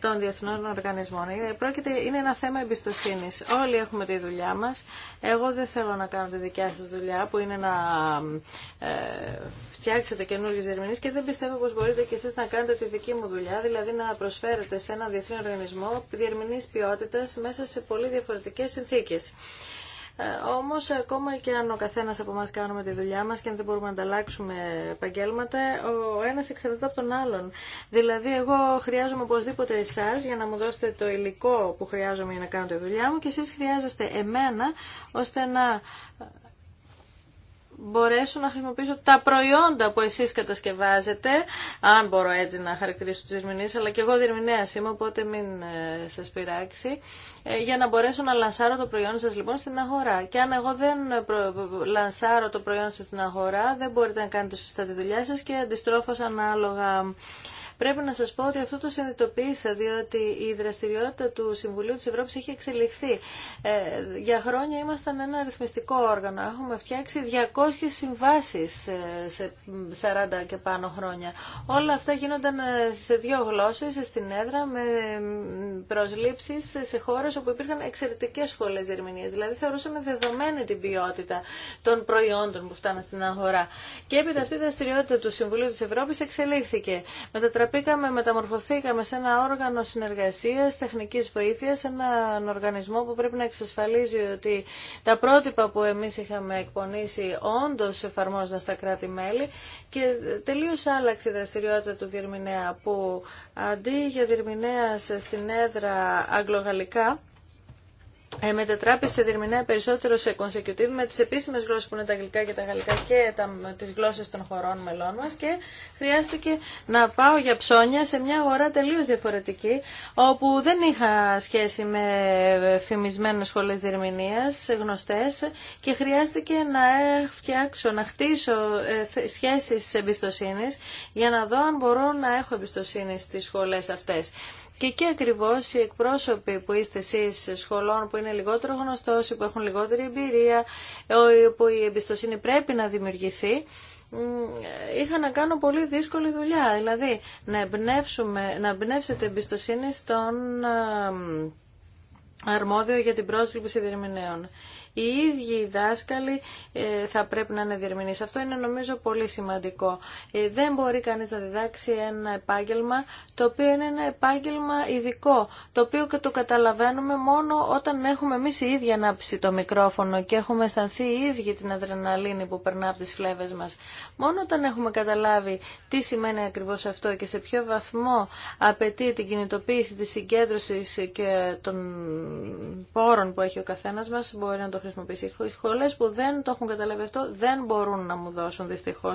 των διεθνών οργανισμών. Πρόκειται, είναι ένα θέμα εμπιστοσύνης. Όλοι έχουμε τη δουλειά μας. Εγώ δεν θέλω να κάνω τη δικιά σας δουλειά που είναι να ε, φτιάξετε καινούργιε διερμηνεί και δεν πιστεύω πω μπορείτε κι εσεί να κάνετε τη δική μου δουλειά, δηλαδή να προσφέρετε σε ένα διεθνή οργανισμό διερμηνή ποιότητα μέσα σε πολύ διαφορετικέ συνθήκε. Ε, Όμω, ακόμα και αν ο καθένα από εμά κάνουμε τη δουλειά μα και αν δεν μπορούμε να ανταλλάξουμε επαγγέλματα, ο ένα εξαρτάται από τον άλλον. Δηλαδή, εγώ χρειάζομαι οπωσδήποτε εσά για να μου δώσετε το υλικό που χρειάζομαι για να κάνω τη δουλειά μου και εσεί χρειάζεστε εμένα ώστε να μπορέσω να χρησιμοποιήσω τα προϊόντα που εσείς κατασκευάζετε, αν μπορώ έτσι να χαρακτηρίσω τους διερμηνείς, αλλά και εγώ διερμηνέας είμαι, οπότε μην ε, σας πειράξει, ε, για να μπορέσω να λανσάρω το προϊόν σας λοιπόν στην αγορά. Και αν εγώ δεν λανσάρω το προϊόν σας στην αγορά, δεν μπορείτε να κάνετε σωστά τη δουλειά σας και αντιστρόφως ανάλογα Πρέπει να σας πω ότι αυτό το συνειδητοποίησα, διότι η δραστηριότητα του Συμβουλίου της Ευρώπης έχει εξελιχθεί. Ε, για χρόνια ήμασταν ένα αριθμιστικό όργανο. Έχουμε φτιάξει 200 συμβάσεις ε, σε 40 και πάνω χρόνια. Όλα αυτά γίνονταν ε, σε δύο γλώσσες, στην έδρα, με προσλήψεις σε χώρες όπου υπήρχαν εξαιρετικές σχολές διερμηνίας. Δηλαδή θεωρούσαμε δεδομένη την ποιότητα των προϊόντων που φτάναν στην αγορά. Και έπειτα αυτή η δραστηριότητα του Συμβουλίου της Ευρώπης εξελίχθηκε μετατραπήκαμε, μεταμορφωθήκαμε σε ένα όργανο συνεργασίας, τεχνικής βοήθειας, έναν οργανισμό που πρέπει να εξασφαλίζει ότι τα πρότυπα που εμείς είχαμε εκπονήσει όντως εφαρμόζονται στα κράτη-μέλη και τελείως άλλαξε η δραστηριότητα του Διερμηνέα που αντί για Διερμηνέα στην έδρα αγγλογαλλικά ε, μετατράπησε διερμηνέα περισσότερο σε consecutive με τις επίσημες γλώσσες που είναι τα αγγλικά και τα γαλλικά και τι τις γλώσσες των χωρών μελών μας και χρειάστηκε να πάω για ψώνια σε μια αγορά τελείως διαφορετική όπου δεν είχα σχέση με φημισμένες σχολές διερμηνίας γνωστέ. και χρειάστηκε να φτιάξω, να χτίσω ε, σχέσεις εμπιστοσύνη για να δω αν μπορώ να έχω εμπιστοσύνη στι σχολέ αυτέ. Και εκεί ακριβώς οι εκπρόσωποι που είστε εσείς σχολών που είναι λιγότερο γνωστός, που έχουν λιγότερη εμπειρία, όπου ε, η εμπιστοσύνη πρέπει να δημιουργηθεί, είχα να κάνω πολύ δύσκολη δουλειά. Δηλαδή, να, εμπνεύσουμε, να εμπνεύσετε εμπιστοσύνη στον ε, αρμόδιο για την πρόσληψη διερμηνέων οι ίδιοι οι δάσκαλοι ε, θα πρέπει να είναι διερμηνεί. Αυτό είναι νομίζω πολύ σημαντικό. Ε, δεν μπορεί κανείς να διδάξει ένα επάγγελμα το οποίο είναι ένα επάγγελμα ειδικό, το οποίο το καταλαβαίνουμε μόνο όταν έχουμε εμεί οι ίδιοι ανάψει το μικρόφωνο και έχουμε αισθανθεί οι ίδιοι την αδρεναλίνη που περνά από τι φλέβε μα. Μόνο όταν έχουμε καταλάβει τι σημαίνει ακριβώ αυτό και σε ποιο βαθμό απαιτεί την κινητοποίηση τη συγκέντρωση και των πόρων που έχει ο καθένα μα μπορεί να το χρησιμοποιήσει. Οι σχολές που δεν το έχουν καταλάβει αυτό δεν μπορούν να μου δώσουν δυστυχώ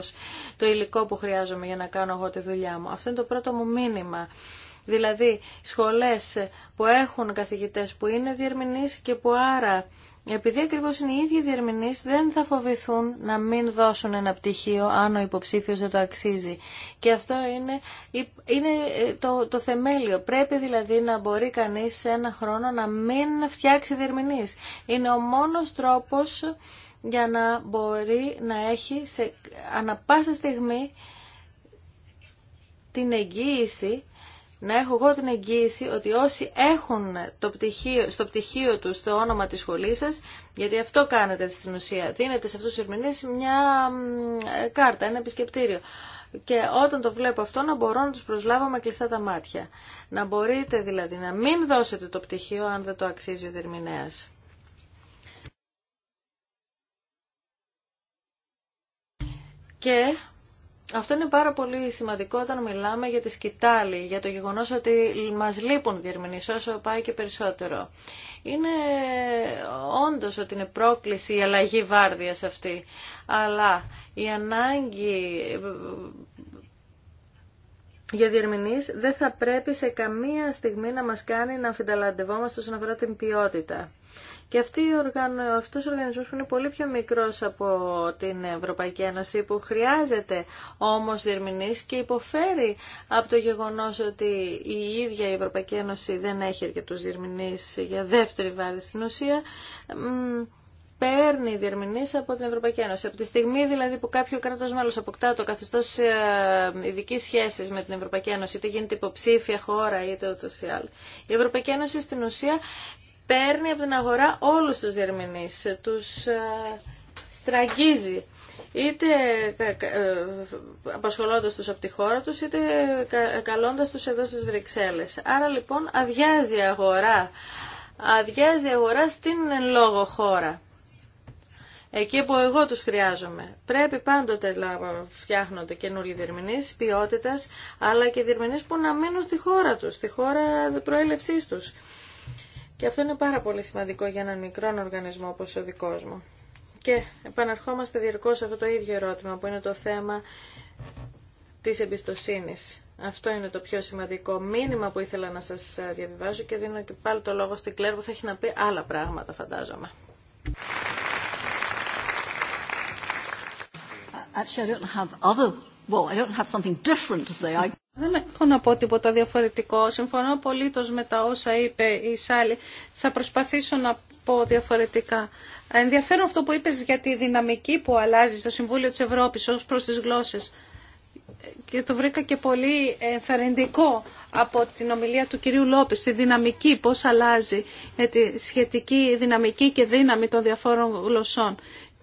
το υλικό που χρειάζομαι για να κάνω εγώ τη δουλειά μου. Αυτό είναι το πρώτο μου μήνυμα. Δηλαδή, σχολές που έχουν καθηγητές που είναι διερμηνείς και που άρα επειδή ακριβώ είναι οι ίδιοι διερμηνεί, δεν θα φοβηθούν να μην δώσουν ένα πτυχίο αν ο υποψήφιο δεν το αξίζει. Και αυτό είναι, είναι ε, το, το θεμέλιο. Πρέπει δηλαδή να μπορεί κανεί σε ένα χρόνο να μην φτιάξει διερμηνεί. Είναι ο μόνο τρόπο για να μπορεί να έχει σε ανα πάσα στιγμή την εγγύηση να έχω εγώ την εγγύηση ότι όσοι έχουν το πτυχίο, στο πτυχίο του το όνομα της σχολής σας, γιατί αυτό κάνετε στην ουσία, δίνετε σε αυτούς τους ερμηνείς μια κάρτα, ένα επισκεπτήριο. Και όταν το βλέπω αυτό να μπορώ να τους προσλάβω με κλειστά τα μάτια. Να μπορείτε δηλαδή να μην δώσετε το πτυχίο αν δεν το αξίζει ο δερμηνέας. Και αυτό είναι πάρα πολύ σημαντικό όταν μιλάμε για τη σκητάλη, για το γεγονός ότι μας λείπουν διερμηνείς όσο πάει και περισσότερο. Είναι όντως ότι είναι πρόκληση η αλλαγή βάρδιας αυτή, αλλά η ανάγκη ε, για διερμηνείς δεν θα πρέπει σε καμία στιγμή να μας κάνει να αφινταλαντευόμαστε όσον αφορά την ποιότητα. Και αυτή η οργαν... αυτός ο οργανισμός που είναι πολύ πιο μικρός από την Ευρωπαϊκή Ένωση που χρειάζεται όμως διερμηνής και υποφέρει από το γεγονός ότι η ίδια η Ευρωπαϊκή Ένωση δεν έχει αρκετούς διερμηνείς για δεύτερη βάρη στην ουσία παίρνει διερμηνείς από την Ευρωπαϊκή Ένωση. Από τη στιγμή δηλαδή που κάποιο κράτος μέλος αποκτά το καθεστώς ε, ειδική σχέσης με την Ευρωπαϊκή Ένωση, είτε γίνεται υποψήφια χώρα είτε ούτως ή άλλο. Η Ευρωπαϊκή Ένωση στην ουσία παίρνει από την αγορά όλους τους διερμηνείς, τους ε, στραγγίζει είτε ε, απασχολώντας τους από τη χώρα τους, είτε καλώντας τους εδώ στις Βρυξέλλες. Άρα λοιπόν αδειάζει η αγορά, αδειάζει η αγορά στην λόγο χώρα. Εκεί που εγώ τους χρειάζομαι. Πρέπει πάντοτε να φτιάχνονται καινούργιοι διερμηνείς ποιότητας, αλλά και διερμηνείς που να μείνουν στη χώρα τους, στη χώρα προέλευσής τους. Και αυτό είναι πάρα πολύ σημαντικό για έναν μικρό οργανισμό όπως ο δικός μου. Και επαναρχόμαστε διαρκώς σε αυτό το ίδιο ερώτημα που είναι το θέμα της εμπιστοσύνης. Αυτό είναι το πιο σημαντικό μήνυμα που ήθελα να σας διαβιβάζω και δίνω και πάλι το λόγο στην Κλέρ που θα έχει να πει άλλα πράγματα φαντάζομαι. Actually, I don't have other... Well, I don't have something different to say. I... Δεν έχω να πω τίποτα διαφορετικό. Συμφωνώ πολύ με τα όσα είπε η Σάλη. Θα προσπαθήσω να πω διαφορετικά. Ενδιαφέρον αυτό που είπες για τη δυναμική που αλλάζει στο Συμβούλιο της Ευρώπης ως προς τις γλώσσες. Και το βρήκα και πολύ ενθαρρυντικό από την ομιλία του κυρίου Λόπης, τη δυναμική, πώς αλλάζει, τη σχετική δυναμική και δύναμη των διαφόρων γλωσσών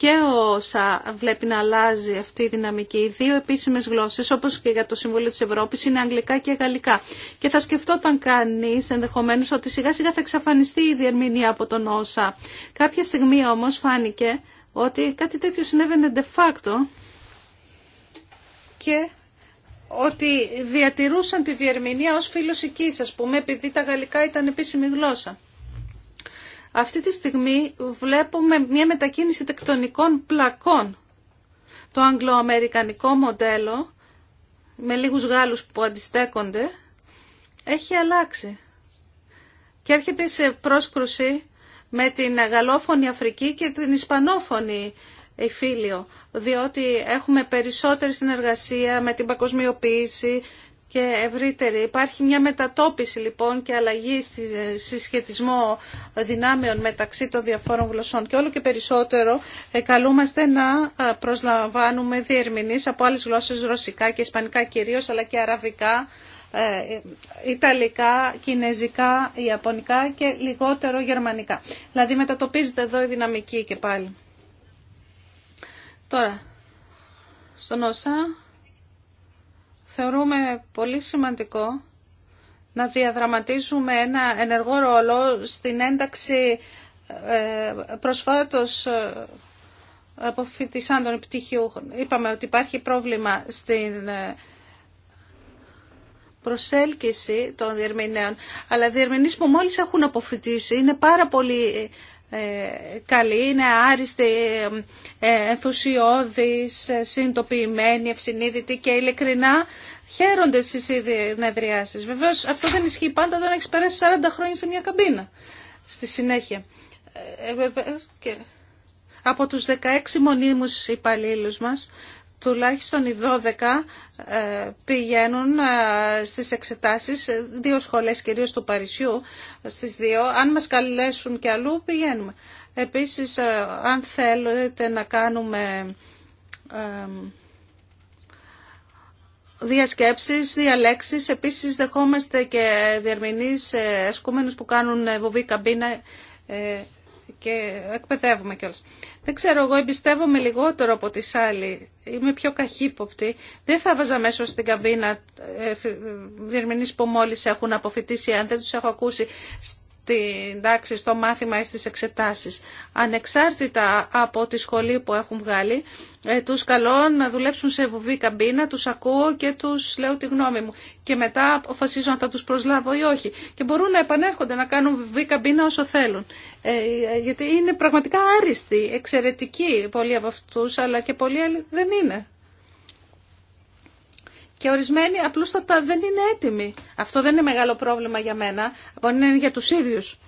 και όσα βλέπει να αλλάζει αυτή η δυναμική. Οι δύο επίσημες γλώσσες, όπως και για το Συμβούλιο της Ευρώπης, είναι αγγλικά και γαλλικά. Και θα σκεφτόταν κανείς ενδεχομένω ότι σιγά σιγά θα εξαφανιστεί η διερμηνία από τον όσα. Κάποια στιγμή όμως φάνηκε ότι κάτι τέτοιο συνέβαινε de facto και ότι διατηρούσαν τη διερμηνία ως φιλοσική, ας πούμε, επειδή τα γαλλικά ήταν επίσημη γλώσσα. Αυτή τη στιγμή βλέπουμε μια μετακίνηση τεκτονικών πλακών. Το αγγλοαμερικανικό μοντέλο, με λίγους Γάλλους που αντιστέκονται, έχει αλλάξει. Και έρχεται σε πρόσκρουση με την γαλλόφωνη Αφρική και την ισπανόφωνη Φίλιο. διότι έχουμε περισσότερη συνεργασία με την παγκοσμιοποίηση, και ευρύτερη. Υπάρχει μια μετατόπιση λοιπόν και αλλαγή στη συσχετισμό δυνάμεων μεταξύ των διαφόρων γλωσσών και όλο και περισσότερο ε, καλούμαστε να ε, προσλαμβάνουμε διερμηνείς από άλλες γλώσσες ρωσικά και ισπανικά κυρίως αλλά και αραβικά, ε, ιταλικά, κινέζικα, ιαπωνικά και λιγότερο γερμανικά. Δηλαδή μετατοπίζεται εδώ η δυναμική και πάλι. Τώρα, στον θεωρούμε πολύ σημαντικό να διαδραματίζουμε ένα ενεργό ρόλο στην ένταξη ε, προσφάτως ε, αποφυτισάντων επιτυχιούχων. Είπαμε ότι υπάρχει πρόβλημα στην ε, προσέλκυση των διερμηνέων, αλλά διερμηνείς που μόλις έχουν αποφοιτήσει είναι πάρα πολύ ε, καλή, είναι άριστη, ε, ενθουσιώδης, ε, συνειδητοποιημένη, ευσυνείδητη και ειλικρινά χαίρονται στις συνεδριάσεις. Βεβαίως αυτό δεν ισχύει πάντα, όταν έχει περάσει 40 χρόνια σε μια καμπίνα στη συνέχεια. Ε, βεβαίως, ε, και από τους 16 μονίμους υπαλλήλους μας τουλάχιστον οι 12 ε, πηγαίνουν ε, στις εξετάσεις, ε, δύο σχολές κυρίως του Παρισιού, στις δύο. Αν μας καλέσουν και αλλού πηγαίνουμε. Επίσης, αν θέλετε να κάνουμε διασκέψεις, διαλέξεις, επίσης δεχόμαστε και διερμηνείς ασκούμενους που κάνουν βοβή καμπίνα και εκπαιδεύουμε κιόλας. Δεν ξέρω, εγώ εμπιστεύομαι λιγότερο από τις άλλοι είμαι πιο καχύποπτη. Δεν θα βάζα μέσω στην καμπίνα ε, ε που μόλις έχουν αποφυτίσει, αν δεν τους έχω ακούσει, στην τάξη, στο μάθημα ή στις εξετάσεις. Ανεξάρτητα από τη σχολή που έχουν βγάλει, ε, τους καλώ να δουλέψουν σε βουβή καμπίνα, τους ακούω και τους λέω τη γνώμη μου. Και μετά αποφασίζω αν θα τους προσλάβω ή όχι. Και μπορούν να επανέρχονται να κάνουν βουβή καμπίνα όσο θέλουν. Ε, γιατί είναι πραγματικά άριστοι, εξαιρετικοί πολλοί από αυτούς, αλλά και πολλοί άλλοι δεν είναι και ορισμένοι απλούστατα δεν είναι έτοιμοι. Αυτό δεν είναι μεγάλο πρόβλημα για μένα, μπορεί να είναι για τους ίδιους,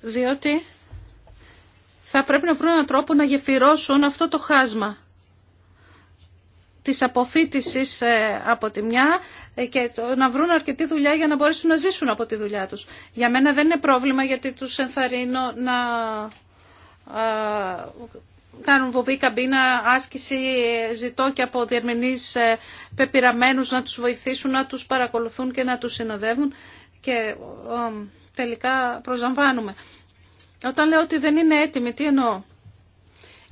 διότι θα πρέπει να βρουν έναν τρόπο να γεφυρώσουν αυτό το χάσμα της αποφύτησης ε, από τη μια ε, και να βρουν αρκετή δουλειά για να μπορέσουν να ζήσουν από τη δουλειά τους. Για μένα δεν είναι πρόβλημα γιατί τους ενθαρρύνω να κάνουν βοβή καμπίνα, άσκηση, ζητώ και από διερμηνείς ε, πεπειραμένους να τους βοηθήσουν, να τους παρακολουθούν και να τους συνοδεύουν και τελικά προσλαμβάνουμε. Όταν λέω ότι δεν είναι έτοιμοι, τι εννοώ.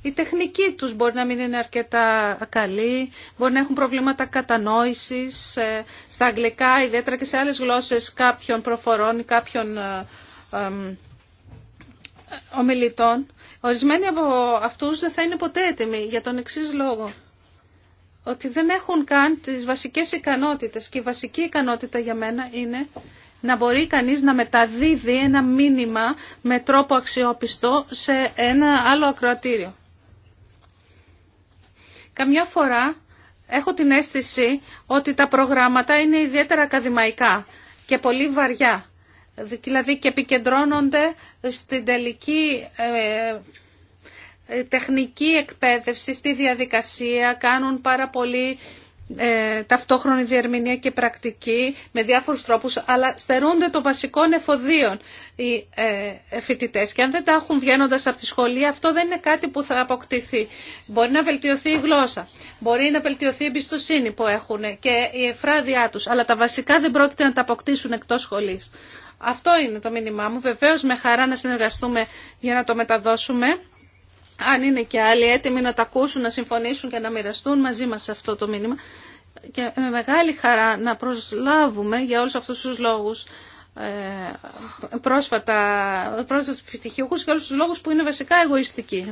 Η τεχνική τους μπορεί να μην είναι αρκετά καλή, μπορεί να έχουν προβλήματα κατανόησης ε, στα αγγλικά, ιδιαίτερα και σε άλλες γλώσσες κάποιων προφορών ή κάποιων ε, ομιλητών. Ορισμένοι από αυτούς δεν θα είναι ποτέ έτοιμοι για τον εξή λόγο. Ότι δεν έχουν καν τις βασικές ικανότητες και η βασική ικανότητα για μένα είναι να μπορεί κανείς να μεταδίδει ένα μήνυμα με τρόπο αξιόπιστο σε ένα άλλο ακροατήριο. Καμιά φορά έχω την αίσθηση ότι τα προγράμματα είναι ιδιαίτερα ακαδημαϊκά και πολύ βαριά δηλαδή και επικεντρώνονται στην τελική ε, ε, τεχνική εκπαίδευση, στη διαδικασία, κάνουν πάρα πολύ ε, ταυτόχρονη διερμηνία και πρακτική με διάφορους τρόπους, αλλά στερούνται των βασικών εφοδίων οι φοιτητέ. Και αν δεν τα έχουν βγαίνοντα από τη σχολή, αυτό δεν είναι κάτι που θα αποκτηθεί. Μπορεί να βελτιωθεί η γλώσσα, μπορεί να βελτιωθεί η εμπιστοσύνη που έχουν και η εφράδειά τους, αλλά τα βασικά δεν πρόκειται να τα αποκτήσουν εκτός σχολής. Αυτό είναι το μήνυμά μου. Βεβαίως με χαρά να συνεργαστούμε για να το μεταδώσουμε. Αν είναι και άλλοι έτοιμοι να τα ακούσουν, να συμφωνήσουν και να μοιραστούν μαζί μας αυτό το μήνυμα. Και με μεγάλη χαρά να προσλάβουμε για όλους αυτούς τους λόγους ε, πρόσφατα πρόσφατους πτυχιούχους και όλους τους λόγους που είναι βασικά εγωιστικοί.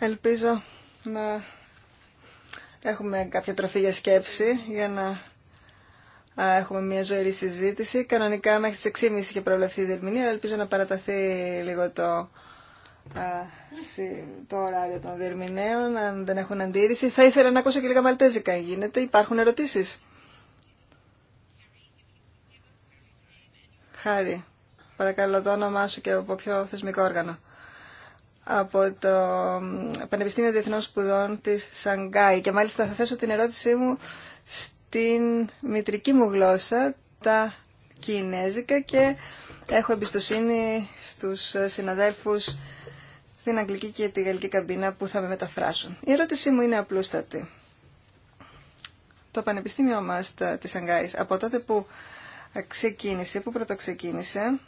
Ελπίζω να έχουμε κάποια τροφή για σκέψη για να έχουμε μια ζωηρή συζήτηση. Κανονικά μέχρι τις 6.30 είχε προβλεφθεί η διερμηνία, αλλά ελπίζω να παραταθεί λίγο το, το ωράριο των διερμηνέων, αν δεν έχουν αντίρρηση. Θα ήθελα να ακούσω και λίγα μαλτέζικα, γίνεται. Υπάρχουν ερωτήσεις. Χάρη, παρακαλώ το όνομά σου και από ποιο θεσμικό όργανο. Από το Πανεπιστήμιο Διεθνών Σπουδών της Σανγκάη. Και μάλιστα θα θέσω την ερώτησή μου την μητρική μου γλώσσα, τα κινέζικα και έχω εμπιστοσύνη στους συναδέλφους την αγγλική και τη γαλλική καμπίνα που θα με μεταφράσουν. Η ερώτησή μου είναι απλούστατη. Το Πανεπιστήμιο μας της Αγκάης, από τότε που ξεκίνησε, που πρωτοξεκίνησε,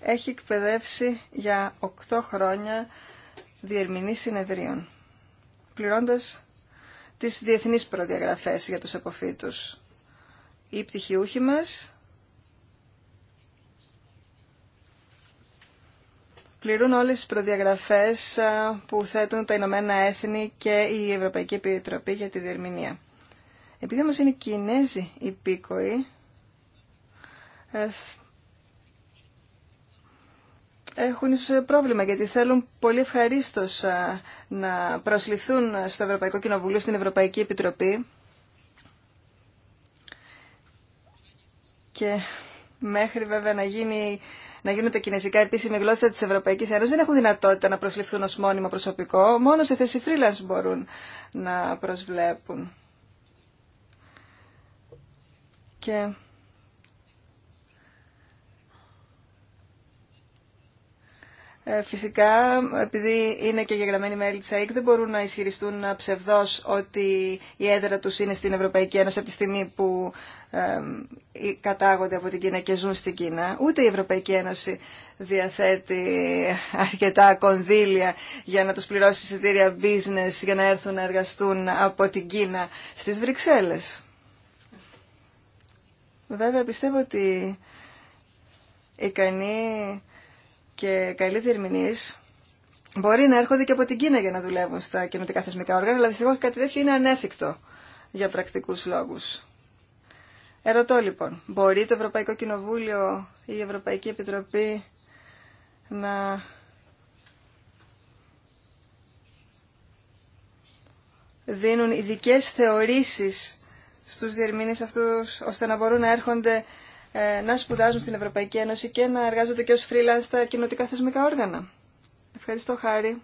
έχει εκπαιδεύσει για 8 χρόνια διερμηνή συνεδρίων, πληρώντας τις διεθνείς προδιαγραφές για τους αποφύτους. Οι πτυχιούχοι μας πληρούν όλες τις προδιαγραφές που θέτουν τα Ηνωμένα Έθνη και η Ευρωπαϊκή Επιτροπή για τη Διερμηνία. Επειδή όμως είναι Κινέζοι υπήκοοι, ε, έχουν ίσως πρόβλημα γιατί θέλουν πολύ ευχαρίστω να προσληφθούν στο Ευρωπαϊκό Κοινοβουλίο, στην Ευρωπαϊκή Επιτροπή και μέχρι βέβαια να, γίνει, να γίνουν τα κινέζικα επίσημη γλώσσα της Ευρωπαϊκής Ένωσης δεν έχουν δυνατότητα να προσληφθούν ως μόνιμο προσωπικό, μόνο σε θέση freelance μπορούν να προσβλέπουν. Και Ε, φυσικά, επειδή είναι και γεγραμμένοι μέλη τη, ΑΕΚ, δεν μπορούν να ισχυριστούν ψευδώ ότι η έδρα του είναι στην Ευρωπαϊκή Ένωση από τη στιγμή που κατάγονται από την Κίνα και ζουν στην Κίνα. Ούτε η Ευρωπαϊκή Ένωση διαθέτει αρκετά κονδύλια για να τους πληρώσει εισιτήρια business για να έρθουν να εργαστούν από την Κίνα στις Βρυξέλλες. Βέβαια, πιστεύω ότι ικανοί και καλή διερμηνείς μπορεί να έρχονται και από την Κίνα για να δουλεύουν στα κοινωτικά θεσμικά όργανα, αλλά δυστυχώ κάτι τέτοιο είναι ανέφικτο για πρακτικούς λόγους. Ερωτώ λοιπόν, μπορεί το Ευρωπαϊκό Κοινοβούλιο ή η Ευρωπαϊκή Επιτροπή να δίνουν ειδικέ θεωρήσεις στους διερμηνείς αυτούς, ώστε να μπορούν να έρχονται ε, να σπουδάζουν στην Ευρωπαϊκή Ένωση και να εργάζονται και ως freelance στα κοινωτικά θεσμικά όργανα. Ευχαριστώ, Χάρη.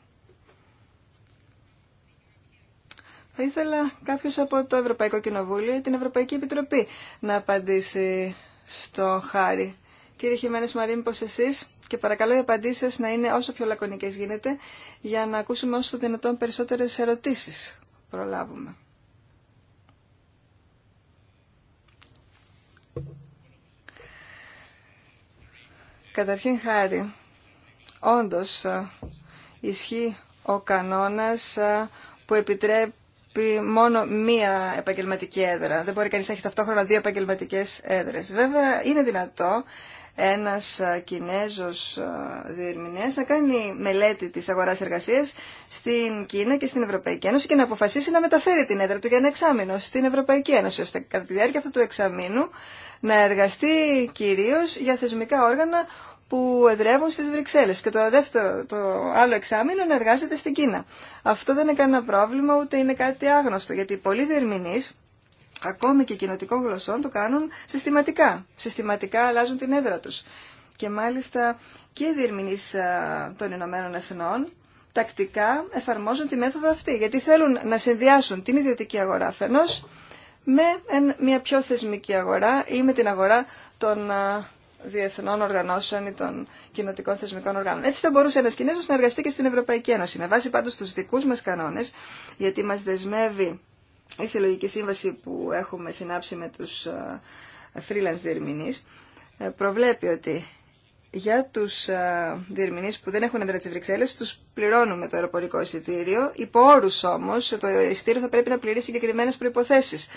Θα ήθελα κάποιος από το Ευρωπαϊκό Κοινοβούλιο ή την Ευρωπαϊκή Επιτροπή να απαντήσει στο Χάρη. Κύριε Χιμένες Μαρίνη, πως εσείς και παρακαλώ οι απαντήσεις να είναι όσο πιο λακωνικές γίνεται για να ακούσουμε όσο δυνατόν περισσότερες ερωτήσεις προλάβουμε. Καταρχήν χάρη, όντως ε, ισχύει ο κανόνας ε, που επιτρέπει μόνο μία επαγγελματική έδρα. Δεν μπορεί κανείς να έχει ταυτόχρονα δύο επαγγελματικές έδρες. Βέβαια, είναι δυνατό ένας Κινέζος διερμηνέας να κάνει μελέτη της αγοράς εργασίας στην Κίνα και στην Ευρωπαϊκή Ένωση και να αποφασίσει να μεταφέρει την έδρα του για ένα εξάμεινο στην Ευρωπαϊκή Ένωση, ώστε κατά τη διάρκεια αυτού του εξαμήνου να εργαστεί κυρίως για θεσμικά όργανα που εδρεύουν στις Βρυξέλλες και το δεύτερο, το άλλο εξάμεινο να εργάζεται στην Κίνα. Αυτό δεν είναι κανένα πρόβλημα ούτε είναι κάτι άγνωστο, γιατί πολλοί διερμηνείς ακόμη και κοινοτικών γλωσσών το κάνουν συστηματικά. Συστηματικά αλλάζουν την έδρα τους. Και μάλιστα και οι διερμηνείς των Ηνωμένων Εθνών τακτικά εφαρμόζουν τη μέθοδο αυτή, γιατί θέλουν να συνδυάσουν την ιδιωτική αγορά αφενός με μια πιο θεσμική αγορά ή με την αγορά των διεθνών οργανώσεων ή των κοινοτικών θεσμικών οργάνων. Έτσι θα μπορούσε ένα Κινέζο να εργαστεί και στην Ευρωπαϊκή Ένωση. Με βάση πάντω του δικού μα κανόνε, γιατί μα δεσμεύει η συλλογική σύμβαση που έχουμε συνάψει με τους ε, freelance διερμηνείς ε, προβλέπει ότι για τους ε, διερμηνείς που δεν έχουν έδρα τις Βρυξέλλες τους πληρώνουμε το αεροπορικό εισιτήριο υπό όρους όμως το εισιτήριο θα πρέπει να πληρεί συγκεκριμένες προϋποθέσεις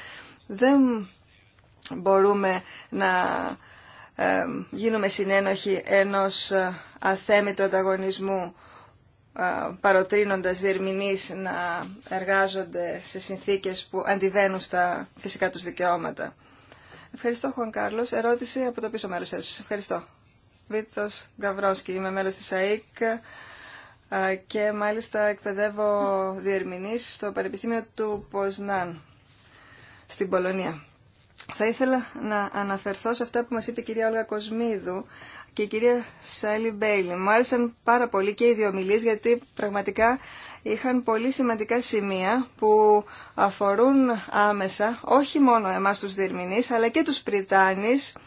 δεν μπορούμε να γίνουμε συνένοχοι ενός αθέμητου ανταγωνισμού παροτρύνοντας διερμηνείς να εργάζονται σε συνθήκες που αντιβαίνουν στα φυσικά τους δικαιώματα. Ευχαριστώ, Χουαν Κάρλος. Ερώτηση από το πίσω μέρος σας. Ευχαριστώ. Βίτος Γκαβρόσκι, είμαι μέλος της ΑΕΚ και μάλιστα εκπαιδεύω διερμηνείς στο Πανεπιστήμιο του Ποσνάν στην Πολωνία. Θα ήθελα να αναφερθώ σε αυτά που μας είπε η κυρία Όλγα Κοσμίδου και η κυρία Σάλι Μπέιλι. Μου άρεσαν πάρα πολύ και οι δύο γιατί πραγματικά είχαν πολύ σημαντικά σημεία που αφορούν άμεσα όχι μόνο εμάς τους διερμηνείς αλλά και τους Πριτάνης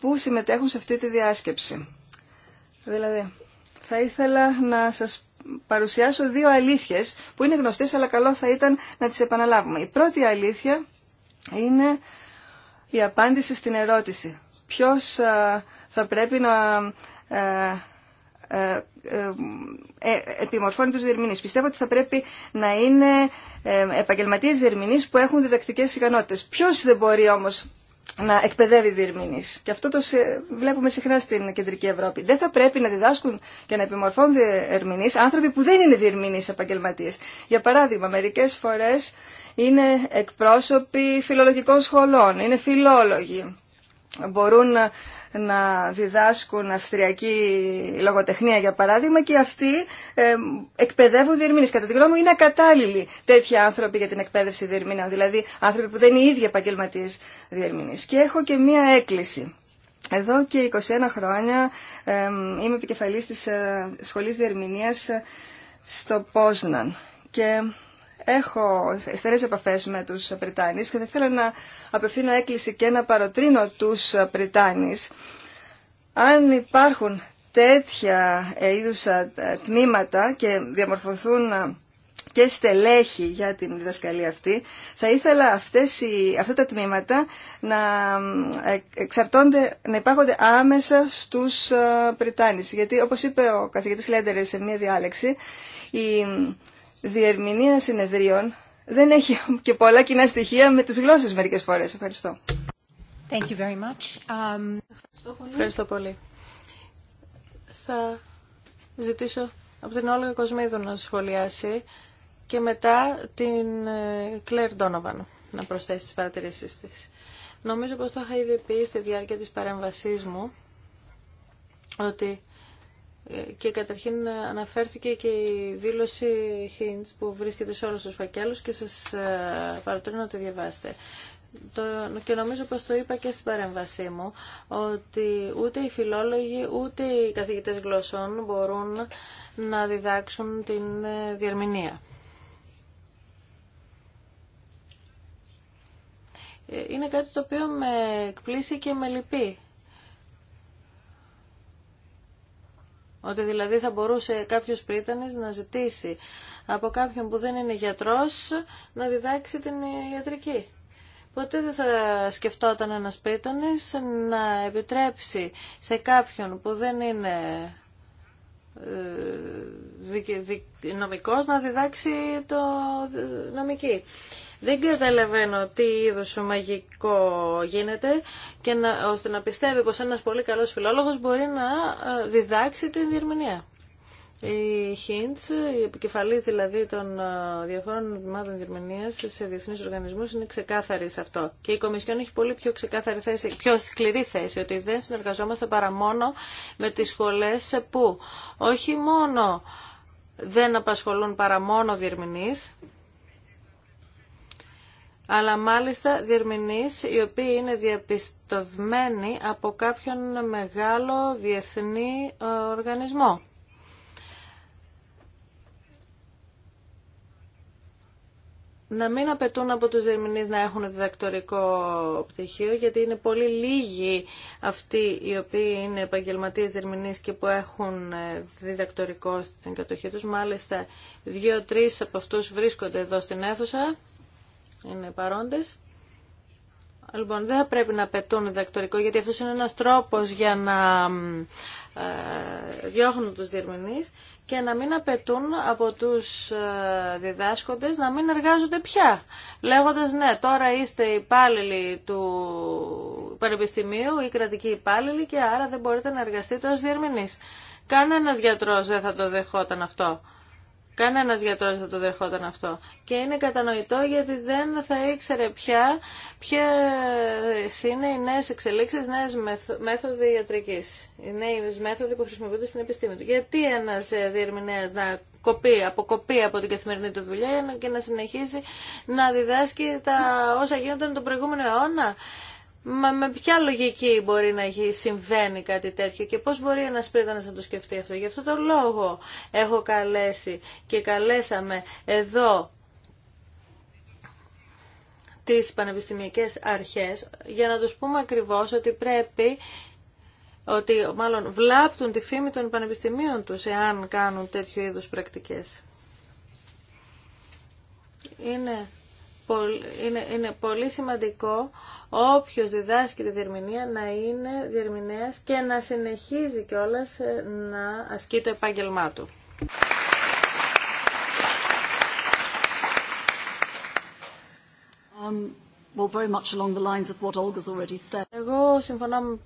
που συμμετέχουν σε αυτή τη διάσκεψη. Δηλαδή, θα ήθελα να σας παρουσιάσω δύο αλήθειες που είναι γνωστές αλλά καλό θα ήταν να τις επαναλάβουμε. Η πρώτη αλήθεια είναι η απάντηση στην ερώτηση. Ποιος θα πρέπει να ε, ε, ε, επιμορφώνει τους διερμηνείς. Πιστεύω ότι θα πρέπει να είναι επαγγελματίες διερμηνείς που έχουν διδακτικές ικανότητες. Ποιος δεν μπορεί όμως να εκπαιδεύει διερμηνείς. Και αυτό το βλέπουμε συχνά στην Κεντρική Ευρώπη. Δεν θα πρέπει να διδάσκουν και να επιμορφώνουν διερμηνείς άνθρωποι που δεν είναι διερμηνείς επαγγελματίες. Για παράδειγμα, μερικές φορές είναι εκπρόσωποι φιλολογικών σχολών, είναι φιλόλογοι. Μπορούν να διδάσκουν αυστριακή λογοτεχνία για παράδειγμα και αυτοί ε, εκπαιδεύουν διερμήνες. Κατά τη γνώμη μου είναι ακατάλληλοι τέτοιοι άνθρωποι για την εκπαίδευση διερμήνων, δηλαδή άνθρωποι που δεν είναι οι ίδιοι επαγγελματίες διερμηνείς. Και έχω και μία έκκληση. Εδώ και 21 χρόνια ε, είμαι επικεφαλής της ε, Σχολής Διερμηνίας ε, στο Πόσναν και έχω στερές επαφές με τους Πριτάνης και θα ήθελα να απευθύνω έκκληση και να παροτρύνω τους Πριτάνης αν υπάρχουν τέτοια είδους τμήματα και διαμορφωθούν και στελέχη για την διδασκαλία αυτή, θα ήθελα αυτές οι, αυτά τα τμήματα να ε, εξαρτώνται, να υπάρχονται άμεσα στους Πριτάνης. Γιατί όπως είπε ο καθηγητής Λέντερ σε μία διάλεξη, η διερμηνία συνεδρίων δεν έχει και πολλά κοινά στοιχεία με τις γλώσσες μερικές φορές. Ευχαριστώ. Thank you very much. Um... Ευχαριστώ, πολύ. Θα ζητήσω από την Όλγα Κοσμίδου να σχολιάσει και μετά την Κλέρ ε, Ντόναβαν να προσθέσει τις παρατηρήσεις της. Νομίζω πως το είχα ήδη πει στη διάρκεια της παρέμβασής μου ότι και καταρχήν αναφέρθηκε και η δήλωση Hints που βρίσκεται σε όλους τους φακέλους και σας ε, παροτρύνω να τη διαβάσετε. Το, και νομίζω πως το είπα και στην παρέμβασή μου ότι ούτε οι φιλόλογοι ούτε οι καθηγητές γλωσσών μπορούν να διδάξουν την ε, διερμηνία. Ε, είναι κάτι το οποίο με εκπλήσει και με λυπεί Ότι δηλαδή θα μπορούσε κάποιος πρίτανης να ζητήσει από κάποιον που δεν είναι γιατρός να διδάξει την ιατρική. Ποτέ δεν θα σκεφτόταν ένας πρίτανης να επιτρέψει σε κάποιον που δεν είναι ε, νομικός να διδάξει το ε, νομική. Δεν καταλαβαίνω τι σου μαγικό γίνεται και να, ώστε να πιστεύει πως ένας πολύ καλός φιλόλογος μπορεί να ε, διδάξει την διερμηνία. Η Χίντς, η επικεφαλή δηλαδή των ε, διαφόρων βημάτων διερμηνίας σε διεθνεί οργανισμούς, είναι ξεκάθαρη σε αυτό. Και η Κομισιόν έχει πολύ πιο ξεκάθαρη θέση, πιο σκληρή θέση, ότι δεν συνεργαζόμαστε παρά μόνο με τι σχολέ που όχι μόνο δεν απασχολούν παρά μόνο διερμηνείς, αλλά μάλιστα διερμηνείς οι οποίοι είναι διαπιστωμένοι από κάποιον μεγάλο διεθνή ε, οργανισμό. να μην απαιτούν από τους διερμηνείς να έχουν διδακτορικό πτυχίο, γιατί είναι πολύ λίγοι αυτοί οι οποίοι είναι επαγγελματίες διερμηνείς και που έχουν ε, διδακτορικό στην κατοχή τους. Μάλιστα, δύο-τρεις από αυτούς βρίσκονται εδώ στην αίθουσα είναι παρόντες. Λοιπόν, δεν πρέπει να πετούν διδακτορικό, γιατί αυτός είναι ένας τρόπος για να ε, διώχνουν τους διερμηνείς και να μην απαιτούν από τους ε, διδάσκοντες να μην εργάζονται πια. Λέγοντας, ναι, τώρα είστε υπάλληλοι του Πανεπιστημίου ή κρατικοί υπάλληλοι και άρα δεν μπορείτε να εργαστείτε ως διερμηνείς. Κανένας γιατρός δεν θα το δεχόταν αυτό. Κανένας γιατρός δεν το δεχόταν αυτό. Και είναι κατανοητό γιατί δεν θα ήξερε πια ποια είναι οι νέες εξελίξεις, νέες μέθοδοι ιατρικής. Οι νέες μέθοδοι που χρησιμοποιούνται στην επιστήμη του. Γιατί ένας ε, διερμηνέας να κοπεί, αποκοπεί από την καθημερινή του δουλειά και να συνεχίσει να διδάσκει τα όσα γίνονταν τον προηγούμενο αιώνα. Μα με ποια λογική μπορεί να συμβαίνει κάτι τέτοιο και πώς μπορεί ένας πρίτανας να το σκεφτεί αυτό. Γι' αυτό το λόγο έχω καλέσει και καλέσαμε εδώ τις πανεπιστημιακές αρχές για να τους πούμε ακριβώς ότι πρέπει ότι μάλλον βλάπτουν τη φήμη των πανεπιστημίων τους εάν κάνουν τέτοιο είδους πρακτικές. Είναι είναι, είναι πολύ σημαντικό όποιος διδάσκει τη διερμηνία να είναι διερμηνέας και να συνεχίζει κιόλας ε, να ασκεί το επάγγελμά του. Um, very much along the lines of what Olga's already said. Εγώ συμφωνώ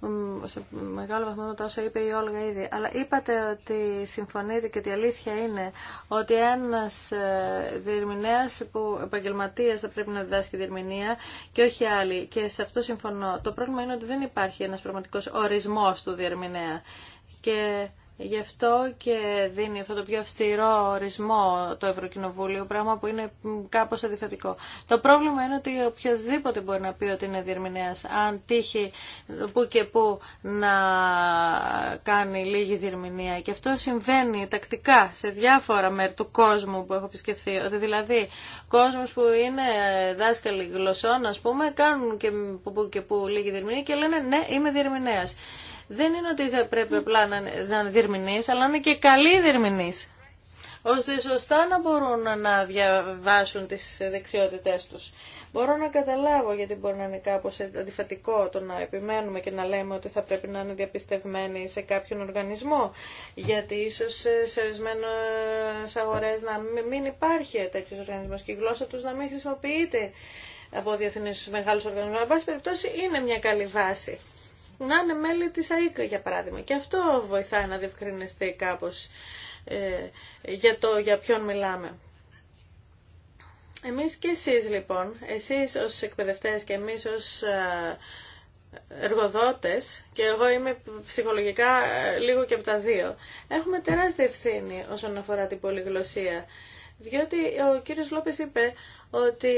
σε μεγάλο βαθμό με το όσα είπε η Όλγα ήδη, αλλά είπατε ότι συμφωνείτε και ότι η αλήθεια είναι ότι ένας ε, διερμηνέα που επαγγελματίας θα πρέπει να διδάσκει διερμηνία και όχι άλλοι και σε αυτό συμφωνώ. Το πρόβλημα είναι ότι δεν υπάρχει ένας πραγματικός ορισμός του διερμηνέα και Γι' αυτό και δίνει αυτό το πιο αυστηρό ορισμό το Ευρωκοινοβούλιο, πράγμα που είναι κάπως αντιφατικό. Το πρόβλημα είναι ότι οποιοδήποτε μπορεί να πει ότι είναι διερμηνέας, αν τύχει που και που να κάνει λίγη διερμηνία. Και αυτό συμβαίνει τακτικά σε διάφορα μέρη του κόσμου που έχω επισκεφθεί. Ότι δηλαδή κοσμο που είναι δάσκαλοι γλωσσών, α πούμε, κάνουν και που και που λίγη διερμηνία και λένε ναι, είμαι διερμηνέα δεν είναι ότι θα πρέπει απλά να, είναι διερμηνείς, αλλά είναι και καλοί διερμηνείς, ώστε σωστά να μπορούν να διαβάσουν τις δεξιότητές τους. Μπορώ να καταλάβω γιατί μπορεί να είναι κάπως αντιφατικό το να επιμένουμε και να λέμε ότι θα πρέπει να είναι διαπιστευμένοι σε κάποιον οργανισμό, γιατί ίσως σε ορισμένες αγορές να μην υπάρχει τέτοιο οργανισμό και η γλώσσα τους να μην χρησιμοποιείται από διεθνείς μεγάλους οργανισμούς. Αλλά, πάση περιπτώσει, είναι μια καλή βάση να είναι μέλη της ΑΕΚ για παράδειγμα. Και αυτό βοηθάει να διευκρινιστεί κάπως ε, για το για ποιον μιλάμε. Εμείς και εσείς λοιπόν, εσείς ως εκπαιδευτές και εμείς ως ε, εργοδότες και εγώ είμαι ψυχολογικά ε, λίγο και από τα δύο έχουμε τεράστια ευθύνη όσον αφορά την πολυγλωσία διότι ο κύριος Λόπες είπε ότι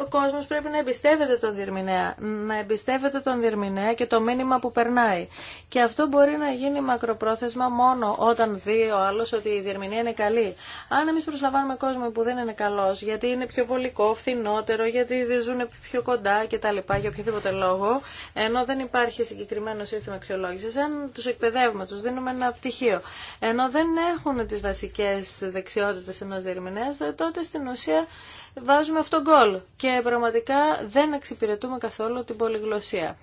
ο κόσμος πρέπει να εμπιστεύεται τον διερμηνέα, να εμπιστεύεται τον διερμηνέα και το μήνυμα που περνάει. Και αυτό μπορεί να γίνει μακροπρόθεσμα μόνο όταν δει ο άλλος ότι η διερμηνέα είναι καλή. Αν εμείς προσλαμβάνουμε κόσμο που δεν είναι καλός, γιατί είναι πιο βολικό, φθηνότερο, γιατί δεν ζουν πιο κοντά κτλ. για οποιοδήποτε λόγο, ενώ δεν υπάρχει συγκεκριμένο σύστημα αξιολόγηση, αν τους εκπαιδεύουμε, τους δίνουμε ένα πτυχίο, ενώ δεν έχουν τις βασικές δεξιότητες ενό διερμηνέας, τότε στην ουσία βάζουμε αυτό γκολ και πραγματικά δεν εξυπηρετούμε καθόλου την πολυγλωσία.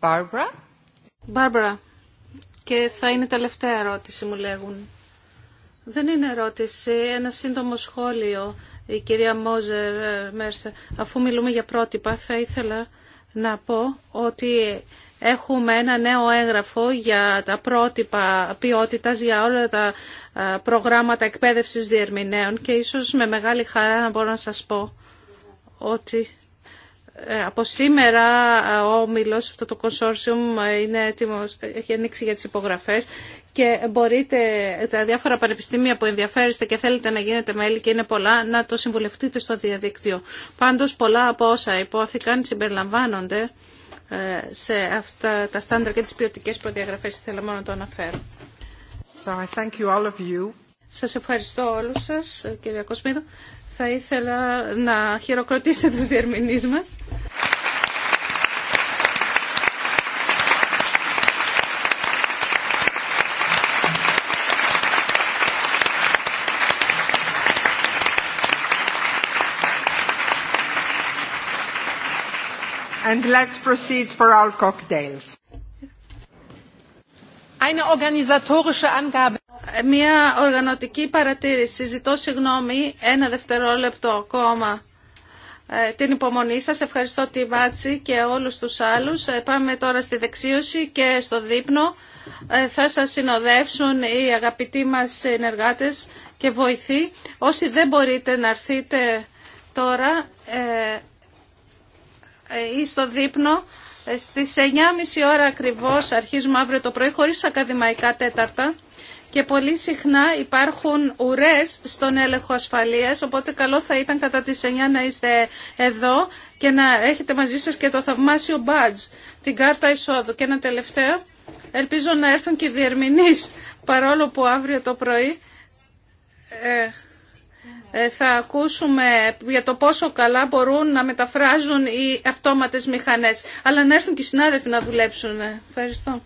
Barbara. Barbara. Και θα είναι τα τελευταία ερώτηση, μου λέγουν. Δεν είναι ερώτηση, ένα σύντομο σχόλιο, η κυρία Μόζερ ε, Μέρσερ. Αφού μιλούμε για πρότυπα, θα ήθελα να πω ότι Έχουμε ένα νέο έγγραφο για τα πρότυπα ποιότητας για όλα τα προγράμματα εκπαίδευσης διερμηνέων και ίσως με μεγάλη χαρά να μπορώ να σας πω ότι ε, από σήμερα ο Όμιλος, αυτό το κονσόρσιουμ ε, είναι έτοιμος, έχει ανοίξει για τις υπογραφές και μπορείτε τα διάφορα πανεπιστήμια που ενδιαφέρεστε και θέλετε να γίνετε μέλη και είναι πολλά να το συμβουλευτείτε στο διαδίκτυο. Πάντως πολλά από όσα υπόθηκαν συμπεριλαμβάνονται ε, σε αυτά τα στάνταρ και τις ποιοτικές προδιαγραφές. Ήθελα μόνο να το αναφέρω. So I you all of you. Σας ευχαριστώ όλους σας, κύριε Κοσμίδου. Θα ήθελα να χειροκροτήσετε τους διερμηνείς μας. and let's proceed for our Μια οργανωτική παρατήρηση. Ζητώ συγγνώμη, ένα δευτερόλεπτο ακόμα. Ε, την υπομονή σας. Ευχαριστώ τη Βάτση και όλους τους άλλους. Ε, πάμε τώρα στη δεξίωση και στο δείπνο. Ε, θα σας συνοδεύσουν οι αγαπητοί μας ενεργάτες και βοηθοί. Όσοι δεν μπορείτε να έρθετε τώρα... Ε, ή στο δείπνο ε, στις 9.30 ώρα ακριβώς αρχίζουμε αύριο το πρωί χωρίς ακαδημαϊκά τέταρτα και πολύ συχνά υπάρχουν ουρές στον έλεγχο ασφαλείας, οπότε καλό θα ήταν κατά τις 9 να είστε εδώ και να έχετε μαζί σας και το θαυμάσιο μπάτζ, την κάρτα εισόδου. Και ένα τελευταίο, ελπίζω να έρθουν και οι διερμηνείς, παρόλο που αύριο το πρωί... Ε, ε, θα ακούσουμε για το πόσο καλά μπορούν να μεταφράζουν οι αυτόματες μηχανές. Αλλά να έρθουν και οι συνάδελφοι να δουλέψουν. Ε, ευχαριστώ.